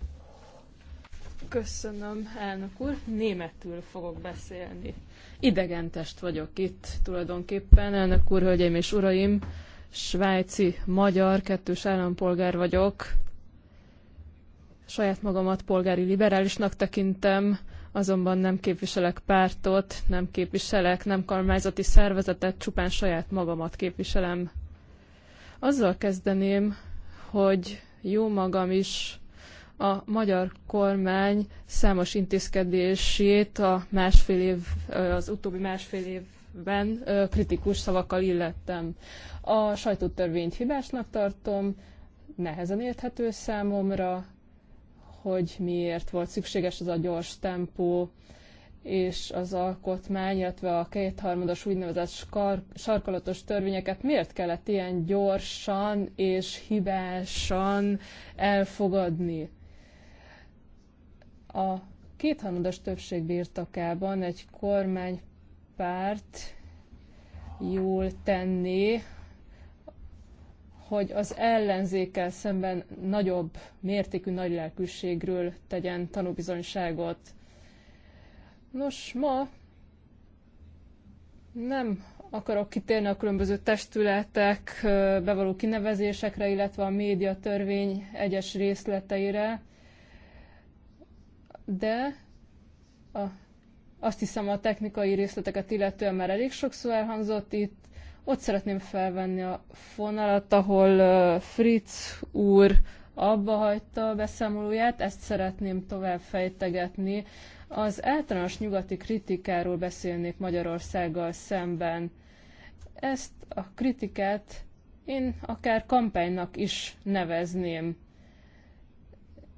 Köszönöm, elnök úr. Németül fogok beszélni. Idegentest vagyok itt tulajdonképpen, elnök úr, hölgyeim és uraim. Svájci, magyar, kettős állampolgár vagyok. Saját magamat polgári liberálisnak tekintem, azonban nem képviselek pártot, nem képviselek, nem kormányzati szervezetet, csupán saját magamat képviselem. Azzal kezdeném, hogy jó magam is a magyar kormány számos intézkedését a másfél év, az utóbbi másfél évben kritikus szavakkal illettem. A sajtótörvényt hibásnak tartom, nehezen érthető számomra, hogy miért volt szükséges az a gyors tempó, és az alkotmány, illetve a kétharmados úgynevezett skar, sarkalatos törvényeket miért kellett ilyen gyorsan és hibásan elfogadni? A kétharmados többség birtokában egy kormánypárt jól tenné, hogy az ellenzékkel szemben nagyobb mértékű nagylelkűségről tegyen tanúbizonyságot. Nos, ma nem akarok kitérni a különböző testületek bevaló kinevezésekre, illetve a médiatörvény egyes részleteire, de a, azt hiszem a technikai részleteket illetően már elég sokszor elhangzott itt. Ott szeretném felvenni a fonalat, ahol Fritz úr abba hagyta a beszámolóját, ezt szeretném tovább fejtegetni. Az általános nyugati kritikáról beszélnék Magyarországgal szemben. Ezt a kritikát én akár kampánynak is nevezném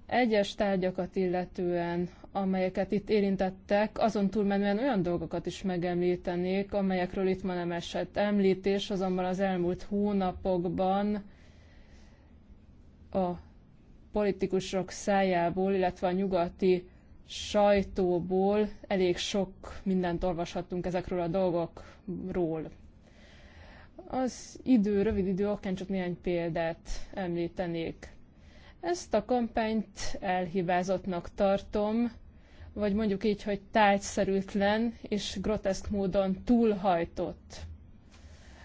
egyes tárgyakat illetően, amelyeket itt érintettek, azon túlmenően olyan dolgokat is megemlítenék, amelyekről itt ma nem esett említés, azonban az elmúlt hónapokban a politikusok szájából, illetve a nyugati sajtóból elég sok mindent olvashattunk ezekről a dolgokról. Az idő, rövid idő akár csak néhány példát említenék. Ezt a kampányt elhibázottnak tartom, vagy mondjuk így, hogy tájszerűtlen és groteszk módon túlhajtott.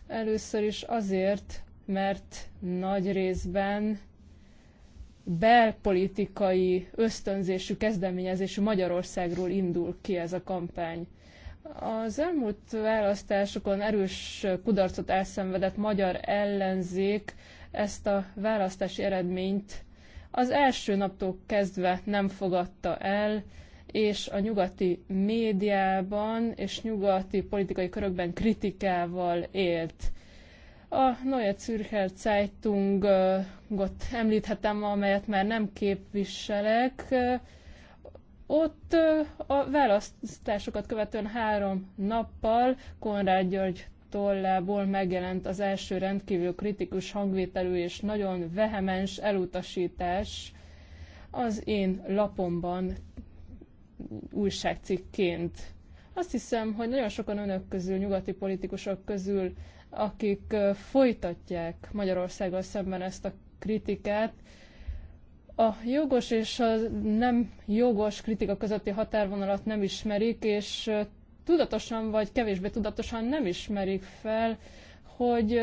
Először is azért, mert nagy részben belpolitikai ösztönzésű kezdeményezésű Magyarországról indul ki ez a kampány. Az elmúlt választásokon erős kudarcot elszenvedett magyar ellenzék ezt a választási eredményt az első naptól kezdve nem fogadta el, és a nyugati médiában és nyugati politikai körökben kritikával élt. A Neue Zürcher Zeitungot említhetem, amelyet már nem képviselek. Ott a választásokat követően három nappal Konrád György tollából megjelent az első rendkívül kritikus hangvételű és nagyon vehemens elutasítás az én lapomban újságcikként. Azt hiszem, hogy nagyon sokan önök közül, nyugati politikusok közül, akik folytatják Magyarországgal szemben ezt a kritikát, a jogos és a nem jogos kritika közötti határvonalat nem ismerik, és tudatosan vagy kevésbé tudatosan nem ismerik fel, hogy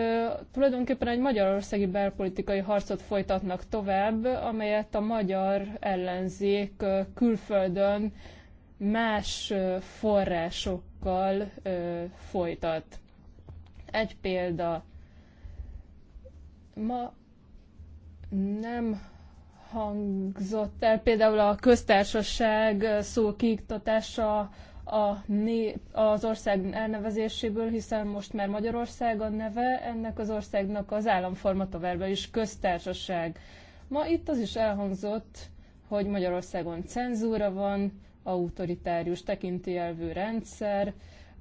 tulajdonképpen egy magyarországi belpolitikai harcot folytatnak tovább, amelyet a magyar ellenzék külföldön más forrásokkal folytat. Egy példa. Ma nem hangzott el például a köztársaság szó kiiktatása a né, az ország elnevezéséből, hiszen most már Magyarország a neve, ennek az országnak az államforma továbbra is köztársaság. Ma itt az is elhangzott, hogy Magyarországon cenzúra van, autoritárius tekintélvű rendszer.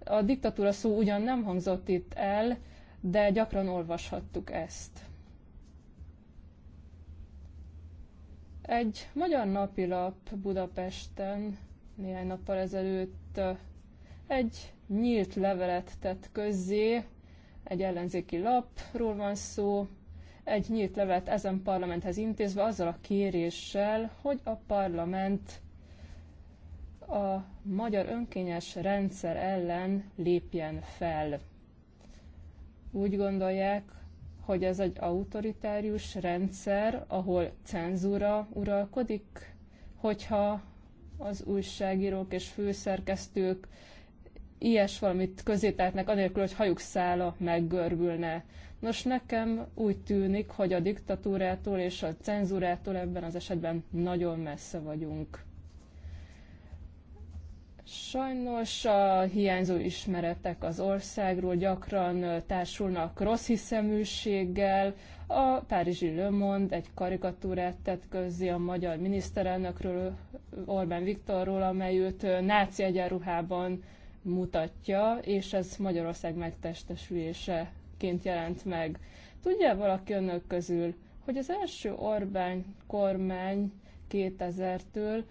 A diktatúra szó ugyan nem hangzott itt el, de gyakran olvashattuk ezt. Egy magyar napilap Budapesten néhány nappal ezelőtt egy nyílt levelet tett közzé, egy ellenzéki lapról van szó, egy nyílt levelet ezen parlamenthez intézve azzal a kéréssel, hogy a parlament a magyar önkényes rendszer ellen lépjen fel. Úgy gondolják, hogy ez egy autoritárius rendszer, ahol cenzúra uralkodik, hogyha az újságírók és főszerkesztők ilyes valamit közételtnek, anélkül, hogy hajuk szála meggörbülne. Nos, nekem úgy tűnik, hogy a diktatúrától és a cenzúrától ebben az esetben nagyon messze vagyunk. Sajnos a hiányzó ismeretek az országról gyakran társulnak rossz hiszeműséggel. A Párizsi Le Monde egy karikatúrát tett közzé a magyar miniszterelnökről, Orbán Viktorról, amely őt náci egyenruhában mutatja, és ez Magyarország megtestesüléseként jelent meg. Tudja valaki önök közül, hogy az első Orbán kormány 2000-től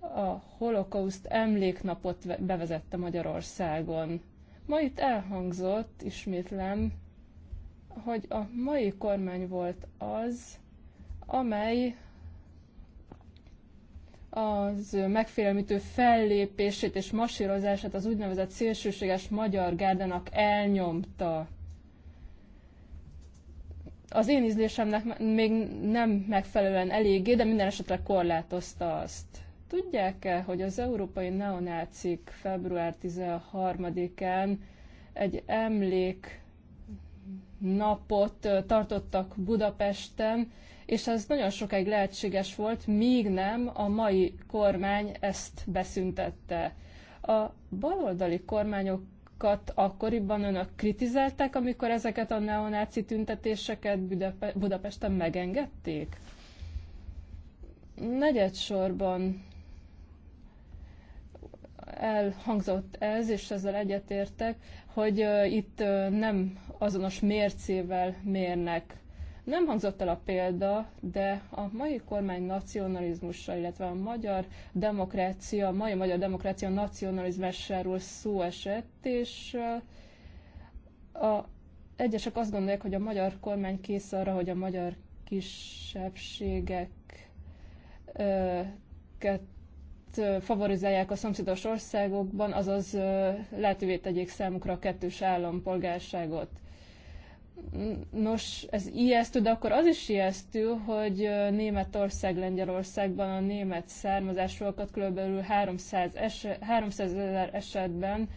a holokauszt emléknapot bevezette Magyarországon. Ma itt elhangzott, ismétlem, hogy a mai kormány volt az, amely az megfélemlítő fellépését és masírozását az úgynevezett szélsőséges magyar gárdának elnyomta. Az én ízlésemnek még nem megfelelően eléggé, de minden esetre korlátozta azt. Tudják-e, hogy az európai neonácik február 13-án egy emlék napot tartottak Budapesten, és ez nagyon sokáig lehetséges volt, míg nem a mai kormány ezt beszüntette. A baloldali kormányokat akkoriban önök kritizálták, amikor ezeket a neonáci tüntetéseket Budapesten megengedték? Negyedsorban elhangzott ez, és ezzel egyetértek, hogy itt nem azonos mércével mérnek. Nem hangzott el a példa, de a mai kormány nacionalizmussal, illetve a magyar demokrácia, a mai magyar demokrácia nacionalizmásáról szó esett, és a, egyesek azt gondolják, hogy a magyar kormány kész arra, hogy a magyar kisebbségeket favorizálják a szomszédos országokban, azaz lehetővé tegyék számukra a kettős állampolgárságot. Nos, ez ijesztő, de akkor az is ijesztő, hogy Németország, Lengyelországban a német származásúakat kb. 300 ezer esetben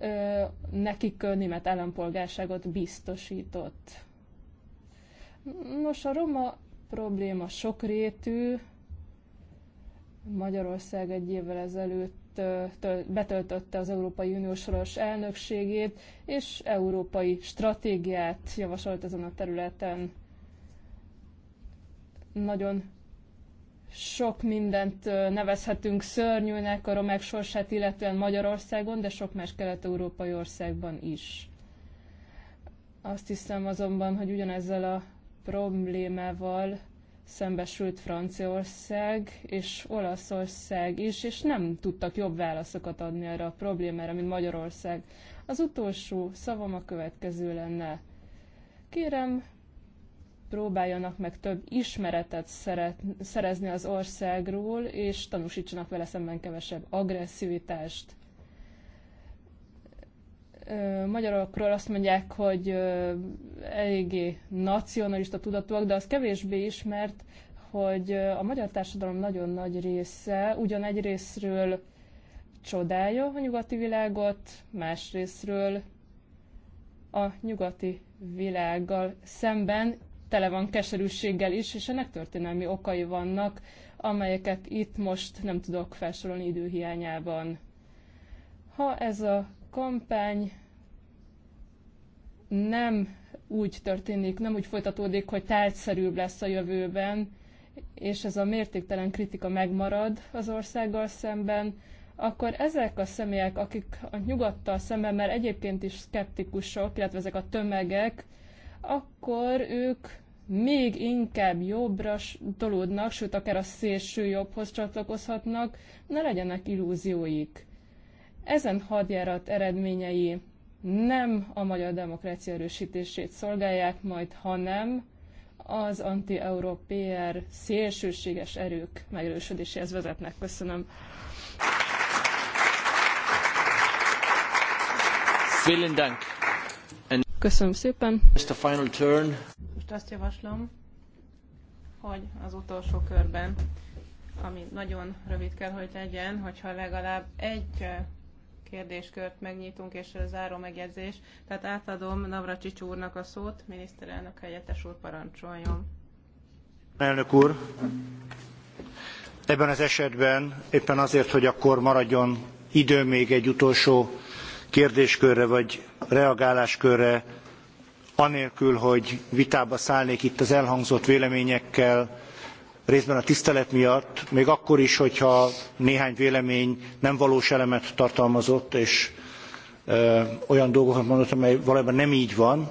ö, nekik német állampolgárságot biztosított. Nos, a roma probléma sokrétű, Magyarország egy évvel ezelőtt betöltötte az Európai Unió soros elnökségét, és európai stratégiát javasolt ezen a területen. Nagyon sok mindent nevezhetünk szörnyűnek a romák sorsát, illetően Magyarországon, de sok más kelet-európai országban is. Azt hiszem azonban, hogy ugyanezzel a problémával szembesült Franciaország és Olaszország is, és nem tudtak jobb válaszokat adni erre a problémára, mint Magyarország. Az utolsó szavam a következő lenne. Kérem, próbáljanak meg több ismeretet szeret, szerezni az országról, és tanúsítsanak vele szemben kevesebb agresszivitást magyarokról azt mondják, hogy eléggé nacionalista tudatúak, de az kevésbé ismert, hogy a magyar társadalom nagyon nagy része ugyan egy részről csodálja a nyugati világot, másrésztről a nyugati világgal szemben tele van keserűséggel is, és ennek történelmi okai vannak, amelyeket itt most nem tudok felsorolni időhiányában. Ha ez a kampány nem úgy történik, nem úgy folytatódik, hogy tárgyszerűbb lesz a jövőben, és ez a mértéktelen kritika megmarad az országgal szemben, akkor ezek a személyek, akik a nyugattal szemben, mert egyébként is szkeptikusok, illetve ezek a tömegek, akkor ők még inkább jobbra tolódnak, sőt akár a szélső jobbhoz csatlakozhatnak, ne legyenek illúzióik. Ezen hadjárat eredményei nem a magyar demokrácia erősítését szolgálják majd, hanem az anti-európér szélsőséges erők megerősödéséhez vezetnek. Köszönöm. Köszönöm szépen. Most a final turn. Most azt javaslom, hogy az utolsó körben, ami nagyon rövid kell, hogy legyen, hogyha legalább egy kérdéskört megnyitunk, és záró megjegyzés. Tehát átadom Navracsics úrnak a szót, miniszterelnök helyettes úr parancsoljon. Elnök úr, ebben az esetben éppen azért, hogy akkor maradjon idő még egy utolsó kérdéskörre vagy reagáláskörre, anélkül, hogy vitába szállnék itt az elhangzott véleményekkel, részben a tisztelet miatt, még akkor is, hogyha néhány vélemény nem valós elemet tartalmazott, és ö, olyan dolgokat mondott, amely valójában nem így van,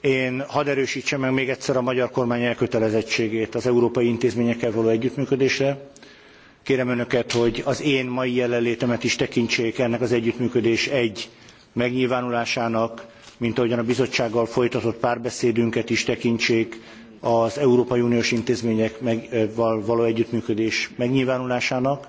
én hadd erősítsem meg még egyszer a magyar kormány elkötelezettségét az európai intézményekkel való együttműködésre. Kérem önöket, hogy az én mai jelenlétemet is tekintsék ennek az együttműködés egy megnyilvánulásának, mint ahogyan a bizottsággal folytatott párbeszédünket is tekintsék az Európai Uniós intézmények meg, való együttműködés megnyilvánulásának.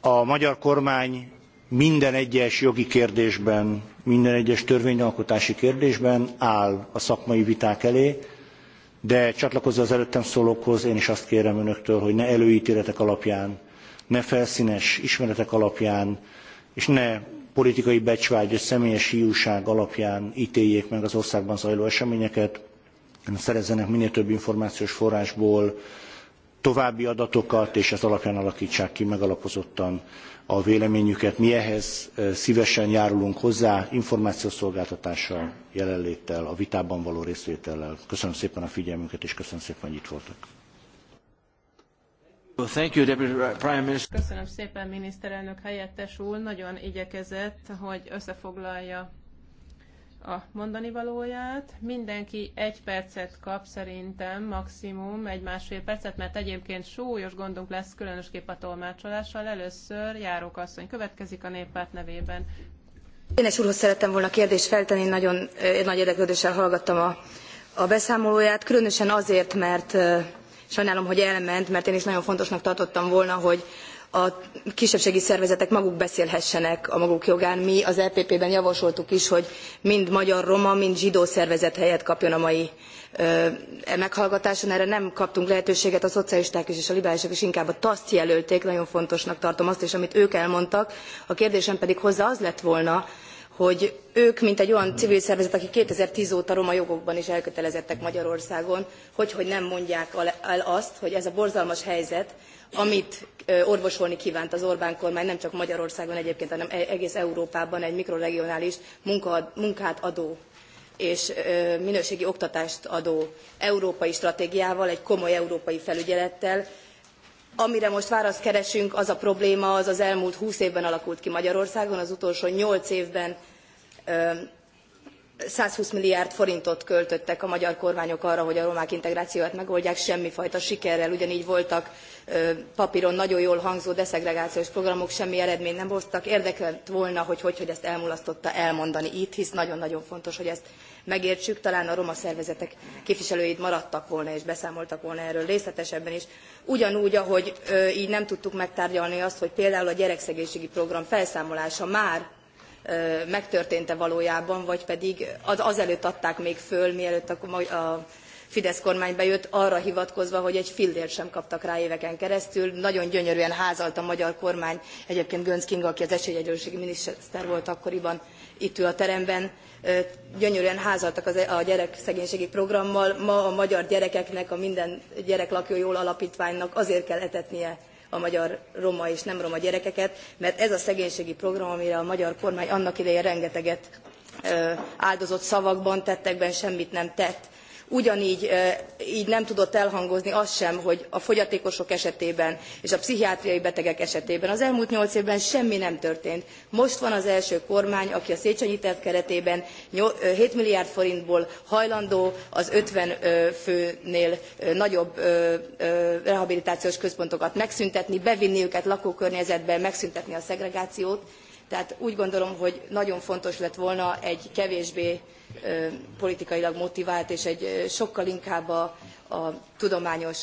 A magyar kormány minden egyes jogi kérdésben, minden egyes törvényalkotási kérdésben áll a szakmai viták elé, de csatlakozva az előttem szólókhoz én is azt kérem önöktől, hogy ne előítéletek alapján, ne felszínes ismeretek alapján, és ne politikai becsvágy és személyes hiúság alapján ítéljék meg az országban zajló eseményeket, szerezzenek minél több információs forrásból további adatokat, és ez alapján alakítsák ki megalapozottan a véleményüket. Mi ehhez szívesen járulunk hozzá információszolgáltatással, jelenléttel, a vitában való részvétellel. Köszönöm szépen a figyelmüket, és köszönöm szépen, hogy itt voltak. Köszönöm szépen, miniszterelnök helyettes úr. Nagyon igyekezett, hogy összefoglalja a mondani valóját. Mindenki egy percet kap szerintem, maximum egy másfél percet, mert egyébként súlyos gondunk lesz, különösképp a tolmácsolással. Először járók asszony következik a néppárt nevében. Én is úrhoz szerettem volna kérdést feltenni, nagyon eh, nagy érdeklődéssel hallgattam a, a beszámolóját, különösen azért, mert eh, Sajnálom, hogy elment, mert én is nagyon fontosnak tartottam volna, hogy a kisebbségi szervezetek maguk beszélhessenek a maguk jogán. Mi az EPP-ben javasoltuk is, hogy mind magyar roma, mind zsidó szervezet helyet kapjon a mai ö, e meghallgatáson. Erre nem kaptunk lehetőséget, a szocialisták is és a liberálisok is inkább a TASZ jelölték, nagyon fontosnak tartom azt is, amit ők elmondtak. A kérdésem pedig hozzá az lett volna, hogy ők, mint egy olyan civil szervezet, akik 2010 óta roma jogokban is elkötelezettek Magyarországon, hogy, hogy nem mondják el azt, hogy ez a borzalmas helyzet, amit orvosolni kívánt az Orbán kormány, nem csak Magyarországon egyébként, hanem e, egész Európában egy mikroregionális munkát adó és minőségi oktatást adó európai stratégiával, egy komoly európai felügyelettel, Amire most választ keresünk, az a probléma, az az elmúlt húsz évben alakult ki Magyarországon, az utolsó nyolc évben 120 milliárd forintot költöttek a magyar kormányok arra, hogy a romák integrációját megoldják semmifajta sikerrel. Ugyanígy voltak papíron nagyon jól hangzó deszegregációs programok, semmi eredmény nem hoztak. Érdekelt volna, hogy hogy, hogy ezt elmulasztotta elmondani itt, hisz nagyon-nagyon fontos, hogy ezt megértsük, talán a roma szervezetek itt maradtak volna és beszámoltak volna erről részletesebben is. Ugyanúgy, ahogy ö, így nem tudtuk megtárgyalni azt, hogy például a gyerekszegénységi program felszámolása már megtörtént-e valójában, vagy pedig az, azelőtt adták még föl, mielőtt a, a Fidesz kormány bejött, arra hivatkozva, hogy egy fillért sem kaptak rá éveken keresztül. Nagyon gyönyörűen házalt a magyar kormány, egyébként Gönc Kinga, aki az esélyegyenlőségi miniszter volt akkoriban, itt ül a teremben, gyönyörűen házaltak az, e- a gyerekszegénységi programmal. Ma a magyar gyerekeknek, a minden gyerek lakjon jól alapítványnak azért kell etetnie a magyar roma és nem roma gyerekeket, mert ez a szegénységi program, amire a magyar kormány annak idején rengeteget áldozott szavakban, tettekben semmit nem tett ugyanígy így nem tudott elhangozni az sem, hogy a fogyatékosok esetében és a pszichiátriai betegek esetében az elmúlt nyolc évben semmi nem történt. Most van az első kormány, aki a Széchenyi terv keretében 7 milliárd forintból hajlandó az 50 főnél nagyobb rehabilitációs központokat megszüntetni, bevinni őket lakókörnyezetbe, megszüntetni a szegregációt, tehát úgy gondolom, hogy nagyon fontos lett volna egy kevésbé politikailag motivált és egy sokkal inkább a, a tudományos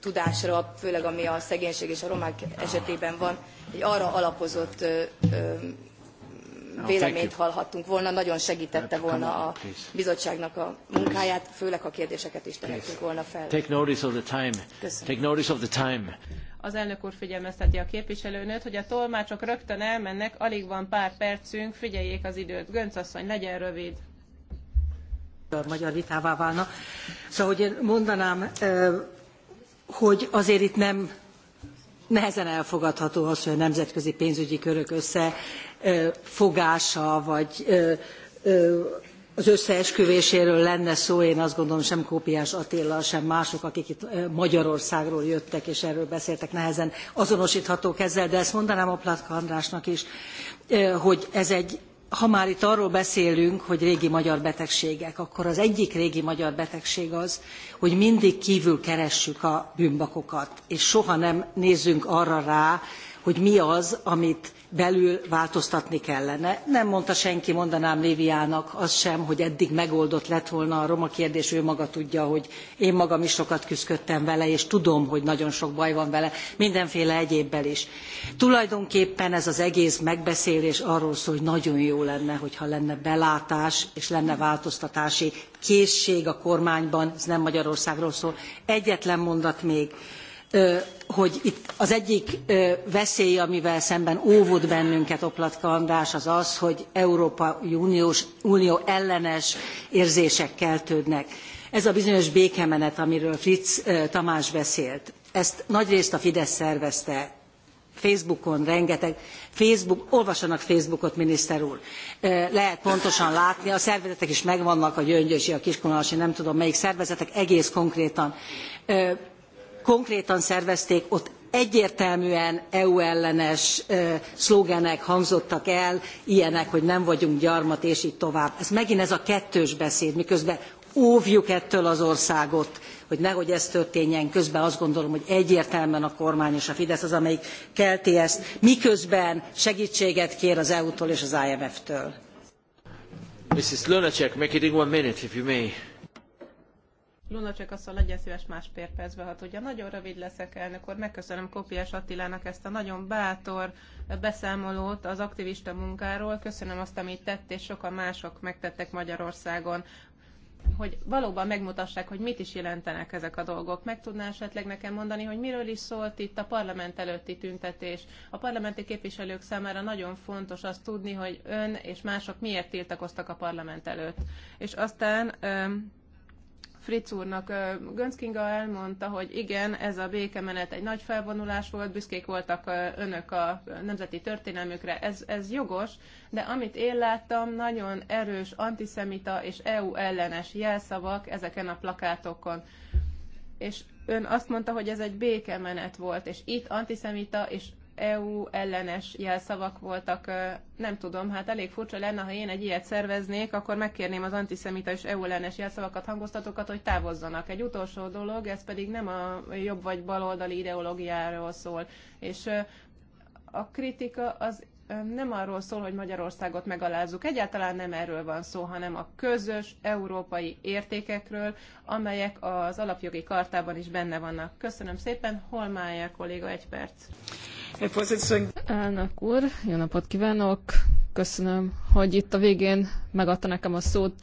tudásra, főleg ami a szegénység és a romák esetében van, egy arra alapozott véleményt hallhattunk volna, nagyon segítette volna a bizottságnak a munkáját, főleg a kérdéseket is tehettünk volna fel. Take notice of the time. Köszönöm. Take notice of the time. Az elnök úr figyelmezteti a képviselőnőt, hogy a tolmácsok rögtön elmennek, alig van pár percünk, figyeljék az időt. Gönc asszony, legyen rövid. A magyar vitává válna. Szóval, hogy én mondanám, hogy azért itt nem nehezen elfogadható az, hogy a nemzetközi pénzügyi körök összefogása, vagy az összeesküvéséről lenne szó, én azt gondolom sem Kópiás Attila, sem mások, akik itt Magyarországról jöttek és erről beszéltek, nehezen azonosíthatók ezzel, de ezt mondanám a Platka Andrásnak is, hogy ez egy ha már itt arról beszélünk, hogy régi magyar betegségek, akkor az egyik régi magyar betegség az, hogy mindig kívül keressük a bűnbakokat, és soha nem nézzünk arra rá, hogy mi az, amit belül változtatni kellene. Nem mondta senki, mondanám Léviának az sem, hogy eddig megoldott lett volna a roma kérdés, ő maga tudja, hogy én magam is sokat küzdöttem vele, és tudom, hogy nagyon sok baj van vele, mindenféle egyébbel is. Tulajdonképpen ez az egész megbeszélés arról szól, hogy nagyon jó lenne, hogyha lenne belátás, és lenne változtatási készség a kormányban, ez nem Magyarországról szól. Egyetlen mondat még hogy itt az egyik veszély, amivel szemben óvod bennünket Oplatka András, az az, hogy Európai Uniós, Unió ellenes érzések keltődnek. Ez a bizonyos békemenet, amiről Fritz Tamás beszélt, ezt nagyrészt a Fidesz szervezte, Facebookon rengeteg, Facebook, olvassanak Facebookot, miniszter úr, lehet pontosan látni, a szervezetek is megvannak, a Gyöngyösi, a Kiskunalasi, nem tudom melyik szervezetek, egész konkrétan konkrétan szervezték, ott egyértelműen EU ellenes szlogenek hangzottak el, ilyenek, hogy nem vagyunk gyarmat, és így tovább. Ez megint ez a kettős beszéd, miközben óvjuk ettől az országot, hogy nehogy ez történjen, közben azt gondolom, hogy egyértelműen a kormány és a Fidesz az, amelyik kelti ezt, miközben segítséget kér az EU-tól és az IMF-től. Mrs. Lunacek, make it in one minute, if you may luna csak azt mondja, legyen szíves más percbe, hát ugye Nagyon rövid leszek, elnök akkor Megköszönöm Kopiás Attilának ezt a nagyon bátor beszámolót az aktivista munkáról. Köszönöm azt, amit tett, és sokan mások megtettek Magyarországon hogy valóban megmutassák, hogy mit is jelentenek ezek a dolgok. Meg tudná esetleg nekem mondani, hogy miről is szólt itt a parlament előtti tüntetés. A parlamenti képviselők számára nagyon fontos azt tudni, hogy ön és mások miért tiltakoztak a parlament előtt. És aztán Fritz úrnak. Gönckinga elmondta, hogy igen, ez a békemenet egy nagy felvonulás volt, büszkék voltak önök a nemzeti történelmükre, ez, ez jogos, de amit én láttam, nagyon erős antiszemita és EU ellenes jelszavak ezeken a plakátokon. És ön azt mondta, hogy ez egy békemenet volt, és itt antiszemita és EU ellenes jelszavak voltak. Nem tudom, hát elég furcsa lenne, ha én egy ilyet szerveznék, akkor megkérném az antiszemita és EU ellenes jelszavakat, hangoztatókat, hogy távozzanak. Egy utolsó dolog, ez pedig nem a jobb vagy baloldali ideológiáról szól. És a kritika az nem arról szól, hogy Magyarországot megalázzuk. Egyáltalán nem erről van szó, hanem a közös európai értékekről, amelyek az alapjogi kartában is benne vannak. Köszönöm szépen. Mája kolléga, egy perc. Elnök úr, jó napot kívánok. Köszönöm, hogy itt a végén megadta nekem a szót.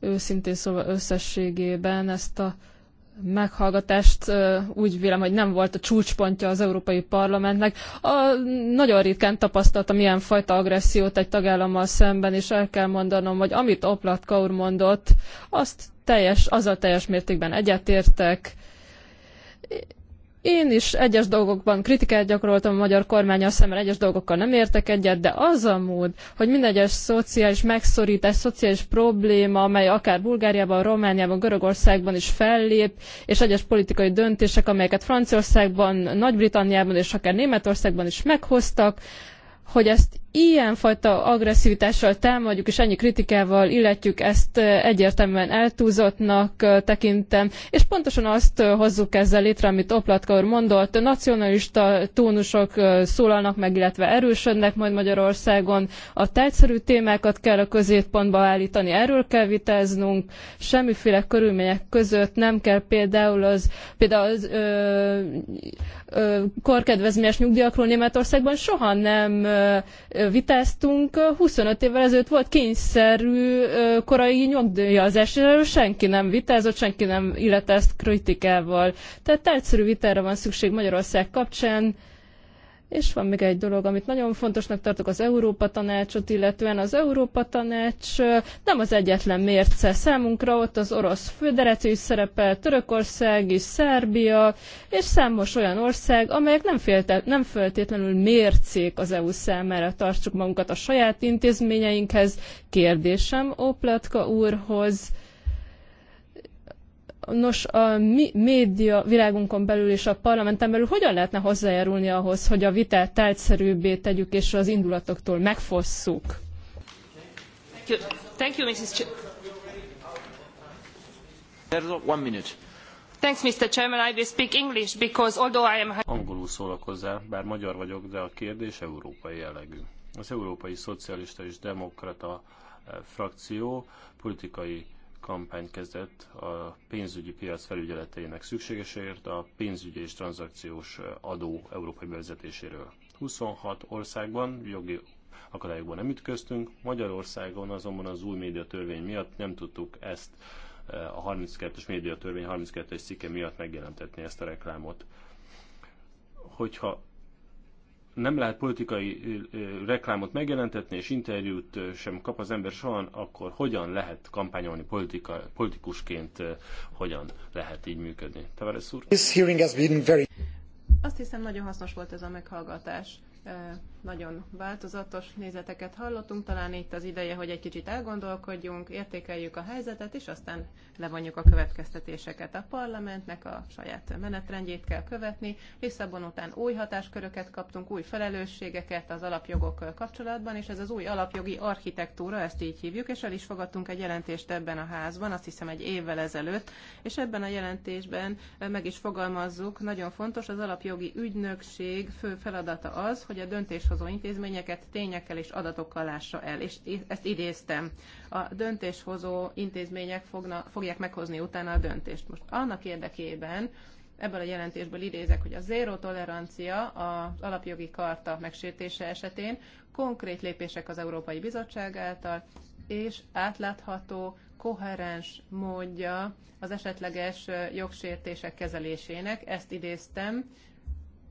Őszintén szóval összességében ezt a meghallgatást úgy vélem, hogy nem volt a csúcspontja az Európai Parlamentnek. A, nagyon ritkán tapasztaltam ilyen fajta agressziót egy tagállammal szemben, és el kell mondanom, hogy amit Oplatka úr mondott, azt teljes, azzal teljes mértékben egyetértek én is egyes dolgokban kritikát gyakoroltam a magyar kormányal szemben, egyes dolgokkal nem értek egyet, de az a mód, hogy minden egyes szociális megszorítás, szociális probléma, amely akár Bulgáriában, Romániában, Görögországban is fellép, és egyes politikai döntések, amelyeket Franciaországban, Nagy-Britanniában és akár Németországban is meghoztak, hogy ezt ilyenfajta agresszivitással támadjuk, és ennyi kritikával illetjük, ezt egyértelműen eltúzottnak tekintem, és pontosan azt hozzuk ezzel létre, amit Oplatka úr mondott, nacionalista tónusok szólalnak meg, illetve erősödnek majd Magyarországon, a tárgyszerű témákat kell a középpontba állítani, erről kell vitáznunk, semmiféle körülmények között nem kell például az, például az ö, korkedvezményes nyugdíjakról Németországban soha nem vitáztunk. 25 évvel ezelőtt volt kényszerű korai nyugdíjazás, erről senki nem vitázott, senki nem illet ezt kritikával. Tehát egyszerű vitára van szükség Magyarország kapcsán, és van még egy dolog, amit nagyon fontosnak tartok az Európa Tanácsot, illetően az Európa Tanács nem az egyetlen mérce számunkra, ott az orosz föderáció is szerepel, Törökország is, Szerbia, és számos olyan ország, amelyek nem, félte, nem feltétlenül mércék az EU számára. Tartsuk magunkat a saját intézményeinkhez. Kérdésem Oplatka úrhoz, Nos, a mi média világunkon belül és a parlamenten belül hogyan lehetne hozzájárulni ahhoz, hogy a vitát tárgyszerűbbé tegyük és az indulatoktól megfosszuk? Thank you, Thank you Mrs. Ch One minute. Thanks, Mr. Chairman. I will speak English because although I am... Angolul szólok hozzá, bár magyar vagyok, de a kérdés európai jellegű. Az Európai Szocialista és Demokrata eh, frakció politikai kampány kezdett a pénzügyi piac felügyeleteinek szükségeséért a pénzügyi és tranzakciós adó európai bevezetéséről. 26 országban jogi akadályokban nem ütköztünk, Magyarországon azonban az új média törvény miatt nem tudtuk ezt eh, a 32-es média törvény 32-es cikke miatt megjelentetni ezt a reklámot. Hogyha nem lehet politikai reklámot megjelentetni, és interjút sem kap az ember soha, akkor hogyan lehet kampányolni politika, politikusként, hogyan lehet így működni? Tavares úr? Azt hiszem, nagyon hasznos volt ez a meghallgatás nagyon változatos nézeteket hallottunk, talán itt az ideje, hogy egy kicsit elgondolkodjunk, értékeljük a helyzetet, és aztán levonjuk a következtetéseket. A parlamentnek a saját menetrendjét kell követni. Lisszabon után új hatásköröket kaptunk, új felelősségeket az alapjogok kapcsolatban, és ez az új alapjogi architektúra, ezt így hívjuk, és el is fogadtunk egy jelentést ebben a házban, azt hiszem egy évvel ezelőtt, és ebben a jelentésben meg is fogalmazzuk, nagyon fontos, az alapjogi ügynökség fő feladata az, hogy hogy a döntéshozó intézményeket tényekkel és adatokkal lássa el. És ezt idéztem. A döntéshozó intézmények fogna, fogják meghozni utána a döntést. Most annak érdekében, ebből a jelentésből idézek, hogy a zéró tolerancia az alapjogi karta megsértése esetén konkrét lépések az Európai Bizottság által, és átlátható, koherens módja az esetleges jogsértések kezelésének. Ezt idéztem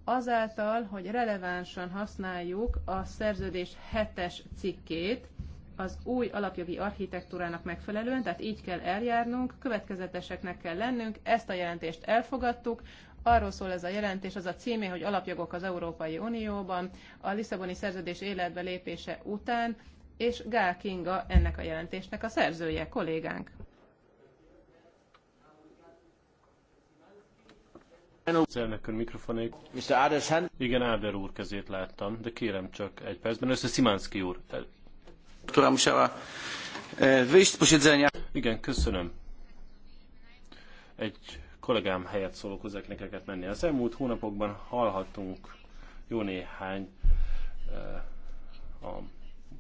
azáltal, hogy relevánsan használjuk a szerződés hetes cikkét, az új alapjogi architektúrának megfelelően, tehát így kell eljárnunk, következeteseknek kell lennünk, ezt a jelentést elfogadtuk, Arról szól ez a jelentés, az a címé, hogy alapjogok az Európai Unióban, a Lisszaboni szerződés életbe lépése után, és Gál Kinga ennek a jelentésnek a szerzője, kollégánk. Az elnökön mikrofonék. Mr. Adersen? Igen, Áder úr kezét láttam, de kérem csak egy percben. Össze Szimánszki úr. Która musiała e, wyjść z posiedzenia. Igen, köszönöm. Egy kollégám helyett szólok hozzá, nekem menni. Az elmúlt hónapokban hallhattunk jó néhány e, a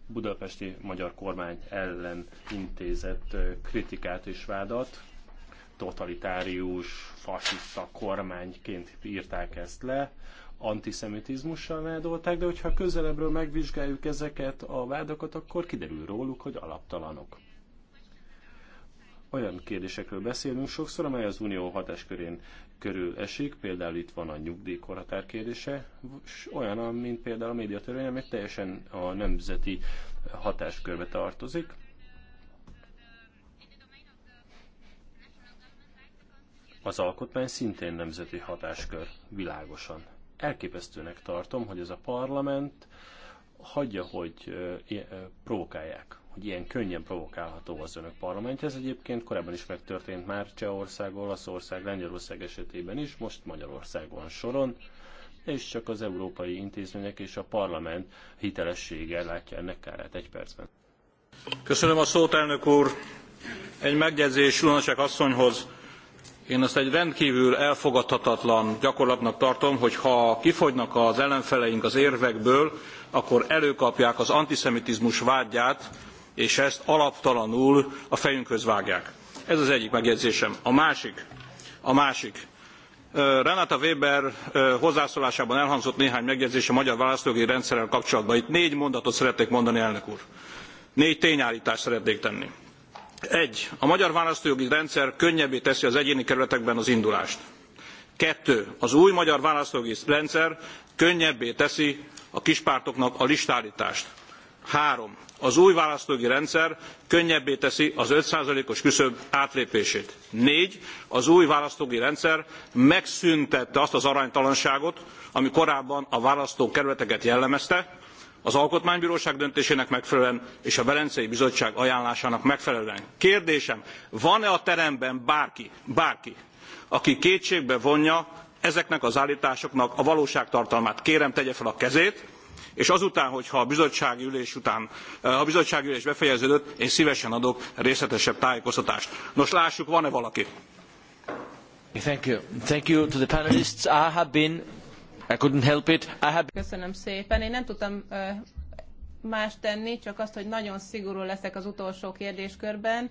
budapesti magyar kormány ellen intézett e, kritikát és vádat totalitárius, fasiszta kormányként írták ezt le, antiszemitizmussal vádolták, de hogyha közelebbről megvizsgáljuk ezeket a vádokat, akkor kiderül róluk, hogy alaptalanok. Olyan kérdésekről beszélünk sokszor, amely az unió hatáskörén körül esik, például itt van a nyugdíjkorhatár kérdése, és olyan, mint például a médiatörvény, amely teljesen a nemzeti hatáskörbe tartozik. Az alkotmány szintén nemzeti hatáskör, világosan. Elképesztőnek tartom, hogy ez a parlament hagyja, hogy provokálják, hogy ilyen könnyen provokálható az önök parlamentje. Ez egyébként korábban is megtörtént már Csehország, Olaszország, Lengyelország esetében is, most Magyarországon soron és csak az európai intézmények és a parlament hitelessége látja ennek kárát egy percben. Köszönöm a szót, elnök úr! Egy megjegyzés Lunacek asszonyhoz én azt egy rendkvül elfogadhatatlan gyakorlatnak tartom hogy ha kifogynak az ellenfeleink az érvekből akkor előkapják az antiszemitizmus vádját és ezt alaptalanul a fejünkhöz vágják. ez az egyik megjegyzésem. a másik a másik renate weber hozzászólásában elhangzott néhány megjegyzés a magyar választójogi rendszerrel kapcsolatban. itt négy mondatot szeretnék mondani elnök úr négy tényálltást szeretnék tenni egy a magyar választójogi rendszer könnyebbé teszi az egyéni kerületekben az indulást. kettő az új magyar választójogi rendszer könnyebbé teszi a kispártoknak a listálltást. három az új választójogi rendszer könnyebbé teszi az five os küszöb átlépését. négy az új választójogi rendszer megszüntette azt az aránytalanságot ami korábban a választókerületeket jellemezte az alkotmánybróság döntésének megfelelően és a velencei bizottság ajánlásának megfelelően. kérdésem van e a teremben bárki bárki aki kétségbe vonja ezeknek az álltásoknak a valóságtartalmát? kérem tegye fel a kezét és azután hogyha a bizottsági ülés után eh, a bizottsági ülés befejeződött én szívesen adok részletesebb tájékoztatást. nos lássuk van e valaki? Thank you. Thank you Köszönöm szépen. Én nem tudtam más tenni, csak azt, hogy nagyon szigorú leszek az utolsó kérdéskörben,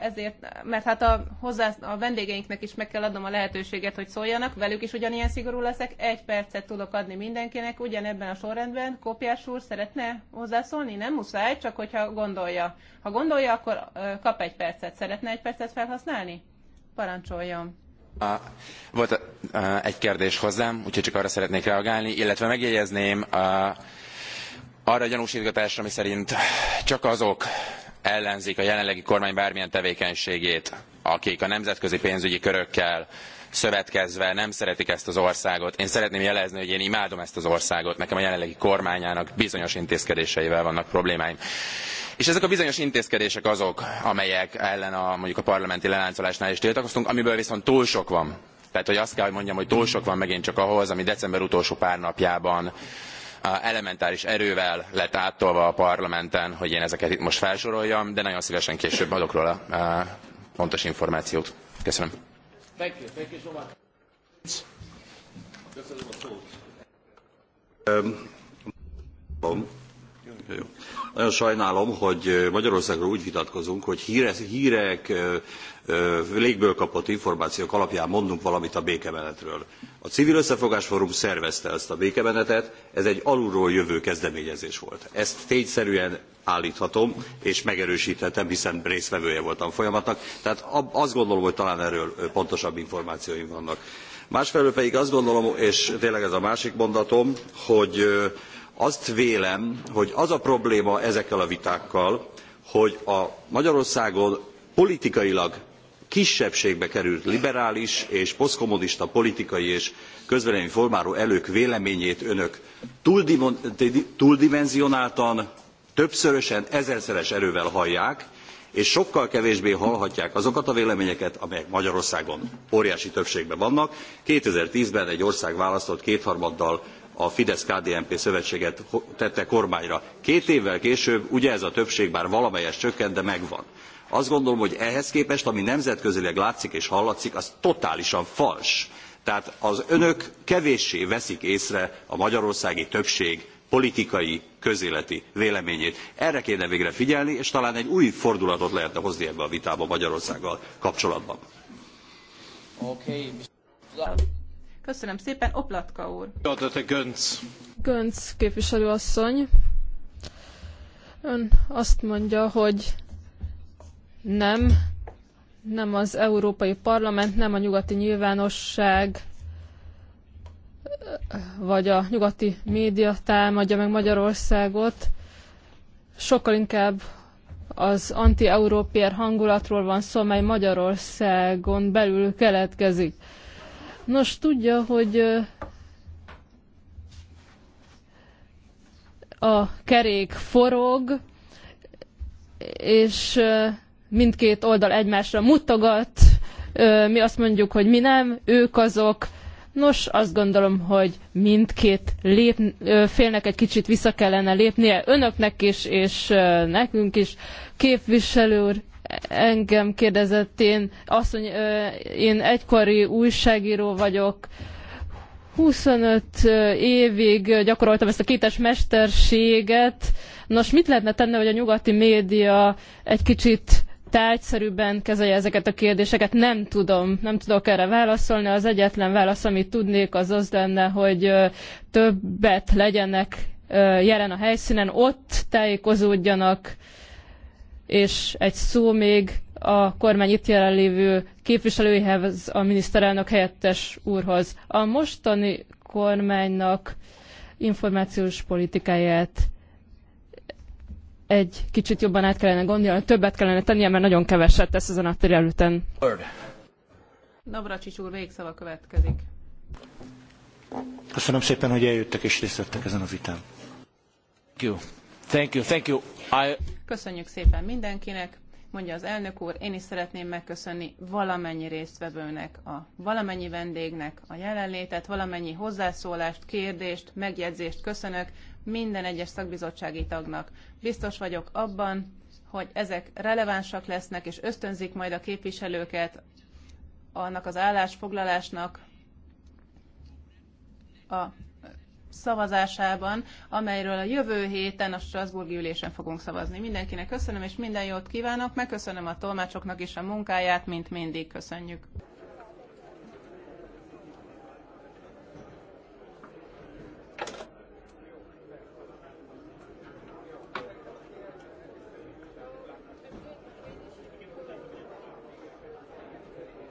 ezért, mert hát a, hozzá, a vendégeinknek is meg kell adnom a lehetőséget, hogy szóljanak, velük is ugyanilyen szigorú leszek, egy percet tudok adni mindenkinek, ugyanebben a sorrendben. Kopjás úr szeretne hozzászólni? Nem muszáj, csak hogyha gondolja. Ha gondolja, akkor kap egy percet. Szeretne egy percet felhasználni? Parancsoljon. Volt egy kérdés hozzám, úgyhogy csak arra szeretnék reagálni, illetve megjegyezném arra a gyanúsítgatásra, ami szerint csak azok ellenzik a jelenlegi kormány bármilyen tevékenységét, akik a nemzetközi pénzügyi körökkel szövetkezve nem szeretik ezt az országot. Én szeretném jelezni, hogy én imádom ezt az országot, nekem a jelenlegi kormányának bizonyos intézkedéseivel vannak problémáim. És ezek a bizonyos intézkedések azok, amelyek ellen a, mondjuk a parlamenti leláncolásnál is tiltakoztunk, amiből viszont túl sok van. Tehát, hogy azt kell, hogy mondjam, hogy túl sok van megint csak ahhoz, ami december utolsó pár napjában elementáris erővel lett áttolva a parlamenten, hogy én ezeket itt most felsoroljam, de nagyon szívesen később adok róla pontos információt. Köszönöm. Thank you. Thank you so much. Um, Nagyon sajnálom, hogy Magyarországról úgy vitatkozunk, hogy hírek, hírek légből kapott információk alapján mondunk valamit a békemenetről. A Civil Összefogás Fórum szervezte ezt a békemenetet, ez egy alulról jövő kezdeményezés volt. Ezt tényszerűen állíthatom, és megerősíthetem, hiszen résztvevője voltam folyamatnak, tehát azt gondolom, hogy talán erről pontosabb információim vannak. Másfelől pedig azt gondolom, és tényleg ez a másik mondatom, hogy azt vélem, hogy az a probléma ezekkel a vitákkal, hogy a Magyarországon politikailag kisebbségbe került liberális és posztkommunista politikai és közvélemény formáló elők véleményét önök túldimenzionáltan, többszörösen, ezerszeres erővel hallják, és sokkal kevésbé hallhatják azokat a véleményeket, amelyek Magyarországon óriási többségben vannak. 2010-ben egy ország választott kétharmaddal a Fidesz-KDNP szövetséget tette kormányra. Két évvel később ugye ez a többség már valamelyes csökkent, de megvan. Azt gondolom, hogy ehhez képest, ami nemzetközileg látszik és hallatszik, az totálisan fals. Tehát az önök kevéssé veszik észre a magyarországi többség politikai, közéleti véleményét. Erre kéne végre figyelni, és talán egy új fordulatot lehetne hozni ebbe a vitába Magyarországgal kapcsolatban. Köszönöm szépen, Oplatka úr. Gönc. Gönc képviselőasszony. Ön azt mondja, hogy nem, nem az Európai Parlament, nem a nyugati nyilvánosság, vagy a nyugati média támadja meg Magyarországot, sokkal inkább az anti hangulatról van szó, amely Magyarországon belül keletkezik. Nos, tudja, hogy a kerék forog, és mindkét oldal egymásra mutogat, mi azt mondjuk, hogy mi nem, ők azok. Nos, azt gondolom, hogy mindkét lép, félnek egy kicsit vissza kellene lépnie, önöknek is, és nekünk is. Képviselő úr, engem kérdezett, én, azt mondja, én egykori újságíró vagyok, 25 évig gyakoroltam ezt a kétes mesterséget. Nos, mit lehetne tenni, hogy a nyugati média egy kicsit tárgyszerűbben kezelje ezeket a kérdéseket. Nem tudom, nem tudok erre válaszolni. Az egyetlen válasz, amit tudnék, az az lenne, hogy többet legyenek jelen a helyszínen, ott tájékozódjanak, és egy szó még a kormány itt jelenlévő képviselőihez, a miniszterelnök helyettes úrhoz. A mostani kormánynak információs politikáját egy kicsit jobban át kellene gondolni, többet kellene tennie, mert nagyon keveset tesz ezen a területen. Navracsics úr, végszava következik. Köszönöm szépen, hogy eljöttek és részt vettek ezen a vitán. Thank you. Thank you. Thank you. I... Köszönjük szépen mindenkinek, mondja az elnök úr. Én is szeretném megköszönni valamennyi résztvevőnek, a valamennyi vendégnek a jelenlétet, valamennyi hozzászólást, kérdést, megjegyzést köszönök minden egyes szakbizottsági tagnak. Biztos vagyok abban, hogy ezek relevánsak lesznek, és ösztönzik majd a képviselőket annak az állásfoglalásnak a szavazásában, amelyről a jövő héten a Strasburgi ülésen fogunk szavazni. Mindenkinek köszönöm, és minden jót kívánok. Megköszönöm a tolmácsoknak is a munkáját, mint mindig. Köszönjük.